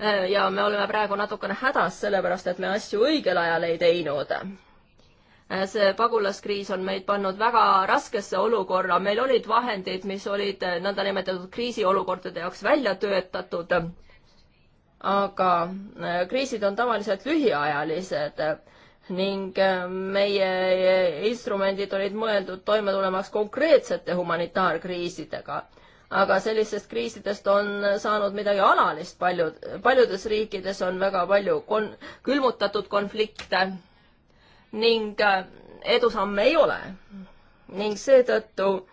Äh, ja me oleme praegu natukene hädas, sellepärast et me asju õigel ajal ei teinud äh, see pagulaskriis on meid pannud väga raskesse olukorra, meil olid vahendid, mis olid nõndanimetatud kriisiolukordade jaoks välja töötatud aga äh, kriisid on tavaliselt lühiajalised ning äh, meie äh, instrumendid olid mõeldud toime tulemaks konkreetsete humanitaarkriisidega. aga sellistest kriisidest on saanud midagi alalist, paljud, paljudes riikides on väga palju kon-, külmutatud konflikte ning edusamme ei ole. ning seetõttu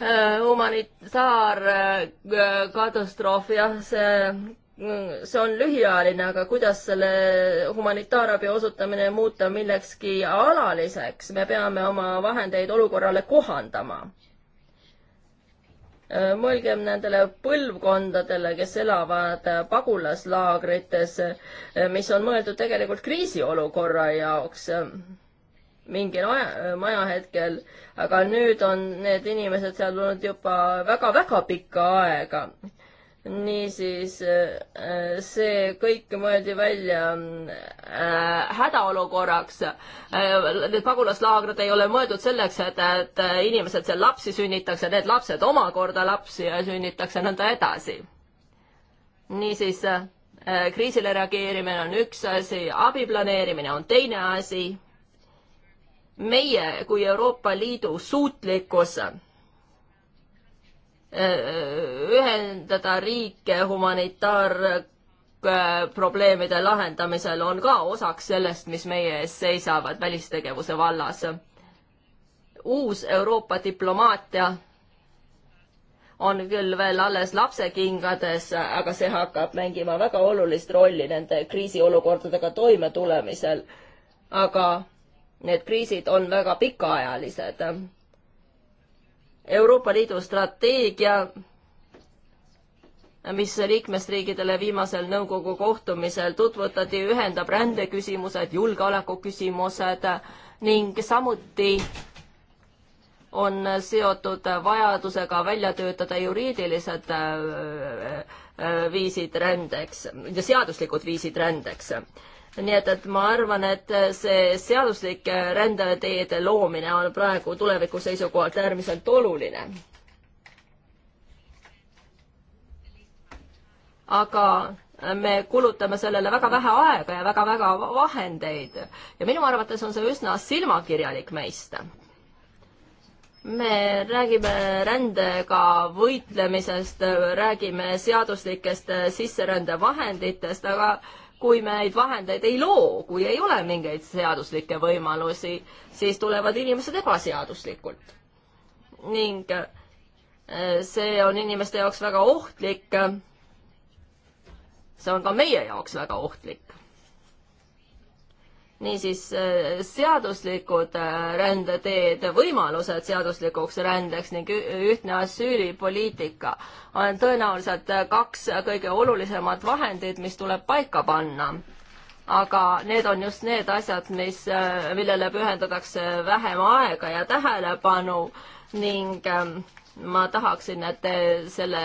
Äh, humanitaarkatastroof, äh, jah, see mm, see on lühiajaline, aga kuidas selle humanitaarabi osutamine muuta millekski alaliseks, me peame oma vahendeid olukorrale kohandama. Äh, mõelgem nendele põlvkondadele, kes elavad pagulaslaagrites, mis on mõeldud tegelikult kriisiolukorra jaoks mingil aja, majahetkel, aga nüüd on need inimesed seal olnud juba väga-väga pikka aega. niisiis äh, see kõik mõeldi välja äh, hädaolukorraks äh,. Need pagulaslaagrid ei ole mõeldud selleks, et, et inimesed seal lapsi sünnitakse, need lapsed omakorda lapsi sünnitakse, nõnda edasi. niisiis äh, kriisile reageerimine on üks asi, abi planeerimine on teine asi meie kui Euroopa Liidu suutlikkus äh, äh, ühendada riike humanitaarprobleemide lahendamisel on ka osaks sellest, mis meie ees seisavad välistegevuse vallas. uus Euroopa diplomaatia on küll veel alles lapsekingades, aga see hakkab mängima väga olulist rolli nende kriisiolukordadega toimetulemisel. aga need kriisid on väga pikaajalised. Euroopa Liidu strateegia, mis liikmesriigidele viimasel nõukogu kohtumisel tutvutati, ühendab rändeküsimused, julgeolekuküsimused ning samuti on seotud vajadusega välja töötada juriidilised äh, äh, viisid rändeks ja seaduslikud viisid rändeks nii et, et ma arvan, et see seaduslike rändeteede loomine on praegu tuleviku seisukohalt äärmiselt oluline. aga me kulutame sellele väga vähe aega ja väga-väga vahendeid ja minu arvates on see üsna silmakirjalik meist me räägime rändega võitlemisest, räägime seaduslikest sisserändevahenditest, aga kui me neid vahendeid ei loo, kui ei ole mingeid seaduslikke võimalusi, siis tulevad inimesed ebaseaduslikult. ning äh, see on inimeste jaoks väga ohtlik. see on ka meie jaoks väga ohtlik niisiis äh, seaduslikud äh, rändeteed, võimalused seaduslikuks rändeks ning ühtne asüülipoliitika on tõenäoliselt äh, kaks kõige olulisemat vahendit, mis tuleb paika panna. aga need on just need asjad, mis, millele pühendatakse vähem aega ja tähelepanu ning ähm, ma tahaksin, et te selle,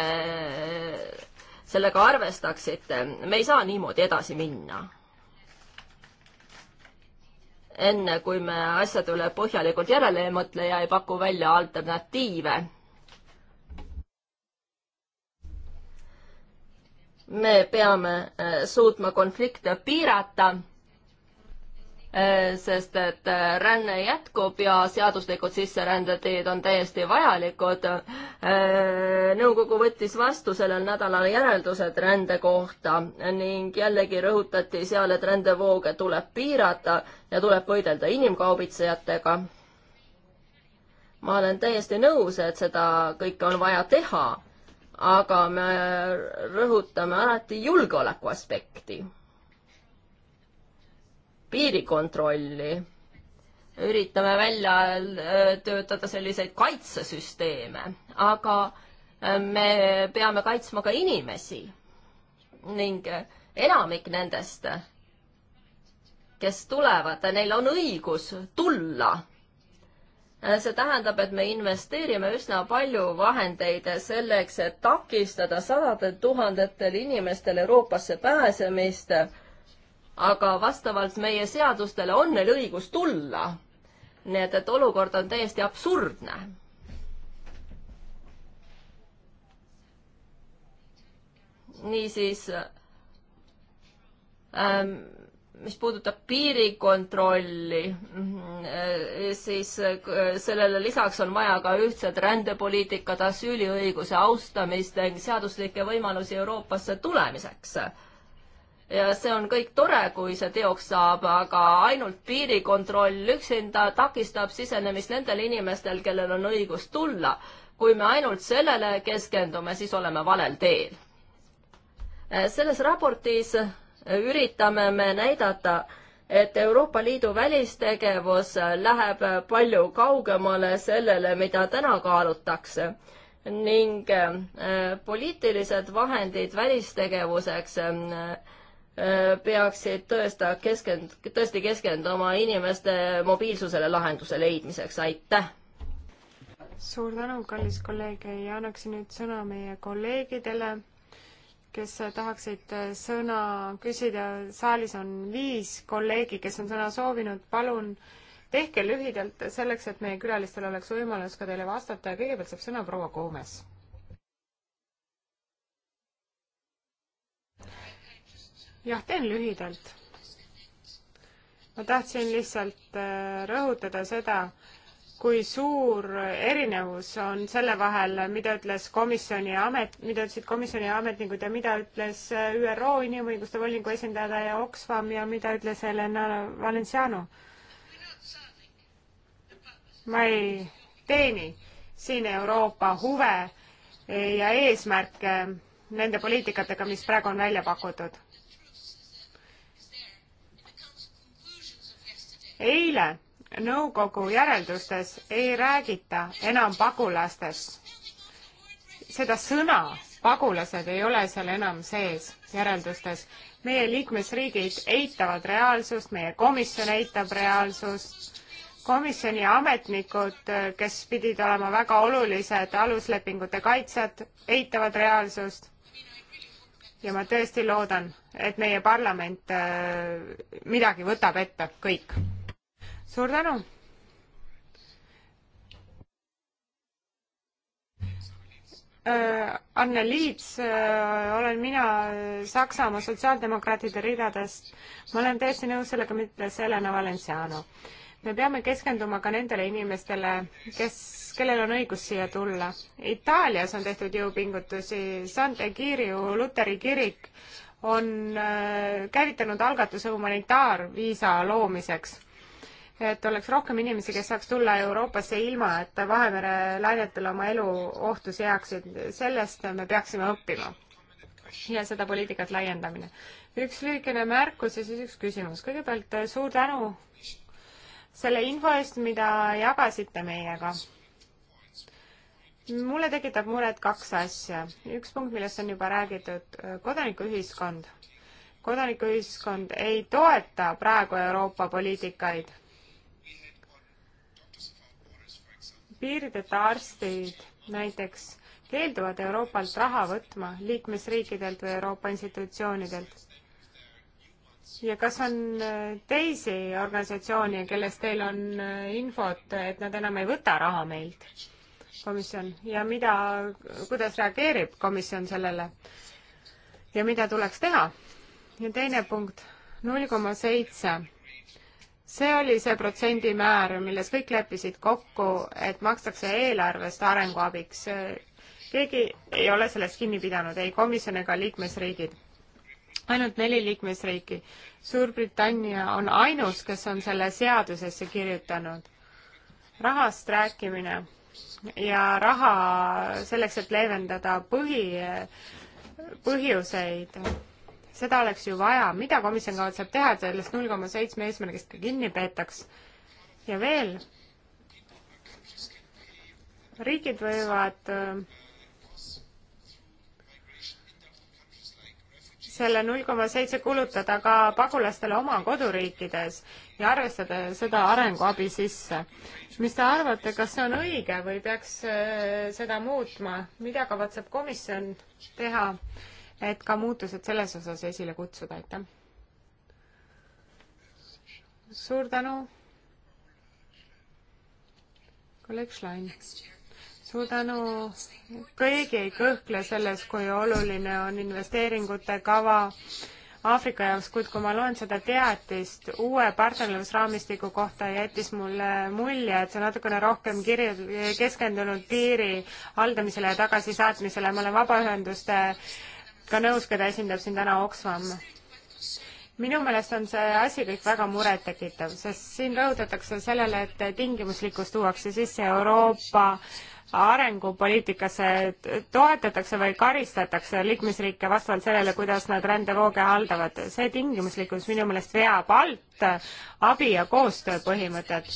sellega arvestaksite. me ei saa niimoodi edasi minna enne kui me asjade üle põhjalikult järele ei mõtle ja ei paku välja alternatiive. me peame eh, suutma konflikte piirata Äh, sest et äh, ränne jätkub ja seaduslikud sisserändeteed on täiesti vajalikud. Äh, nõukogu võttis vastu sellel nädalal järeldused rände kohta ning jällegi rõhutati seal, et rändevooge tuleb piirata ja tuleb võidelda inimkaubitsejatega. ma olen täiesti nõus, et seda kõike on vaja teha, aga me rõhutame alati julgeoleku aspekti piirikontrolli. üritame välja äh, töötada selliseid kaitsesüsteeme, aga äh, me peame kaitsma ka inimesi ning äh, enamik nendest, kes tulevad, neil on õigus tulla see tähendab, et me investeerime üsna palju vahendeid selleks, et takistada sadadel tuhandetel inimestel Euroopasse pääsemist aga vastavalt meie seadustele on neil õigus tulla. nii et, et olukord on täiesti absurdne. niisiis ähm, mis puudutab piirikontrolli, äh, siis äh, sellele lisaks on vaja ka ühtset rändepoliitikat, asüüliõiguse austamist ning seaduslikke võimalusi Euroopasse tulemiseks ja see on kõik tore, kui see teoks saab, aga ainult piirikontroll üksinda takistab sisenemist nendel inimestel, kellel on õigus tulla. kui me ainult sellele keskendume, siis oleme valel teel. selles raportis üritame me näidata, et Euroopa Liidu välistegevus läheb palju kaugemale sellele, mida täna kaalutakse ning eh, poliitilised vahendid välistegevuseks äh, Äh, peaksid tõesta keskend-, tõesti keskenduma inimeste mobiilsusele lahenduse leidmiseks, aitäh! suur tänu, kallis kolleeg ja annaksin nüüd sõna meie kolleegidele, kes tahaksid äh, sõna küsida, saalis on viis kolleegi, kes on sõna soovinud, palun tehke lühidalt selleks, et meie külalistel oleks võimalus ka teile vastata ja kõigepealt saab sõna proua Koomes jah, teen lühidalt. ma tahtsin lihtsalt äh, rõhutada seda, kui suur erinevus on selle vahel, mida ütles komisjoni amet, mida ütlesid komisjoni ametnikud ja mida ütles äh, ÜRO inimõiguste voliniku esindaja ja Oxfam ja mida ütles Helena Valenciano. ma ei teeni siin Euroopa huve ja eesmärke nende poliitikatega, mis praegu on välja pakutud. eile nõukogu järeldustes ei räägita enam pagulastest. seda sõna pagulased ei ole seal enam sees järeldustes. meie liikmesriigid eitavad reaalsust, meie komisjon eitab reaalsust, komisjoni ametnikud, kes pidid olema väga olulised aluslepingute kaitsjad, eitavad reaalsust. ja ma tõesti loodan, et meie parlament äh, midagi võtab ette, kõik suur tänu! Äh, Anne Liips, äh, olen mina Saksamaa sotsiaaldemokraatide ridadest. ma olen täiesti nõus sellega, mida ütles Helena Valenciano. me peame keskenduma ka nendele inimestele, kes, kellel on õigus siia tulla. Itaalias on tehtud jõupingutusi, Sante Kirju luteri kirik on äh, käivitanud algatuse humanitaarviisa loomiseks et oleks rohkem inimesi, kes saaks tulla Euroopasse ilma, et Vahemere lainetel oma elu ohtu seaksid, sellest me peaksime õppima. ja seda poliitikat laiendamine. üks lühikene märkus ja siis üks küsimus. kõigepealt eh, suur tänu selle info eest, mida jagasite meiega. mulle tekitab muret kaks asja. üks punkt, millest on juba räägitud, eh, kodanikuühiskond kodanikuühiskond ei toeta praegu Euroopa poliitikaid piirideta arstid näiteks keelduvad Euroopalt raha võtma liikmesriikidelt või Euroopa institutsioonidelt. ja kas on äh, teisi organisatsioone, kellest teil on äh, infot, et nad enam ei võta raha meilt, komisjon, ja mida, kuidas reageerib komisjon sellele ja mida tuleks teha? ja teine punkt, null koma seitse see oli see protsendimäär, milles kõik leppisid kokku, et makstakse eelarvest arenguabiks. keegi ei ole sellest kinni pidanud, ei komisjon ega liikmesriigid. ainult neli liikmesriiki. Suurbritannia on ainus, kes on selle seadusesse kirjutanud. rahast rääkimine ja raha selleks, et leevendada põhi, põhjuseid seda oleks ju vaja, mida komisjon kavatseb teha, et sellest null koma seitsme eesmärgist ka kinni peetaks. ja veel, riigid võivad äh, selle null koma seitse kulutada ka pagulastele oma koduriikides ja arvestada seda arenguabi sisse. mis te arvate, kas see on õige või peaks äh, seda muutma, mida kavatseb komisjon teha? et ka muutused selles osas esile kutsuda, aitäh! suur tänu, kolleeg Schlein! suur tänu, keegi ei kõhkle selles, kui oluline on investeeringute kava Aafrika jaoks, kuid kui ma loen seda teatist uue partnerlusraamistiku kohta, jättis mulle mulje, et see on natukene rohkem kirju-, keskendunud piiri haldamisele ja tagasisaatmisele. ma olen vabaühenduste äh, ka nõus, keda esindab siin täna Oxfam. minu meelest on see asi kõik väga murettekitav, sest siin rõhutatakse sellele, et tingimuslikkus tuuakse sisse Euroopa arengupoliitikasse toetatakse või karistatakse liikmesriike vastavalt sellele, kuidas nad rändevooge haldavad. see tingimuslikkus minu meelest veab alt abi ja koostöö põhimõtet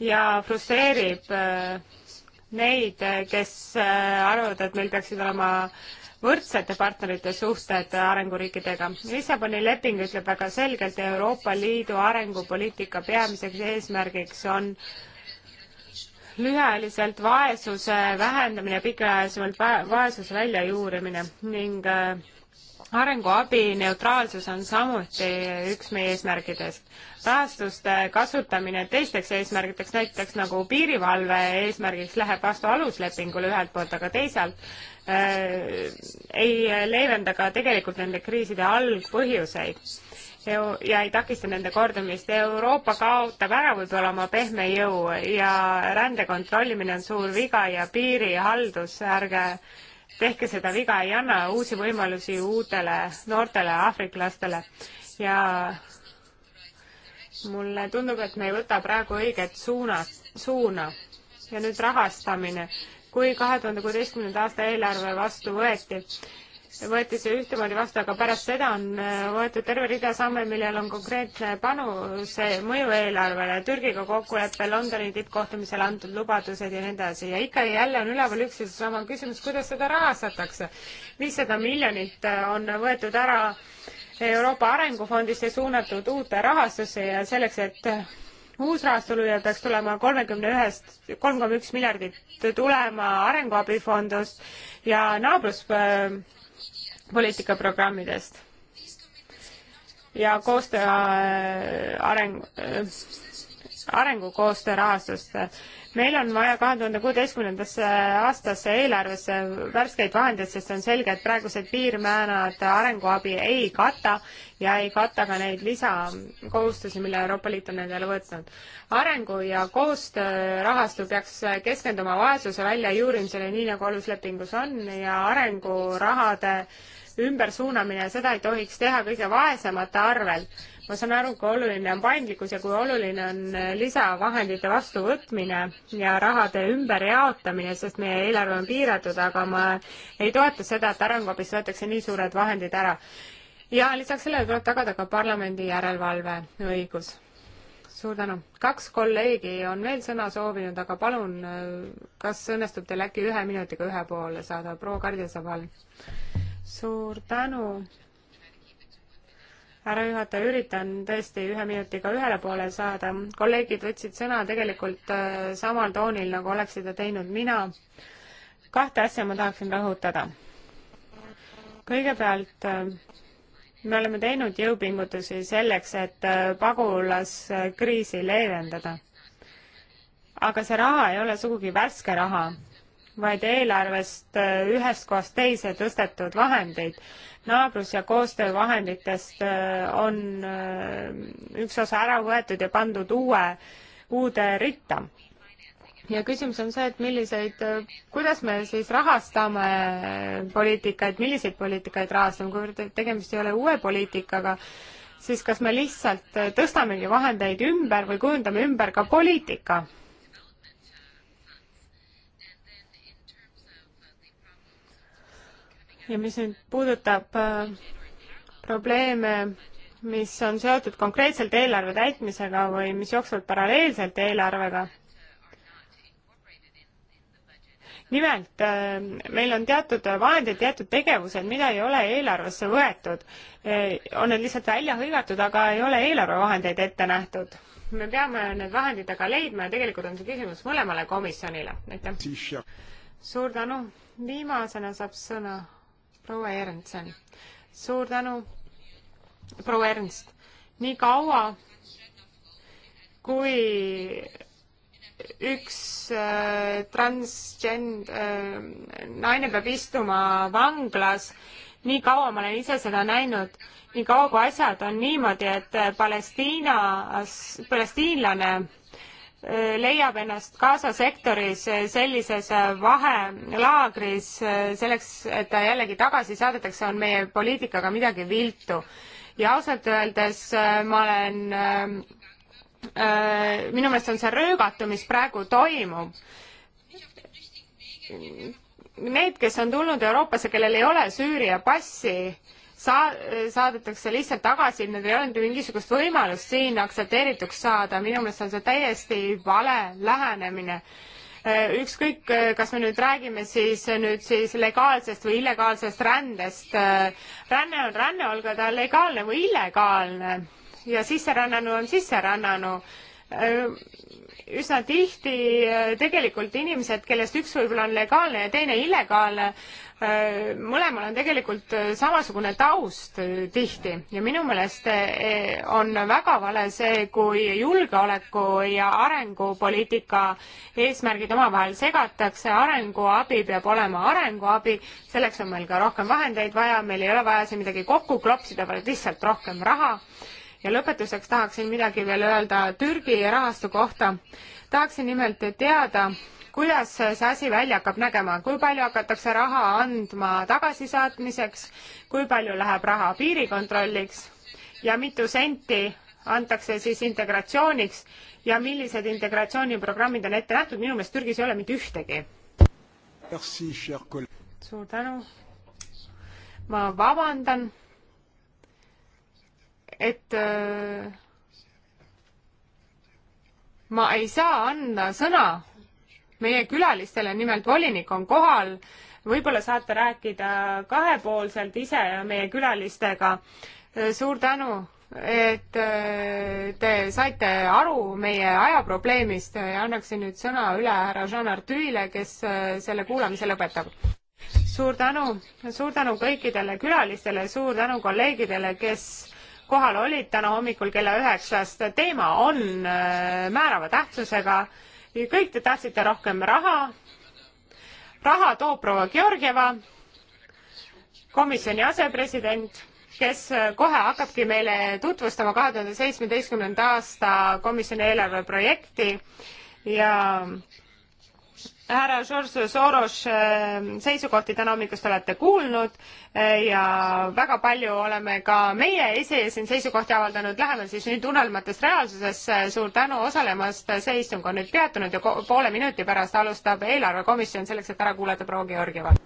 ja frustreerib äh, neid, kes äh, arvavad, et meil peaksid olema äh, võrdsete partnerite suhted arenguriikidega. Lissaboni leping ütleb väga selgelt, Euroopa Liidu arengupoliitika peamiseks eesmärgiks on lühiajaliselt vaesuse vähendamine ja pikaajalisemalt vaesuse väljajuurimine ning äh, arenguabi neutraalsus on samuti üks meie eesmärgidest. rahastuste kasutamine teisteks eesmärgideks, näiteks nagu piirivalve eesmärgiks läheb vastu aluslepingule ühelt poolt, aga teisalt äh, ei leevenda ka tegelikult nende kriiside algpõhjuseid ja ei takista nende kordumist. Euroopa kaotab ära võib-olla oma pehme jõu ja rände kontrollimine on suur viga ja piirihaldus, ärge tehke seda viga, ei anna uusi võimalusi uutele noortele aafriklastele ja mulle tundub, et me ei võta praegu õiget suuna, suuna ja nüüd rahastamine. kui kahe tuhande kuueteistkümnenda aasta eelarve vastu võeti, võeti see ühtemoodi vastu, aga pärast seda on äh, võetud terve rida samme, millel on konkreetne panus mõju eelarvele. Türgiga kokkulepe, Londoni tippkohtumisel antud lubadused ja nii edasi ja ikka ja jälle on üleval üks ja seesama küsimus, kuidas seda rahastatakse. viissada miljonit äh, on võetud ära Euroopa Arengufondist ja suunatud uute rahastusse ja selleks, et äh, uus rahastuluja peaks tulema kolmekümne ühest, kolm koma üks miljardit tulema arenguabifondust ja naabrus äh, poliitikaprogrammidest. ja koostöö äh, areng, äh, arengukoostöö rahastust meil on vaja kahe tuhande kuueteistkümnendasse aastasse eelarvesse värskeid vahendeid, sest on selge, et praegused piirmäärad arenguabi ei kata ja ei kata ka neid lisakohustusi, mille Euroopa Liit on endale võtnud. arengu- ja koostöörahastu peaks keskenduma vaesuse väljajuurimisele, nii nagu aluslepingus on, ja arengurahade äh, ümbersuunamine, seda ei tohiks teha kõige vaesemate arvel. ma saan aru, kui oluline on paindlikkus ja kui oluline on lisavahendite vastuvõtmine ja rahade ümberjaotamine, sest meie eelarve on piiratud, aga ma ei toeta seda, et arengukabis võetakse nii suured vahendid ära. ja lisaks sellele tuleb tagada ka parlamendi järelevalve õigus suur tänu. kaks kolleegi on veel sõna soovinud, aga palun, kas õnnestub teil äkki ühe minutiga ühe poole saada? proua Kardja Sabal suur tänu, härra juhataja, üritan tõesti ühe minutiga ühele poole saada. kolleegid võtsid sõna tegelikult äh, samal toonil, nagu oleks seda teinud mina. kahte asja ma tahaksin rõhutada. kõigepealt äh, me oleme teinud jõupingutusi selleks, et äh, pagulaskriisi leevendada. aga see raha ei ole sugugi värske raha vaid eelarvest äh, ühest kohast teise tõstetud vahendeid. naabrus- ja koostöövahenditest äh, on äh, üks osa ära võetud ja pandud uue, uude ritta. ja küsimus on see, et milliseid, kuidas me siis rahastame poliitikaid, milliseid poliitikaid rahastame, kuivõrd tegemist ei ole uue poliitikaga, siis kas me lihtsalt tõstamegi vahendeid ümber või kujundame ümber ka poliitika? ja mis nüüd puudutab äh, probleeme, mis on seotud konkreetselt eelarve täitmisega või mis jooksevad paralleelselt eelarvega. nimelt, äh, meil on teatud vahendid, teatud tegevused, mida ei ole eelarvesse võetud. Äh, on need lihtsalt välja hõivatud, aga ei ole eelarvevahendeid ette nähtud. me peame need vahendid aga leidma ja tegelikult on see küsimus mõlemale komisjonile. aitäh! suur tänu! viimasena saab sõna proua Ernson. suur tänu, proua Ernst. nii kaua, kui üks äh, transgend- äh,, naine peab istuma vanglas, nii kaua ma olen ise seda näinud, nii kaua kui asjad on niimoodi, et Palestiinas, palestiinlane äh, leiab ennast Gaza sektoris eh, sellises eh, vahelaagris, eh, selleks, et ta jällegi tagasi saadetakse, on meie poliitikaga midagi viltu. ja ausalt öeldes ma olen, minu meelest on see röögatu, mis praegu toimub. Need, kes on tulnud Euroopasse, kellel ei ole Süüria passi, saa-, saadetakse lihtsalt tagasi, et neil ei olnud mingisugust võimalust siin aktsepteerituks saada, minu meelest on see täiesti vale lähenemine äh, ükskõik, äh, kas me nüüd räägime siis äh, nüüd siis legaalsest või illegaalsest rändest. ränne on ränne, olgu ta legaalne või illegaalne ja sisserännanu on sisserännanu. üsna tihti tegelikult inimesed, kellest üks võib-olla on legaalne ja teine illegaalne, Äh, mõlemal on tegelikult äh, samasugune taust äh, tihti ja minu meelest on väga vale see, kui julgeoleku ja arengupoliitika eesmärgid omavahel segatakse, arenguabi peab olema arenguabi, selleks on meil ka rohkem vahendeid vaja, meil ei ole vaja siin midagi kokku klopsida, vaid lihtsalt rohkem raha. ja lõpetuseks tahaksin midagi veel öelda Türgi rahastu kohta. tahaksin nimelt teada, kuidas see asi välja hakkab nägema, kui palju hakatakse raha andma tagasisaatmiseks, kui palju läheb raha piirikontrolliks ja mitu senti antakse siis integratsiooniks ja millised integratsiooniprogrammid on ette nähtud, minu meelest Türgis ei ole mitte ühtegi. suur tänu. ma vabandan, et äh, ma ei saa anda sõna meie külalistele, nimelt volinik on kohal, võib-olla saate rääkida kahepoolselt ise ja meie külalistega. Äh, suur tänu, et äh, te saite aru meie ajaprobleemist ja äh, annaksin nüüd sõna üle härra Jean Artüile, kes selle kuulamise lõpetab suur tänu, suur tänu kõikidele külalistele, suur tänu kolleegidele, kes kohal olid täna hommikul kella üheksast. teema on määrava tähtsusega kõik te tahtsite rohkem raha. raha toob proua Georgieva, komisjoni asepresident, kes kohe hakkabki meile tutvustama kahe tuhande seitsmeteistkümnenda aasta komisjoni eelarve projekti ja härra George Soros eh, seisukohti täna hommikust olete kuulnud eh, ja väga palju oleme ka meie ise siin seisukohti avaldanud. Läheme siis nüüd unelmatest reaalsusesse. suur tänu osalemast, see istung on nüüd peatunud ja poole minuti pärast alustab eelarvekomisjon selleks, et ära kuulata proua Georgieva.